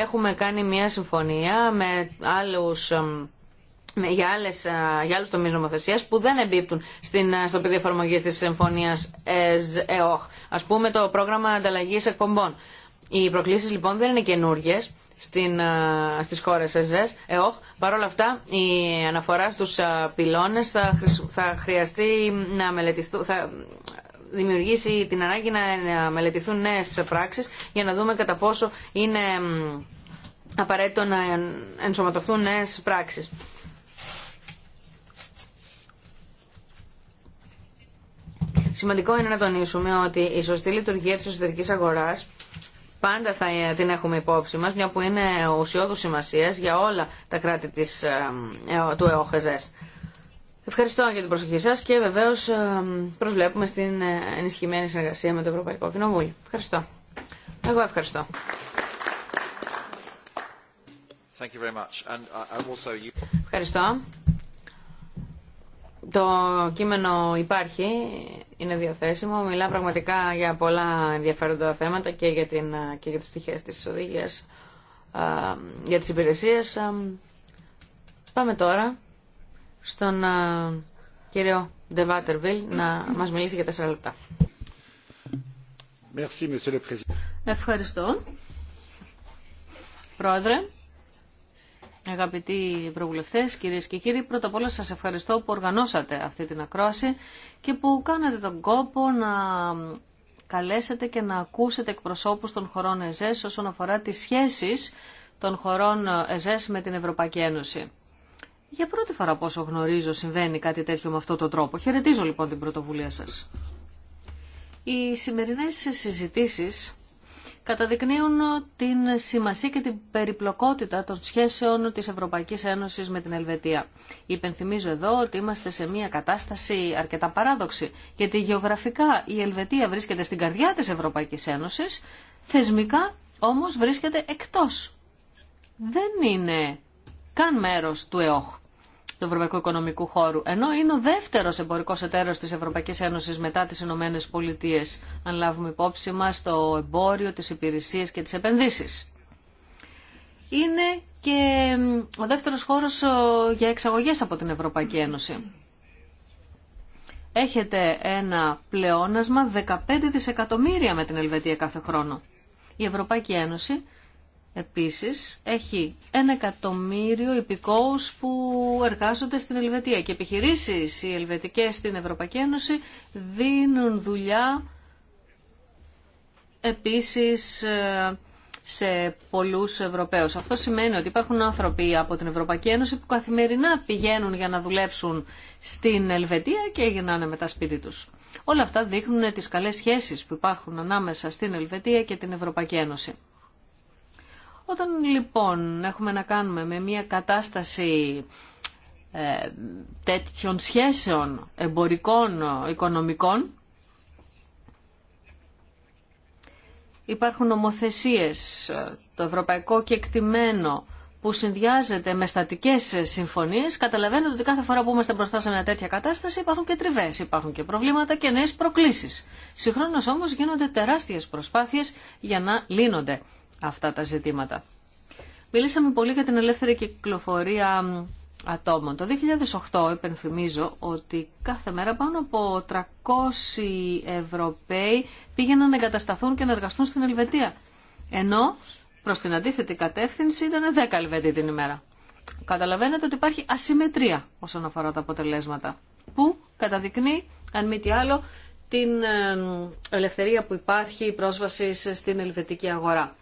έχουμε κάνει μια συμφωνία με άλλους για, άλλες, για άλλους τομείς νομοθεσίας που δεν εμπίπτουν στην, στο πεδίο εφαρμογής της συμφωνίας ΕΟΧ. Ας πούμε το πρόγραμμα ανταλλαγής εκπομπών. Οι προκλήσεις λοιπόν δεν είναι καινούριε στην, στις χώρες ΕΖΕΣ, ΕΟΧ. Παρ' όλα αυτά η αναφορά στους πυλώνες θα, θα χρειαστεί να μελετηθούν, θα δημιουργήσει την ανάγκη να μελετηθούν νέες πράξεις για να δούμε κατά πόσο είναι απαραίτητο να ενσωματωθούν νέες πράξεις. Σημαντικό είναι να τονίσουμε ότι η σωστή λειτουργία τη εσωτερική Αγορα πάντα θα την έχουμε υπόψη μα, μια που είναι ουσιώδου σημασία για όλα τα κράτη της, ε, ε, του ΕΟΧΕΖΕΣ. Ευχαριστώ για την προσοχή σας και βεβαίως ε, προσβλέπουμε στην ενισχυμένη συνεργασία με το Ευρωπαϊκό Κοινοβούλιο. Ευχαριστώ. Εγώ ευχαριστώ. Thank you very much. And uh, also... Ευχαριστώ. Το κείμενο υπάρχει, είναι διαθέσιμο, μιλά πραγματικά για πολλά ενδιαφέροντα θέματα και για, την, και για τις πτυχές της οδηγίας, για τις υπηρεσίες. Πάμε τώρα στον κύριο Ντεβάτερβιλ να μας μιλήσει για τέσσερα λεπτά. Ευχαριστώ. Πρόεδρε, Αγαπητοί Ευρωβουλευτέ, κυρίε και κύριοι, πρώτα απ' όλα σα ευχαριστώ που οργανώσατε αυτή την ακρόαση και που κάνατε τον κόπο να καλέσετε και να ακούσετε εκπροσώπους των χωρών ΕΖΕΣ όσον αφορά τις σχέσεις των χωρών ΕΖΕΣ με την Ευρωπαϊκή Ένωση. Για πρώτη φορά πόσο γνωρίζω συμβαίνει κάτι τέτοιο με αυτόν τον τρόπο. Χαιρετίζω λοιπόν την πρωτοβουλία σας. Οι σημερινές συζητήσεις καταδεικνύουν την σημασία και την περιπλοκότητα των σχέσεων της Ευρωπαϊκής Ένωσης με την Ελβετία. Υπενθυμίζω εδώ ότι είμαστε σε μια κατάσταση αρκετά παράδοξη, γιατί γεωγραφικά η Ελβετία βρίσκεται στην καρδιά της Ευρωπαϊκής Ένωσης, θεσμικά όμως βρίσκεται εκτός. Δεν είναι καν μέρος του ΕΟΧ του Ευρωπαϊκού Οικονομικού Χώρου, ενώ είναι ο δεύτερο εμπορικό εταίρο τη Ευρωπαϊκή Ένωση μετά τι Ηνωμένε Πολιτείε, αν λάβουμε υπόψη μα το εμπόριο, τι υπηρεσίε και τι επενδύσει. Είναι και ο δεύτερος χώρος για εξαγωγές από την Ευρωπαϊκή Ένωση. Έχετε ένα πλεόνασμα 15 δισεκατομμύρια με την Ελβετία κάθε χρόνο. Η Ευρωπαϊκή Ένωση Επίσης, έχει ένα εκατομμύριο υπηκόους που εργάζονται στην Ελβετία και επιχειρήσεις οι ελβετικές στην Ευρωπαϊκή Ένωση δίνουν δουλειά επίσης ε, σε πολλούς Ευρωπαίους. Αυτό σημαίνει ότι υπάρχουν άνθρωποι από την Ευρωπαϊκή Ένωση που καθημερινά πηγαίνουν για να δουλέψουν στην Ελβετία και γυρνάνε τα σπίτι τους. Όλα αυτά δείχνουν τις καλές σχέσεις που υπάρχουν ανάμεσα στην Ελβετία και την Ευρωπαϊκή Ένωση. Όταν λοιπόν έχουμε να κάνουμε με μια κατάσταση ε, τέτοιων σχέσεων εμπορικών, ε, οικονομικών, υπάρχουν ομοθεσίες, ε, το ευρωπαϊκό κεκτημένο που συνδυάζεται με στατικές συμφωνίες, καταλαβαίνετε ότι κάθε φορά που είμαστε μπροστά σε μια τέτοια κατάσταση υπάρχουν και τριβές, υπάρχουν και προβλήματα και νέες προκλήσεις. Συγχρόνως όμως γίνονται τεράστιες προσπάθειες για να λύνονται αυτά τα ζητήματα. Μιλήσαμε πολύ για την ελεύθερη κυκλοφορία ατόμων. Το 2008 υπενθυμίζω ότι κάθε μέρα πάνω από 300 Ευρωπαίοι πήγαιναν να εγκατασταθούν και να εργαστούν στην Ελβετία. Ενώ προς την αντίθετη κατεύθυνση ήταν 10 Ελβετοί την ημέρα. Καταλαβαίνετε ότι υπάρχει ασυμμετρία όσον αφορά τα αποτελέσματα που καταδεικνύει αν μη τι άλλο την ε, ελευθερία που υπάρχει η πρόσβαση στην ελβετική αγορά.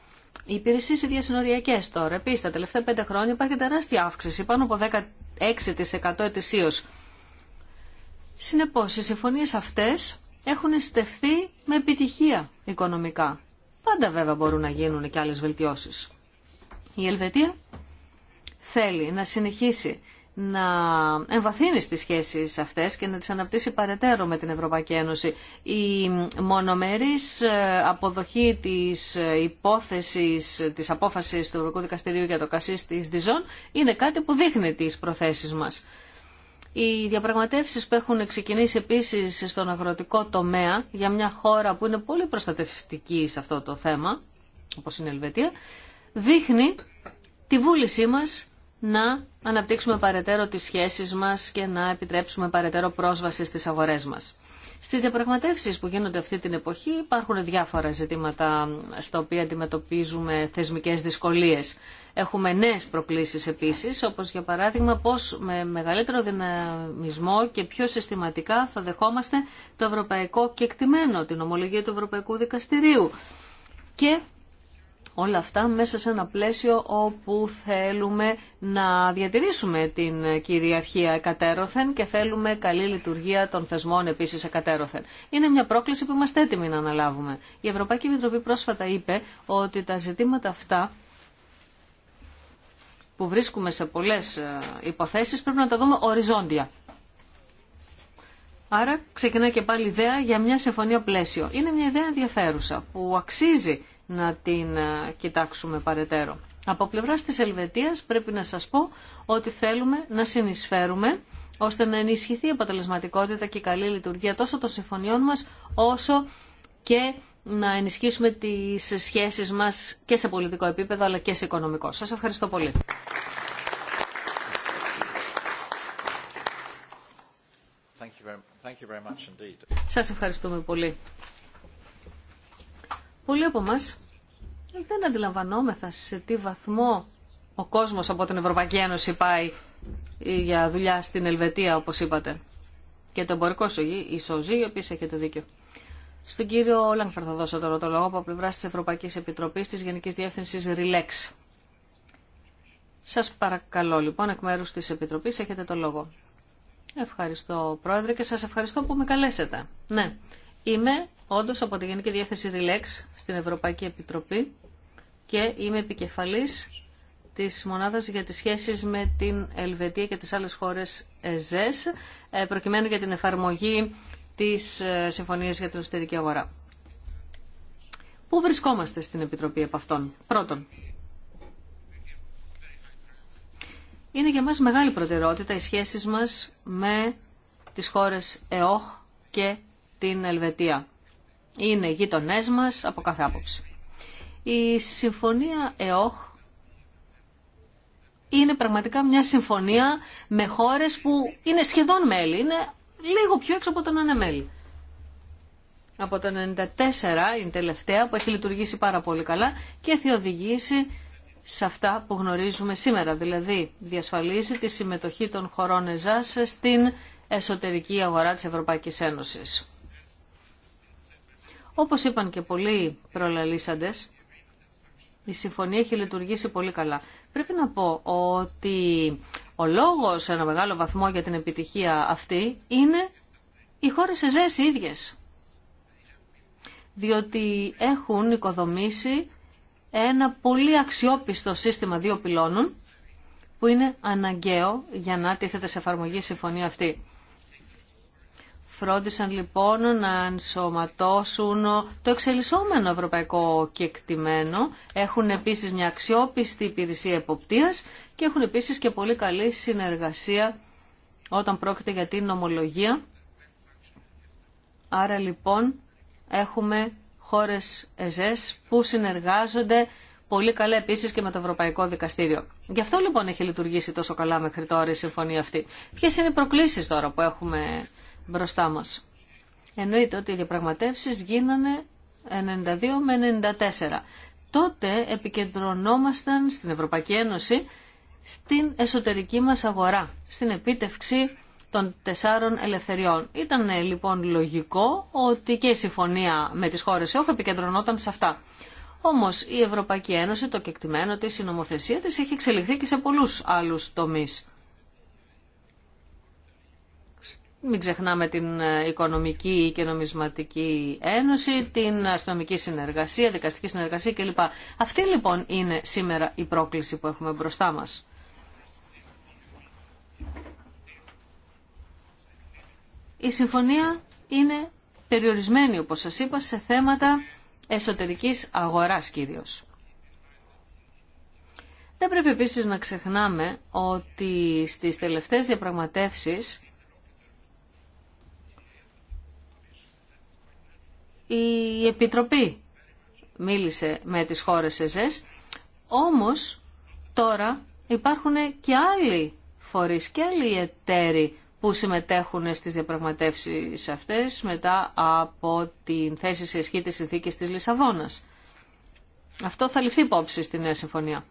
Οι υπηρεσίε οι διασυνοριακέ τώρα. Επίση, τα τελευταία πέντε χρόνια υπάρχει τεράστια αύξηση, πάνω από 16% ετησίω. Συνεπώ, οι συμφωνίε αυτέ έχουν στεφθεί με επιτυχία οικονομικά. Πάντα βέβαια μπορούν να γίνουν και άλλε βελτιώσει. Η Ελβετία θέλει να συνεχίσει να εμβαθύνει στις σχέσεις αυτές και να τις αναπτύσσει παρετέρω με την Ευρωπαϊκή Ένωση. Η μονομερής ε, αποδοχή της ε, υπόθεσης, ε, της απόφασης του Ευρωπαϊκού Δικαστηρίου για το κασίς της Διζών είναι κάτι που δείχνει τις προθέσεις μας. Οι διαπραγματεύσεις που έχουν ξεκινήσει επίσης στον αγροτικό τομέα για μια χώρα που είναι πολύ προστατευτική σε αυτό το θέμα, όπως είναι η Ελβετία, δείχνει τη βούλησή μας να αναπτύξουμε παρετέρω τις σχέσεις μας και να επιτρέψουμε παρετέρω πρόσβαση στις αγορές μας. Στις διαπραγματεύσεις που γίνονται αυτή την εποχή υπάρχουν διάφορα ζητήματα στα οποία αντιμετωπίζουμε θεσμικές δυσκολίες. Έχουμε νέες προκλήσεις επίσης, όπως για παράδειγμα πώς με μεγαλύτερο δυναμισμό και πιο συστηματικά θα δεχόμαστε το ευρωπαϊκό κεκτημένο, την ομολογία του Ευρωπαϊκού Δικαστηρίου και Όλα αυτά μέσα σε ένα πλαίσιο όπου θέλουμε να διατηρήσουμε την κυριαρχία εκατέρωθεν και θέλουμε καλή λειτουργία των θεσμών επίσης εκατέρωθεν. Είναι μια πρόκληση που είμαστε έτοιμοι να αναλάβουμε. Η Ευρωπαϊκή Επιτροπή πρόσφατα είπε ότι τα ζητήματα αυτά που βρίσκουμε σε πολλές ε, υποθέσεις πρέπει να τα δούμε οριζόντια. Άρα ξεκινάει και πάλι ιδέα για μια συμφωνία πλαίσιο. Είναι μια ιδέα ενδιαφέρουσα που αξίζει να την ε, κοιτάξουμε παρετέρω. Από πλευράς της Ελβετίας πρέπει να σας πω ότι θέλουμε να συνεισφέρουμε ώστε να ενισχυθεί η αποτελεσματικότητα και η καλή λειτουργία τόσο των συμφωνιών μας όσο και να ενισχύσουμε τις σχέσεις μας και σε πολιτικό επίπεδο αλλά και σε οικονομικό. Σας ευχαριστώ πολύ. Σας ευχαριστούμε πολύ. Πολλοί από εμά δεν αντιλαμβανόμεθα σε τι βαθμό ο κόσμος από την Ευρωπαϊκή Ένωση πάει για δουλειά στην Ελβετία, όπως είπατε. Και το εμπορικό ισοζύγιο, επίσης έχετε δίκιο. Στον κύριο Όλανφερ θα δώσω τώρα το λόγο από πλευρά τη Ευρωπαϊκή Επιτροπή τη Γενική Διεύθυνση Relax. Σα παρακαλώ λοιπόν εκ μέρου τη Επιτροπή έχετε το λόγο. Ευχαριστώ πρόεδρε και σα ευχαριστώ που με καλέσετε. Ναι, Είμαι όντως από τη Γενική Διεύθυνση Relax στην Ευρωπαϊκή Επιτροπή και είμαι επικεφαλής της Μονάδας για τις σχέσεις με την Ελβετία και τις άλλες χώρες ΕΖΕΣ, ε, προκειμένου για την εφαρμογή της ε, Συμφωνίας για την Ουστερική Αγορά. Πού βρισκόμαστε στην Επιτροπή από αυτόν Πρώτον, είναι για μας μεγάλη προτεραιότητα οι σχέσεις μας με τις χώρες ΕΟΧ και την Ελβετία. Είναι γείτονέ μας από κάθε άποψη. Η συμφωνία ΕΟΧ είναι πραγματικά μια συμφωνία με χώρε που είναι σχεδόν μέλη, είναι λίγο πιο έξω από το να είναι μέλη. Από το 1994 είναι τελευταία που έχει λειτουργήσει πάρα πολύ καλά και έχει οδηγήσει σε αυτά που γνωρίζουμε σήμερα. Δηλαδή διασφαλίζει τη συμμετοχή των χωρών ΕΖΑΣ στην εσωτερική αγορά της Ευρωπαϊκής Ένωσης. Όπως είπαν και πολλοί προλαλήσαντες, η συμφωνία έχει λειτουργήσει πολύ καλά. Πρέπει να πω ότι ο λόγος σε ένα μεγάλο βαθμό για την επιτυχία αυτή είναι οι χώρες ΕΖΕΣ οι ίδιες. Διότι έχουν οικοδομήσει ένα πολύ αξιόπιστο σύστημα δύο πυλώνων που είναι αναγκαίο για να τίθεται σε εφαρμογή η συμφωνία αυτή. Φρόντισαν λοιπόν να ενσωματώσουν το εξελισσόμενο ευρωπαϊκό κεκτημένο. Έχουν επίσης μια αξιόπιστη υπηρεσία εποπτείας και έχουν επίσης και πολύ καλή συνεργασία όταν πρόκειται για την νομολογία. Άρα λοιπόν έχουμε χώρες ΕΖΕΣ που συνεργάζονται πολύ καλά επίσης και με το Ευρωπαϊκό Δικαστήριο. Γι' αυτό λοιπόν έχει λειτουργήσει τόσο καλά μέχρι τώρα η συμφωνία αυτή. Ποιες είναι οι προκλήσεις τώρα που έχουμε μπροστά μας. Εννοείται ότι οι διαπραγματεύσεις γίνανε 92 με 94. Τότε επικεντρωνόμασταν στην Ευρωπαϊκή Ένωση στην εσωτερική μας αγορά, στην επίτευξη των τεσσάρων ελευθεριών. Ήταν ε, λοιπόν λογικό ότι και η συμφωνία με τις χώρες όχι επικεντρωνόταν σε αυτά. Όμως η Ευρωπαϊκή Ένωση, το κεκτημένο της, η νομοθεσία της έχει εξελιχθεί και σε πολλούς άλλους τομείς. Μην ξεχνάμε την ε, Οικονομική και Νομισματική Ένωση, την αστυνομική συνεργασία, δικαστική συνεργασία κλπ. Αυτή λοιπόν είναι σήμερα η πρόκληση που έχουμε μπροστά μας. Η συμφωνία είναι περιορισμένη, όπως σας είπα, σε θέματα εσωτερικής αγοράς κυρίως. Δεν πρέπει επίσης να ξεχνάμε ότι στις τελευταίες διαπραγματεύσεις η Επιτροπή μίλησε με τις χώρες ΕΖΕΣ, όμως τώρα υπάρχουν και άλλοι φορείς και άλλοι εταίροι που συμμετέχουν στις διαπραγματεύσεις αυτές μετά από την θέση σε ισχύ της συνθήκης της Λισαβόνας. Αυτό θα ληφθεί υπόψη στη Νέα Συμφωνία.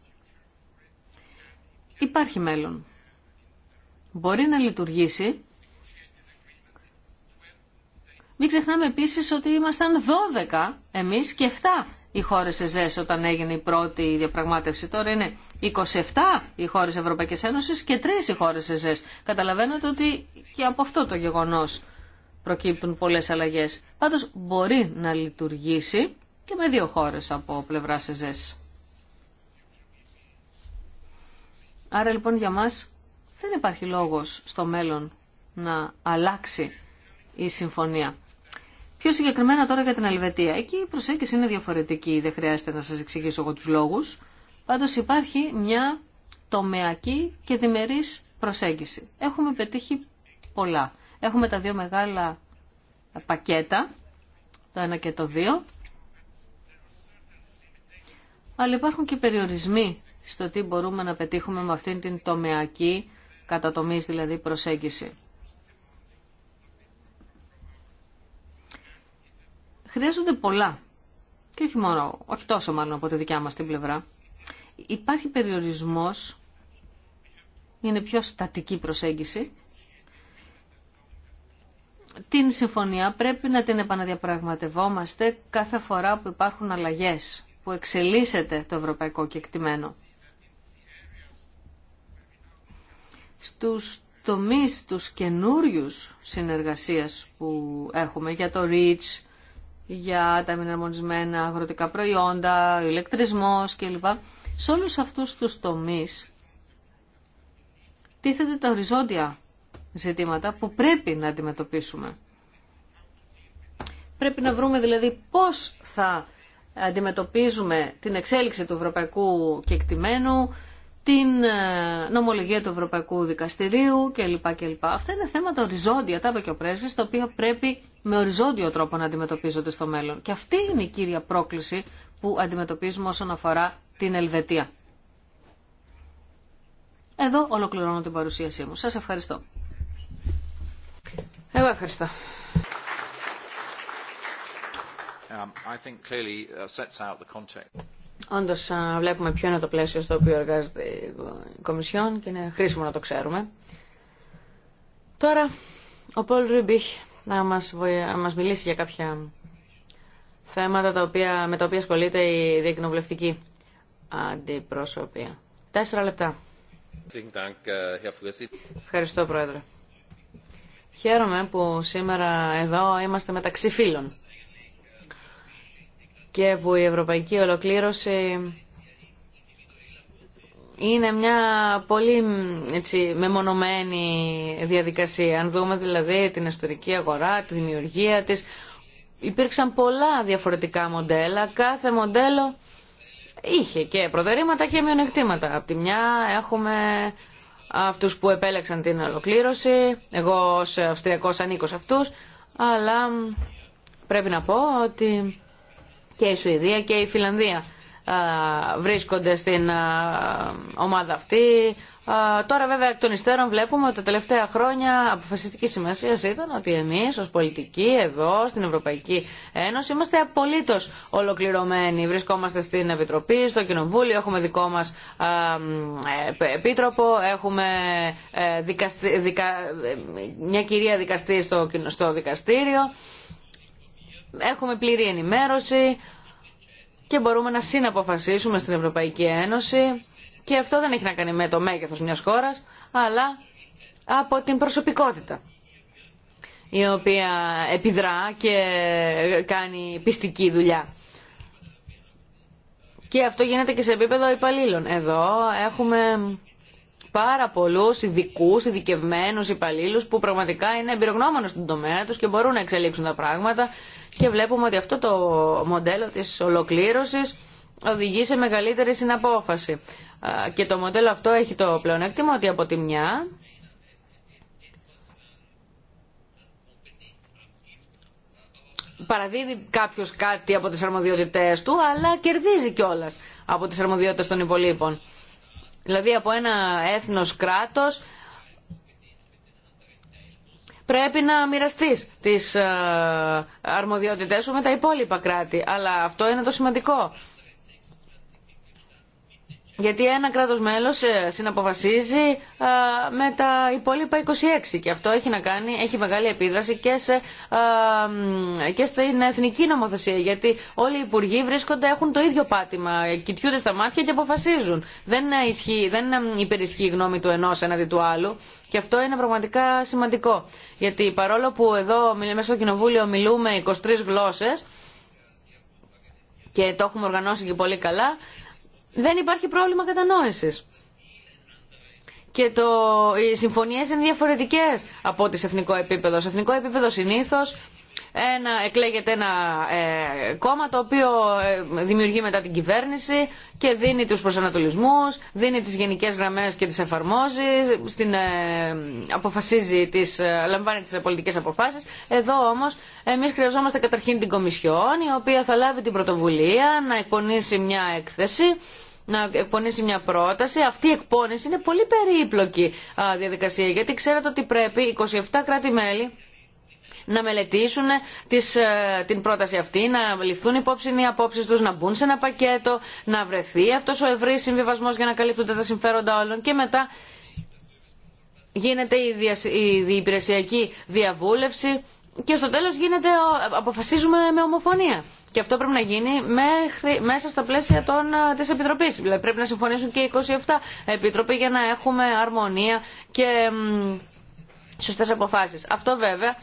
Υπάρχει μέλλον. Μπορεί να λειτουργήσει μην ξεχνάμε επίση ότι ήμασταν 12 Εμεί και 7 οι χώρε ΕΖΕΣ όταν έγινε η πρώτη διαπραγμάτευση. Τώρα είναι 27 οι χώρε Ευρωπαϊκή Ένωση και 3 οι χώρες ΕΖΕΣ. Καταλαβαίνετε ότι και από αυτό το γεγονό προκύπτουν πολλέ αλλαγέ. Πάντως μπορεί να λειτουργήσει και με δύο χώρε από πλευρά ΕΖΕΣ. Άρα λοιπόν για μας δεν υπάρχει λόγος στο μέλλον να αλλάξει η συμφωνία. Πιο συγκεκριμένα τώρα για την Αλβετία. Εκεί η προσέγγιση είναι διαφορετική, δεν χρειάζεται να σας εξηγήσω εγώ τους λόγους. Πάντως υπάρχει μια τομεακή και διμερής προσέγγιση. Έχουμε πετύχει πολλά. Έχουμε τα δύο μεγάλα πακέτα, το ένα και το δύο. Αλλά υπάρχουν και περιορισμοί στο τι μπορούμε να πετύχουμε με αυτήν την τομεακή, κατά δηλαδή, προσέγγιση. χρειάζονται πολλά. Και όχι μόνο, όχι τόσο μάλλον από τη δικιά μας την πλευρά. Υπάρχει περιορισμός, είναι πιο στατική προσέγγιση. Την συμφωνία πρέπει να την επαναδιαπραγματευόμαστε κάθε φορά που υπάρχουν αλλαγές, που εξελίσσεται το ευρωπαϊκό κεκτημένο. Στους τομείς τους καινούριου συνεργασίας που έχουμε για το REACH, για τα μηναρμονισμένα αγροτικά προϊόντα, ηλεκτρισμός κλπ. Σε όλους αυτούς τους τομείς τίθεται τα οριζόντια ζητήματα που πρέπει να αντιμετωπίσουμε. Πρέπει να βρούμε δηλαδή πώς θα αντιμετωπίζουμε την εξέλιξη του ευρωπαϊκού κεκτημένου, την ε, νομολογία του Ευρωπαϊκού Δικαστηρίου κλπ. κλπ. Αυτά είναι θέματα οριζόντια, τα είπε και ο πρέσβη, τα οποία πρέπει με οριζόντιο τρόπο να αντιμετωπίζονται στο μέλλον. Και αυτή είναι η κύρια πρόκληση που αντιμετωπίζουμε όσον αφορά την Ελβετία. Εδώ ολοκληρώνω την παρουσίασή μου. Σας ευχαριστώ. Εγώ ευχαριστώ. Um, I think clearly uh, sets out the context. Όντω, βλέπουμε ποιο είναι το πλαίσιο στο οποίο εργάζεται η Κομισιόν και είναι χρήσιμο να το ξέρουμε. Τώρα ο Πολ Ρουμπίχ να μας, μας μιλήσει για κάποια θέματα τα οποία... με τα οποία ασχολείται η Διεκνοβουλευτική αντιπροσωπεία. Τέσσερα λεπτά. Ευχαριστώ Πρόεδρε. Χαίρομαι που σήμερα εδώ είμαστε μεταξύ φίλων και που η ευρωπαϊκή ολοκλήρωση είναι μια πολύ έτσι, μεμονωμένη διαδικασία. Αν δούμε δηλαδή την ιστορική αγορά, τη δημιουργία της, υπήρξαν πολλά διαφορετικά μοντέλα. Κάθε μοντέλο είχε και προτερήματα και μειονεκτήματα. Από τη μια έχουμε αυτούς που επέλεξαν την ολοκλήρωση, εγώ ως Αυστριακός ανήκω σε αυτούς, αλλά πρέπει να πω ότι και η Σουηδία και η Φιλανδία βρίσκονται στην ομάδα αυτή. Τώρα βέβαια εκ των υστέρων βλέπουμε ότι τα τελευταία χρόνια αποφασιστική σημασία ήταν ότι εμείς ως πολιτικοί εδώ στην Ευρωπαϊκή Ένωση είμαστε απολύτως ολοκληρωμένοι. Βρισκόμαστε στην Επιτροπή, στο Κοινοβούλιο, έχουμε δικό μας ε, επίτροπο, έχουμε ε, δικα, ε, μια κυρία δικαστή στο, στο δικαστήριο έχουμε πλήρη ενημέρωση και μπορούμε να συναποφασίσουμε στην Ευρωπαϊκή Ένωση και αυτό δεν έχει να κάνει με το μέγεθος μιας χώρας, αλλά από την προσωπικότητα η οποία επιδρά και κάνει πιστική δουλειά. Και αυτό γίνεται και σε επίπεδο υπαλλήλων. Εδώ έχουμε πάρα πολλούς ειδικού, ειδικευμένου υπαλλήλου που πραγματικά είναι εμπειρογνώμονες στην τομέα τους και μπορούν να εξελίξουν τα πράγματα και βλέπουμε ότι αυτό το μοντέλο της ολοκλήρωσης οδηγεί σε μεγαλύτερη συναπόφαση. Και το μοντέλο αυτό έχει το πλεονέκτημα ότι από τη μια παραδίδει κάποιος κάτι από τις αρμοδιότητές του, αλλά κερδίζει κιόλα από τις αρμοδιότητες των υπολείπων. Δηλαδή από ένα έθνος κράτος πρέπει να μοιραστεί τι ε, αρμοδιότητέ σου με τα υπόλοιπα κράτη. Αλλά αυτό είναι το σημαντικό. Γιατί ένα κράτος μέλος ε, συναποφασίζει με τα υπόλοιπα 26 και αυτό έχει να κάνει, έχει μεγάλη επίδραση και, σε, και στην εθνική νομοθεσία γιατί όλοι οι υπουργοί βρίσκονται, έχουν το ίδιο πάτημα, κοιτιούνται στα μάτια και αποφασίζουν. Δεν, ισχύει, δεν υπερισχύει η γνώμη του ενός έναντι του άλλου και αυτό είναι πραγματικά σημαντικό. Γιατί παρόλο που εδώ μέσα στο Κοινοβούλιο μιλούμε 23 γλώσσες και το έχουμε οργανώσει και πολύ καλά, δεν υπάρχει πρόβλημα κατανόησης. Και το, οι συμφωνίες είναι διαφορετικές από ό,τι σε εθνικό επίπεδο. Σε εθνικό επίπεδο συνήθως εκλέγεται ένα ε, κόμμα το οποίο ε, δημιουργεί μετά την κυβέρνηση και δίνει τους προσανατολισμούς, δίνει τις γενικές γραμμές και τις εφαρμόζει, στην, ε, αποφασίζει τις, ε, λαμβάνει τις πολιτικές αποφάσεις. Εδώ όμως εμείς χρειαζόμαστε καταρχήν την Κομισιόν η οποία θα λάβει την πρωτοβουλία να εκπονήσει μια έκθεση να εκπονήσει μια πρόταση. Αυτή η εκπόνηση είναι πολύ περίπλοκη διαδικασία γιατί ξέρετε ότι πρέπει 27 κράτη-μέλη να μελετήσουν τις, ε, την πρόταση αυτή, να ληφθούν υπόψη οι απόψει του, να μπουν σε ένα πακέτο, να βρεθεί αυτό ο ευρύ συμβιβασμό για να καλύπτουν τα συμφέροντα όλων και μετά γίνεται η, δια, η υπηρεσιακή διαβούλευση και στο τέλος αποφασίζουμε με ομοφωνία. Και αυτό πρέπει να γίνει μέχρι, μέσα στα πλαίσια των, ε, της Επιτροπής. Δηλαδή πρέπει να συμφωνήσουν και οι 27 Επιτροπή για να έχουμε αρμονία και σωστές αποφάσεις. Αυτό βέβαια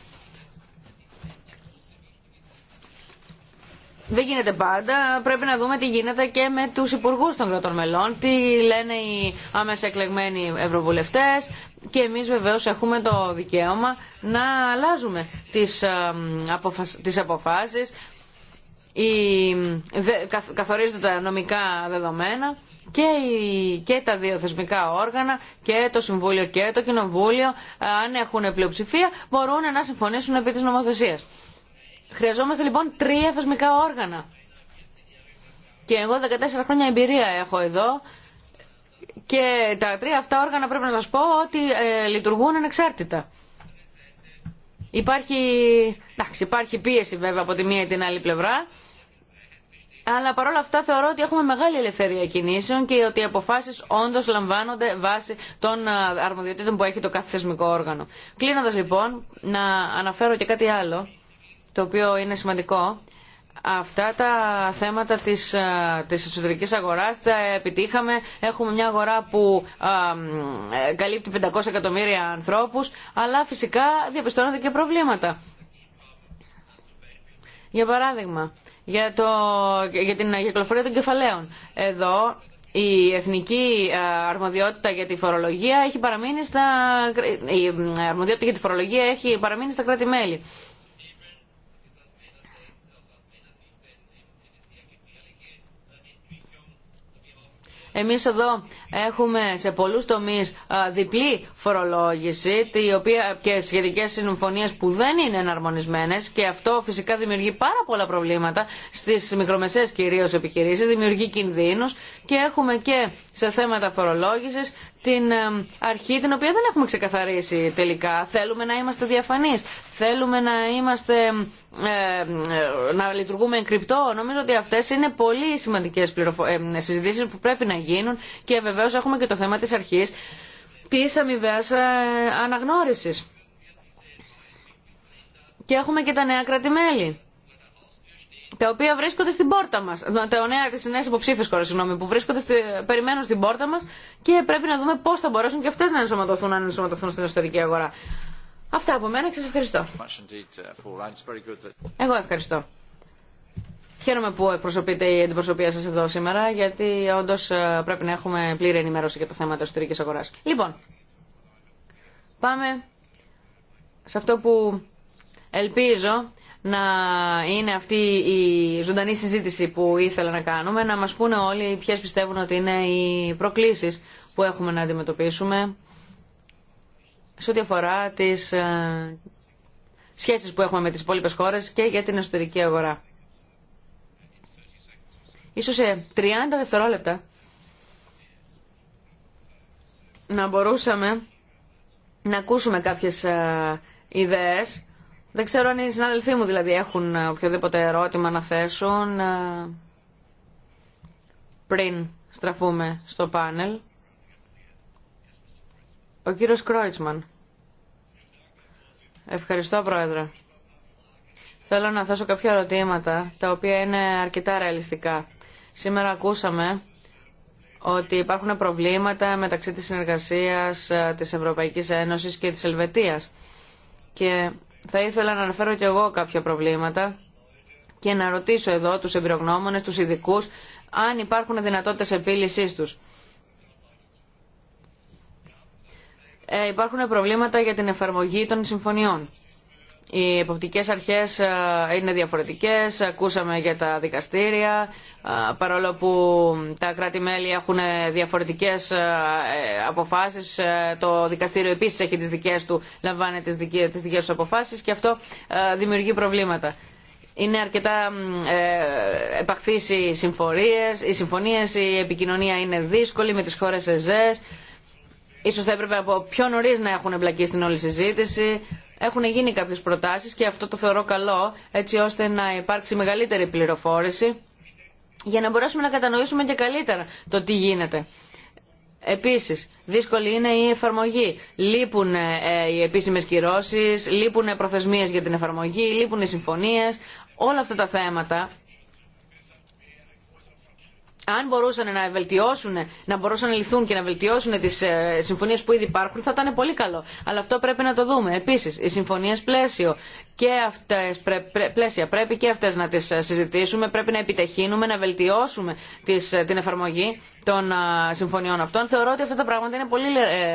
δεν γίνεται πάντα. Πρέπει να δούμε τι γίνεται και με του υπουργού των κρατών μελών, τι λένε οι άμεσα εκλεγμένοι ευρωβουλευτέ. Και εμεί βεβαίω έχουμε το δικαίωμα να αλλάζουμε τι τις ε, αποφάσει. Καθορίζονται τα νομικά δεδομένα και, και τα δύο θεσμικά όργανα και το Συμβούλιο και το Κοινοβούλιο ε, αν έχουν πλειοψηφία μπορούν να συμφωνήσουν επί τη νομοθεσία. Χρειαζόμαστε λοιπόν τρία θεσμικά όργανα. Και εγώ 14 χρόνια εμπειρία έχω εδώ και τα τρία αυτά όργανα πρέπει να σας πω ότι ε, λειτουργούν ανεξάρτητα. Υπάρχει, εντάξει, υπάρχει πίεση βέβαια από τη μία ή την άλλη πλευρά, αλλά παρόλα αυτά θεωρώ ότι έχουμε μεγάλη ελευθερία κινήσεων και ότι οι αποφάσεις όντως λαμβάνονται βάσει των ε, αρμοδιοτήτων που έχει το κάθε θεσμικό όργανο. Κλείνοντας λοιπόν, να αναφέρω και κάτι άλλο το οποίο είναι σημαντικό, αυτά τα θέματα της, ε, της εσωτερικής αγοράς τα επιτύχαμε. Έχουμε μια αγορά που ε, ε, καλύπτει 500 εκατομμύρια ανθρώπους, αλλά φυσικά διαπιστώνονται και προβλήματα. Για παράδειγμα, για, το, για την κυκλοφορία των κεφαλαίων. Εδώ η εθνική αρμοδιότητα για τη φορολογία έχει παραμείνει στα, η αρμοδιότητα για τη φορολογία έχει παραμείνει στα κράτη-μέλη. Εμείς εδώ έχουμε σε πολλούς τομείς διπλή φορολόγηση η οποία και σχετικές συμφωνίες που δεν είναι εναρμονισμένες και αυτό φυσικά δημιουργεί πάρα πολλά προβλήματα στις μικρομεσαίες κυρίως επιχειρήσεις, δημιουργεί κινδύνους και έχουμε και σε θέματα φορολόγησης την ε, αρχή την οποία δεν έχουμε ξεκαθαρίσει τελικά. Θέλουμε να είμαστε διαφανείς, θέλουμε να, είμαστε, ε, ε, να λειτουργούμε κρυπτό. Νομίζω ότι αυτές είναι πολύ σημαντικές πληροφο... συζητήσεις που πρέπει να γίνουν και βεβαίως έχουμε και το θέμα της αρχής της αμοιβαίας αναγνώρισης. Και έχουμε και τα νέα κρατημέλη τα οποία βρίσκονται στην πόρτα μα. Τι νέε υποψήφιε χώρε, συγγνώμη, που βρίσκονται, στη, περιμένουν στην πόρτα μα και πρέπει να δούμε πώ θα μπορέσουν και αυτέ να ενσωματωθούν, αν ενσωματωθούν στην εσωτερική αγορά. Αυτά από μένα και σα ευχαριστώ. Uh, Εγώ ευχαριστώ. Χαίρομαι που εκπροσωπείτε η αντιπροσωπεία σα εδώ σήμερα, γιατί όντω ε, πρέπει να έχουμε πλήρη ενημέρωση για το θέμα τη εσωτερική αγορά. Λοιπόν, πάμε σε αυτό που ελπίζω να είναι αυτή η ζωντανή συζήτηση που ήθελα να κάνουμε, να μας πούνε όλοι ποιες πιστεύουν ότι είναι οι προκλήσεις που έχουμε να αντιμετωπίσουμε σε ό,τι αφορά τις ε, σχέσεις που έχουμε με τις υπόλοιπες χώρες και για την εσωτερική αγορά. Ίσως σε 30 δευτερόλεπτα να μπορούσαμε να ακούσουμε κάποιες ε, ιδέες δεν ξέρω αν οι συνάδελφοί μου δηλαδή έχουν ε, οποιοδήποτε ερώτημα να θέσουν ε, πριν στραφούμε στο πάνελ. Ο κύριος Κρόιτσμαν. Ευχαριστώ πρόεδρε. Θέλω να θέσω κάποια ερωτήματα τα οποία είναι αρκετά ρεαλιστικά. Σήμερα ακούσαμε ότι υπάρχουν προβλήματα μεταξύ της συνεργασίας ε, της Ευρωπαϊκής Ένωσης και της Ελβετίας. Και θα ήθελα να αναφέρω κι εγώ κάποια προβλήματα και να ρωτήσω εδώ τους εμπειρογνώμονες, τους ειδικούς, αν υπάρχουν δυνατότητες επίλυσής τους. Ε, υπάρχουν προβλήματα για την εφαρμογή των συμφωνιών. Οι εποπτικές αρχές ε, είναι διαφορετικές, ακούσαμε για τα δικαστήρια, ε, παρόλο που τα κράτη-μέλη έχουν διαφορετικές ε, αποφάσεις, το δικαστήριο επίσης έχει τις δικές του, λαμβάνει τις δικές, του αποφάσεις και αυτό δημιουργεί προβλήματα. Είναι αρκετά ε, επαχθείς οι συμφορίες, οι συμφωνίες, η επικοινωνία είναι δύσκολη με τις χώρες ΕΖΕΣ. Ίσως θα έπρεπε από πιο νωρίς να έχουν εμπλακεί στην όλη συζήτηση έχουν γίνει κάποιε προτάσεις και αυτό το θεωρώ καλό, έτσι ώστε να υπάρξει μεγαλύτερη πληροφόρηση για να μπορέσουμε να κατανοήσουμε και καλύτερα το τι γίνεται. Επίσης, δύσκολη είναι η εφαρμογή. Λείπουν ε, οι επίσημες κυρώσει, λείπουν προθεσμίες για την εφαρμογή, λείπουν οι συμφωνίες. Όλα αυτά τα θέματα αν μπορούσαν να βελτιώσουν, να μπορούσαν να λυθούν και να βελτιώσουν τι ε, συμφωνίε που ήδη υπάρχουν, θα ήταν πολύ καλό. Αλλά αυτό πρέπει να το δούμε. Επίση, οι συμφωνίε πλαίσιο και αυτέ πλαίσια πρέπει και αυτέ να τι ε, συζητήσουμε, πρέπει να επιτεχύνουμε, να βελτιώσουμε τις, ε, την εφαρμογή των συμφωνιών αυτών. Θεωρώ ότι αυτά τα πράγματα είναι πολύ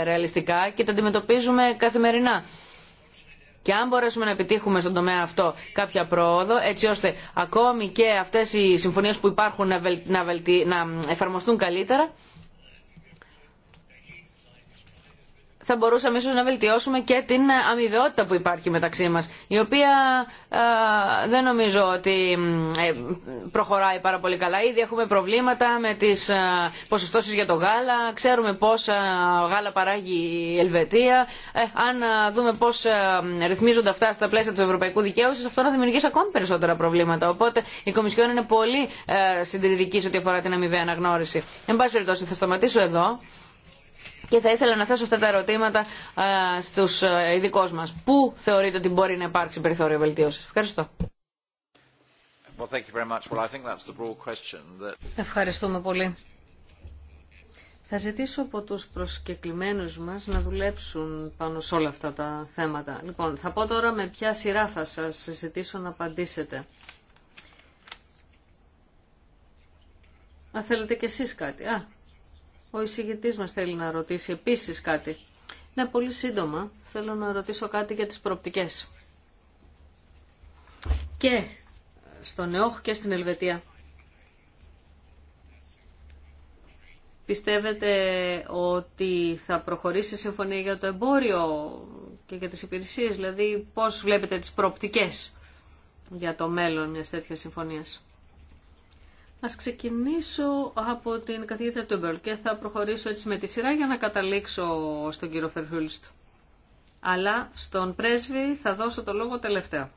ρεαλιστικά και τα αντιμετωπίζουμε καθημερινά. Και αν μπορέσουμε να επιτύχουμε στον τομέα αυτό κάποια πρόοδο, έτσι ώστε ακόμη και αυτές οι συμφωνίες που υπάρχουν να, να εφαρμοστούν καλύτερα, θα μπορούσαμε ίσως να βελτιώσουμε και την αμοιβαιότητα που υπάρχει μεταξύ μας, η οποία δεν νομίζω ότι ε, προχωράει πάρα πολύ καλά. Ήδη έχουμε προβλήματα με τις ε, ποσοστώσεις για το γάλα, ξέρουμε πόσα γάλα παράγει η Ελβετία. Ε, αν δούμε πώς ρυθμίζονται αυτά στα πλαίσια του ευρωπαϊκού δικαίου, αυτό να δημιουργήσει ακόμη περισσότερα προβλήματα. Οπότε η Κομισιόν είναι πολύ ε, συντηρητική σε ό,τι αφορά την αμοιβαία αναγνώριση. Εν πάση περιπτώσει θα σταματήσω εδώ. Και θα ήθελα να θέσω αυτά τα ερωτήματα στους ε, ειδικούς μας. Πού θεωρείτε ότι μπορεί να υπάρξει περιθώριο βελτίωσης. Ευχαριστώ. Ευχαριστούμε πολύ. Θα ζητήσω από τους προσκεκλημένους μας να δουλέψουν πάνω σε όλα αυτά τα θέματα. Λοιπόν, θα πω τώρα με ποια σειρά θα σας ζητήσω να απαντήσετε. Αν θέλετε κι εσείς κάτι. Α, ο εισηγητή μα θέλει να ρωτήσει επίση. κάτι. Ναι, πολύ σύντομα θέλω να ρωτήσω κάτι για τις προοπτικές. Και στον ΕΟΧ και στην Ελβετία. Πιστεύετε ότι θα προχωρήσει η συμφωνία για το εμπόριο και για τις υπηρεσίες, δηλαδή πώς βλέπετε τις προοπτικές για το μέλλον μιας τέτοιας συμφωνίας. Ας ξεκινήσω από την καθηγήτρια Τούμπερλ και θα προχωρήσω έτσι με τη σειρά για να καταλήξω στον κύριο Φερχούλστ. Αλλά στον πρέσβη θα δώσω το λόγο τελευταία.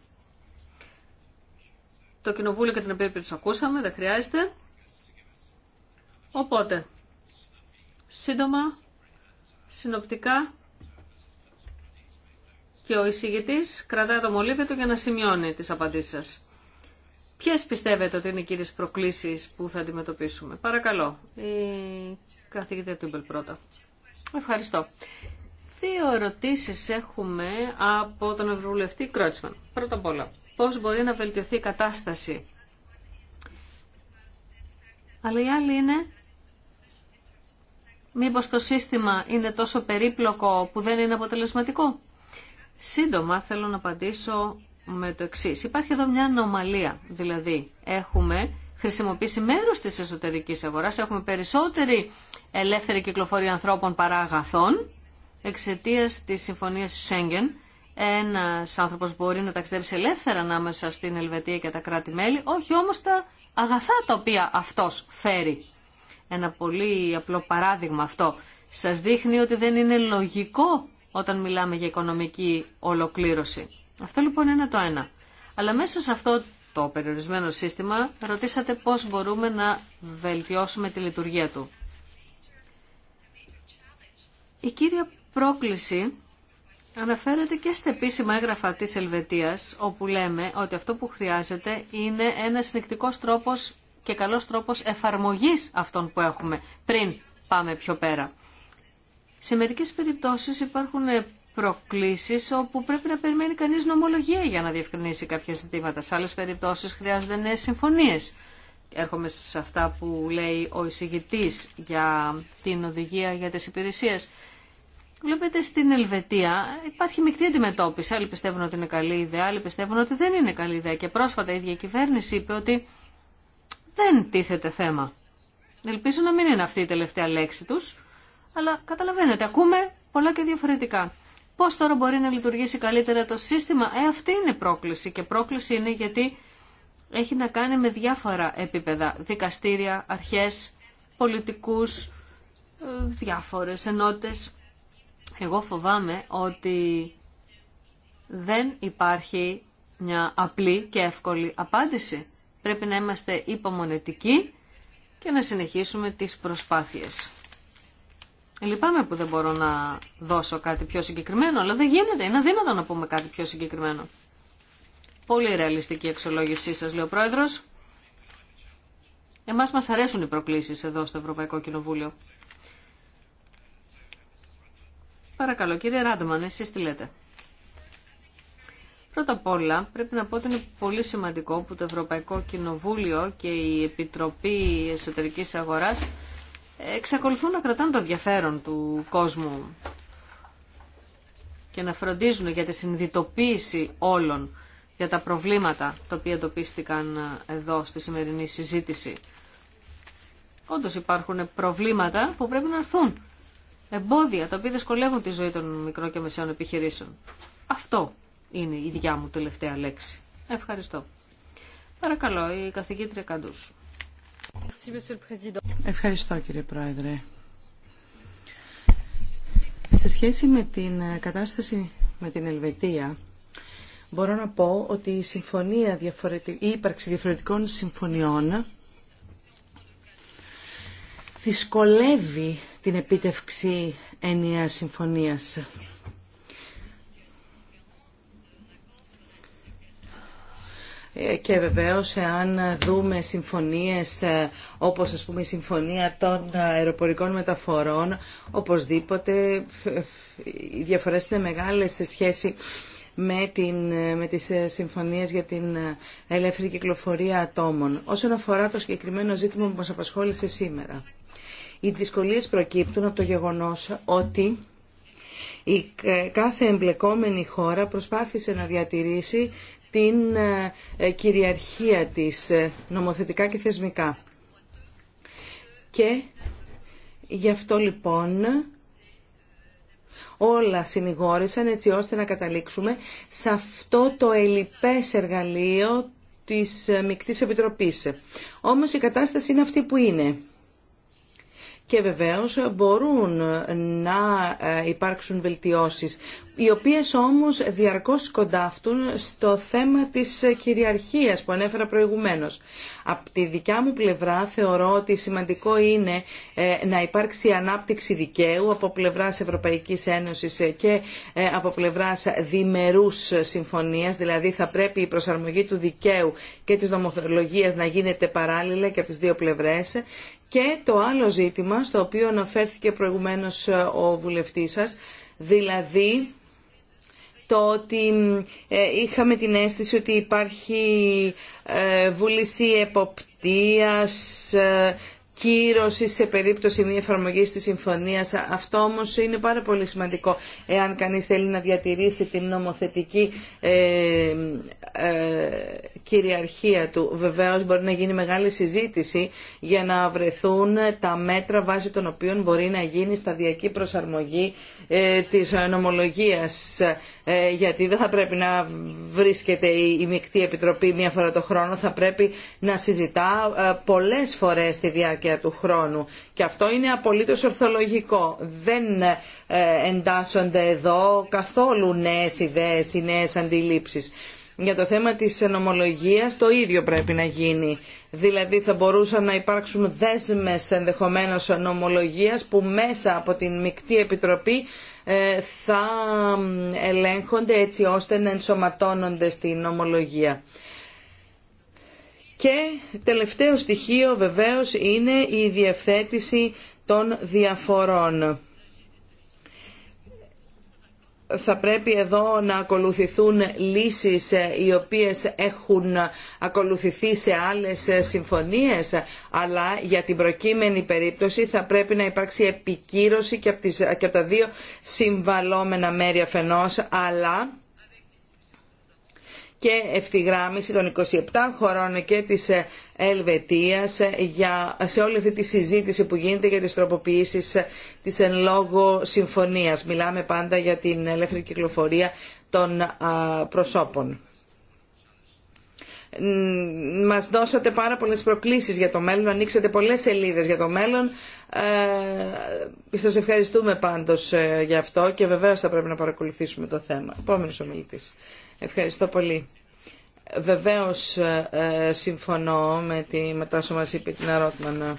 Το κοινοβούλιο και την επίπεδη τους ακούσαμε, δεν χρειάζεται. Οπότε, σύντομα, συνοπτικά και ο εισηγητής κρατάει το μολύβι του για να σημειώνει τις απαντήσεις σας. Ποιε πιστεύετε ότι είναι οι κύριες προκλήσεις που θα αντιμετωπίσουμε. Παρακαλώ, η το Τούμπελ πρώτα. Ευχαριστώ. Δύο ερωτήσει έχουμε από τον Ευρωβουλευτή Κρότσμαν. Πρώτα απ' όλα, πώς μπορεί να βελτιωθεί η κατάσταση. Αλλά η άλλη είναι, μήπως το σύστημα είναι τόσο περίπλοκο που δεν είναι αποτελεσματικό. Σύντομα θέλω να απαντήσω με το Υπάρχει εδώ μια ανομαλία. Δηλαδή, έχουμε χρησιμοποιήσει μέρο τη εσωτερική αγορά, έχουμε περισσότερη ελεύθερη κυκλοφορία ανθρώπων παρά αγαθών εξαιτία τη συμφωνία Σέγγεν. Ένα άνθρωπο μπορεί να ταξιδέψει ελεύθερα ανάμεσα στην Ελβετία και τα κράτη-μέλη, όχι όμω τα αγαθά τα οποία αυτό φέρει. Ένα πολύ απλό παράδειγμα αυτό. Σα δείχνει ότι δεν είναι λογικό όταν μιλάμε για οικονομική ολοκλήρωση. Αυτό λοιπόν είναι το ένα. Αλλά μέσα σε αυτό το περιορισμένο σύστημα ρωτήσατε πώς μπορούμε να βελτιώσουμε τη λειτουργία του. Η κύρια πρόκληση αναφέρεται και στα επίσημα έγγραφα της Ελβετίας, όπου λέμε ότι αυτό που χρειάζεται είναι ένα συνεκτικός τρόπος και καλός τρόπος εφαρμογής αυτών που έχουμε πριν πάμε πιο πέρα. Σε μερικές περιπτώσεις υπάρχουν προκλήσεις όπου πρέπει να περιμένει κανείς νομολογία για να διευκρινίσει κάποια ζητήματα. Σε άλλες περιπτώσεις χρειάζονται νέες συμφωνίες. Έρχομαι σε αυτά που λέει ο εισηγητής για την οδηγία για τις υπηρεσίες. Βλέπετε στην Ελβετία υπάρχει μικρή αντιμετώπιση. Άλλοι πιστεύουν ότι είναι καλή ιδέα, άλλοι πιστεύουν ότι δεν είναι καλή ιδέα. Και πρόσφατα η ίδια κυβέρνηση είπε ότι δεν τίθεται θέμα. Ελπίζω να μην είναι αυτή η τελευταία λέξη τους, αλλά καταλαβαίνετε, ακούμε πολλά και διαφορετικά. Πώς τώρα μπορεί να λειτουργήσει καλύτερα το σύστημα. Ε, αυτή είναι πρόκληση και πρόκληση είναι γιατί έχει να κάνει με διάφορα επίπεδα. Δικαστήρια, αρχές, πολιτικούς, ε, διάφορες ενότητες. Εγώ φοβάμαι ότι δεν υπάρχει μια απλή και εύκολη απάντηση. Πρέπει να είμαστε υπομονετικοί και να συνεχίσουμε τις προσπάθειες. Λυπάμαι που δεν μπορώ να δώσω κάτι πιο συγκεκριμένο, αλλά δεν γίνεται. Είναι αδύνατο να πούμε κάτι πιο συγκεκριμένο. Πολύ ρεαλιστική εξολόγησή σας, λέει ο Πρόεδρος. Εμάς μας αρέσουν οι προκλήσεις εδώ στο Ευρωπαϊκό Κοινοβούλιο. Παρακαλώ, κύριε Ράντμαν, εσεί τι λέτε. Πρώτα απ' όλα πρέπει να πω ότι είναι πολύ σημαντικό που το Ευρωπαϊκό Κοινοβούλιο και η Επιτροπή Εσωτερικής Αγοράς εξακολουθούν να κρατάνε το ενδιαφέρον του κόσμου και να φροντίζουν για τη συνειδητοποίηση όλων για τα προβλήματα τα οποία εντοπίστηκαν ε, εδώ στη σημερινή συζήτηση. Όντως υπάρχουν προβλήματα που πρέπει να έρθουν. Εμπόδια τα οποία δυσκολεύουν τη ζωή των μικρών και μεσαίων επιχειρήσεων. Αυτό είναι η διά μου τελευταία λέξη. Ευχαριστώ. Παρακαλώ, η καθηγήτρια Καντούς. Ευχαριστώ κύριε Πρόεδρε. Σε σχέση με την ε, κατάσταση με την Ελβετία, μπορώ να πω ότι η, συμφωνία ύπαρξη διαφορετικών συμφωνιών δυσκολεύει την επίτευξη ενιαίας συμφωνίας. και βεβαίως εάν δούμε συμφωνίες ε, όπως ας πούμε η συμφωνία των αεροπορικών μεταφορών οπωσδήποτε οι διαφορές είναι μεγάλες σε σχέση με, την, ε, με τις ε, συμφωνίες για την ελεύθερη κυκλοφορία ατόμων. Όσον αφορά το συγκεκριμένο ζήτημα που μας απασχόλησε σήμερα, οι δυσκολίες προκύπτουν από το γεγονός ότι η κάθε εμπλεκόμενη χώρα προσπάθησε να διατηρήσει την ε, ε, κυριαρχία της ε, νομοθετικά και θεσμικά. Και γι' αυτό λοιπόν όλα συνηγόρησαν έτσι ώστε να καταλήξουμε σε αυτό το ελιπές εργαλείο της Μικτής Επιτροπής. Όμως η κατάσταση είναι αυτή που είναι και βεβαίως μπορούν να ε, υπάρξουν βελτιώσεις, οι οποίες όμως διαρκώς κοντάφτουν στο θέμα της κυριαρχίας που ανέφερα προηγουμένως. Από τη δικιά μου πλευρά θεωρώ ότι σημαντικό είναι ε, να υπάρξει ανάπτυξη δικαίου από πλευράς Ευρωπαϊκής Ένωσης και ε, από πλευράς διμερούς συμφωνίας, δηλαδή θα πρέπει η προσαρμογή του δικαίου και της νομολογίας να γίνεται παράλληλα και από τις δύο πλευρές και το άλλο ζήτημα, στο οποίο αναφέρθηκε προηγουμένως ε, ο βουλευτής σας, δηλαδή το ότι ε, είχαμε την αίσθηση ότι υπάρχει ε, βούληση εποπτείας κύρωση σε περίπτωση μη εφαρμογή της συμφωνίας. Αυτό όμω είναι πάρα πολύ σημαντικό εάν κανείς θέλει να διατηρήσει την νομοθετική ε, ε, κυριαρχία του. βεβαίω μπορεί να γίνει μεγάλη συζήτηση για να βρεθούν τα μέτρα βάσει των οποίων μπορεί να γίνει σταδιακή προσαρμογή ε, της νομολογίας γιατί δεν θα πρέπει να βρίσκεται η, η Επιτροπή μία φορά το χρόνο, θα πρέπει να συζητά πολλέ φορές τη διάρκεια του χρόνου. Και αυτό είναι απολύτως ορθολογικό. Δεν ε, εντάσσονται εδώ καθόλου νέες ιδέες ή νέες αντιλήψεις. Για το θέμα της νομολογίας το ίδιο πρέπει να γίνει. Δηλαδή θα μπορούσαν να υπάρξουν δέσμες ενδεχομένως νομολογίας που μέσα από την Μικτή Επιτροπή ε, θα ελέγχονται έτσι ώστε να ενσωματώνονται στην νομολογία. Και τελευταίο στοιχείο βεβαίως είναι η διευθέτηση των διαφορών. Θα πρέπει εδώ να ακολουθηθούν λύσεις ε, οι οποίες έχουν ακολουθηθεί σε άλλες ε, συμφωνίες, αλλά για την προκείμενη περίπτωση θα πρέπει να υπάρξει επικύρωση και από ε, τα δύο συμβαλόμενα μέρη αφενός, αλλά και ευθυγράμμιση των 27 χωρών και της ε, Ελβετίας ε, για, σε όλη αυτή τη συζήτηση που γίνεται για τις τροποποιήσεις ε, της εν λόγω συμφωνίας. Μιλάμε πάντα για την ελεύθερη κυκλοφορία των προσώπων μας δώσατε πάρα πολλές προκλήσεις για το μέλλον, ανοίξατε πολλές σελίδες για το μέλλον. Ε, σας ευχαριστούμε πάντως για αυτό και βεβαίως θα πρέπει να παρακολουθήσουμε το θέμα. Επόμενος ομιλητής. Ευχαριστώ πολύ. Βεβαίως ε, ε, συμφωνώ με, τη, τα μας είπε την ερώτημα.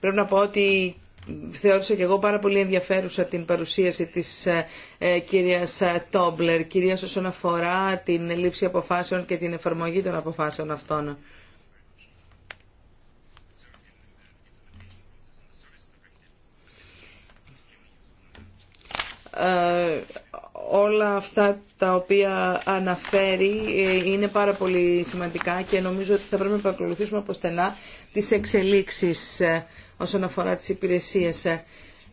Πρέπει να πω ότι θεώρησα και εγώ πάρα πολύ ενδιαφέρουσα την παρουσίαση της ε, ε, κυρίας Τόμπλερ, κυρίως όσον αφορά την λήψη αποφάσεων και την εφαρμογή των αποφάσεων αυτών. Ε, όλα αυτά τα οποία αναφέρει ε, είναι πάρα πολύ σημαντικά και νομίζω ότι θα πρέπει να παρακολουθήσουμε από στενά τις εξελίξεις ε, όσον αφορά τις υπηρεσίες. Ε,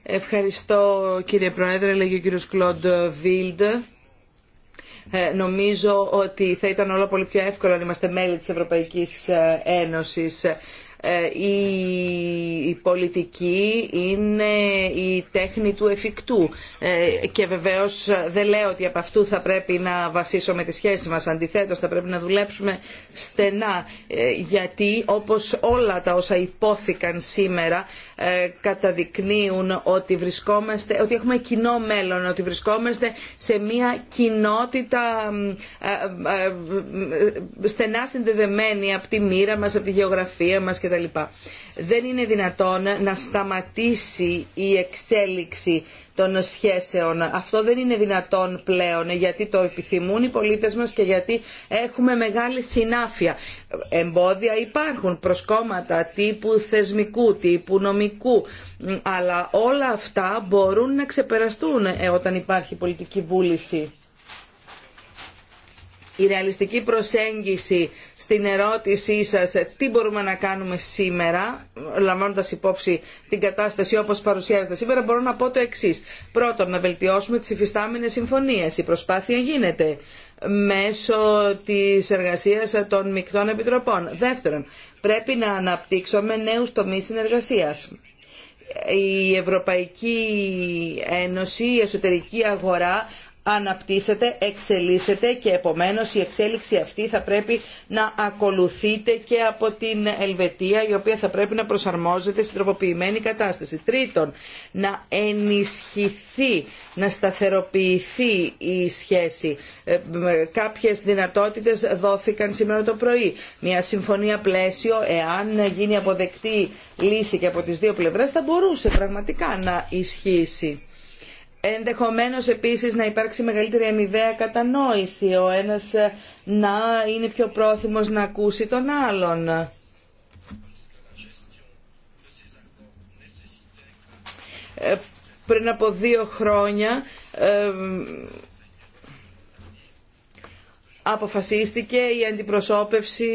ευχαριστώ κύριε Πρόεδρε, λέγει ο κύριος Κλοντ Βίλντ. νομίζω ότι θα ήταν όλα πολύ πιο εύκολο αν είμαστε μέλη της Ευρωπαϊκής Ένωσης. Ε, η πολιτική είναι η τέχνη του εφικτού ε, και βεβαίως δεν λέω ότι από αυτού θα πρέπει να βασίσουμε τη σχέση μας αντιθέτως θα πρέπει να δουλέψουμε στενά ε, γιατί όπως όλα τα όσα υπόθηκαν σήμερα καταδεικνύουν ότι βρισκόμαστε ότι έχουμε κοινό μέλλον ότι βρισκόμαστε σε μια κοινότητα στενά συνδεδεμένη από τη μοίρα μας από τη γεωγραφία μας δεν είναι δυνατόν να σταματήσει η εξέλιξη των σχέσεων. Αυτό δεν είναι δυνατόν πλέον γιατί το επιθυμούν οι πολίτες μας και γιατί έχουμε μεγάλη συνάφεια. Εμπόδια υπάρχουν κόμματα τύπου θεσμικού, τύπου νομικού, αλλά όλα αυτά μπορούν να ξεπεραστούν ε, όταν υπάρχει πολιτική βούληση η ρεαλιστική προσέγγιση στην ερώτησή σας τι μπορούμε να κάνουμε σήμερα, λαμβάνοντας υπόψη την κατάσταση όπως παρουσιάζεται σήμερα, μπορώ να πω το εξής. Πρώτον, να βελτιώσουμε τις υφιστάμενες συμφωνίες. Η προσπάθεια γίνεται μέσω της εργασίας των μεικτών επιτροπών. Δεύτερον, πρέπει να αναπτύξουμε νέους τομείς συνεργασίας η Ευρωπαϊκή Ένωση, η εσωτερική αγορά αναπτύσσεται, εξελίσσεται και επομένως η εξέλιξη αυτή θα πρέπει να ακολουθείται και από την Ελβετία η οποία θα πρέπει να προσαρμόζεται στην τροποποιημένη κατάσταση. Τρίτον, να ενισχυθεί, να σταθεροποιηθεί η σχέση. Ε, κάποιες δυνατότητες δόθηκαν σήμερα το πρωί. Μια συμφωνία πλαίσιο, εάν γίνει αποδεκτή λύση και από τις δύο πλευρές, θα μπορούσε πραγματικά να ισχύσει Ενδεχομένως επίσης να υπάρξει μεγαλύτερη αμοιβαία κατανόηση, ο ένας ε, να είναι πιο πρόθυμος να ακούσει τον άλλον. Ε, πριν από δύο χρόνια ε, αποφασίστηκε η αντιπροσώπευση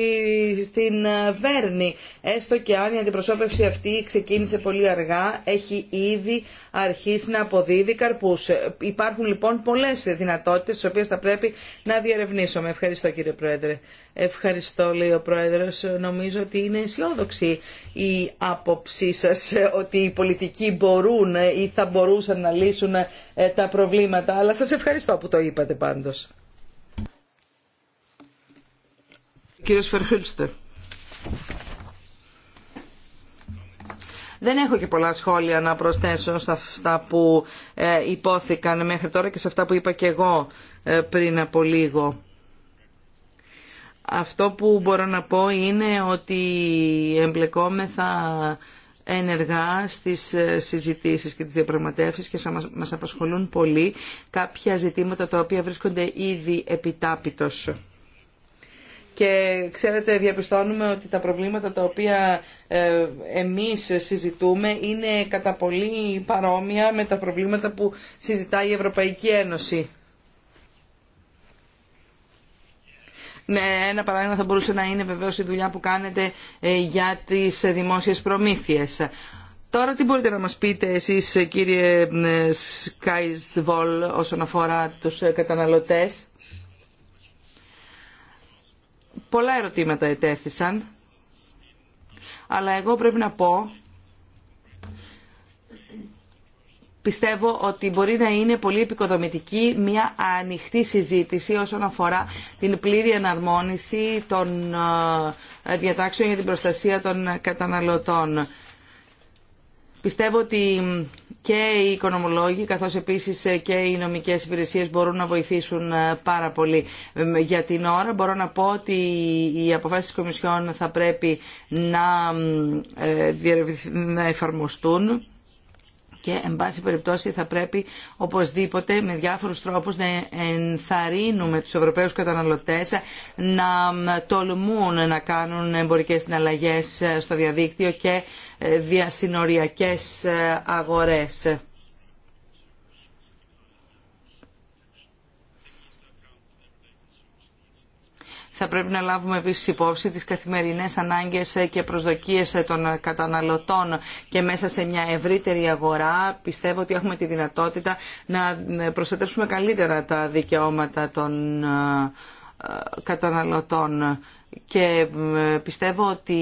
στην ε, Βέρνη. Έστω και αν η αντιπροσώπευση αυτή ξεκίνησε πολύ αργά, έχει ήδη αρχίσει να αποδίδει καρπούς. Υπάρχουν λοιπόν πολλές δυνατότητες, τις οποίες θα πρέπει να διερευνήσουμε. Ευχαριστώ κύριε Πρόεδρε. Ευχαριστώ λέει ο Πρόεδρος. Νομίζω ότι είναι αισιόδοξη η άποψή σας ότι οι πολιτικοί μπορούν ή θα μπορούσαν να λύσουν ε, τα προβλήματα. Αλλά σας ευχαριστώ που το είπατε πάντως. Κύριος Δεν έχω και πολλά σχόλια να προσθέσω σε αυτά που ε, υπόθηκαν μέχρι τώρα και σε αυτά που είπα και εγώ ε, πριν από λίγο. Αυτό που μπορώ να πω είναι ότι εμπλεκόμεθα ενεργά στις ε, συζητήσεις και τις διαπραγματεύσεις και μας απασχολούν πολύ κάποια ζητήματα τα οποία βρίσκονται ήδη επιτάπητος και ξέρετε διαπιστώνουμε ότι τα προβλήματα τα οποία ε, εμείς συζητούμε είναι κατά πολύ παρόμοια με τα προβλήματα που συζητάει η Ευρωπαϊκή Ένωση. Ναι, ένα παράδειγμα θα μπορούσε να είναι βεβαίως η δουλειά που κάνετε ε, για τις δημόσιες προμήθειες. Τώρα τι μπορείτε να μας πείτε εσείς κύριε Σκάιστβολ ε, όσον αφορά τους καταναλωτές. Πολλά ερωτήματα ετέθησαν, αλλά εγώ πρέπει να πω, πιστεύω ότι μπορεί να είναι πολύ επικοδομητική μια ανοιχτή συζήτηση όσον αφορά την πλήρη εναρμόνιση των ε, διατάξεων για την προστασία των καταναλωτών Πιστεύω ότι και οι οικονομολόγοι καθώς επίσης και οι νομικές υπηρεσίες μπορούν να βοηθήσουν ε, πάρα πολύ. Για την ώρα μπορώ να πω ότι οι αποφάσεις της Κομισιόν θα πρέπει να ε, εφαρμοστούν και εν πάση περιπτώσει θα πρέπει οπωσδήποτε με διάφορους τρόπους να ενθαρρύνουμε τους Ευρωπαίους καταναλωτές να τολμούν να κάνουν εμπορικές συναλλαγές ε, στο διαδίκτυο και ε, διασυνοριακές ε, αγορές. Θα πρέπει να λάβουμε επίσης υπόψη τις καθημερινές ανάγκες και προσδοκίες των καταναλωτών και μέσα σε μια ευρύτερη αγορά πιστεύω ότι έχουμε τη δυνατότητα να προστατεύσουμε καλύτερα τα δικαιώματα των ε, ε, καταναλωτών και ε, πιστεύω ότι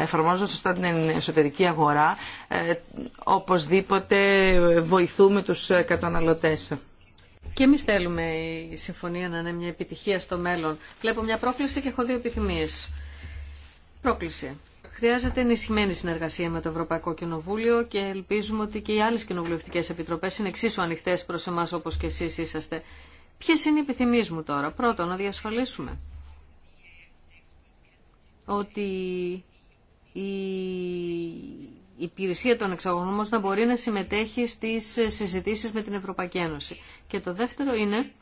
εφαρμόζοντα σωστά την εσωτερική αγορά οπωσδήποτε βοηθούμε τους καταναλωτές. Και εμεί θέλουμε η συμφωνία να είναι μια επιτυχία στο μέλλον. Βλέπω μια πρόκληση και έχω δύο επιθυμίε. Πρόκληση. Χρειάζεται ενισχυμένη συνεργασία με το Ευρωπαϊκό Κοινοβούλιο και ελπίζουμε ότι και οι άλλε κοινοβουλευτικέ επιτροπέ είναι εξίσου ανοιχτέ προ εμά όπω και εσεί είσαστε. Ποιε είναι οι επιθυμίε μου τώρα. Πρώτον, να διασφαλίσουμε ότι η η υπηρεσία των εξαγωγών όμως να μπορεί να συμμετέχει στις συζητήσεις με την Ευρωπαϊκή Ένωση. Και το δεύτερο είναι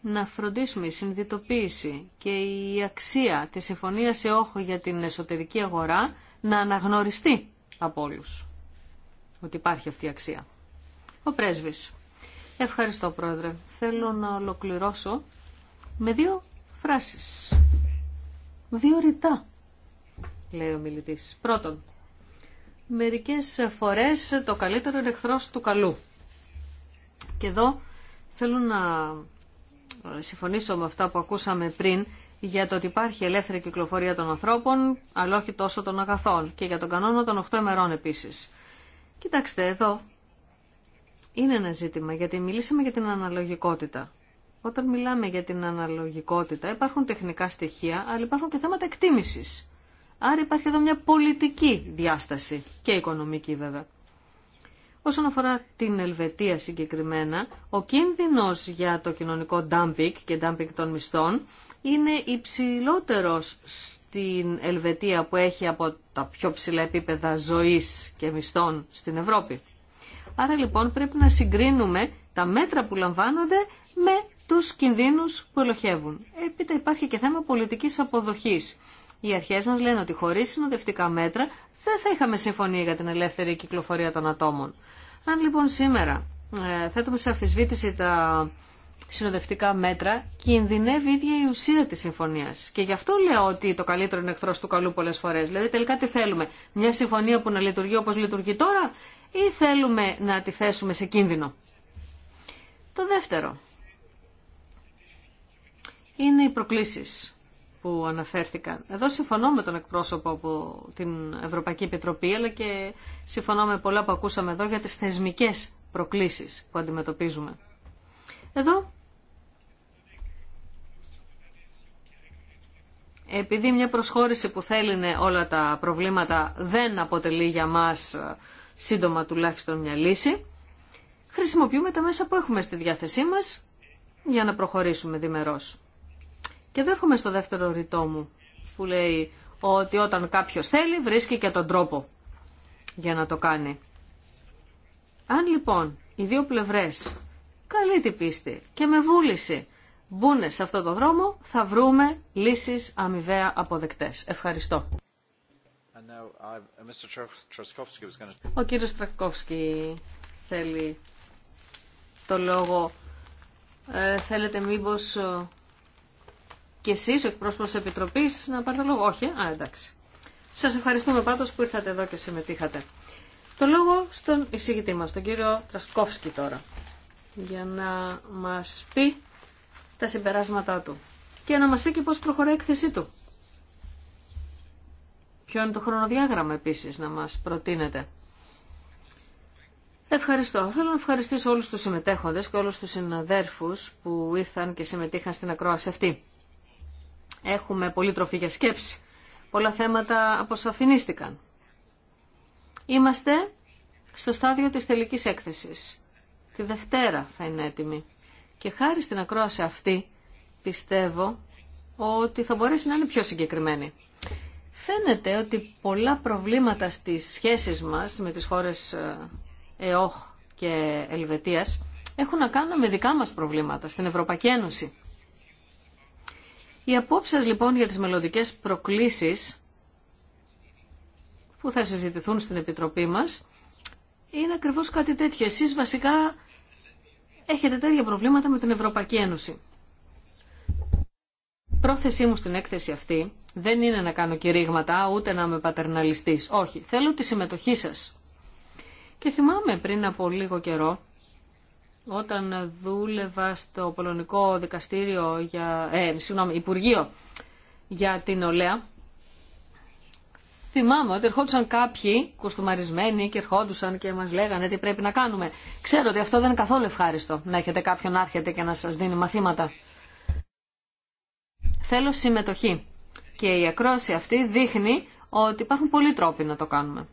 να φροντίσουμε η συνειδητοποίηση και η αξία της συμφωνίας σε όχο για την εσωτερική αγορά να αναγνωριστεί από όλους ότι υπάρχει αυτή η αξία. Ο πρέσβης. Ευχαριστώ πρόεδρε. Θέλω να ολοκληρώσω με δύο φράσεις. Δύο ρητά, λέει ο μιλητής. Πρώτον, Μερικές φορές το καλύτερο είναι του καλού. Και εδώ θέλω να ε, συμφωνήσω με αυτά που ακούσαμε πριν για το ότι υπάρχει ελεύθερη κυκλοφορία των ανθρώπων, αλλά όχι τόσο των αγαθών και για τον κανόνα των 8 ημερών επίσης. Κοιτάξτε εδώ, είναι ένα ζήτημα γιατί μιλήσαμε για την αναλογικότητα. Όταν μιλάμε για την αναλογικότητα υπάρχουν τεχνικά στοιχεία, αλλά υπάρχουν και θέματα εκτίμησης. Άρα υπάρχει εδώ μια πολιτική διάσταση και οικονομική βέβαια. Όσον αφορά την Ελβετία συγκεκριμένα, ο κίνδυνος για το κοινωνικό dumping και dumping των μισθών είναι υψηλότερος στην Ελβετία που έχει από τα πιο ψηλά επίπεδα ζωής και μισθών στην Ευρώπη. Άρα λοιπόν πρέπει να συγκρίνουμε τα μέτρα που λαμβάνονται με τους κινδύνους που ελοχεύουν. Έπειτα υπάρχει και θέμα πολιτικής αποδοχής. Οι αρχές μας λένε ότι χωρίς συνοδευτικά μέτρα δεν θα είχαμε συμφωνία για την ελεύθερη κυκλοφορία των ατόμων. Αν λοιπόν σήμερα ε, θέτουμε σε αφισβήτηση τα συνοδευτικά μέτρα, κινδυνεύει η ίδια η ουσία της συμφωνίας. Και γι' αυτό λέω ότι το καλύτερο είναι εχθρός του καλού πολλές φορές. Δηλαδή τελικά τι θέλουμε, μια συμφωνία που να λειτουργεί όπως λειτουργεί τώρα ή θέλουμε να τη θέσουμε σε κίνδυνο. Το δεύτερο είναι οι προκλήσεις που αναφέρθηκαν. Εδώ συμφωνώ με τον εκπρόσωπο από την Ευρωπαϊκή Επιτροπή, αλλά και συμφωνώ με πολλά που ακούσαμε εδώ για τις θεσμικές προκλήσεις που αντιμετωπίζουμε. Εδώ, επειδή μια προσχώρηση που θέλει όλα τα προβλήματα δεν αποτελεί για μας ε, σύντομα τουλάχιστον μια λύση, χρησιμοποιούμε τα μέσα που έχουμε στη διάθεσή μας για να προχωρήσουμε διμερώς. Και δεν έρχομαι στο δεύτερο ρητό μου που λέει ότι όταν κάποιος θέλει βρίσκει και τον τρόπο για να το κάνει. Αν λοιπόν οι δύο πλευρές καλή την πίστη και με βούληση μπουν σε αυτό το δρόμο θα βρούμε λύσεις αμοιβαία αποδεκτές. Ευχαριστώ. Uh, Ο κύριος Τρακόφσκι θέλει το λόγο. Ε, θέλετε μήπως ε, και εσείς, ο εκπρόσωπο τη Επιτροπής, να πάρετε λόγο. Όχι, α, εντάξει. Σας ευχαριστούμε πάντω που ήρθατε εδώ και συμμετείχατε. Το λόγο στον εισηγητή μα, τον κύριο Τρασκόφσκι τώρα, για να μα πει τα συμπεράσματά του και να μα πει και πώ προχωράει η έκθεσή του. Ποιο είναι το χρονοδιάγραμμα επίσης να μας προτείνετε. Ευχαριστώ. Θέλω να ευχαριστήσω όλους τους συμμετέχοντες και όλους τους συναδέρφους που ήρθαν και συμμετείχαν στην ακρόαση αυτή. Έχουμε πολύ τροφή για σκέψη. Πολλά θέματα αποσαφινίστηκαν. Είμαστε στο στάδιο της τελικής έκθεσης. Τη Δευτέρα θα είναι έτοιμη. Και χάρη στην ακρόαση αυτή, πιστεύω ότι θα μπορέσει να είναι πιο συγκεκριμένη. Φαίνεται ότι πολλά προβλήματα στις σχέσεις μας με τις χώρες ε, ΕΟΧ και Ελβετίας έχουν να κάνουν με δικά μας προβλήματα στην Ευρωπαϊκή Ένωση. Οι απόψεις λοιπόν για τις μελλοντικέ προκλήσεις που θα συζητηθούν στην Επιτροπή μας είναι ακριβώς κάτι τέτοιο. Εσείς βασικά έχετε τέτοια προβλήματα με την Ευρωπαϊκή Ένωση. Πρόθεσή μου στην έκθεση αυτή δεν είναι να κάνω κηρύγματα ούτε να είμαι πατερναλιστής. Όχι, θέλω τη συμμετοχή σας. Και θυμάμαι πριν από λίγο καιρό όταν δούλευα στο Πολωνικό Δικαστήριο για, ε, συγγνώμη, Υπουργείο για την Ολέα, θυμάμαι ότι ερχόντουσαν κάποιοι κοστομαρισμένοι και ερχόντουσαν και μας λέγανε τι πρέπει να κάνουμε. Ξέρω ότι αυτό δεν είναι καθόλου ευχάριστο να έχετε κάποιον να έρχεται και να σας δίνει μαθήματα. Θέλω συμμετοχή. Και η ακρόση αυτή δείχνει ότι υπάρχουν πολλοί τρόποι να το κάνουμε.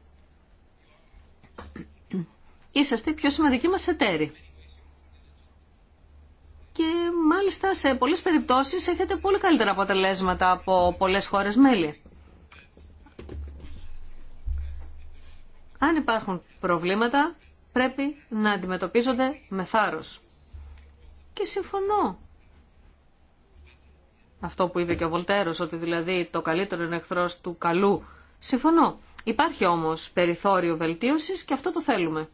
Είσαστε πιο σημαντικοί μας εταίροι και μάλιστα σε πολλές περιπτώσεις έχετε πολύ καλύτερα αποτελέσματα από πολλές χώρες μέλη. Αν υπάρχουν προβλήματα πρέπει να αντιμετωπίζονται με θάρρος. Και συμφωνώ. Αυτό που είπε και ο Βολτέρος, ότι δηλαδή το καλύτερο είναι εχθρός του καλού. Συμφωνώ. Υπάρχει όμως περιθώριο βελτίωσης και αυτό το θέλουμε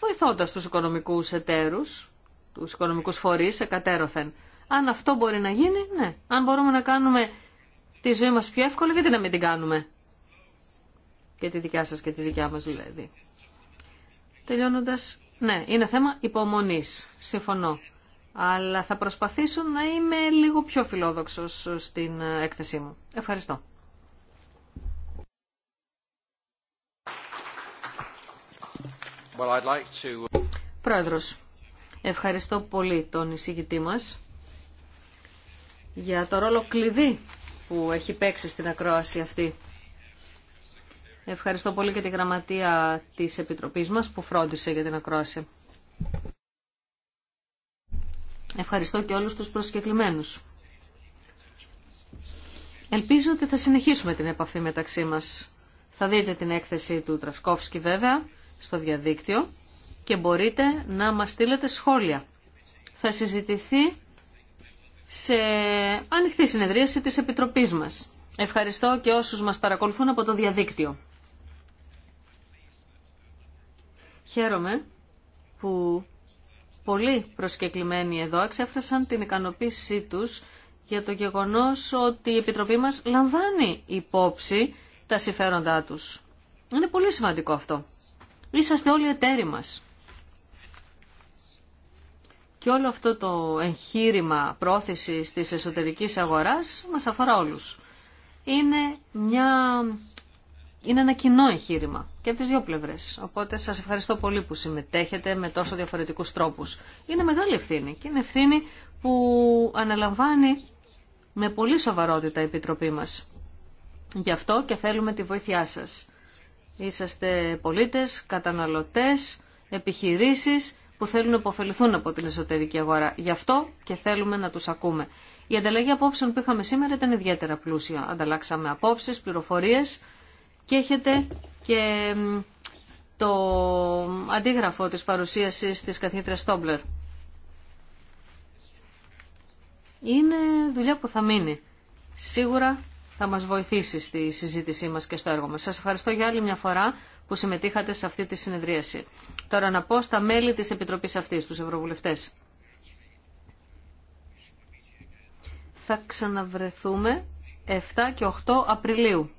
βοηθώντας τους οικονομικούς εταίρους, τους οικονομικούς φορείς εκατέρωθεν. Αν αυτό μπορεί να γίνει, ναι. Αν μπορούμε να κάνουμε τη ζωή μας πιο εύκολη, γιατί να μην την κάνουμε. Και τη δικιά σας και τη δικιά μας δηλαδή. Τελειώνοντας, ναι, είναι θέμα υπομονής. Συμφωνώ. Αλλά θα προσπαθήσω να είμαι λίγο πιο φιλόδοξος στην ε, έκθεσή μου. Ευχαριστώ. Uh, Πρόεδρος, ευχαριστώ πολύ τον εισηγητή μας για το ρόλο κλειδί που έχει παίξει στην ακρόαση αυτή. Ευχαριστώ πολύ και τη γραμματεία της Επιτροπής μας που φρόντισε για την ακρόαση. Ευχαριστώ και όλους τους προσκεκλημένους. Ελπίζω ότι θα συνεχίσουμε την επαφή μεταξύ μας. Θα δείτε την έκθεση του Τραυσκόφσκι βέβαια στο διαδίκτυο και μπορείτε να μας στείλετε σχόλια. Θα συζητηθεί σε ανοιχτή συνεδρίαση της Επιτροπής μας. Ευχαριστώ και όσους μας παρακολουθούν από το διαδίκτυο. Χαίρομαι που πολλοί προσκεκλημένοι εδώ εξέφρασαν την ικανοποίησή τους για το γεγονός ότι η Επιτροπή μας λαμβάνει υπόψη τα συμφέροντά τους. Είναι πολύ σημαντικό αυτό. Είσαστε όλοι εταίροι μας. Και όλο αυτό το εγχείρημα πρόθεσης της εσωτερικής αγοράς μας αφορά όλους. Είναι, μια... είναι ένα κοινό εγχείρημα και από τις δύο πλευρές. Οπότε σας ευχαριστώ πολύ που συμμετέχετε με τόσο διαφορετικούς τρόπους. Είναι μεγάλη ευθύνη και είναι ευθύνη που αναλαμβάνει με πολύ σοβαρότητα η Επιτροπή μας. Γι' αυτό και θέλουμε τη βοήθειά σας. Είσαστε πολίτες, καταναλωτές, επιχειρήσεις που θέλουν να υποφεληθούν από την εσωτερική αγορά. Γι' αυτό και θέλουμε να τους ακούμε. Η ανταλλαγή απόψεων που είχαμε σήμερα ήταν ιδιαίτερα πλούσια. Ανταλλάξαμε απόψεις, πληροφορίες και έχετε και το αντίγραφο της παρουσίασης της καθήτρια Στόμπλερ. Είναι δουλειά που θα μείνει. Σίγουρα θα μας βοηθήσει στη συζήτησή μας και στο έργο μας. Σας ευχαριστώ για άλλη μια φορά που συμμετείχατε σε αυτή τη συνεδρίαση. Τώρα να πω στα μέλη της Επιτροπής αυτής, τους Ευρωβουλευτές. Θα ξαναβρεθούμε 7 και 8 Απριλίου.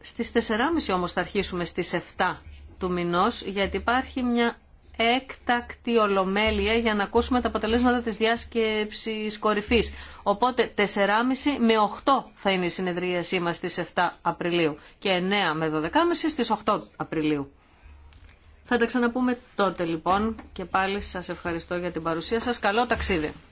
Στις 4.30 όμως θα αρχίσουμε στις 7 του μηνός, γιατί υπάρχει μια έκτακτη ολομέλεια για να ακούσουμε τα αποτελέσματα της διάσκεψης κορυφής. Οπότε 4,5 με 8 θα είναι η συνεδρίασή μας στις 7 Απριλίου και 9 με 12,5 στις 8 Απριλίου. Θα τα ξαναπούμε τότε λοιπόν και πάλι σας ευχαριστώ για την παρουσία σας. Καλό ταξίδι!